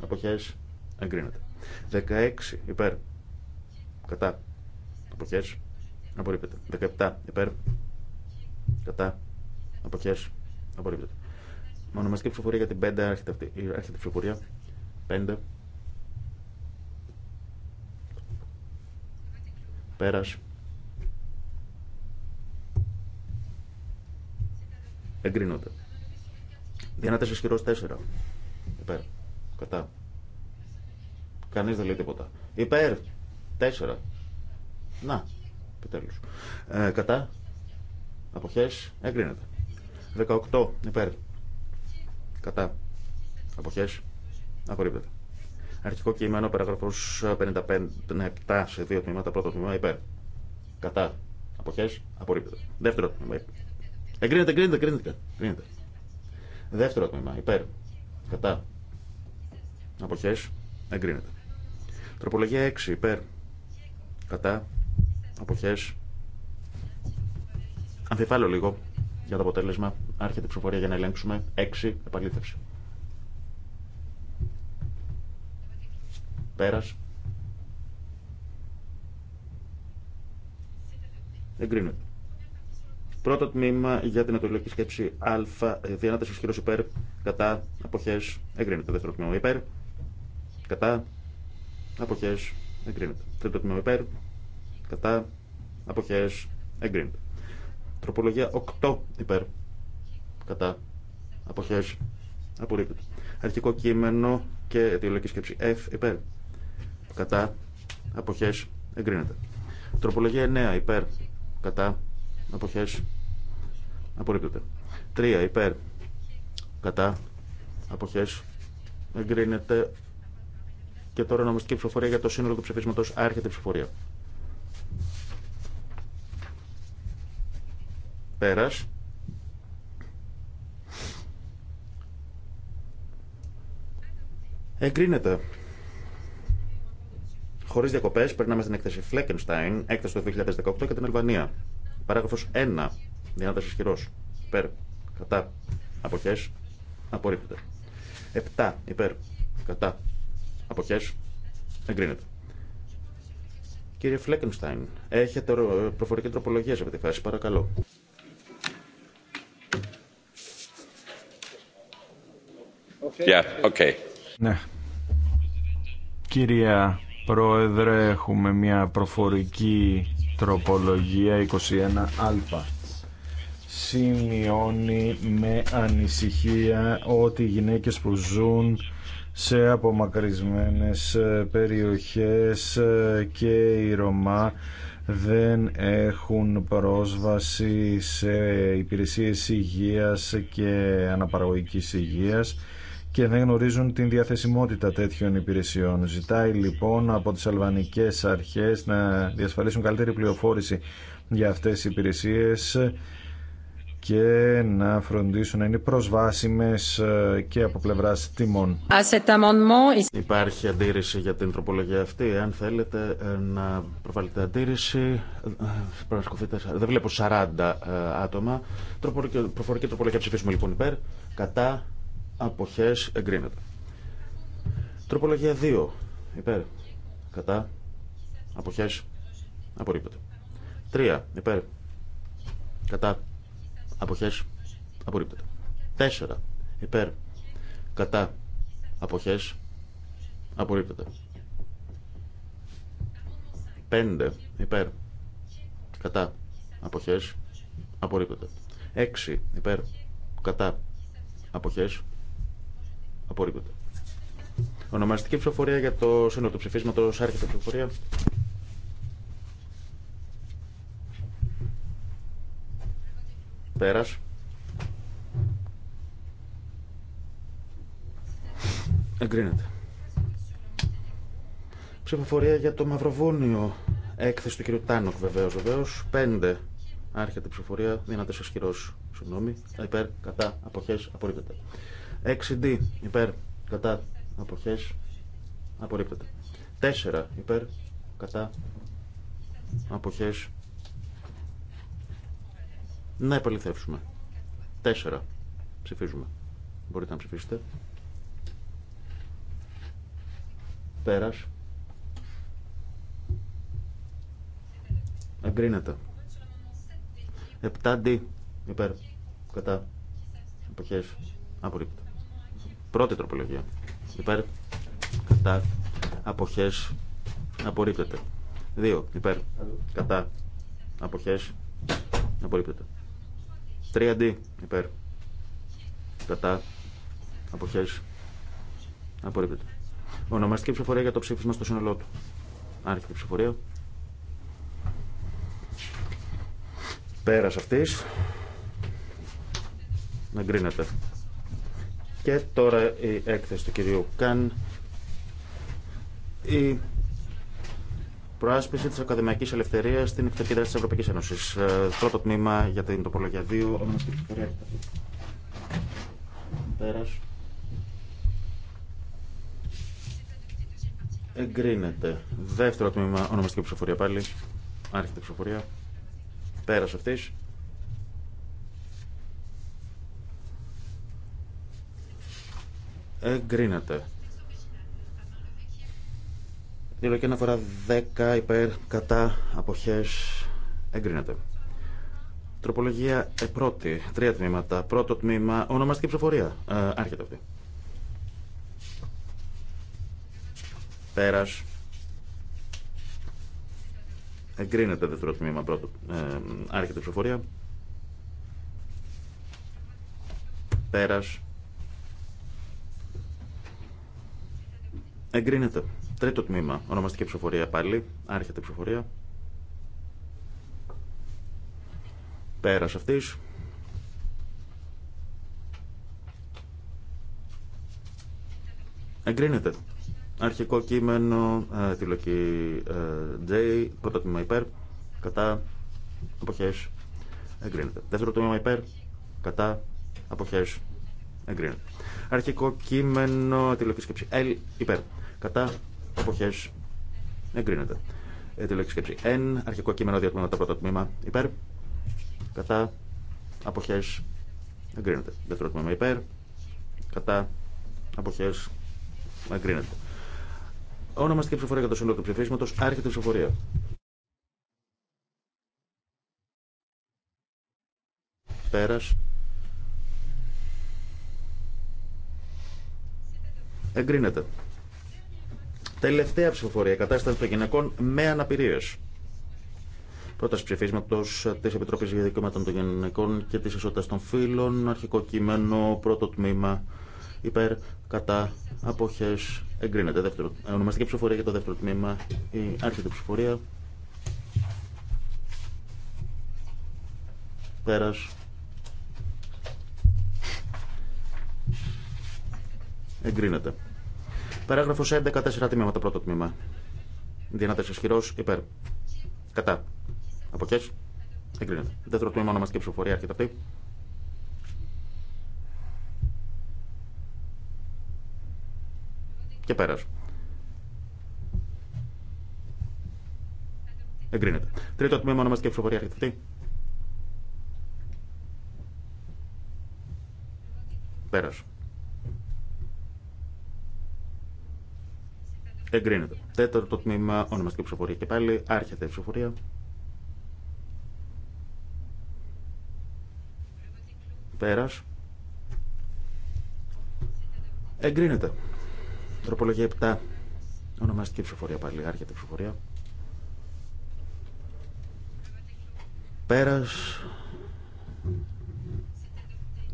Αποχές. Εγκρίνεται. 16 υπέρ. Κατά. Αποχές. Απορρίπτεται. 17 υπέρ. Κατά. Αποχέ. Απορρίπτεται. Μονομαστική ψηφοφορία για την 5. Άρχεται, αυτή, η ψηφοφορία. 5. Πέρας. Εγκρίνονται. Διανάτες ισχυρός 4. Υπέρ. Κατά. Κανείς δεν λέει τίποτα. Υπέρ. 4. Να. Επιτέλους. Ε, κατά. Αποχές εγκρίνεται. 18 υπέρ. Κατά. Αποχές απορρίπτεται. Αρχικό κείμενο παραγραφούς 55-7 ναι, σε δύο τμήματα. Πρώτο τμήμα υπέρ. Κατά. Αποχές απορρίπτεται. Δεύτερο τμήμα υπέρ. Εγκρίνεται, εγκρίνεται, εγκρίνεται. εγκρίνεται. Δεύτερο τμήμα υπέρ. Κατά. Αποχές εγκρίνεται. Τροπολογία 6 υπέρ. Κατά. Αποχές Αμφιβάλλω λίγο για το αποτέλεσμα. Άρχεται η ψηφοφορία για να ελέγξουμε. 6. Επαλήθευση. Πέρας. Εγκρίνεται. Πρώτο τμήμα για την ατολική σκέψη Α. Διένατε ισχυρό υπέρ. Κατά. Αποχέ. Εγκρίνεται. Δεύτερο τμήμα υπέρ. Κατά. Αποχέ. Εγκρίνεται. Τρίτο τμήμα υπέρ. Κατά. Αποχέ. Εγκρίνεται. Τροπολογία 8 υπέρ. Κατά. Αποχές. Απορρίπτεται. Αρχικό κείμενο και αιτιολογική σκέψη F υπέρ. Κατά. Αποχές. Εγκρίνεται. Τροπολογία 9 υπέρ. Κατά. Αποχές. Απορρίπτεται. 3 υπέρ. Κατά. Αποχές. Εγκρίνεται. Και τώρα νομιστική ψηφοφορία για το σύνολο του ψηφίσματος. Άρχεται η ψηφοφορία. Πέρας. Εγκρίνεται. Χωρίς διακοπέ, περνάμε στην έκθεση Φλέκενστάιν, έκθεση του 2018 και την Αλβανία. Παράγραφος 1. Διανάταση χειρός. Υπέρ. Κατά. αποχές Απορρίπτεται. 7. Υπέρ. Κατά. αποχές Εγκρίνεται. Κύριε Φλέκενστάιν, έχετε προφορική τροπολογία σε αυτή τη φάση, παρακαλώ. Yeah, ναι. Κυρία Πρόεδρε, έχουμε μια προφορική τροπολογία 21α. Σημειώνει με ανησυχία ότι οι γυναίκες που ζουν σε απομακρυσμένες περιοχές και οι Ρωμά δεν έχουν πρόσβαση σε υπηρεσίες υγείας και αναπαραγωγικής υγείας και δεν γνωρίζουν την διαθεσιμότητα τέτοιων υπηρεσιών. Ζητάει λοιπόν από τις αλβανικές αρχές να διασφαλίσουν καλύτερη πληροφόρηση για αυτές τις υπηρεσίες και να φροντίσουν να είναι προσβάσιμες ε, και από πλευράς τιμών. Υπάρχει αντίρρηση για την τροπολογία αυτή. Αν θέλετε ε, να προβάλλετε αντίρρηση, ε, δεν βλέπω 40 άτομα. Προφορική τροπολογία ψηφίσουμε λοιπόν υπέρ, κατά, Αποχές εγκρίνεται. Τροπολογία 2. Υπέρ. Κατά. Αποχές. Απορρίπτεται. 3. Υπέρ. Κατά. Αποχές. Απορρίπτεται. 4. Υπέρ. Κατά. Αποχές. Απορρίπτεται. 5. Υπέρ. Κατά. Αποχές. Απορρίπτεται. 6. Υπέρ. Κατά. Αποχές. Απορρίπτεται. Ονομαστική ψηφοφορία για το σύνολο του ψηφίσματο. Άρχεται ψηφοφορία. Πέρα. Εγκρίνεται. Ψηφοφορία για το Μαυροβούνιο. Έκθεση του κ. Τάνοκ βεβαίω. Βεβαίω. πέντε Άρχεται η ψηφοφορία. Δύνατε ισχυρό. Συγγνώμη. Υπέρ. Κατά. Αποχέ. Απορρίπτεται. 6D υπέρ κατά αποχές απορρίπτεται. 4 υπέρ κατά αποχές να επαληθεύσουμε. 4 ψηφίζουμε. Μπορείτε να ψηφίσετε. Πέρας. Εγκρίνεται. 7D υπέρ κατά αποχές απορρίπτεται. Πρώτη τροπολογία. Υπέρ. Κατά. Αποχές. Απορρίπτεται. Δύο Υπέρ. Κατά. Αποχές. Απορρίπτεται. αντί Υπέρ. Κατά. Αποχές. Απορρίπτεται. Ονομαστική ψηφοφορία για το ψήφισμα στο σύνολό του. Άρχεται η ψηφοφορία. Πέρας αυτής. Να γκρίνεται. Και τώρα η έκθεση του κυρίου Καν. Η προάσπιση τη ακαδημαϊκής ελευθερία στην τη Ευρωπαϊκή Ένωση. Ε, πρώτο τμήμα για την τοπολογία 2. Ονομαστική ψηφοφορία. Πέρα. Εγκρίνεται. Δεύτερο τμήμα, ονομαστική ψηφοφορία πάλι. Άρχεται ψηφοφορία. Πέρασε αυτή. εγκρίνεται. λογική αναφορά 10 υπέρ κατά αποχές εγκρίνεται. Τροπολογία ε, πρώτη, τρία τμήματα. Πρώτο τμήμα, ονομαστική ψηφοφορία. Ε, άρχεται αυτή. Πέρας. Εγκρίνεται δεύτερο τμήμα, πρώτο, ε, άρχεται ψηφοφορία. Πέρας. Εγκρίνεται. Τρίτο τμήμα. Ονομαστική ψηφοφορία πάλι. Άρχεται ψηφοφορία. Πέρας αυτής. Εγκρίνεται. Αρχικό κείμενο, ε, ε J, πρώτο τμήμα υπέρ, κατά, Αποχέ. εγκρίνεται. Δεύτερο τμήμα υπέρ, κατά, αποχέ, εγκρίνεται. Αρχικό κείμενο, λογική σκέψη L, υπέρ, Κατά αποχέ εγκρίνεται. λέξη σκέψη. Εν. Αρχικό κείμενο διατμήματα πρώτο τμήμα. Υπέρ. Κατά αποχέ εγκρίνεται. Δεύτερο τμήμα υπέρ. Κατά αποχέ εγκρίνεται. Ονομαστική ψηφοφορία για το σύνολο του ψηφίσματο. Άρχεται η ψηφοφορία. Πέρα. Εγκρίνεται. Τελευταία ψηφοφορία. Κατάσταση των γυναικών με αναπηρίε. Πρόταση ψηφίσματο τη Επιτροπή για Δικαιώματα των Γυναικών και τη Ισότητα των Φύλων. Αρχικό κείμενο, πρώτο τμήμα. Υπέρ, κατά, αποχέ. Εγκρίνεται. Δεύτερο, ε, ονομαστική ψηφοφορία για το δεύτερο τμήμα. Η άρχιτη ψηφοφορία. Πέρα. Εγκρίνεται. Παράγραφος 11, 4 τμήματα, πρώτο τμήμα. Δυνατέ ισχυρό υπέρ. Κατά. Αποχέ. Εγκρίνεται. Δεύτερο τμήμα ονομαστική ψηφοφορία, αρκετά αυτή. Και πέρα. Εγκρίνεται. Τρίτο τμήμα ονομαστική ψηφοφορία, αρκετά αυτή. Πέρας. Εγκρίνεται. Τέταρτο τμήμα, ονομαστική ψηφοφορία και πάλι. Άρχεται η ψηφοφορία. Πέρας. Εγκρίνεται. Τροπολογία 7. Ονομαστική ψηφοφορία πάλι. Άρχεται η ψηφοφορία. Πέρας.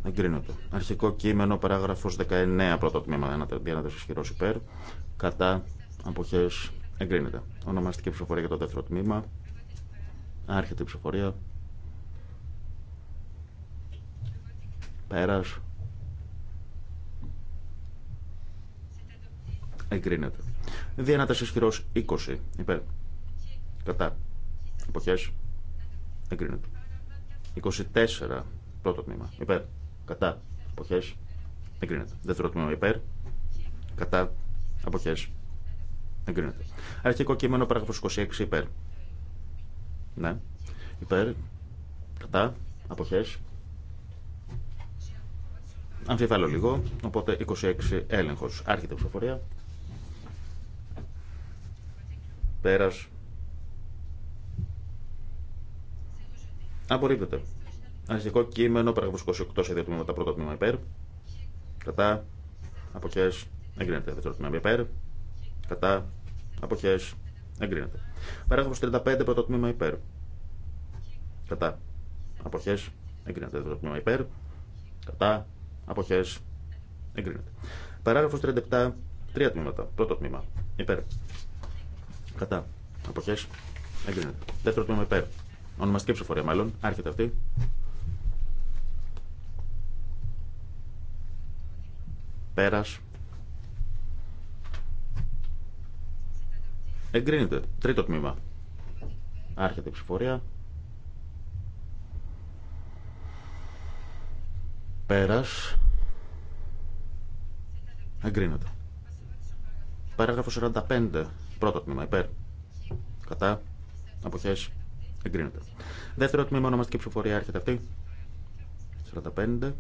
Εγκρίνεται. Αρχικό κείμενο, παράγραφος 19, πρώτο τμήμα, διάνατος ισχυρός υπέρ, κατά αποχές εγκρίνεται. Ονομαστική ψηφοφορία για το δεύτερο τμήμα. Άρχεται η ψηφοφορία. Πέρας. Εγκρίνεται. Διένατας ισχυρός 20. Υπέρ. Κατά. Αποχέ. Εγκρίνεται. 24. Πρώτο τμήμα. Υπέρ. Κατά. Αποχέ. Εγκρίνεται. Δεύτερο τμήμα. Υπέρ. Κατά. Αποχέ. Εγκρίνεται. Αρχικό κείμενο παράγραφος 26 υπέρ. Ναι. Υπέρ. Κατά. Αποχές. Αμφιβάλλω λίγο. Οπότε 26 έλεγχος. Άρχεται ψηφοφορία. Πέρας. Απορρίπτεται. Αρχικό κείμενο, παραγωγό 28 σε δύο τμήματα. Πρώτο τμήμα υπέρ. Κατά. Αποχέ. Εγκρίνεται. Δεύτερο τμήμα υπέρ. Κατά. Αποχέ. Εγκρίνεται. Παράγραφο 35. Πρώτο τμήμα υπέρ. Κατά. Αποχέ. Εγκρίνεται. Δεύτερο τμήμα υπέρ. Κατά. Αποχέ. Εγκρίνεται. Παράγραφο 37. Τρία τμήματα. Πρώτο τμήμα. Υπέρ. Κατά. Αποχέ. Εγκρίνεται. Δεύτερο τμήμα υπέρ. Ονομαστική ψηφοφορία μάλλον. Άρχεται αυτή. Πέρας. Εγκρίνεται. Τρίτο τμήμα. Άρχεται η ψηφορία. Πέρας. Εγκρίνεται. Παράγραφο 45. Πρώτο τμήμα. Υπέρ. Κατά. Αποχές. Εγκρίνεται. Δεύτερο τμήμα ονομαστική ψηφορία. Άρχεται αυτή. 45.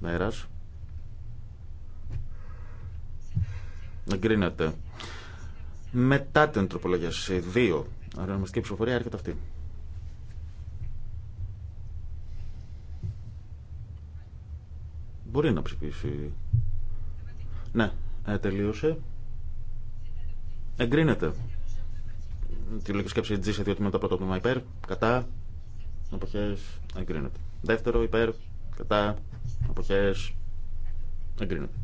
Πέρας. Εγκρίνεται. Μετά την τροπολογία σε 2. Ονομαστική ψηφοφορία έρχεται αυτή. Μπορεί να ψηφίσει. Ναι, ε, τελείωσε. Εγκρίνεται. Τη λογική σκέψη G σε δύο τμήματα. Πρώτο τμήμα υπέρ, κατά, αποχέ, εγκρίνεται. Δεύτερο υπέρ, κατά, αποχέ, εγκρίνεται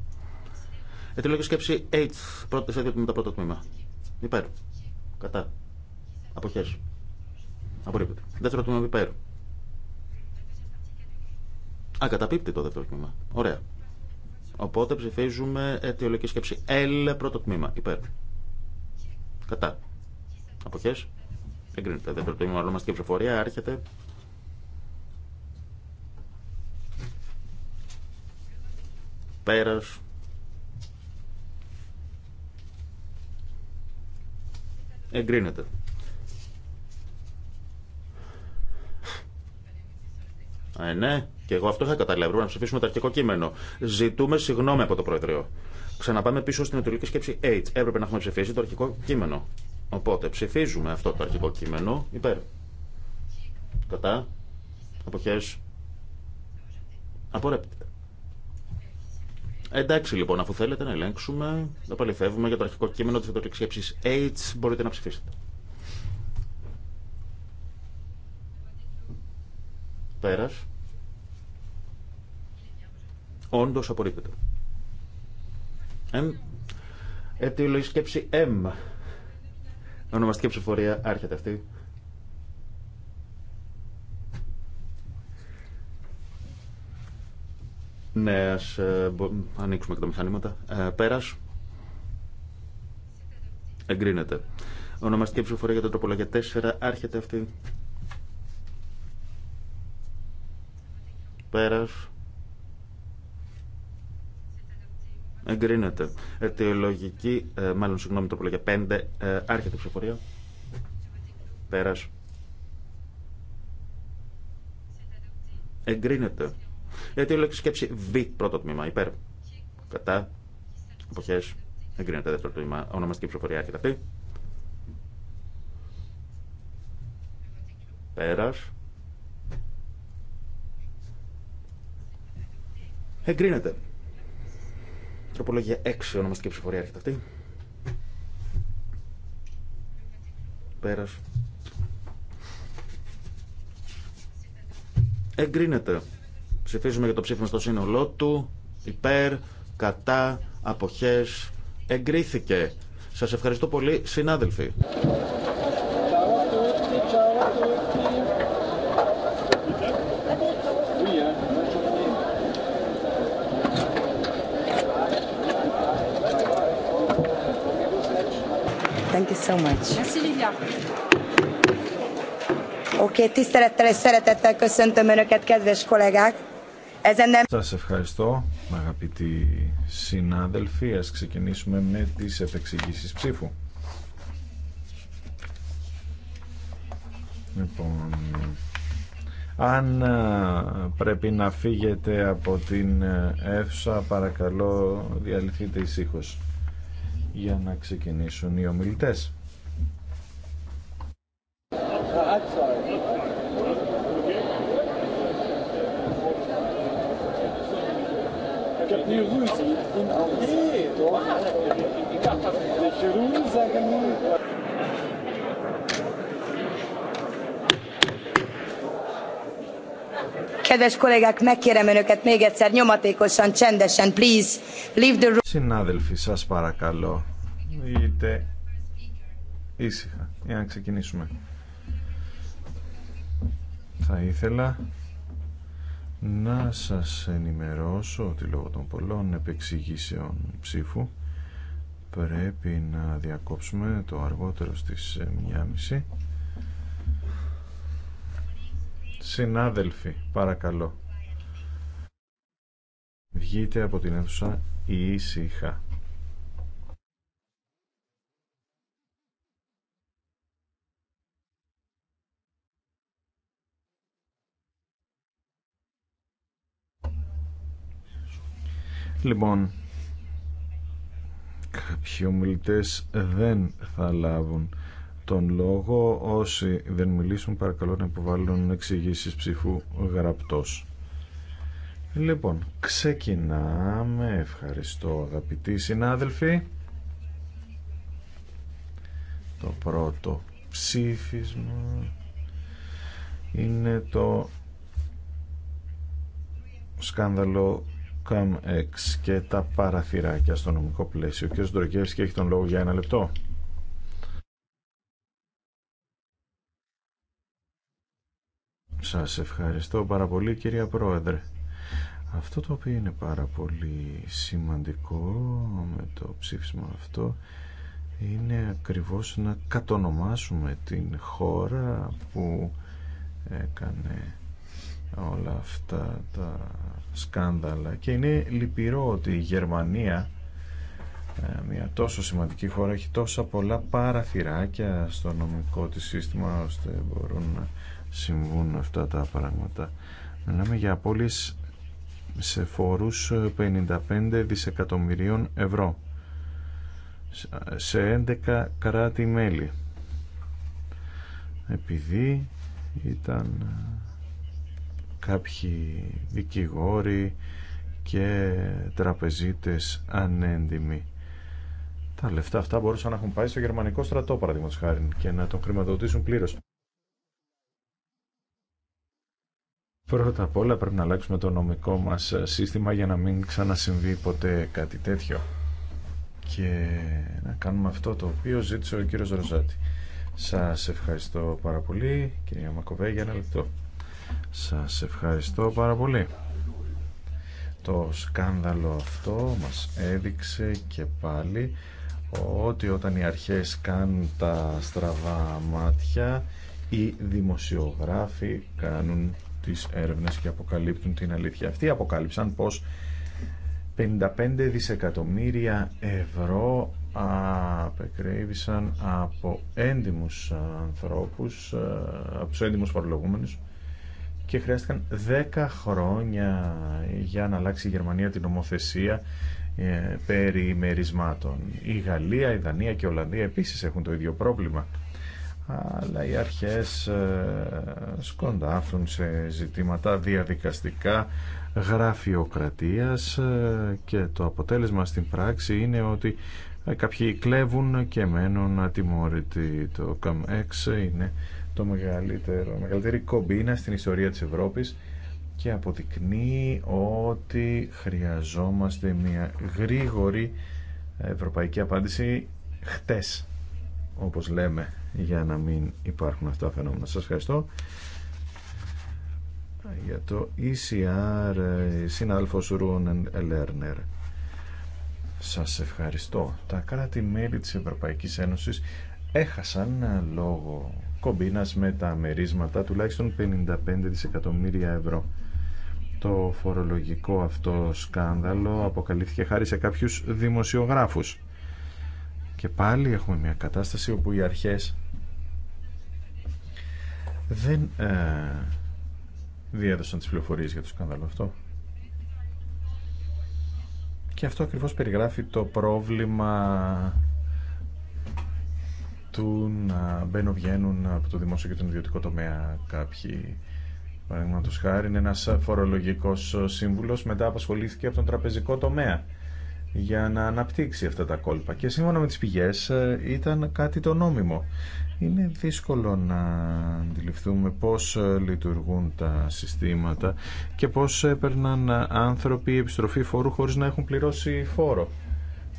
αιτιολογική σκέψη H, πρώτη σε το πρώτο τμήμα. Υπέρ. Κατά. Αποχέ. Απορρίπτεται. Δεύτερο τμήμα υπέρ. Α, καταπίπτει το δεύτερο τμήμα. Ωραία. Οπότε ψηφίζουμε αιτιολογική σκέψη L, πρώτο τμήμα. Υπέρ. Κατά. Αποχέ. Εγκρίνεται. Δεύτερο τμήμα, ονομαστική ψηφοφορία. Άρχεται. Πέρας. Εγκρίνεται. Ε, ναι, και εγώ αυτό θα Έπρεπε Να ψηφίσουμε το αρχικό κείμενο. Ζητούμε συγγνώμη από το Προεδρείο. Ξαναπάμε πίσω στην αιτιολογική σκέψη H. Έπρεπε να έχουμε ψηφίσει το αρχικό κείμενο. Οπότε ψηφίζουμε αυτό το αρχικό κείμενο υπέρ. Κατά. Αποχέ. Απορρέπτει. Εντάξει λοιπόν, αφού θέλετε να ελέγξουμε, να παληθεύουμε για το αρχικό κείμενο της εντολεξίευσης H, μπορείτε να ψηφίσετε. Πέρας. Όντως απορρίπτεται. Εν... η σκέψη M. Ονομαστική ψηφορία άρχεται αυτή. Ναι, ας ε, ανοίξουμε και τα μηχανήματα. Ε, πέρας. Εγκρίνεται. Ονομαστική ψηφοφορία για το τροπολογία 4. Άρχεται αυτή. Πέρας. Εγκρίνεται. Αιτιολογική, ε, μάλλον συγγνώμη, τροπολογία 5. Ε, άρχεται η ψηφοφορία. Πέρας. Εγκρίνεται. Γιατί σκέψη Β, πρώτο τμήμα, υπέρ. Κατά. Εποχέ. Εγκρίνεται δεύτερο τμήμα. Ονομαστική ψηφοφορία έρχεται αυτή. Πέρα. Εγκρίνεται. Τροπολογία 6, ονομαστική ψηφοφορία έρχεται αυτή. Πέρα. Εγκρίνεται. Ψηφίζουμε για το ψήφισμα στο σύνολό του. Υπέρ, κατά, αποχές. Εγκρίθηκε. Σας ευχαριστώ πολύ, συνάδελφοι. Thank you so much. Oké, okay, tisztelettel és szeretettel köszöntöm Önöket, kedves kollégák! Σας ευχαριστώ αγαπητοί συνάδελφοι. Ας ξεκινήσουμε με τις επεξηγήσεις ψήφου. Λοιπόν, αν πρέπει να φύγετε από την αίθουσα παρακαλώ διαλυθείτε ησύχως για να ξεκινήσουν οι ομιλητές. die Russen Kedves kollégák, megkérem önöket még egyszer nyomatékosan, csendesen, please, leave the room. Συνάδελφοι, σας παρακαλώ, είτε ήσυχα, για να ξεκινήσουμε. Θα ήθελα να σας ενημερώσω ότι λόγω των πολλών επεξηγήσεων ψήφου πρέπει να διακόψουμε το αργότερο στις 1.30 Συνάδελφοι, παρακαλώ βγείτε από την αίθουσα ήσυχα Λοιπόν, κάποιοι ομιλητέ δεν θα λάβουν τον λόγο. Όσοι δεν μιλήσουν, παρακαλώ να υποβάλουν εξηγήσει ψηφού γραπτός. Λοιπόν, ξεκινάμε. Ευχαριστώ αγαπητοί συνάδελφοι. Το πρώτο ψήφισμα είναι το σκάνδαλο και τα παραθυράκια στο νομικό πλαίσιο. Ο κ. και έχει τον λόγο για ένα λεπτό. Σας ευχαριστώ πάρα πολύ κυρία Πρόεδρε. Αυτό το οποίο είναι πάρα πολύ σημαντικό με το ψήφισμα αυτό είναι ακριβώς να κατονομάσουμε την χώρα που έκανε όλα αυτά τα σκάνδαλα και είναι λυπηρό ότι η Γερμανία ε, μια τόσο σημαντική χώρα έχει τόσα πολλά παραθυράκια στο νομικό της σύστημα ώστε μπορούν να συμβούν αυτά τα πράγματα μιλάμε για απόλυες σε φόρους 55 ε, δισεκατομμυρίων ευρώ σε 11 ε, κράτη-μέλη επειδή ήταν κάποιοι δικηγόροι και τραπεζίτες ανέντιμοι. Τα λεφτά αυτά μπορούσαν να έχουν πάει στο γερμανικό στρατό, παραδείγματος χάρη, και να τον χρηματοδοτήσουν πλήρως. Πρώτα απ' όλα πρέπει να αλλάξουμε το νομικό μας σύστημα για να μην ξανασυμβεί ποτέ κάτι τέτοιο. Και να κάνουμε αυτό το οποίο ζήτησε ο κύριος Ροζάτη. Σας ευχαριστώ πάρα πολύ, κυρία Μακοβέ, για ένα λεπτό. Σας ευχαριστώ πάρα πολύ. Το σκάνδαλο αυτό μας έδειξε και πάλι ότι όταν οι αρχές κάνουν τα στραβά μάτια οι δημοσιογράφοι κάνουν τις έρευνες και αποκαλύπτουν την αλήθεια. Αυτοί αποκάλυψαν πως 55 δισεκατομμύρια ευρώ απεκρέβησαν από έντιμους ανθρώπους, ε, από τους έντιμους φορολογούμενους και χρειάστηκαν 10 χρόνια για να αλλάξει η Γερμανία την νομοθεσία ε, περί μερισμάτων. Η Γαλλία, η Δανία και η Ολλανδία επίσης έχουν το ίδιο πρόβλημα. Αλλά οι αρχές ε, σκοντάφτουν σε ζητήματα διαδικαστικά γραφειοκρατίας ε, και το αποτέλεσμα στην πράξη είναι ότι κάποιοι κλέβουν και μένουν ατιμόρυτοι. Το ΚΑΜΕΞ είναι το μεγαλύτερο, μεγαλύτερη κομπίνα στην ιστορία της Ευρώπης και αποδεικνύει ότι χρειαζόμαστε μια γρήγορη ευρωπαϊκή απάντηση χτες, όπως λέμε, για να μην υπάρχουν αυτά τα φαινόμενα. Σας ευχαριστώ. Για το ECR, συνάδελφος Ρούνεν Λέρνερ. Σας ευχαριστώ. Τα κράτη-μέλη της Ευρωπαϊκής Ένωσης έχασαν λόγο κομπίνας με τα μερίσματα τουλάχιστον 55 δισεκατομμύρια ευρώ. Το φορολογικό αυτό σκάνδαλο αποκαλύφθηκε χάρη σε κάποιους δημοσιογράφους. Και πάλι έχουμε μια κατάσταση όπου οι αρχές δεν ε, διέδωσαν τις πληροφορίες για το σκάνδαλο αυτό. Και αυτό ακριβώς περιγράφει το πρόβλημα του να μπαίνουν βγαίνουν από το δημόσιο και τον ιδιωτικό τομέα κάποιοι παραδείγματο χάρη είναι ένας φορολογικός σύμβουλος μετά απασχολήθηκε από τον τραπεζικό τομέα για να αναπτύξει αυτά τα κόλπα και σύμφωνα με τις πηγές ε, ήταν κάτι το νόμιμο είναι δύσκολο να αντιληφθούμε πώς ε, λειτουργούν τα συστήματα και πώς έπαιρναν ε, άνθρωποι επιστροφή φόρου χωρίς να έχουν πληρώσει φόρο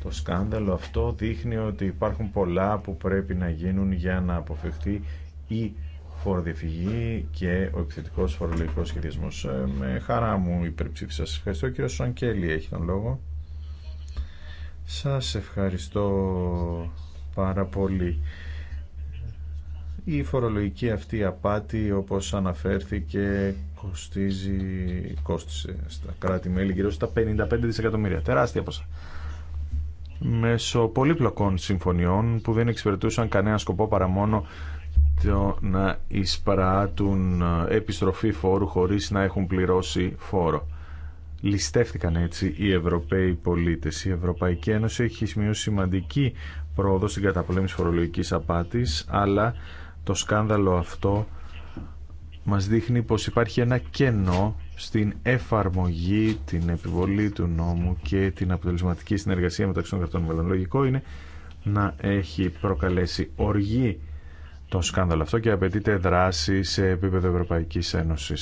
το σκάνδαλο αυτό δείχνει ότι υπάρχουν πολλά που πρέπει να γίνουν για να αποφευχθεί η φοροδιαφυγή και ο επιθετικό φορολογικό σχεδιασμό. Ε, με χαρά μου υπερψήφισα. Σα ευχαριστώ. Κύριο Σανκέλη έχει τον λόγο. Σας ευχαριστώ πάρα πολύ. Η φορολογική αυτή απάτη, όπως αναφέρθηκε, κοστίζει, κόστισε στα κράτη-μέλη γύρω στα 55 δισεκατομμύρια. Τεράστια ποσά μέσω πολύπλοκων συμφωνιών που δεν εξυπηρετούσαν κανένα σκοπό παρά μόνο το να εισπράττουν ε, επιστροφή φόρου χωρίς να έχουν πληρώσει φόρο. Λιστεύτηκαν έτσι οι Ευρωπαίοι πολίτες. Η Ευρωπαϊκή Ένωση έχει σημειώσει σημαντική πρόοδο στην καταπολέμηση φορολογικής απάτης, αλλά το σκάνδαλο αυτό μας δείχνει πως υπάρχει ένα κενό στην εφαρμογή, την επιβολή του νόμου και την αποτελεσματική συνεργασία μεταξύ των κρατών μελών. Λογικό είναι να έχει προκαλέσει οργή το σκάνδαλο αυτό και απαιτείται δράση σε επίπεδο Ευρωπαϊκής Ένωση.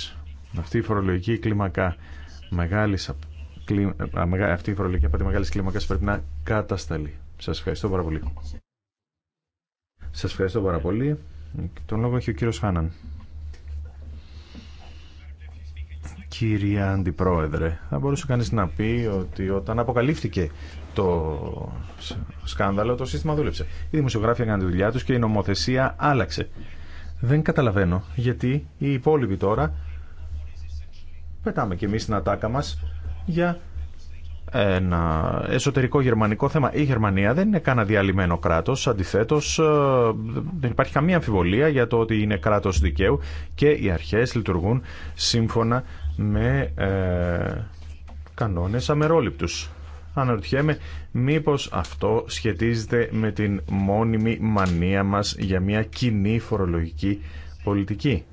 Αυτή η φορολογική κλίμακα μεγάλης, αυτή η φορολογική απάτη μεγάλη κλίμακα πρέπει να κατασταλεί. Σας ευχαριστώ πάρα πολύ. Σα ευχαριστώ πάρα πολύ. Τον λόγο έχει ο κύριο Χάναν. κύριε Αντιπρόεδρε. Θα μπορούσε κανείς να πει ότι όταν αποκαλύφθηκε το σκάνδαλο, το σύστημα δούλεψε. Οι δημοσιογράφοι έκαναν τη δουλειά τους και η νομοθεσία άλλαξε. Δεν καταλαβαίνω γιατί οι υπόλοιποι τώρα πετάμε κι εμείς την ατάκα μας για ένα εσωτερικό γερμανικό θέμα. Η Γερμανία δεν είναι κανένα διαλυμένο κράτο. Αντιθέτω, ε, δεν υπάρχει καμία αμφιβολία για το ότι είναι κράτο δικαίου και οι αρχέ λειτουργούν σύμφωνα με ε, κανόνες αμερόληπτους. Αναρωτιέμαι μήπως αυτό σχετίζεται με την μόνιμη μανία μας για μια κοινή φορολογική πολιτική.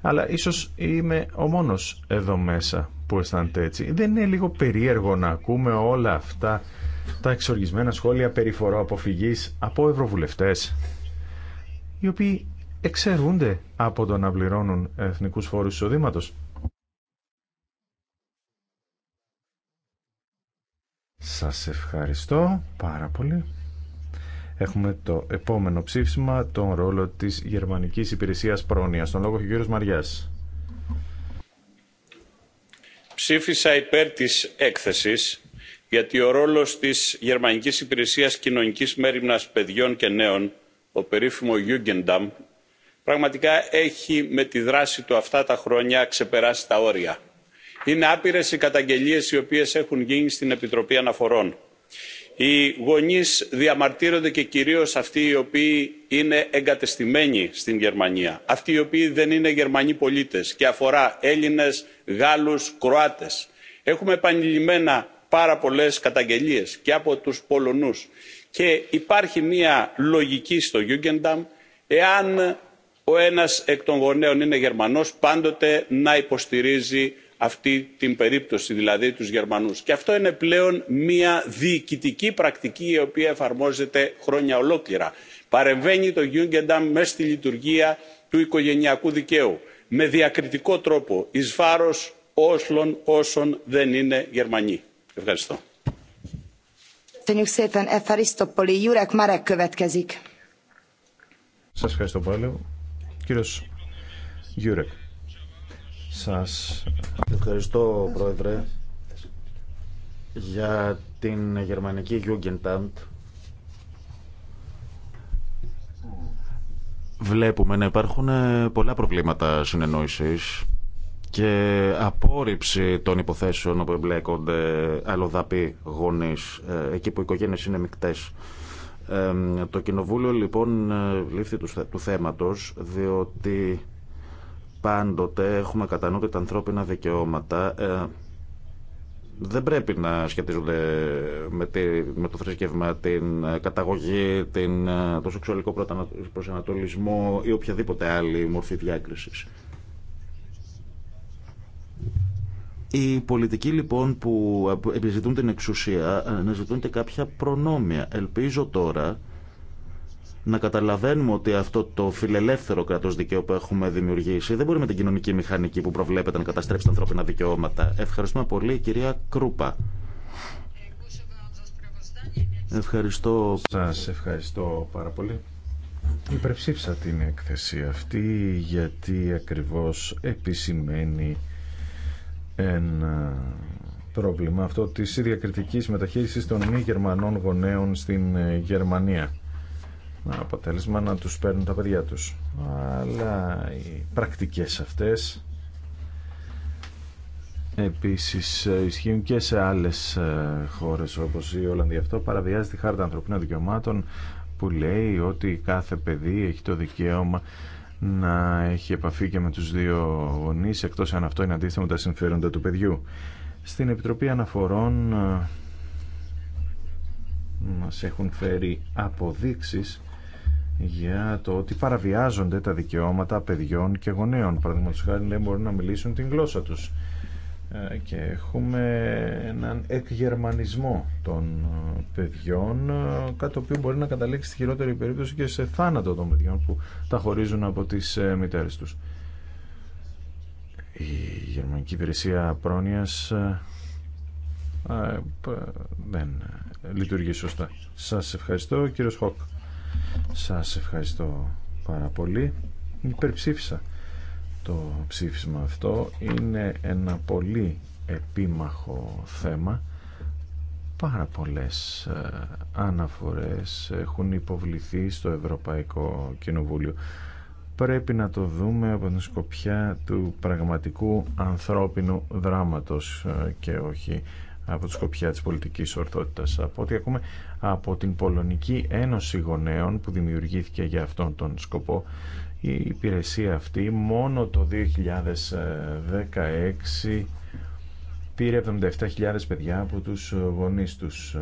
Αλλά ίσως είμαι ο μόνος εδώ μέσα που αισθάνεται έτσι. Δεν είναι λίγο περίεργο να ακούμε όλα αυτά τα εξοργισμένα σχόλια περί αποφυγής από ευρωβουλευτές οι οποίοι εξαιρούνται από το να πληρώνουν εθνικούς φόρους εισοδήματος. Σας ευχαριστώ πάρα πολύ. Έχουμε το επόμενο ψήφισμα, τον ρόλο της Γερμανικής Υπηρεσίας Πρόνοιας. Τον λόγο έχει ο Μαριάς. Ψήφισα υπέρ της έκθεσης γιατί ο ρόλος της Γερμανικής Υπηρεσίας Κοινωνικής Μέριμνας Παιδιών και Νέων, ο περίφημο Jugendamt, πραγματικά έχει με τη δράση του αυτά τα χρόνια ξεπεράσει τα όρια είναι άπειρες οι καταγγελίες οι οποίες έχουν γίνει στην επιτροπή αναφορών. οι γονείς διαμαρτύρονται και κυρίως αυτοί οι οποίοι είναι εγκατεστημένοι στην γερμανία αυτοί οι οποίοι δεν είναι γερμανοί πολίτες και αφορά έλληνες γάλλους κροάτες. έχουμε επανειλημμένα πάρα πολλές καταγγελίες και από τους πολωνούς και υπάρχει μια λογική στο Γιούγκενταμ. εάν ο ένας εκ των γονέων είναι γερμανός πάντοτε να υποστηρίζει αυτή την περίπτωση δηλαδή τους γερμανούς. και αυτό είναι πλέον μια διοικητική πρακτική η οποία εφαρμόζεται χρόνια ολόκληρα. παρεμβαίνει το Γιούγκενταμ μέσα στη λειτουργία του οικογενειακού δικαίου με διακριτικό τρόπο εις βάρος όσων, όσων δεν είναι γερμανοί. ευχαριστώ. Σας ευχαριστώ Κύριος σας ευχαριστώ Πρόεδρε για την γερμανική Jugendamt. Βλέπουμε να υπάρχουν ε, πολλά προβλήματα συνεννόησης και απόρριψη των υποθέσεων όπου εμπλέκονται αλλοδαπή γονείς, ε, εκεί που οι οικογένειες είναι μικτές. Ε, το Κοινοβούλιο λοιπόν λήφθη του θέματος διότι πάντοτε έχουμε κατά νου τα ανθρώπινα δικαιώματα ε, δεν πρέπει να σχετίζονται με, με το θρησκεύμα, την ε, καταγωγή, την, ε, το σεξουαλικό προσανατολισμό ή οποιαδήποτε άλλη μορφή διάκρισης. Οι πολιτικοί λοιπόν που επιζητούν την εξουσία ζητούν και κάποια προνόμια. Ελπίζω τώρα να καταλαβαίνουμε ότι αυτό το φιλελεύθερο κράτο δικαίου που έχουμε δημιουργήσει δεν μπορεί με την κοινωνική μηχανική που προβλέπεται να καταστρέψει τα ανθρώπινα δικαιώματα. Ευχαριστούμε πολύ, κυρία Κρούπα. Ευχαριστώ. Σας ευχαριστώ πάρα πολύ. Υπερψήφισα την έκθεση αυτή γιατί ακριβώς επισημαίνει ένα πρόβλημα αυτό της διακριτικής μεταχείρισης των μη Γερμανών γονέων στην ε, Γερμανία αποτέλεσμα να τους παίρνουν τα παιδιά τους. Αλλά οι πρακτικές αυτές επίσης ισχύουν και σε άλλες ε, χώρες όπως η Ολλανδία. Αυτό παραβιάζει τη Χάρτα Ανθρωπίνων Δικαιωμάτων που λέει ότι κάθε παιδί έχει το δικαίωμα να έχει επαφή και με τους δύο γονείς εκτός αν αυτό είναι αντίθετο με τα συμφέροντα του παιδιού. Στην Επιτροπή Αναφορών ε, μας έχουν φέρει αποδείξεις για το ότι παραβιάζονται τα δικαιώματα παιδιών και γονέων. Παραδείγματο χάρη δεν μπορούν να μιλήσουν την γλώσσα τους. Ε, και έχουμε έναν εκγερμανισμό των ε, παιδιών, ε, κάτι το οποίο μπορεί να καταλήξει στη χειρότερη περίπτωση και σε θάνατο των παιδιών που τα χωρίζουν από τις μητέρες τους. Η Γερμανική Υπηρεσία Πρόνοιας δεν λειτουργεί σωστά. Σας ευχαριστώ, κύριος Χοκ. Σας ευχαριστώ πάρα πολύ. Υπερψήφισα το ψήφισμα αυτό. Είναι ένα πολύ επίμαχο θέμα. Πάρα πολλές ε, αναφορές έχουν υποβληθεί στο Ευρωπαϊκό Κοινοβούλιο. Πρέπει να το δούμε από την σκοπιά του πραγματικού ανθρώπινου δράματος ε, και όχι από τη σκοπιά της πολιτικής ορθότητας. Από ό,τι ακούμε από την Πολωνική Ένωση Γονέων που δημιουργήθηκε για αυτόν τον σκοπό η υπηρεσία αυτή μόνο το 2016 πήρε 77.000 παιδιά από τους γονείς τους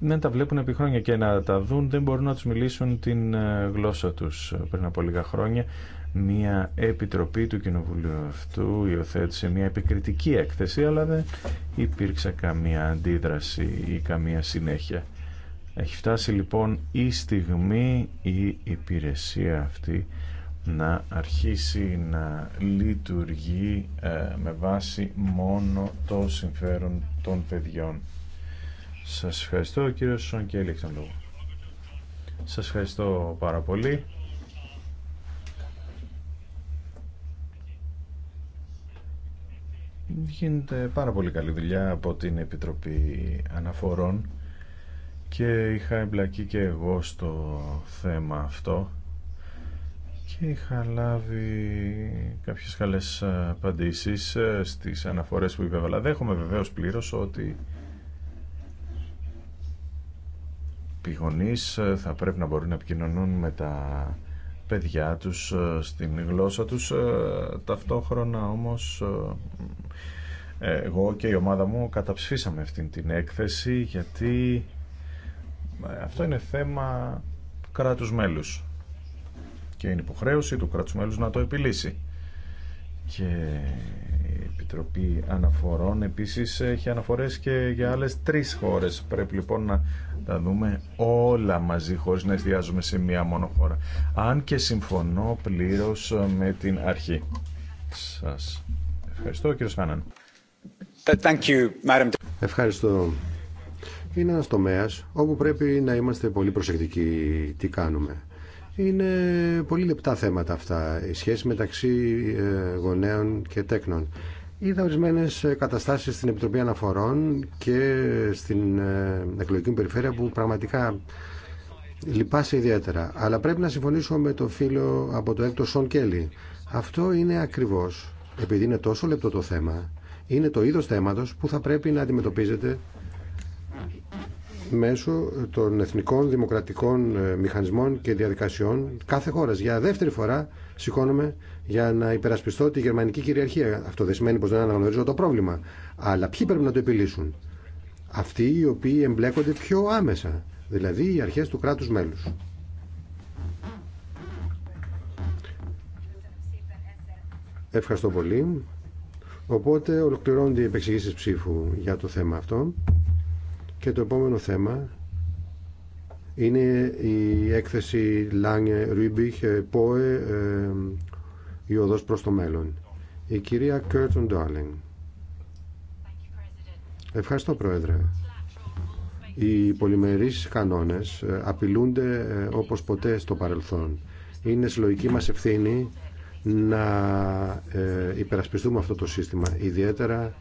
δεν ναι, τα βλέπουν επί χρόνια και να τα δουν δεν μπορούν να τους μιλήσουν την ε, γλώσσα τους πριν από λίγα χρόνια μια επιτροπή του Κοινοβουλίου αυτού υιοθέτησε μια επικριτική έκθεση αλλά δεν υπήρξε καμία αντίδραση ή καμία συνέχεια. Έχει φτάσει λοιπόν η στιγμή η υπηρεσία αυτή να αρχίσει να λειτουργεί ε, με βάση μόνο το συμφέρον των παιδιών. Σας ευχαριστώ κύριο Σονκέλη, Σας ευχαριστώ πάρα πολύ. γίνεται πάρα πολύ καλή δουλειά από την Επιτροπή Αναφορών και είχα εμπλακεί και εγώ στο θέμα αυτό και είχα λάβει κάποιες καλές απαντήσεις ε, στις αναφορές που είπε. Αλλά Δέχομαι βεβαίως πλήρως ότι οι ε, θα πρέπει να μπορούν να επικοινωνούν με τα παιδιά τους ε, στην γλώσσα τους. Ε, ταυτόχρονα όμως ε, εγώ και η ομάδα μου καταψηφίσαμε αυτήν την έκθεση γιατί αυτό είναι θέμα κράτους μέλους και είναι υποχρέωση του κράτους μέλους να το επιλύσει. Και Επιτροπή Αναφορών. Επίσης έχει αναφορές και για άλλες τρεις χώρες. Πρέπει λοιπόν να τα δούμε όλα μαζί χωρίς να εστιάζουμε σε μία μόνο χώρα. Αν και συμφωνώ πλήρως με την αρχή. Σας ευχαριστώ κύριο Σάναν. Ευχαριστώ. Είναι ένα τομέα όπου πρέπει να είμαστε πολύ προσεκτικοί τι κάνουμε. Είναι πολύ λεπτά θέματα αυτά, η σχέση μεταξύ ε, γονέων και τέκνων. Είδα ορισμένε καταστάσει στην Επιτροπή Αναφορών και στην ε, εκλογική περιφέρεια που πραγματικά λυπάσαι ιδιαίτερα. Αλλά πρέπει να συμφωνήσω με το φίλο από το έκτο Σον Κέλλη. Αυτό είναι ακριβώ, επειδή είναι τόσο λεπτό το θέμα, είναι το είδο θέματο που θα πρέπει να αντιμετωπίζεται μέσω των εθνικών δημοκρατικών ε, μηχανισμών και διαδικασιών κάθε χώρα. Για δεύτερη φορά σηκώνομαι για να υπερασπιστώ τη γερμανική κυριαρχία. Αυτό δεν σημαίνει πω δεν αναγνωρίζω το πρόβλημα. Αλλά ποιοι πρέπει να το επιλύσουν. Αυτοί οι οποίοι εμπλέκονται πιο άμεσα. Δηλαδή οι αρχέ του κράτου μέλου. Ευχαριστώ πολύ. Οπότε ολοκληρώνονται οι επεξηγήσεις ψήφου για το θέμα αυτό. Και το επόμενο θέμα είναι η έκθεση Lange Ρουίμπιχ Πόε ε, «Η οδός προς το μέλλον». Η κυρία Κέρτον Ντάλινγκ. Ευχαριστώ Πρόεδρε. Οι πολυμερείς κανόνες ε, απειλούνται ε, όπως ποτέ στο παρελθόν. Είναι συλλογική μας ευθύνη να υπερασπιστούμε αυτό το σύστημα, ιδιαίτερα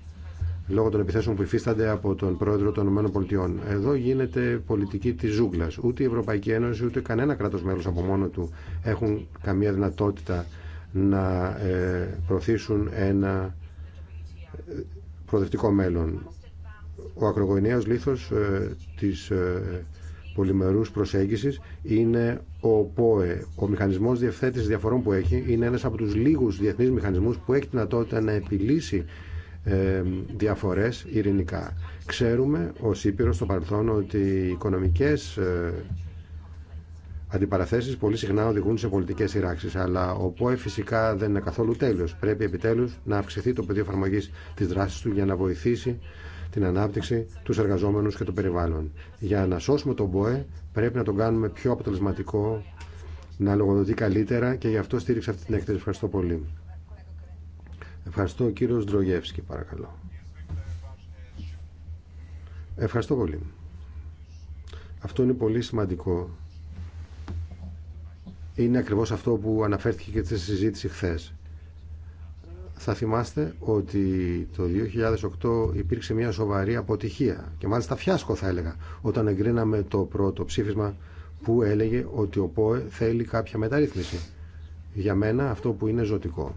λόγω των επιθέσεων που υφίστανται από τον πρόεδρο των ΗΠΑ. Εδώ γίνεται πολιτική τη ζούγκλα. Ούτε η Ευρωπαϊκή Ένωση ούτε κανένα κράτο μέλο από μόνο του έχουν καμία δυνατότητα να ε, προωθήσουν ένα ε, προοδευτικό μέλλον. Ο ακρογωνιαίος λήθος ε, της πολυμερούς προσέγγισης είναι ο ΠΟΕ. Ο μηχανισμός διευθέτησης διαφορών που έχει είναι ένας από τους λίγους διεθνείς μηχανισμούς που έχει δυνατότητα να επιλύσει διαφορές ειρηνικά. Ξέρουμε ως Ήπειρος στο παρελθόν ότι οι οικονομικές ε, αντιπαραθέσεις πολύ συχνά οδηγούν σε πολιτικές σειράξεις, αλλά ο ΠΟΕ φυσικά δεν είναι καθόλου τέλειος. Πρέπει επιτέλους να αυξηθεί το πεδίο εφαρμογή της δράσης του για να βοηθήσει την ανάπτυξη, τους εργαζόμενους και των περιβάλλον. Για να σώσουμε τον ΠΟΕ πρέπει να τον κάνουμε πιο αποτελεσματικό, να λογοδοτεί καλύτερα και γι' αυτό στήριξα αυτή την έκθεση. Ευχαριστώ πολύ. Ευχαριστώ ο κύριος Ντρογεύσκη παρακαλώ. Ευχαριστώ πολύ. Αυτό είναι πολύ σημαντικό. Είναι ακριβώς αυτό που αναφέρθηκε και στη συζήτηση χθες. Θα θυμάστε ότι το 2008 υπήρξε μια σοβαρή αποτυχία και μάλιστα φιάσκο θα έλεγα όταν εγκρίναμε το πρώτο ψήφισμα που έλεγε ότι ο ΠΟΕ θέλει κάποια μεταρρύθμιση. Για μένα αυτό που είναι ζωτικό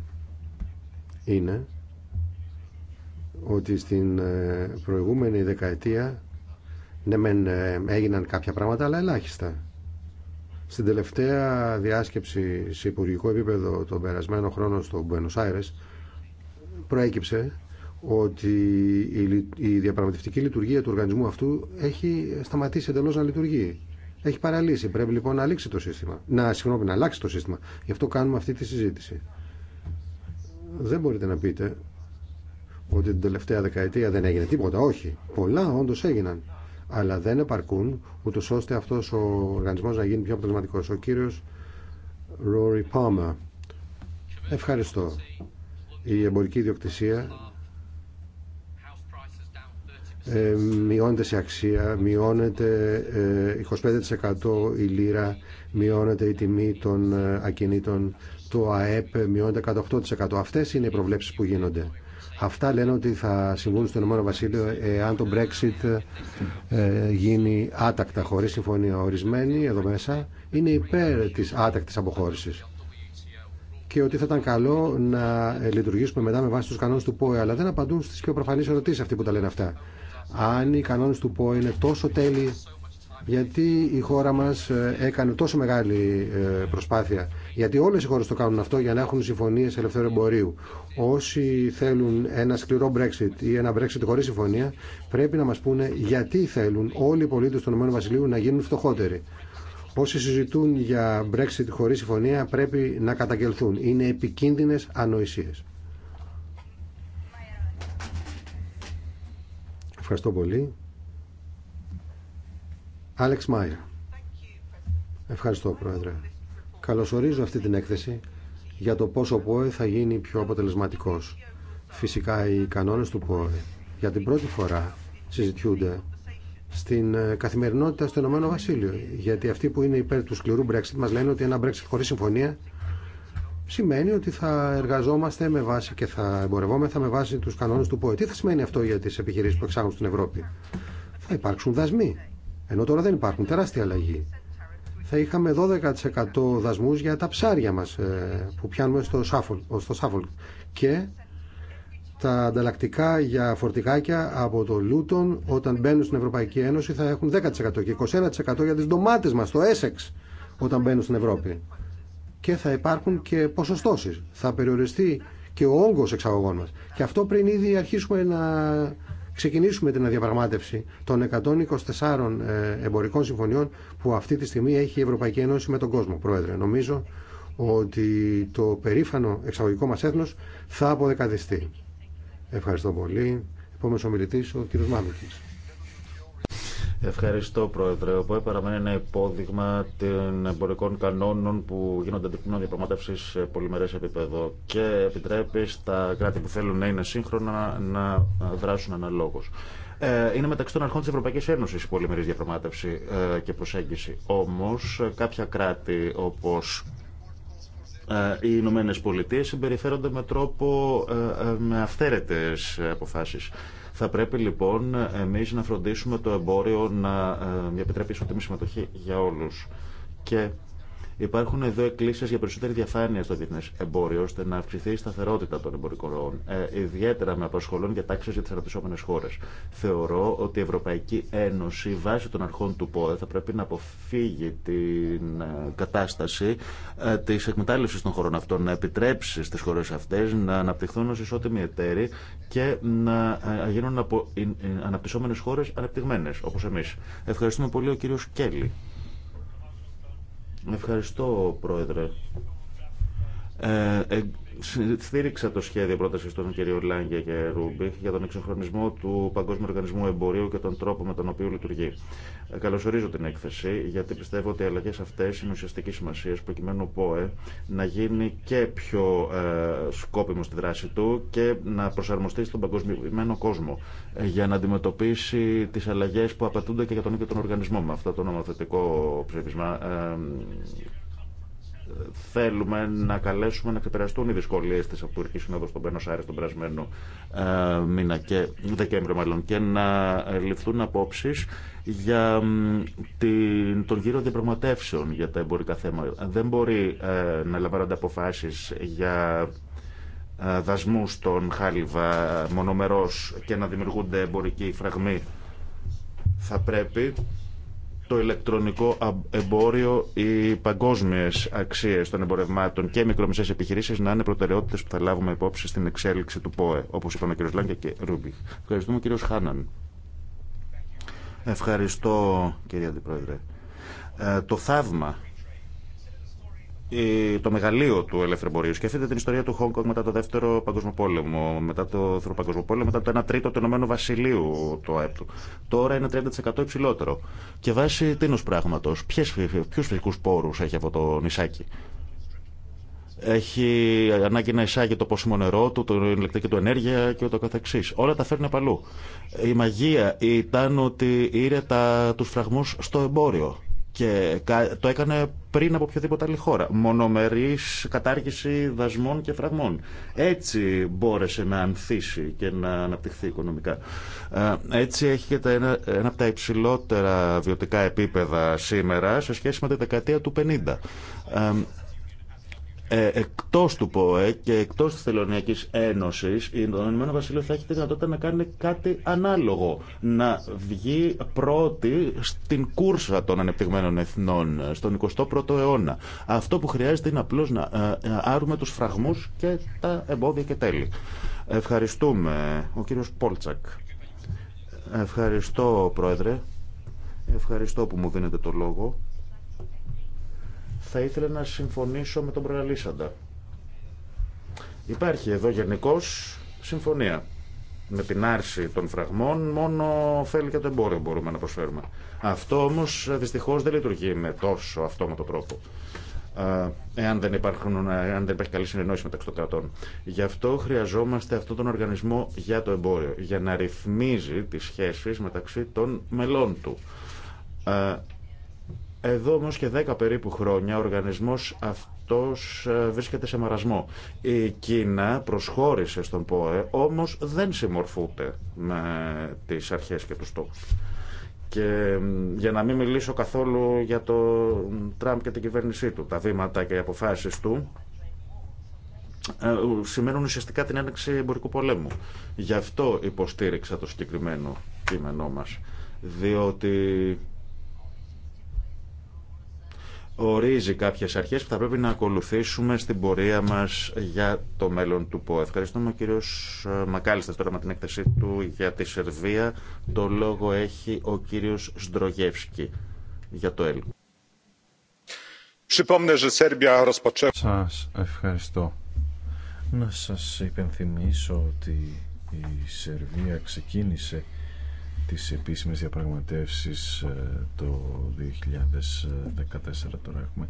είναι ότι στην ε, προηγούμενη δεκαετία ναι ε, έγιναν κάποια πράγματα αλλά ελάχιστα. Στην τελευταία διάσκεψη σε υπουργικό επίπεδο τον περασμένο χρόνο στο Buenos Aires, προέκυψε ότι η διαπραγματευτική λειτουργία του οργανισμού αυτού έχει σταματήσει εντελώ να λειτουργεί. Έχει παραλύσει. Πρέπει λοιπόν να, το σύστημα. να, συγγνώμη, να αλλάξει το σύστημα. Γι' αυτό κάνουμε αυτή τη συζήτηση δεν μπορείτε να πείτε ότι την τελευταία δεκαετία δεν έγινε τίποτα. Όχι. Πολλά όντω έγιναν. Αλλά δεν επαρκούν ούτω ώστε αυτό ο οργανισμό να γίνει πιο αποτελεσματικό. Ο κύριο Ρόρι Πάμα. Ευχαριστώ. Η εμπορική ιδιοκτησία ε, μειώνεται σε αξία, μειώνεται ε, 25% η λίρα, μειώνεται η τιμή των ε, ακινήτων το ΑΕΠ μειώνεται κατά 8%. Αυτές είναι οι προβλέψεις που γίνονται. Αυτά λένε ότι θα συμβούν στον Ηνωμένο Βασίλειο εάν το Brexit ε, γίνει άτακτα χωρί συμφωνία. ορισμένη εδώ μέσα είναι υπέρ της άτακτης αποχώρησης και ότι θα ήταν καλό να λειτουργήσουμε μετά με βάση τους κανόνες του ΠΟΕ, αλλά δεν απαντούν στις πιο προφανείς ερωτήσει αυτοί που τα λένε αυτά. Αν οι κανόνε του ΠΟΕ είναι τόσο τέλειοι γιατί η χώρα μας ε, έκανε τόσο μεγάλη ε, προσπάθεια. Γιατί όλες οι χώρες το κάνουν αυτό για να έχουν συμφωνίες ελευθερου εμπορίου. Όσοι θέλουν ένα σκληρό Brexit ή ένα Brexit χωρίς συμφωνία πρέπει να μας πούνε γιατί θέλουν όλοι οι πολίτες του ΗΠΑ Βασιλείου να γίνουν φτωχότεροι. Όσοι συζητούν για Brexit χωρίς συμφωνία πρέπει να καταγγελθούν. Είναι επικίνδυνες ανοησίες. Ευχαριστώ πολύ. Άλεξ Μάιερ. Ευχαριστώ, Πρόεδρε. Καλωσορίζω αυτή την έκθεση για το πόσο ο ΠΟΕ θα γίνει πιο αποτελεσματικός. Φυσικά οι κανόνες του ΠΟΕ για την πρώτη φορά συζητιούνται στην ε, καθημερινότητα στο Ηνωμένο Βασίλειο. Γιατί αυτοί που είναι υπέρ του σκληρού Brexit μας λένε ότι ένα Brexit χωρίς συμφωνία σημαίνει ότι θα εργαζόμαστε με βάση και θα εμπορευόμεθα με βάση τους κανόνες του ΠΟΕ. Τι θα σημαίνει αυτό για τις επιχειρήσεις που εξάγουν στην Ευρώπη. Θα υπάρξουν δασμοί ενώ τώρα δεν υπάρχουν τεράστια αλλαγή. Θα είχαμε 12% δασμούς για τα ψάρια μας ε, που πιάνουμε στο σάφολ, στο και τα ανταλλακτικά για φορτηγάκια από το Λούτον όταν μπαίνουν στην Ευρωπαϊκή Ένωση θα έχουν 10% και 21% για τις ντομάτες μας, το Essex, όταν μπαίνουν στην Ευρώπη. Και θα υπάρχουν και ποσοστώσεις. Θα περιοριστεί και ο όγκος εξαγωγών μας. Και αυτό πριν ήδη αρχίσουμε να ξεκινήσουμε την αδιαπραγμάτευση των 124 ε, εμπορικών συμφωνιών που αυτή τη στιγμή έχει η Ευρωπαϊκή Ένωση με τον κόσμο, Πρόεδρε. Νομίζω ότι το περήφανο εξαγωγικό μας έθνος θα αποδεκαδιστεί. Ευχαριστώ πολύ. Επόμενος ομιλητής, ο κ. Μάμικης. Ευχαριστώ, Πρόεδρε. Ο ΠΟΕ παραμένει ένα υπόδειγμα των εμπορικών κανόνων που γίνονται αντικείμενο διαπραγματεύσει σε πολυμερέ επίπεδο και επιτρέπει στα κράτη που θέλουν να είναι σύγχρονα να δράσουν αναλόγω. Ε, είναι μεταξύ των αρχών τη Ευρωπαϊκή Ένωση η πολυμερή διαπραγμάτευση ε, και προσέγγιση. Όμω, κάποια κράτη όπω ε, οι Ηνωμένε Πολιτείε συμπεριφέρονται με τρόπο με αυθαίρετε αποφάσει. Θα πρέπει λοιπόν εμεί να φροντίσουμε το εμπόριο να ε, επιτρέπει ισοτιμή συμμετοχή για όλους. Και Υπάρχουν εδώ εκκλήσει για περισσότερη διαφάνεια στο διεθνέ εμπόριο, ώστε να αυξηθεί η σταθερότητα των εμπορικών ροών. Ε, ιδιαίτερα με απασχολούν για τάξει για τι αναπτυσσόμενε χώρε. Θεωρώ ότι η Ευρωπαϊκή Ένωση, βάσει των αρχών του ΠΟΕ, θα πρέπει να αποφύγει την ε, κατάσταση ε, τη εκμετάλλευση των χωρών αυτών, να επιτρέψει στι χώρε αυτέ να αναπτυχθούν ω ισότιμοι εταίροι και να ε, γίνουν από ε, αναπτυσσόμενε χώρε ανεπτυγμένε, όπω εμεί. Ευχαριστούμε πολύ ο κύριο Κέλλη. Ευχαριστώ, Πρόεδρε. Ε, ε στήριξα το σχέδιο πρόταση των κ. Λάγκια και Ρούμπι για τον εξοχρονισμό του Παγκόσμιου Οργανισμού Εμπορίου και τον τρόπο με τον οποίο λειτουργεί. Καλωσορίζω την έκθεση, γιατί πιστεύω ότι οι αλλαγέ αυτέ είναι ουσιαστική σημασία προκειμένου ο ΠΟΕ να γίνει και πιο ε, σκόπιμο στη δράση του και να προσαρμοστεί στον παγκοσμιοποιημένο κόσμο ε, για να αντιμετωπίσει τι αλλαγέ που απαιτούνται και για τον ίδιο τον οργανισμό. Με αυτό το νομοθετικό ψήφισμα ε, θέλουμε να καλέσουμε να ξεπεραστούν οι δυσκολίε τη Αυτούρκη Συνόδου στον Πένο Άρε τον περασμένο ε, και Δεκέμβριο, μάλλον, και να ληφθούν απόψει για την, τον γύρο διαπραγματεύσεων για τα εμπορικά θέματα. Δεν μπορεί ε, να λαμβάνονται αποφάσει για ε, δασμού στον Χάλιβα μονομερό και να δημιουργούνται εμπορικοί φραγμοί. Θα πρέπει το ηλεκτρονικό εμπόριο, οι παγκόσμιε αξίε των εμπορευμάτων και οι μικρομεσαίε επιχειρήσει να είναι προτεραιότητε που θα λάβουμε υπόψη στην εξέλιξη του ΠΟΕ, όπω είπαμε ο κ. Λάγκια και Ρούμπι. Ευχαριστούμε κ. Χάναν. Ευχαριστώ κύριε Αντιπρόεδρε. Ε, το θαύμα το μεγαλείο του ελεύθερου Σκεφτείτε την ιστορία του Χόγκογκ μετά το δεύτερο παγκόσμιο πόλεμο, μετά το δεύτερο παγκόσμιο πόλεμο, μετά το 1 τρίτο του Ηνωμένου Βασιλείου το ΑΕΠ του. Τώρα είναι 30% υψηλότερο. Και βάσει τίνο πράγματο, ποιου φυσικού πόρου έχει αυτό το νησάκι. Έχει ανάγκη να εισάγει το πόσιμο νερό του, το ηλεκτρική του ενέργεια και ούτω καθεξής. Όλα τα φέρνει απαλού. Η μαγεία ήταν ότι ήρε τα, τους φραγμούς στο εμπόριο και το έκανε πριν από οποιαδήποτε άλλη χώρα. Μονομερής κατάργηση δασμών και φραγμών. Έτσι μπόρεσε να ανθίσει και να αναπτυχθεί οικονομικά. Ε, έτσι έχει και ένα, ένα από τα υψηλότερα βιωτικά επίπεδα σήμερα σε σχέση με τη δεκαετία του 50. Ε, εκτός του ΠΟΕ και εκτός της Θελωνιακής Ένωσης το Ηνωμένο Βασίλειο θα έχει τη δυνατότητα να κάνει κάτι ανάλογο να βγει πρώτη στην κούρσα των ανεπτυγμένων εθνών στον 21ο αιώνα αυτό που χρειάζεται είναι απλώς ε, να άρουμε τους φραγμούς και τα εμπόδια και τέλη Ευχαριστούμε ο κύριος Πόλτσακ Ευχαριστώ πρόεδρε Ευχαριστώ που μου δίνετε το λόγο θα ήθελα να συμφωνήσω με τον προαλήσαντα. Υπάρχει εδώ γενικώ συμφωνία. Με την άρση των φραγμών μόνο ωφέλει και το εμπόριο μπορούμε να προσφέρουμε. Αυτό όμως ε, δυστυχώς δεν λειτουργεί με τόσο αυτόματο τρόπο εάν δεν, υπάρχουν, ε, εάν δεν υπάρχει καλή συνεννόηση μεταξύ των κρατών. Γι' αυτό χρειαζόμαστε αυτόν τον οργανισμό για το εμπόριο, για να ρυθμίζει τις σχέσεις μεταξύ των μελών του. Εδώ όμως και 10 περίπου χρόνια ο οργανισμός αυτός ε, βρίσκεται σε μαρασμό. Η Κίνα προσχώρησε στον ΠΟΕ, όμως δεν συμμορφούνται με τις αρχές και τους στόχους. Και για να μην μιλήσω καθόλου για το Τραμπ και την κυβέρνησή του, τα βήματα και οι αποφάσεις του, ε, σημαίνουν ουσιαστικά την έναρξη εμπορικού πολέμου. Γι' αυτό υποστήριξα το συγκεκριμένο κείμενό μας, διότι ορίζει κάποιες αρχές που θα πρέπει να ακολουθήσουμε στην πορεία μας για το μέλλον του ΠΟΕ. Ευχαριστούμε ο κύριο ε, Μακάλιστα τώρα με την έκθεσή του για τη Σερβία. Το λόγο έχει ο κύριος Σντρογεύσκη για το ΕΛΚ. Σα ευχαριστώ. Να σας υπενθυμίσω ότι η Σερβία ξεκίνησε τις επίσημες διαπραγματεύσεις ε, το 2014 τώρα έχουμε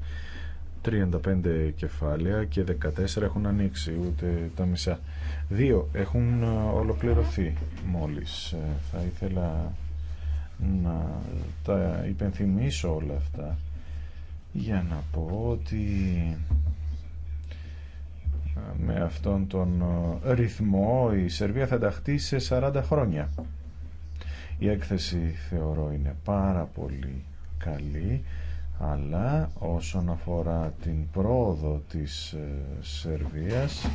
35 κεφάλαια και 14 έχουν ανοίξει ούτε τα μισά δύο έχουν ε, ολοκληρωθεί μόλις ε, θα ήθελα να τα υπενθυμίσω όλα αυτά για να πω ότι με αυτόν τον ρυθμό η Σερβία θα ταχθεί σε 40 χρόνια η έκθεση θεωρώ είναι πάρα πολύ καλή αλλά όσον αφορά την πρόοδο της ε, Σερβίας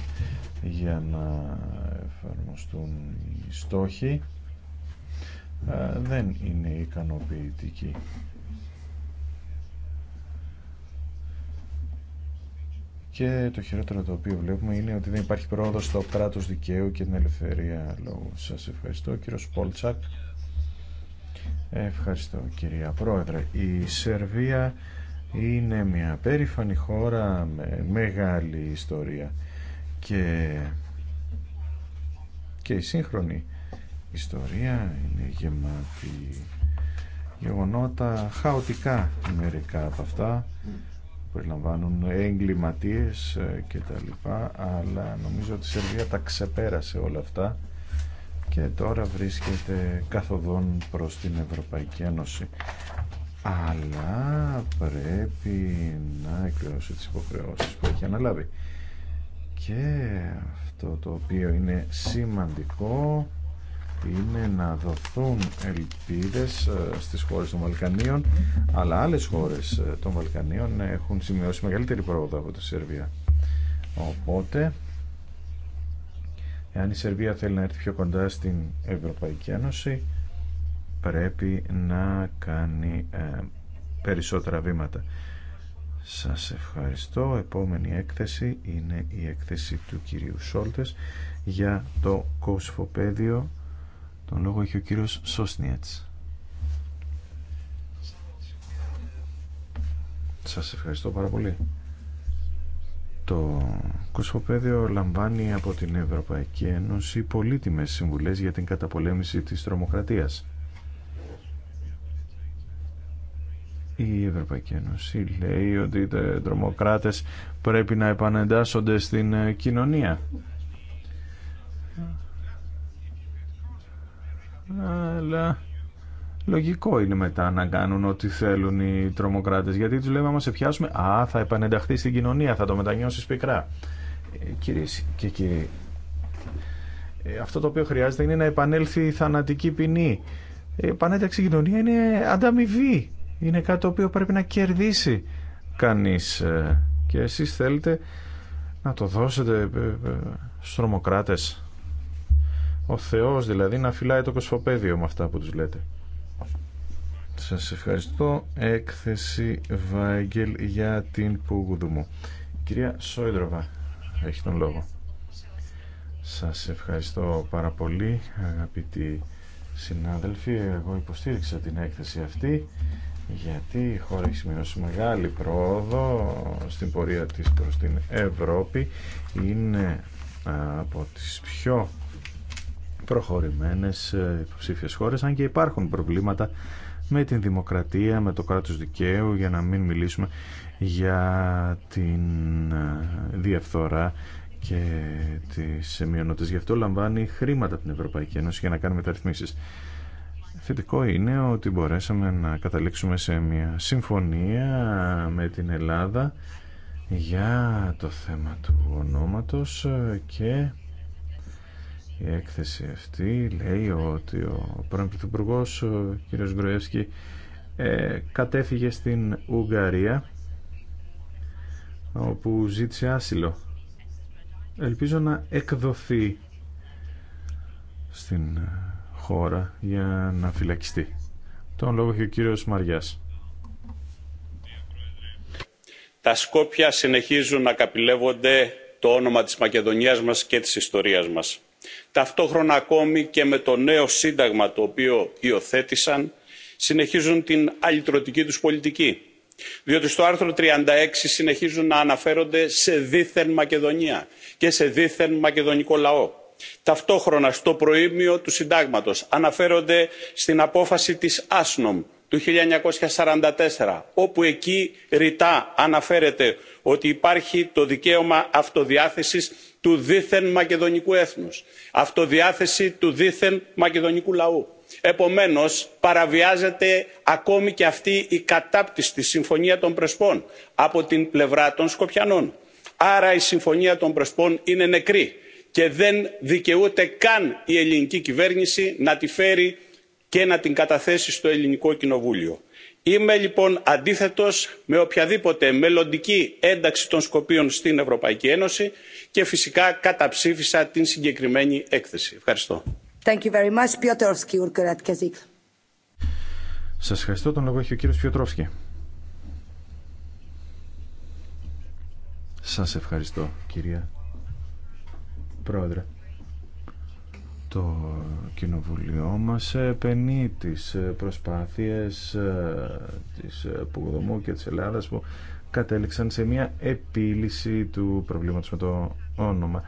για να εφαρμοστούν οι στόχοι ε, δεν είναι ικανοποιητική. Και το χειρότερο το οποίο βλέπουμε είναι ότι δεν υπάρχει πρόοδο στο κράτος δικαίου και την ελευθερία λόγου. Σας ευχαριστώ κύριο Σπόλτσακ. Ευχαριστώ κυρία Πρόεδρε. Η Σερβία είναι μια περήφανη χώρα με μεγάλη ιστορία και, και η σύγχρονη ιστορία είναι γεμάτη γεγονότα χαοτικά μερικά από αυτά περιλαμβάνουν εγκληματίες ε, και τα λοιπά αλλά νομίζω ότι η Σερβία τα ξεπέρασε όλα αυτά και τώρα βρίσκεται καθοδόν προς την Ευρωπαϊκή Ένωση αλλά πρέπει να εκπληρώσει τις υποχρεώσεις που έχει αναλάβει και αυτό το οποίο είναι σημαντικό είναι να δοθούν ελπίδες ε, στις χώρες των Βαλκανίων αλλά άλλες χώρες ε, των Βαλκανίων έχουν σημειώσει μεγαλύτερη πρόοδο από τη Σερβία οπότε Εάν η Σερβία θέλει να έρθει πιο κοντά στην Ευρωπαϊκή Ένωση, πρέπει να κάνει ε, περισσότερα βήματα. Σας ευχαριστώ. Επόμενη έκθεση είναι η έκθεση του κυρίου Σόλτες για το κοσφοπέδιο. Τον λόγο έχει ο κύριος Σόσνιατς. Σας ευχαριστώ πάρα πολύ. Το Κοσμοπέδιο λαμβάνει από την Ευρωπαϊκή Ένωση πολύτιμες συμβουλές για την καταπολέμηση της τρομοκρατίας. Η Ευρωπαϊκή Ένωση λέει ότι οι τρομοκράτες πρέπει να επανεντάσσονται στην κοινωνία. Αλλά Λογικό είναι μετά να κάνουν ό,τι θέλουν οι τρομοκράτε γιατί του λέμε άμα σε πιάσουμε, α, θα επανενταχθεί στην κοινωνία, θα το μετανιώσει πικρά. Ε, Κυρίε και κύριοι, ε, αυτό το οποίο χρειάζεται είναι να επανέλθει η θανατική ποινή. Η ε, επανένταξη κοινωνία είναι ανταμοιβή. Είναι κάτι το οποίο πρέπει να κερδίσει κανείς. Και εσεί θέλετε να το δώσετε στους τρομοκράτε. Ο Θεό δηλαδή να φυλάει το κοσφοπέδιο με αυτά που του λέτε. Σας ευχαριστώ. Έκθεση Βάγγελ για την Πουγουδουμού. Κυρία Σόιντροβα, έχει τον λόγο. Σας ευχαριστώ πάρα πολύ, αγαπητοί συνάδελφοι. Εγώ υποστήριξα την έκθεση αυτή γιατί η χώρα έχει σημειώσει μεγάλη πρόοδο στην πορεία της προς την Ευρώπη. Είναι από τις πιο προχωρημένες υποψήφιες χώρες, αν και υπάρχουν προβλήματα με την δημοκρατία, με το κράτος δικαίου, για να μην μιλήσουμε για την ε, διαφθορά και τις μειονότητες. Γι' αυτό λαμβάνει χρήματα από την Ευρωπαϊκή Ένωση για να κάνει μεταρρυθμίσεις. Θετικό είναι ότι μπορέσαμε να καταλήξουμε σε μια συμφωνία με την Ελλάδα για το θέμα του ονόματος και η έκθεση αυτή λέει ότι ο πρώην Πρωθυπουργός, ο κ. Γκροεύσκη, ε, κατέφυγε στην Ουγγαρία όπου ζήτησε άσυλο. Ελπίζω να εκδοθεί στην χώρα για να φυλακιστεί. Τον λόγο έχει ο κύριος Μαριάς. Τα Σκόπια συνεχίζουν να καπηλεύονται το όνομα της Μακεδονίας μας και της ιστορίας μας ταυτόχρονα ακόμη και με το νέο σύνταγμα το οποίο υιοθέτησαν συνεχίζουν την αλυτρωτική τους πολιτική διότι στο άρθρο 36 συνεχίζουν να αναφέρονται σε δίθεν Μακεδονία και σε δίθεν μακεδονικό λαό. Ταυτόχρονα στο προήμιο του συντάγματος αναφέρονται στην απόφαση της Άσνομ του 1944 όπου εκεί ρητά αναφέρεται ότι υπάρχει το δικαίωμα αυτοδιάθεσης του δίθεν μακεδονικού έθνους αυτοδιάθεση του δίθεν μακεδονικού λαού. επομένως παραβιάζεται ακόμη και αυτή η κατάπτυστη συμφωνία των πρεσπών από την πλευρά των σκοπιανών. άρα η συμφωνία των πρεσπών είναι νεκρή και δεν δικαιούται καν η ελληνική κυβέρνηση να τη φέρει και να την καταθέσει στο ελληνικό κοινοβούλιο είμαι λοιπόν αντίθετος με οποιαδήποτε μελλοντική ένταξη των σκοπίων στην ευρωπαϊκή ένωση και φυσικά καταψήφισα την συγκεκριμένη έκθεση. ευχαριστώ. Thank you very much. Σας ευχαριστώ. Τον λόγο έχει ο Σας ευχαριστώ, κυρία Πρόεδρε το κοινοβουλίο μας ε, επενεί τις ε, προσπάθειες ε, της πουγδομού και της Ελλάδας που κατέληξαν σε μια επίλυση του προβλήματος με το όνομα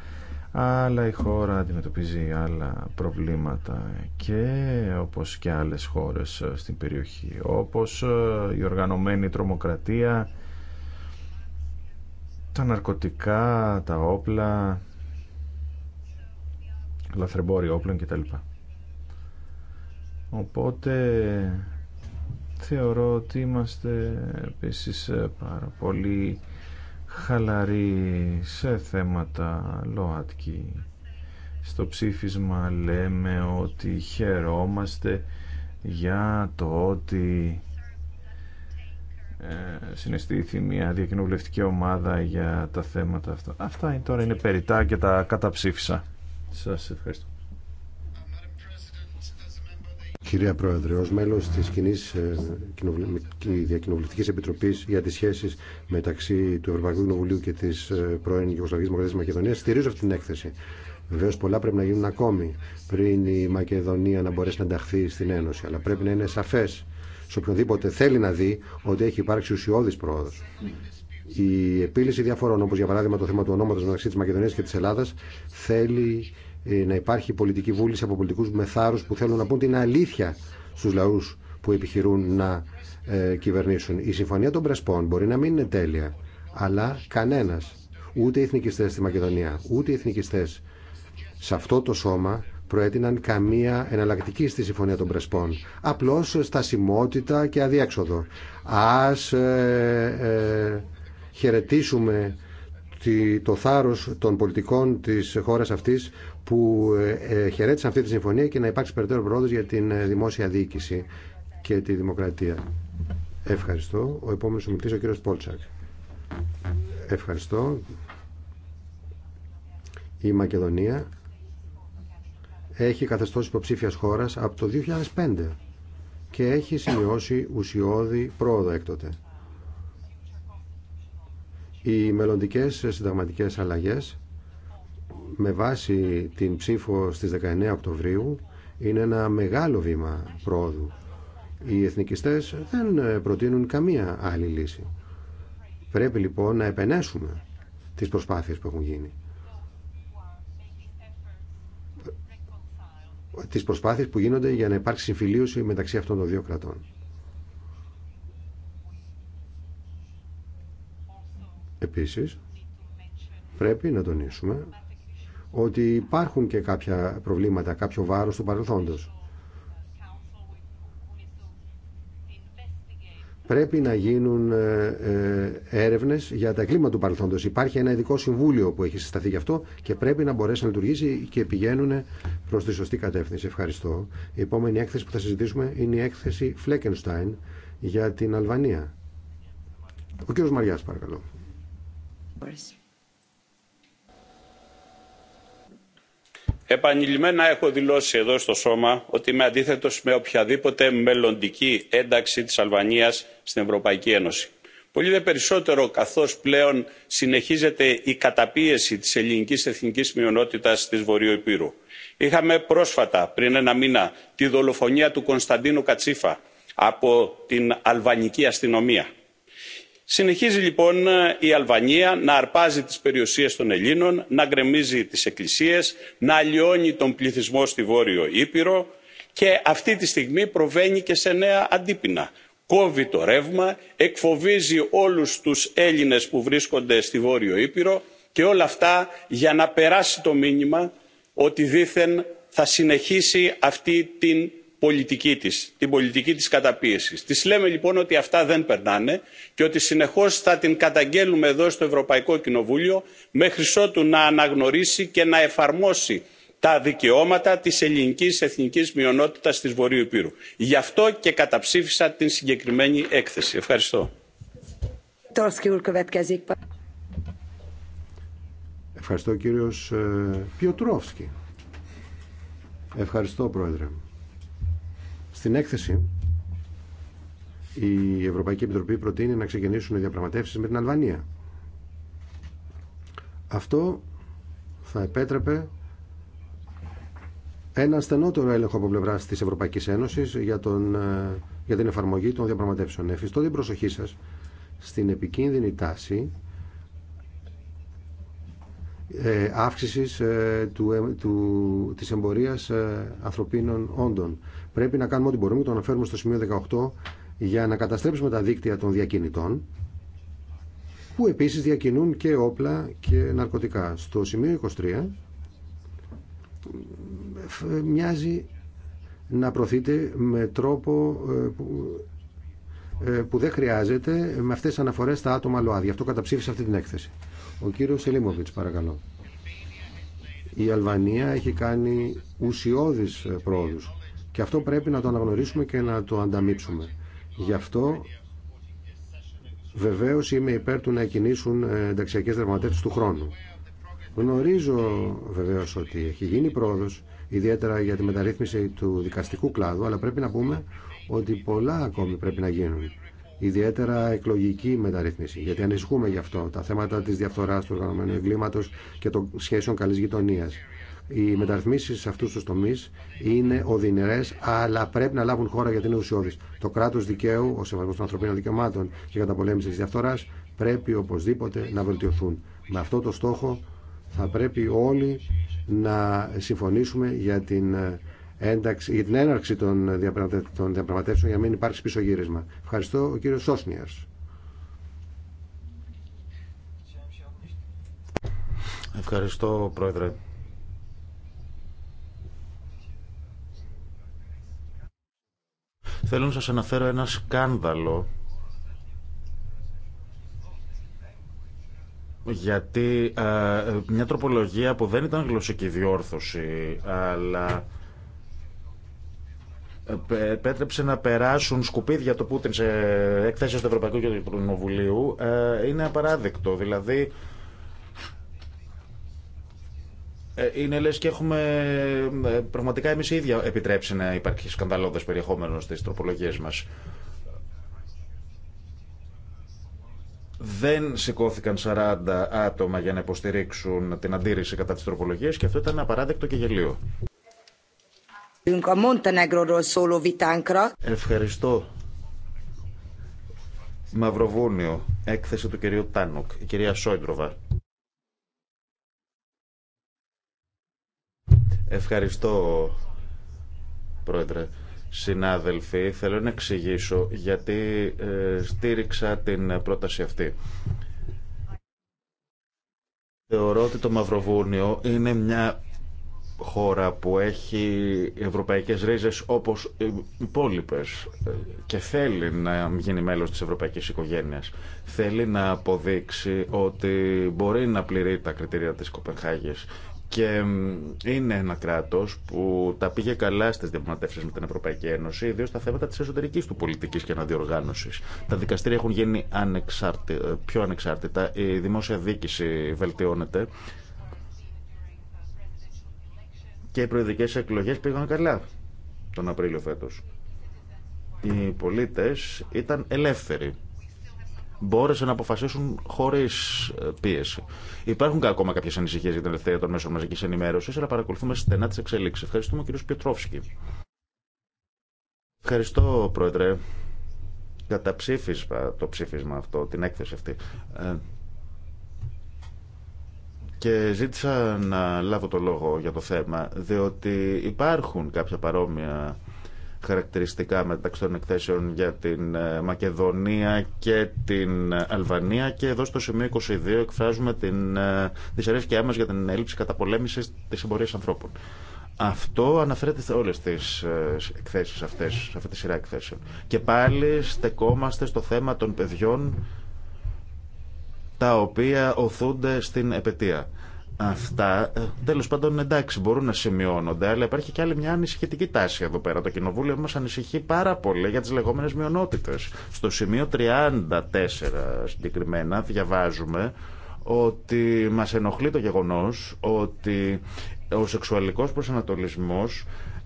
αλλά η χώρα αντιμετωπίζει άλλα προβλήματα και όπως και άλλες χώρες στην περιοχή όπως η οργανωμένη τρομοκρατία τα ναρκωτικά, τα όπλα λαθρεμπόριο όπλων κτλ. Οπότε θεωρώ ότι είμαστε επίσης πάρα πολύ χαλαροί σε θέματα ΛΟΑΤΚΙ. Στο ψήφισμα λέμε ότι χαιρόμαστε για το ότι ε, συναισθήθη μια διακοινοβουλευτική ομάδα για τα θέματα αυτά. Αυτά τώρα είναι περιτά και τα καταψήφισα. Σας ευχαριστώ. Κυρία Πρόεδρε, ως μέλος της κοινή ε, Διακοινοβουλευτικής Επιτροπής για τις σχέσεις μεταξύ του Ευρωπαϊκού Κοινοβουλίου και της ε, πρώην Ιουγκοσλαβικής Μακεδονίας, στηρίζω αυτή την έκθεση. Βεβαίω, πολλά πρέπει να γίνουν ακόμη πριν η Μακεδονία να μπορέσει να ενταχθεί στην Ένωση. Αλλά πρέπει να είναι σαφέ σε οποιονδήποτε θέλει να δει ότι έχει υπάρξει ουσιώδη πρόοδο. Η επίλυση διαφορών, όπω για παράδειγμα το θέμα του ονόματο μεταξύ τη Μακεδονία και τη Ελλάδα, θέλει ε, να υπάρχει πολιτική βούληση από πολιτικού μεθάρου που θέλουν να πούν την αλήθεια στου λαού που επιχειρούν να ε, κυβερνήσουν. Η συμφωνία των Πρεσπών μπορεί να μην είναι τέλεια, αλλά κανένα, ούτε οι εθνικιστέ στη Μακεδονία, ούτε οι εθνικιστέ σε αυτό το σώμα προέτειναν καμία εναλλακτική στη Συμφωνία των Πρεσπών. Απλώς στασιμότητα και αδίέξοδο. Ας ε, χαιρετήσουμε το θάρρος των πολιτικών της χώρας αυτής που ε, ε, χαιρέτησαν αυτή τη συμφωνία και να υπάρξει περαιτέρω πρόοδος για την ε, δημόσια διοίκηση και τη δημοκρατία. Ευχαριστώ. Ο επόμενος ομιλητής ο κύριος Πόλτσακ. Ευχαριστώ. Η Μακεδονία έχει καθεστώς υποψήφιας χώρας από το 2005 και έχει σημειώσει ουσιώδη πρόοδο έκτοτε. Οι μελλοντικές συνταγματικές αλλαγές με βάση την ψήφο στις 19 Οκτωβρίου είναι ένα μεγάλο βήμα πρόοδου. Οι εθνικιστές δεν προτείνουν καμία άλλη λύση. Πρέπει λοιπόν να επενέσουμε τις προσπάθειες που έχουν γίνει. Τις προσπάθειες που γίνονται για να υπάρξει συμφιλίωση μεταξύ αυτών των δύο κρατών. Επίσης, πρέπει να τονίσουμε ότι υπάρχουν και κάποια προβλήματα, κάποιο βάρος του παρελθόντος. Πρέπει να γίνουν ε, ε, έρευνες για τα κλίμα του παρελθόντος. Υπάρχει ένα ειδικό συμβούλιο που έχει συσταθεί γι' αυτό και πρέπει να μπορέσει να λειτουργήσει και πηγαίνουν προς τη σωστή κατεύθυνση. Ευχαριστώ. Η επόμενη έκθεση που θα συζητήσουμε είναι η έκθεση Φλέκενστάιν για την Αλβανία. Ο κύριος Μαριάς παρακαλώ επανειλημμένα έχω δηλώσει εδώ στο σώμα ότι είμαι αντίθετος με οποιαδήποτε μελλοντική ένταξη της αλβανίας στην ευρωπαϊκή ένωση. πολύ δε περισσότερο καθώς πλέον συνεχίζεται η καταπίεση της ελληνικής εθνικής μειονότητας της βορείου είχαμε πρόσφατα πριν ένα μήνα τη δολοφονία του κωνσταντίνου κατσίφα από την αλβανική αστυνομία συνεχίζει λοιπόν ε, η αλβανία να αρπάζει τις περιουσίες των ελλήνων να γκρεμίζει τις εκκλησίες να αλλοιώνει τον πληθυσμό στη βόρειο ήπειρο και αυτή τη στιγμή προβαίνει και σε νέα αντίπεινα κόβει το ρεύμα εκφοβίζει όλους τους έλληνες που βρίσκονται στη βόρειο ήπειρο και όλα αυτά για να περάσει το μήνυμα ότι δήθεν θα συνεχίσει αυτή την πολιτική της, την πολιτική της καταπίεσης. Της λέμε λοιπόν ότι αυτά δεν περνάνε και ότι συνεχώς θα την καταγγέλουμε εδώ στο Ευρωπαϊκό Κοινοβούλιο μέχρι ότου να αναγνωρίσει και να εφαρμόσει τα δικαιώματα της ελληνικής εθνικής μειονότητας της Βορείου Υπήρου. Γι' αυτό και καταψήφισα την συγκεκριμένη έκθεση. Ευχαριστώ. Ευχαριστώ κύριος ε, Πιοτρόφσκι. Ευχαριστώ πρόεδρε. Στην έκθεση, η Ευρωπαϊκή Επιτροπή προτείνει να ξεκινήσουν οι διαπραγματεύσεις με την Αλβανία. Αυτό θα επέτρεπε ένα στενότερο έλεγχο από πλευρά τη Ευρωπαϊκή Ένωση για, ε, για την εφαρμογή των διαπραγματεύσεων. Εφιστώ την προσοχή σα στην επικίνδυνη τάση ε, αύξησης ε, του, ε, της εμπορίας ε, ανθρωπίνων όντων. Πρέπει να κάνουμε ό,τι μπορούμε, το αναφέρουμε στο σημείο 18, για να καταστρέψουμε τα δίκτυα των διακινητών, που επίσης διακινούν και όπλα και ναρκωτικά. Στο σημείο 23 μοιάζει να προθείτε με τρόπο ε, ε, που δεν χρειάζεται με αυτές τις αναφορές στα άτομα ΛΟΑΔΙ. Αυτό καταψήφισε αυτή την έκθεση. Ο κύριος Σελίμοβιτς, παρακαλώ. Η Αλβανία έχει κάνει ουσιώδεις ε, πρόοδους και αυτό πρέπει να το αναγνωρίσουμε και να το ανταμείψουμε. Γι' αυτό βεβαίω είμαι υπέρ του να κινήσουν ε, ενταξιακέ δραματεύσει του χρόνου. Γνωρίζω βεβαίω ότι έχει γίνει πρόοδο, ιδιαίτερα για τη μεταρρύθμιση του δικαστικού κλάδου, αλλά πρέπει να πούμε ότι πολλά ακόμη πρέπει να γίνουν. Ιδιαίτερα εκλογική μεταρρύθμιση, γιατί ανησυχούμε γι' αυτό. Τα θέματα τη διαφθορά, του οργανωμένου εγκλήματο και των σχέσεων καλή γειτονία. Οι μεταρρυθμίσει σε αυτού του τομεί είναι οδυνηρέ, αλλά πρέπει να λάβουν χώρα γιατί είναι ουσιώδει. Το κράτο δικαίου, ο σεβασμό των ανθρωπίνων δικαιωμάτων και η καταπολέμηση τη διαφθορά πρέπει οπωσδήποτε να βελτιωθούν. Με αυτό το στόχο θα πρέπει όλοι να συμφωνήσουμε για την, ε, ένταξη, για την έναρξη των διαπραγματεύσεων για να μην υπάρξει πίσω γύρισμα. Ευχαριστώ, ο κύριο Ευχαριστώ, Πρόεδρε. Θέλω να σας αναφέρω ένα σκάνδαλο γιατί ε, μια τροπολογία που δεν ήταν γλωσσική διόρθωση αλλά ε, επέτρεψε να περάσουν σκουπίδια το Πούτιν σε εκθέσεις του Ευρωπαϊκού Κοινοβουλίου ε, είναι απαράδεκτο. Δηλαδή Ε, είναι λε και έχουμε ε, πραγματικά εμεί ίδιοι επιτρέψει να υπάρχει σκανδαλώδε περιεχόμενο στι τροπολογίε μα. Δεν σηκώθηκαν 40 άτομα για να υποστηρίξουν την αντίρρηση κατά τις τροπολογίες και αυτό ήταν απαράδεκτο και γελίο. Ευχαριστώ. Μαυροβούνιο, έκθεση του κυρίου Τάνοκ, η κυρία Σόιντροβα. Ευχαριστώ, Πρόεδρε. Συνάδελφοι, θέλω να εξηγήσω γιατί ε, στήριξα την πρόταση αυτή. Θεωρώ ότι το Μαυροβούνιο είναι μια χώρα που έχει ευρωπαϊκές ρίζες όπως οι υπόλοιπε ε, και θέλει να γίνει μέλος της ευρωπαϊκής οικογένειας. Θέλει να αποδείξει ότι μπορεί να πληρεί τα κριτήρια της Κοπενχάγης και είναι ένα κράτο που τα πήγε καλά στι διαπραγματεύσει με την Ευρωπαϊκή Ένωση, ιδίω στα θέματα τη εσωτερική του πολιτική και αναδιοργάνωση. Τα δικαστήρια έχουν γίνει ανεξάρτη, ε, πιο ανεξάρτητα, η δημόσια δίκηση βελτιώνεται και οι προεδρικέ εκλογέ πήγαν καλά τον Απρίλιο φέτο. Οι πολίτε ήταν ελεύθεροι μπόρεσε να αποφασίσουν χωρί ε, πίεση. Υπάρχουν ακόμα κάποιε ανησυχίε για την ελευθερία των μέσων μαζική ενημέρωση, αλλά παρακολουθούμε στενά τι εξελίξει. Ευχαριστούμε, κύριο Πιετρόφσκι. Ευχαριστώ, Πρόεδρε. για το ψήφισμα αυτό, την έκθεση αυτή. Ε, και ζήτησα να λάβω το λόγο για το θέμα, διότι υπάρχουν κάποια παρόμοια χαρακτηριστικά μεταξύ των εκθέσεων για την ε, Μακεδονία και την ε, Αλβανία και εδώ στο σημείο 22 εκφράζουμε την ε, δυσαρέσκειά μας για την έλλειψη καταπολέμησης της εμπορίας ανθρώπων. Αυτό αναφέρεται σε όλες τις εκθέσεις αυτές, σε αυτή τη σειρά εκθέσεων. Και πάλι στεκόμαστε στο θέμα των παιδιών τα οποία οθούνται στην επαιτία αυτά, ε, τέλο πάντων εντάξει, μπορούν να σημειώνονται, αλλά υπάρχει και άλλη μια ανησυχητική τάση εδώ πέρα. Το κοινοβούλιο μα ανησυχεί πάρα πολύ για τι λεγόμενε μειονότητε. Στο σημείο 34 συγκεκριμένα διαβάζουμε ότι μα ενοχλεί το γεγονό ότι ο σεξουαλικό προσανατολισμό,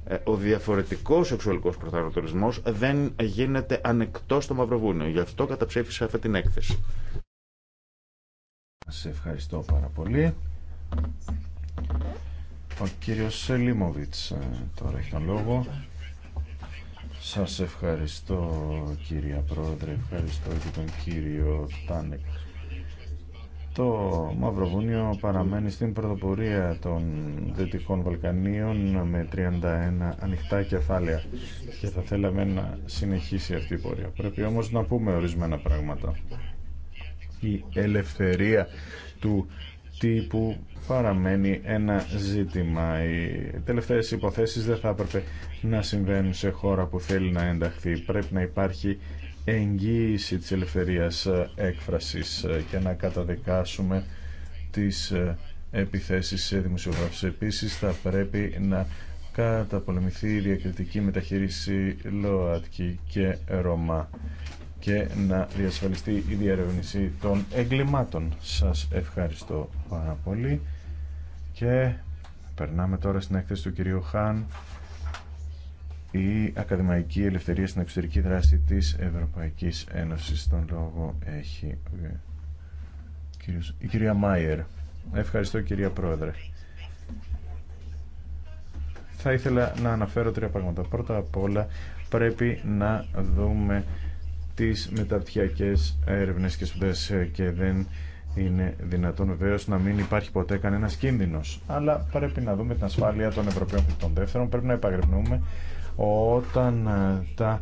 ε, ο διαφορετικό σεξουαλικό προσανατολισμό δεν γίνεται ανεκτό στο Μαυροβούνιο. Γι' αυτό καταψήφισα αυτή την έκθεση. Σε ευχαριστώ πάρα πολύ. Ο κύριος Λίμοβιτς ε, τώρα έχει τον λόγο. Σας ευχαριστώ κύριε Πρόεδρε, ευχαριστώ και τον κύριο Τάνεκ. Το Μαυροβούνιο παραμένει στην πρωτοπορία των Δυτικών Βαλκανίων με 31 ανοιχτά κεφάλαια και θα θέλαμε να συνεχίσει αυτή η πορεία. Πρέπει όμως να πούμε ορισμένα πράγματα. Η ελευθερία του τύπου που παραμένει ένα ζήτημα. Οι τελευταίες υποθέσεις δεν θα έπρεπε να συμβαίνουν σε χώρα που θέλει να ενταχθεί. Πρέπει να υπάρχει εγγύηση της ελευθερίας έκφρασης και να καταδικάσουμε τις επιθέσεις σε δημοσιογράφους. Επίσης θα πρέπει να καταπολεμηθεί η διακριτική μεταχείριση ΛΟΑΤΚΙ και ΡΟΜΑ και να διασφαλιστεί η διαρευνησή των εγκλημάτων. Σας ευχαριστώ πάρα πολύ και περνάμε τώρα στην έκθεση του κυρίου Χάν η ακαδημαϊκή ελευθερία στην εξωτερική δράση της Ευρωπαϊκής Ένωσης. Τον λόγο έχει ε, η κυρία Μάιερ. Ευχαριστώ κυρία Πρόεδρε. Θα ήθελα να αναφέρω τρία πράγματα. Πρώτα απ' όλα πρέπει να δούμε τις μεταπτυχιακές έρευνες και σπουδές ε, και δεν είναι δυνατόν βεβαίω να μην υπάρχει ποτέ κανένα κίνδυνο. Αλλά πρέπει να δούμε την ασφάλεια των Ευρωπαίων και των δεύτερων. Πρέπει να επαγρυπνούμε όταν ε, τα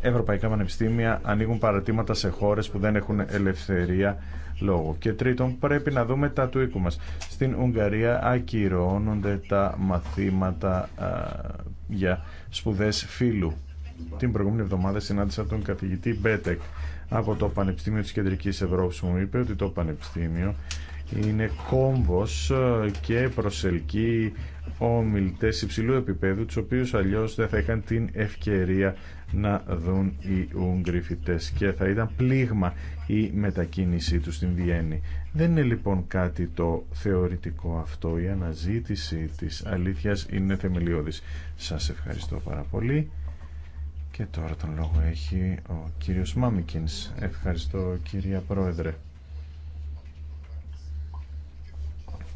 ευρωπαϊκά πανεπιστήμια ανοίγουν παρατήματα σε χώρε που δεν έχουν ελευθερία λόγω. Και τρίτον, πρέπει να δούμε τα του οίκου μα. Στην Ουγγαρία ακυρώνονται τα μαθήματα ε, για σπουδέ φύλου την προηγούμενη εβδομάδα συνάντησα τον καθηγητή Μπέτεκ από το Πανεπιστήμιο της Κεντρικής Ευρώπης. Μου είπε ότι το Πανεπιστήμιο είναι κόμβος ε, και προσελκύει ομιλητές υψηλού επίπεδου, τους οποίους αλλιώς δεν θα είχαν την ευκαιρία να δουν οι Ούγγροι και θα ήταν πλήγμα η μετακίνησή τους στην Βιέννη. Δεν είναι λοιπόν κάτι το θεωρητικό αυτό. Η αναζήτηση της αλήθειας είναι θεμελιώδης. Σας ευχαριστώ πάρα πολύ. Και τώρα τον λόγο έχει ο κύριος Μάμικινς. Ευχαριστώ κυρία Πρόεδρε.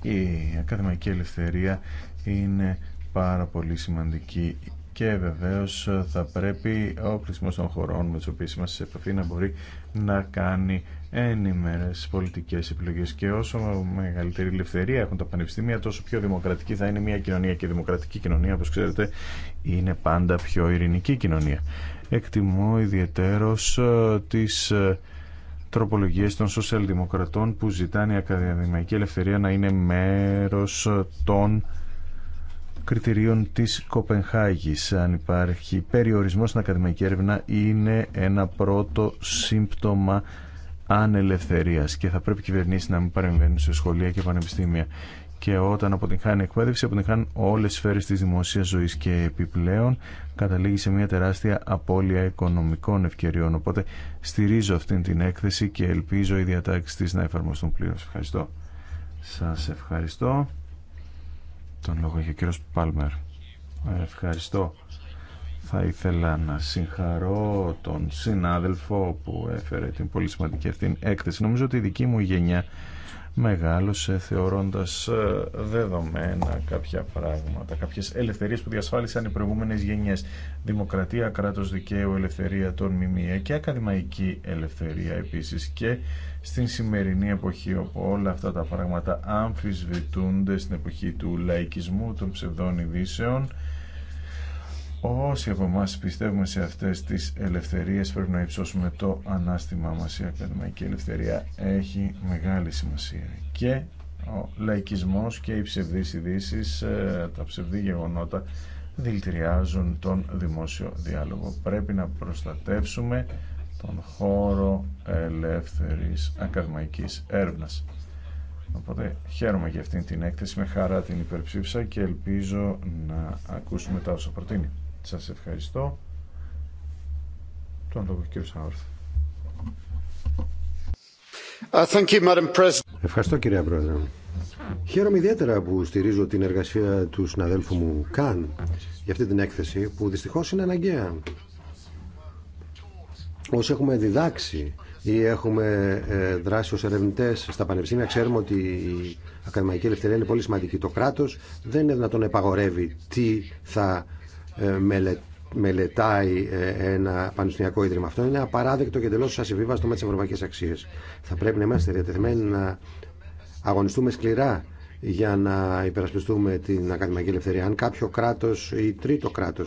Η ακαδημαϊκή ελευθερία είναι πάρα πολύ σημαντική και βεβαίως θα πρέπει ο πληθυσμός των χωρών με τις οποίες είμαστε σε επαφή να μπορεί να κάνει στι πολιτικές επιλογές και όσο μεγαλύτερη ελευθερία έχουν τα πανεπιστήμια τόσο πιο δημοκρατική θα είναι μια κοινωνία και η δημοκρατική κοινωνία όπως ξέρετε είναι πάντα πιο ειρηνική κοινωνία. Εκτιμώ ιδιαιτέρως ε, τις ε, τροπολογίες των σοσιαλδημοκρατών που ζητάνε η ακαδημαϊκή ελευθερία να είναι μέρος ε, των κριτηρίων της Κοπενχάγης. Αν υπάρχει περιορισμό στην ακαδημαϊκή έρευνα είναι ένα πρώτο σύμπτωμα ανελευθερίας και θα πρέπει κυβερνήσει να μην παρεμβαίνουν σε σχολεία και πανεπιστήμια και όταν αποτυγχάνει εκπαίδευση, αποτυγχάνουν όλες τις σφαίρες της δημοσίας ζωής και επιπλέον καταλήγει σε μια τεράστια απώλεια οικονομικών ευκαιριών. Οπότε στηρίζω αυτήν την έκθεση και ελπίζω οι διατάξεις της να εφαρμοστούν πλήρω. Ευχαριστώ. Σας ευχαριστώ. Τον λόγο έχει ο κύριος Πάλμερ. Ευχαριστώ θα ήθελα να συγχαρώ τον συνάδελφο που έφερε την πολύ σημαντική αυτή έκθεση. Νομίζω ότι η δική μου γενιά μεγάλωσε θεωρώντας ε, δεδομένα κάποια πράγματα, κάποιες ελευθερίες που διασφάλισαν οι προηγούμενες γενιές. Δημοκρατία, κράτος δικαίου, ελευθερία των μιμία και ακαδημαϊκή ελευθερία επίσης και στην σημερινή εποχή όπου όλα αυτά τα πράγματα αμφισβητούνται στην εποχή του λαϊκισμού, των ψευδών ειδήσεων Όσοι από εμά πιστεύουμε σε αυτές τις ελευθερίες πρέπει να υψώσουμε το ανάστημά μα Η ακαδημαϊκή ελευθερία έχει μεγάλη σημασία και ο λαϊκισμός και οι ψευδεί ειδήσει, ε, τα ψευδή γεγονότα δηλητηριάζουν τον δημόσιο διάλογο. Πρέπει να προστατεύσουμε τον χώρο ελεύθερης ακαδημαϊκής έρευνας. Οπότε χαίρομαι για αυτήν την έκθεση, με χαρά την υπερψήφισα και ελπίζω να ακούσουμε τα όσα προτείνει. Σας ευχαριστώ. Τον λόγο κύριο Σάουρθ. Uh, ευχαριστώ κυρία Πρόεδρε. Χαίρομαι ιδιαίτερα που στηρίζω την εργασία του συναδέλφου μου Καν για αυτή την έκθεση που δυστυχώς είναι αναγκαία. Όσοι έχουμε διδάξει ή έχουμε ε, δράσει ως ερευνητέ στα πανεπιστήμια ξέρουμε ότι η ακαδημαϊκή ελευθερία είναι πολύ σημαντική. Το κράτος δεν είναι δυνατόν να επαγορεύει τι θα ε, μελετάει ε, ένα πανεπιστημιακό ίδρυμα. Αυτό είναι απαράδεκτο και εντελώ ασυμβίβαστο με τι ευρωπαϊκέ αξίε. Θα πρέπει να είμαστε διατεθειμένοι να αγωνιστούμε σκληρά για να υπερασπιστούμε την ακαδημαϊκή ελευθερία. Αν κάποιο κράτο ή τρίτο κράτο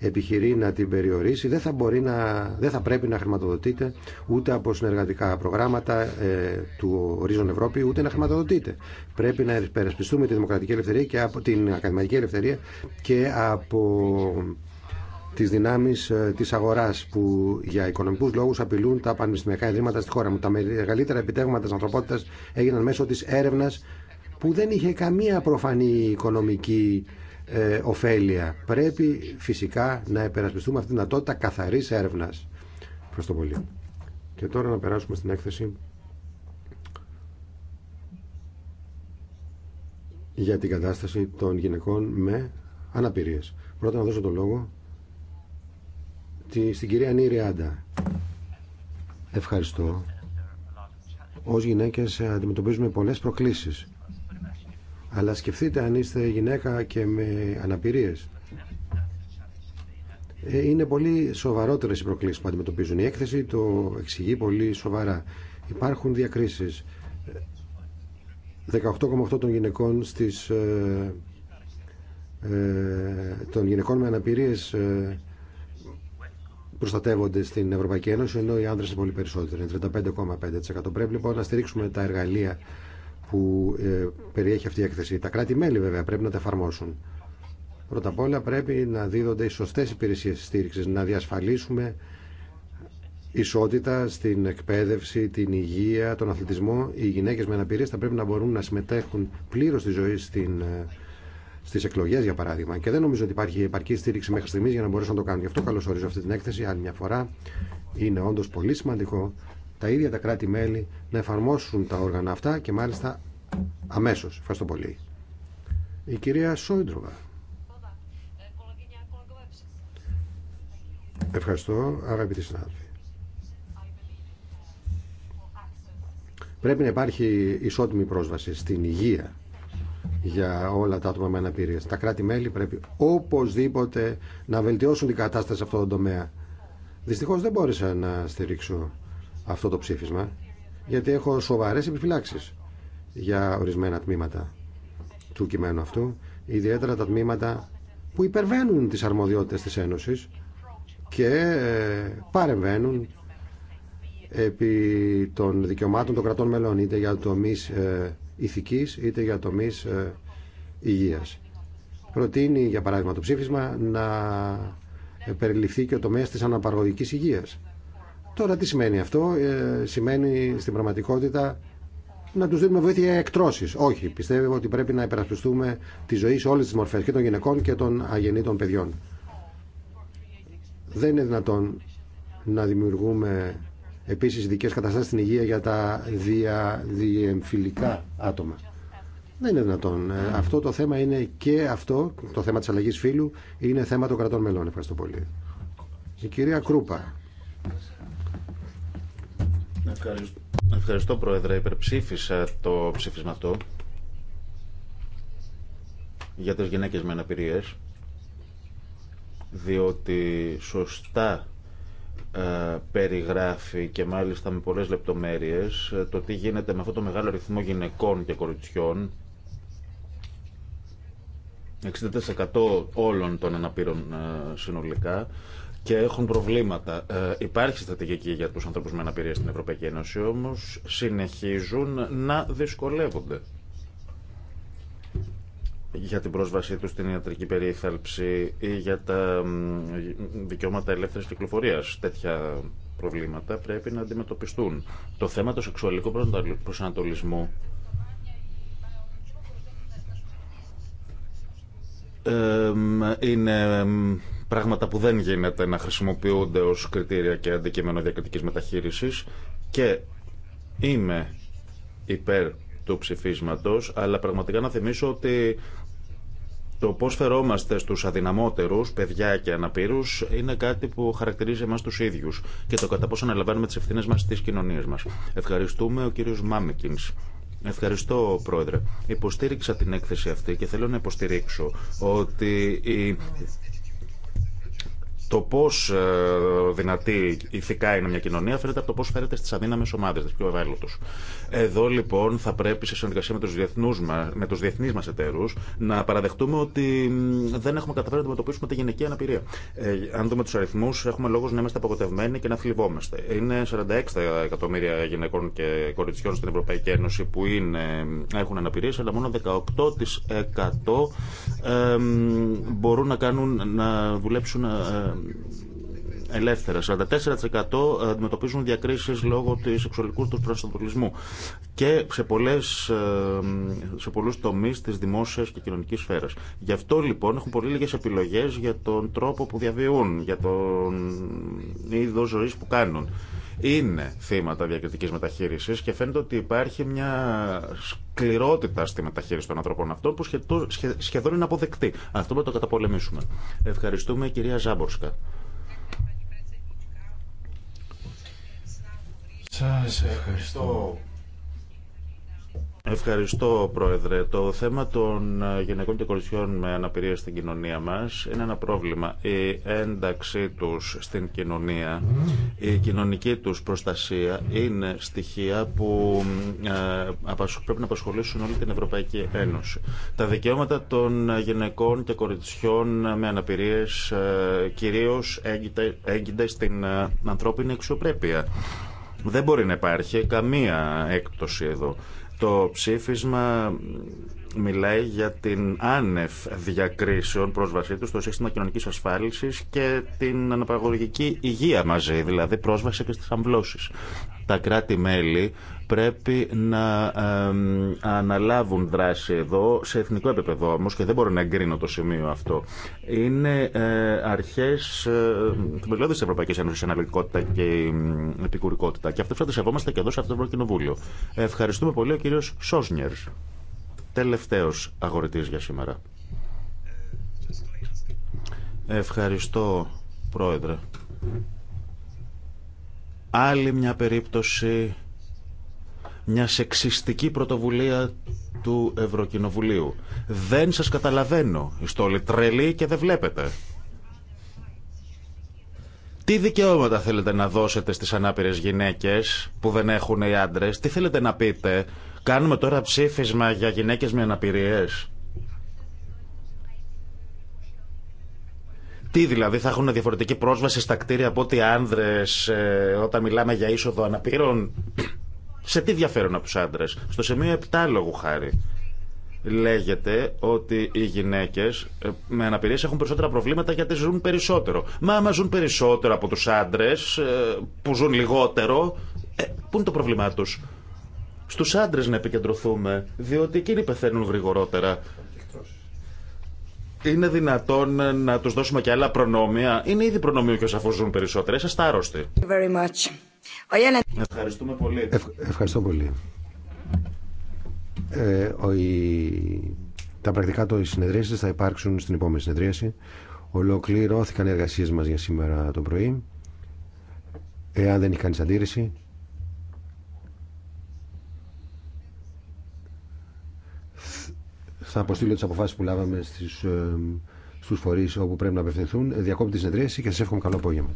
επιχειρεί να την περιορίσει δεν θα, μπορεί δεν θα πρέπει να χρηματοδοτείται ούτε από συνεργατικά προγράμματα ε, του ορίζων Ευρώπη ούτε να χρηματοδοτείται. Πρέπει να υπερασπιστούμε τη δημοκρατική ελευθερία και από την ακαδημαϊκή ελευθερία και από τις δυνάμεις ε, της αγοράς που για οικονομικούς λόγους απειλούν τα πανεπιστημιακά ιδρύματα στη χώρα μου. Τα μεγαλύτερα επιτεύγματα της ανθρωπότητας έγιναν μέσω της έρευνας που δεν είχε καμία προφανή οικονομική ε, ωφέλεια. Πρέπει φυσικά να επερασπιστούμε αυτή τη δυνατότητα καθαρή έρευνα. Ευχαριστώ πολύ. Και τώρα να περάσουμε στην έκθεση για την κατάσταση των γυναικών με αναπηρίες. Πρώτα να δώσω το λόγο στην κυρία Νίρη Άντα. Ευχαριστώ. Ως γυναίκες ε, αντιμετωπίζουμε πολλές προκλήσεις αλλά σκεφτείτε αν είστε γυναίκα και με αναπηρίες. Ε, είναι πολύ σοβαρότερε οι προκλήσει που αντιμετωπίζουν. Η έκθεση το εξηγεί πολύ σοβαρά. Υπάρχουν διακρίσει. 18,8 των γυναικών στις, ε, ε, των γυναικών με αναπηρίες ε, προστατεύονται στην Ευρωπαϊκή Ένωση ενώ οι άνδρες είναι πολύ περισσότεροι, 35,5%. Πρέπει λοιπόν να στηρίξουμε τα εργαλεία που ε, περιέχει αυτή η έκθεση. Τα κράτη-μέλη βέβαια πρέπει να τα εφαρμόσουν. Πρώτα απ' όλα πρέπει να δίδονται οι σωστές υπηρεσίες στήριξης, να διασφαλίσουμε ισότητα στην εκπαίδευση, την υγεία, τον αθλητισμό. Οι γυναίκες με αναπηρία θα πρέπει να μπορούν να συμμετέχουν πλήρως στη ζωή στην, ε, στις εκλογές για παράδειγμα. Και δεν νομίζω ότι υπάρχει επαρκή στήριξη μέχρι στιγμής για να μπορέσουν να το κάνουν. Γι' αυτό καλωσορίζω αυτή την έκθεση Αν μια φορά. Είναι όντω πολύ σημαντικό τα ίδια τα κράτη-μέλη να εφαρμόσουν τα όργανα αυτά και μάλιστα αμέσως. Ευχαριστώ πολύ. Η κυρία Σόιντροβα. Ευχαριστώ, αγαπητοί συνάδελφοι. Πρέπει να υπάρχει ισότιμη πρόσβαση στην υγεία για όλα τα άτομα με αναπηρία. Τα κράτη-μέλη πρέπει οπωσδήποτε να βελτιώσουν την κατάσταση σε αυτό το τομέα. Δυστυχώς δεν μπόρεσα να στηρίξω αυτό το ψήφισμα γιατί έχω σοβαρές επιφυλάξεις για ορισμένα τμήματα του κειμένου αυτού ιδιαίτερα τα τμήματα που υπερβαίνουν τις αρμοδιότητες της Ένωσης και ε, παρεμβαίνουν επί των δικαιωμάτων των κρατών μελών είτε για τομείς ε, ηθικής είτε για τομείς ε, υγείας. Προτείνει για παράδειγμα το ψήφισμα να περιληφθεί και ο τομέας της αναπαραγωγικής υγείας Τώρα τι σημαίνει αυτό. Ε, σημαίνει στην πραγματικότητα να του δίνουμε βοήθεια εκτρώσει. Όχι. Πιστεύω ότι πρέπει να υπερασπιστούμε τη ζωή σε όλε τι μορφέ και των γυναικών και των αγενήτων παιδιών. Δεν είναι δυνατόν να δημιουργούμε επίση ειδικέ καταστάσει στην υγεία για τα δια, διεμφυλικά άτομα. Δεν είναι δυνατόν. Ε, αυτό το θέμα είναι και αυτό, το θέμα τη αλλαγή φύλου, είναι θέμα των κρατών μελών. Ευχαριστώ πολύ. Η κυρία Κρούπα. Ευχαριστώ. Ευχαριστώ, Πρόεδρε. Υπερψήφισα το ψήφισμα αυτό για τις γυναίκες με αναπηρίες διότι σωστά ε, περιγράφει και μάλιστα με πολλές λεπτομέρειες ε, το τι γίνεται με αυτό το μεγάλο ρυθμό γυναικών και κοριτσιών 60% όλων των αναπήρων ε, συνολικά και έχουν προβλήματα. Ε, υπάρχει στρατηγική για τους ανθρώπους με αναπηρία στην Ευρωπαϊκή Ένωση, όμως συνεχίζουν να δυσκολεύονται για την πρόσβασή του στην ιατρική περίθαλψη ή για τα δικαιώματα ελεύθερη κυκλοφορία. Τέτοια προβλήματα πρέπει να αντιμετωπιστούν. Το θέμα του σεξουαλικού προσανατολισμού ε, είναι Πράγματα που δεν γίνεται να χρησιμοποιούνται ως κριτήρια και αντικείμενο διακριτικής μεταχείρισης και είμαι υπέρ του ψηφίσματος, αλλά πραγματικά να θυμίσω ότι το πώς φερόμαστε στους αδυναμότερους, παιδιά και αναπήρους, είναι κάτι που χαρακτηρίζει εμάς τους ίδιους και το κατά πόσο αναλαμβάνουμε τις ευθύνες μας στις κοινωνίες μας. Ευχαριστούμε ο κύριος Μάμικινς. Ευχαριστώ, Πρόεδρε. Υποστήριξα την έκθεση αυτή και θέλω να υποστηρίξω ότι η το πώ ε, δυνατή ηθικά είναι μια κοινωνία φαίνεται από το πώ φέρεται στι αδύναμε ομάδε, τι πιο ευάλωτου. Εδώ λοιπόν θα πρέπει σε συνεργασία με του διεθνεί μα εταίρου να παραδεχτούμε ότι δεν έχουμε καταφέρει να αντιμετωπίσουμε τη γυναική αναπηρία. Ε, αν δούμε του αριθμού, έχουμε λόγο να είμαστε απογοτευμένοι και να θλιβόμαστε. Είναι 46 εκατομμύρια γυναικών και κοριτσιών στην Ευρωπαϊκή Ένωση που είναι, έχουν αναπηρίε, αλλά μόνο 18% ε, μπορούν να, κάνουν, να δουλέψουν ε, ελεύθερα. 44% αντιμετωπίζουν διακρίσει λόγω του σεξουαλικού του προσανατολισμού. Και σε, πολλές, ε, σε πολλού τομεί τη δημόσια και κοινωνική σφαίρα. Γι' αυτό λοιπόν έχουν πολύ λίγε επιλογέ για τον τρόπο που διαβιούν, για τον είδο ζωή που κάνουν είναι θύματα διακριτική μεταχείριση και φαίνεται ότι υπάρχει μια σκληρότητα στη μεταχείριση των ανθρώπων αυτών που σχεδόν είναι αποδεκτή. Αυτό πρέπει να το καταπολεμήσουμε. Ευχαριστούμε, κυρία Ζάμπορσκα. Σα ευχαριστώ Ευχαριστώ, Πρόεδρε. Το θέμα των ε, γυναικών και κοριτσιών με αναπηρία στην κοινωνία μας είναι ένα πρόβλημα. Η ένταξή τους στην κοινωνία, η κοινωνική τους προστασία είναι στοιχεία που ε, πρέπει να απασχολήσουν όλη την Ευρωπαϊκή Ένωση. Τα δικαιώματα των γυναικών και κοριτσιών με αναπηρίες ε, κυρίως έγκυται στην ανθρώπινη αξιοπρέπεια. Δεν μπορεί να υπάρχει καμία έκπτωση εδώ. Το ψήφισμα μιλάει για την άνευ διακρίσεων πρόσβασή του στο σύστημα κοινωνική ασφάλισης και την αναπαραγωγική υγεία μαζί, δηλαδή πρόσβαση και στις αμβλώσει. Τα κράτη-μέλη πρέπει να αναλάβουν δράση εδώ σε εθνικό επίπεδο όμως και δεν μπορώ να εγκρίνω το σημείο αυτό. Είναι ε, αρχές ε, της Ευρωπαϊκής Ένωσης η αναλογικότητα και η επικουρικότητα και αυτό θα τη σεβόμαστε και εδώ σε αυτό το Ευρωκοινοβούλιο. Ευχαριστούμε πολύ ο κύριος Σόσνιερς τελευταίος αγορητής για σήμερα. Ευχαριστώ, Πρόεδρε. Άλλη μια περίπτωση μια σεξιστική πρωτοβουλία του Ευρωκοινοβουλίου. Δεν σας καταλαβαίνω. Είστε όλοι τρελοί και δεν βλέπετε. Τι δικαιώματα θέλετε να δώσετε στις ανάπηρες γυναίκες που δεν έχουν οι άντρες, τι θέλετε να πείτε Κάνουμε τώρα ψήφισμα για γυναίκες με αναπηρίες. Τι δηλαδή, θα έχουν διαφορετική πρόσβαση στα κτίρια από ό,τι άνδρες ε, όταν μιλάμε για είσοδο αναπήρων. Σε τι διαφέρουν από τους άνδρες; Στο σημείο επτάλογου χάρη λέγεται ότι οι γυναίκε ε, με αναπηρίες έχουν περισσότερα προβλήματα γιατί ζουν περισσότερο. Μα άμα ζουν περισσότερο από του άντρε ε, που ζουν λιγότερο, ε, πού είναι το πρόβλημά του στους άντρες να επικεντρωθούμε, διότι εκείνοι πεθαίνουν γρηγορότερα. Είναι δυνατόν να τους δώσουμε και άλλα προνόμια. Είναι ήδη προνομίο και αφού ζουν περισσότερα. Είσαστε άρρωστοι. Ευχαριστούμε πολύ. ευχαριστώ πολύ. Ε, Τα πρακτικά των συνεδρίαση θα υπάρξουν στην επόμενη συνεδρίαση. Ολοκληρώθηκαν οι εργασίες μας για σήμερα το πρωί. Εάν δεν έχει κανείς αντίρρηση, θα αποστείλω τι αποφάσεις που λάβαμε στις, ε, στους φορείς όπου πρέπει να απευθυνθούν. Διακόπτη της συνεδρίαση και σα εύχομαι καλό απόγευμα.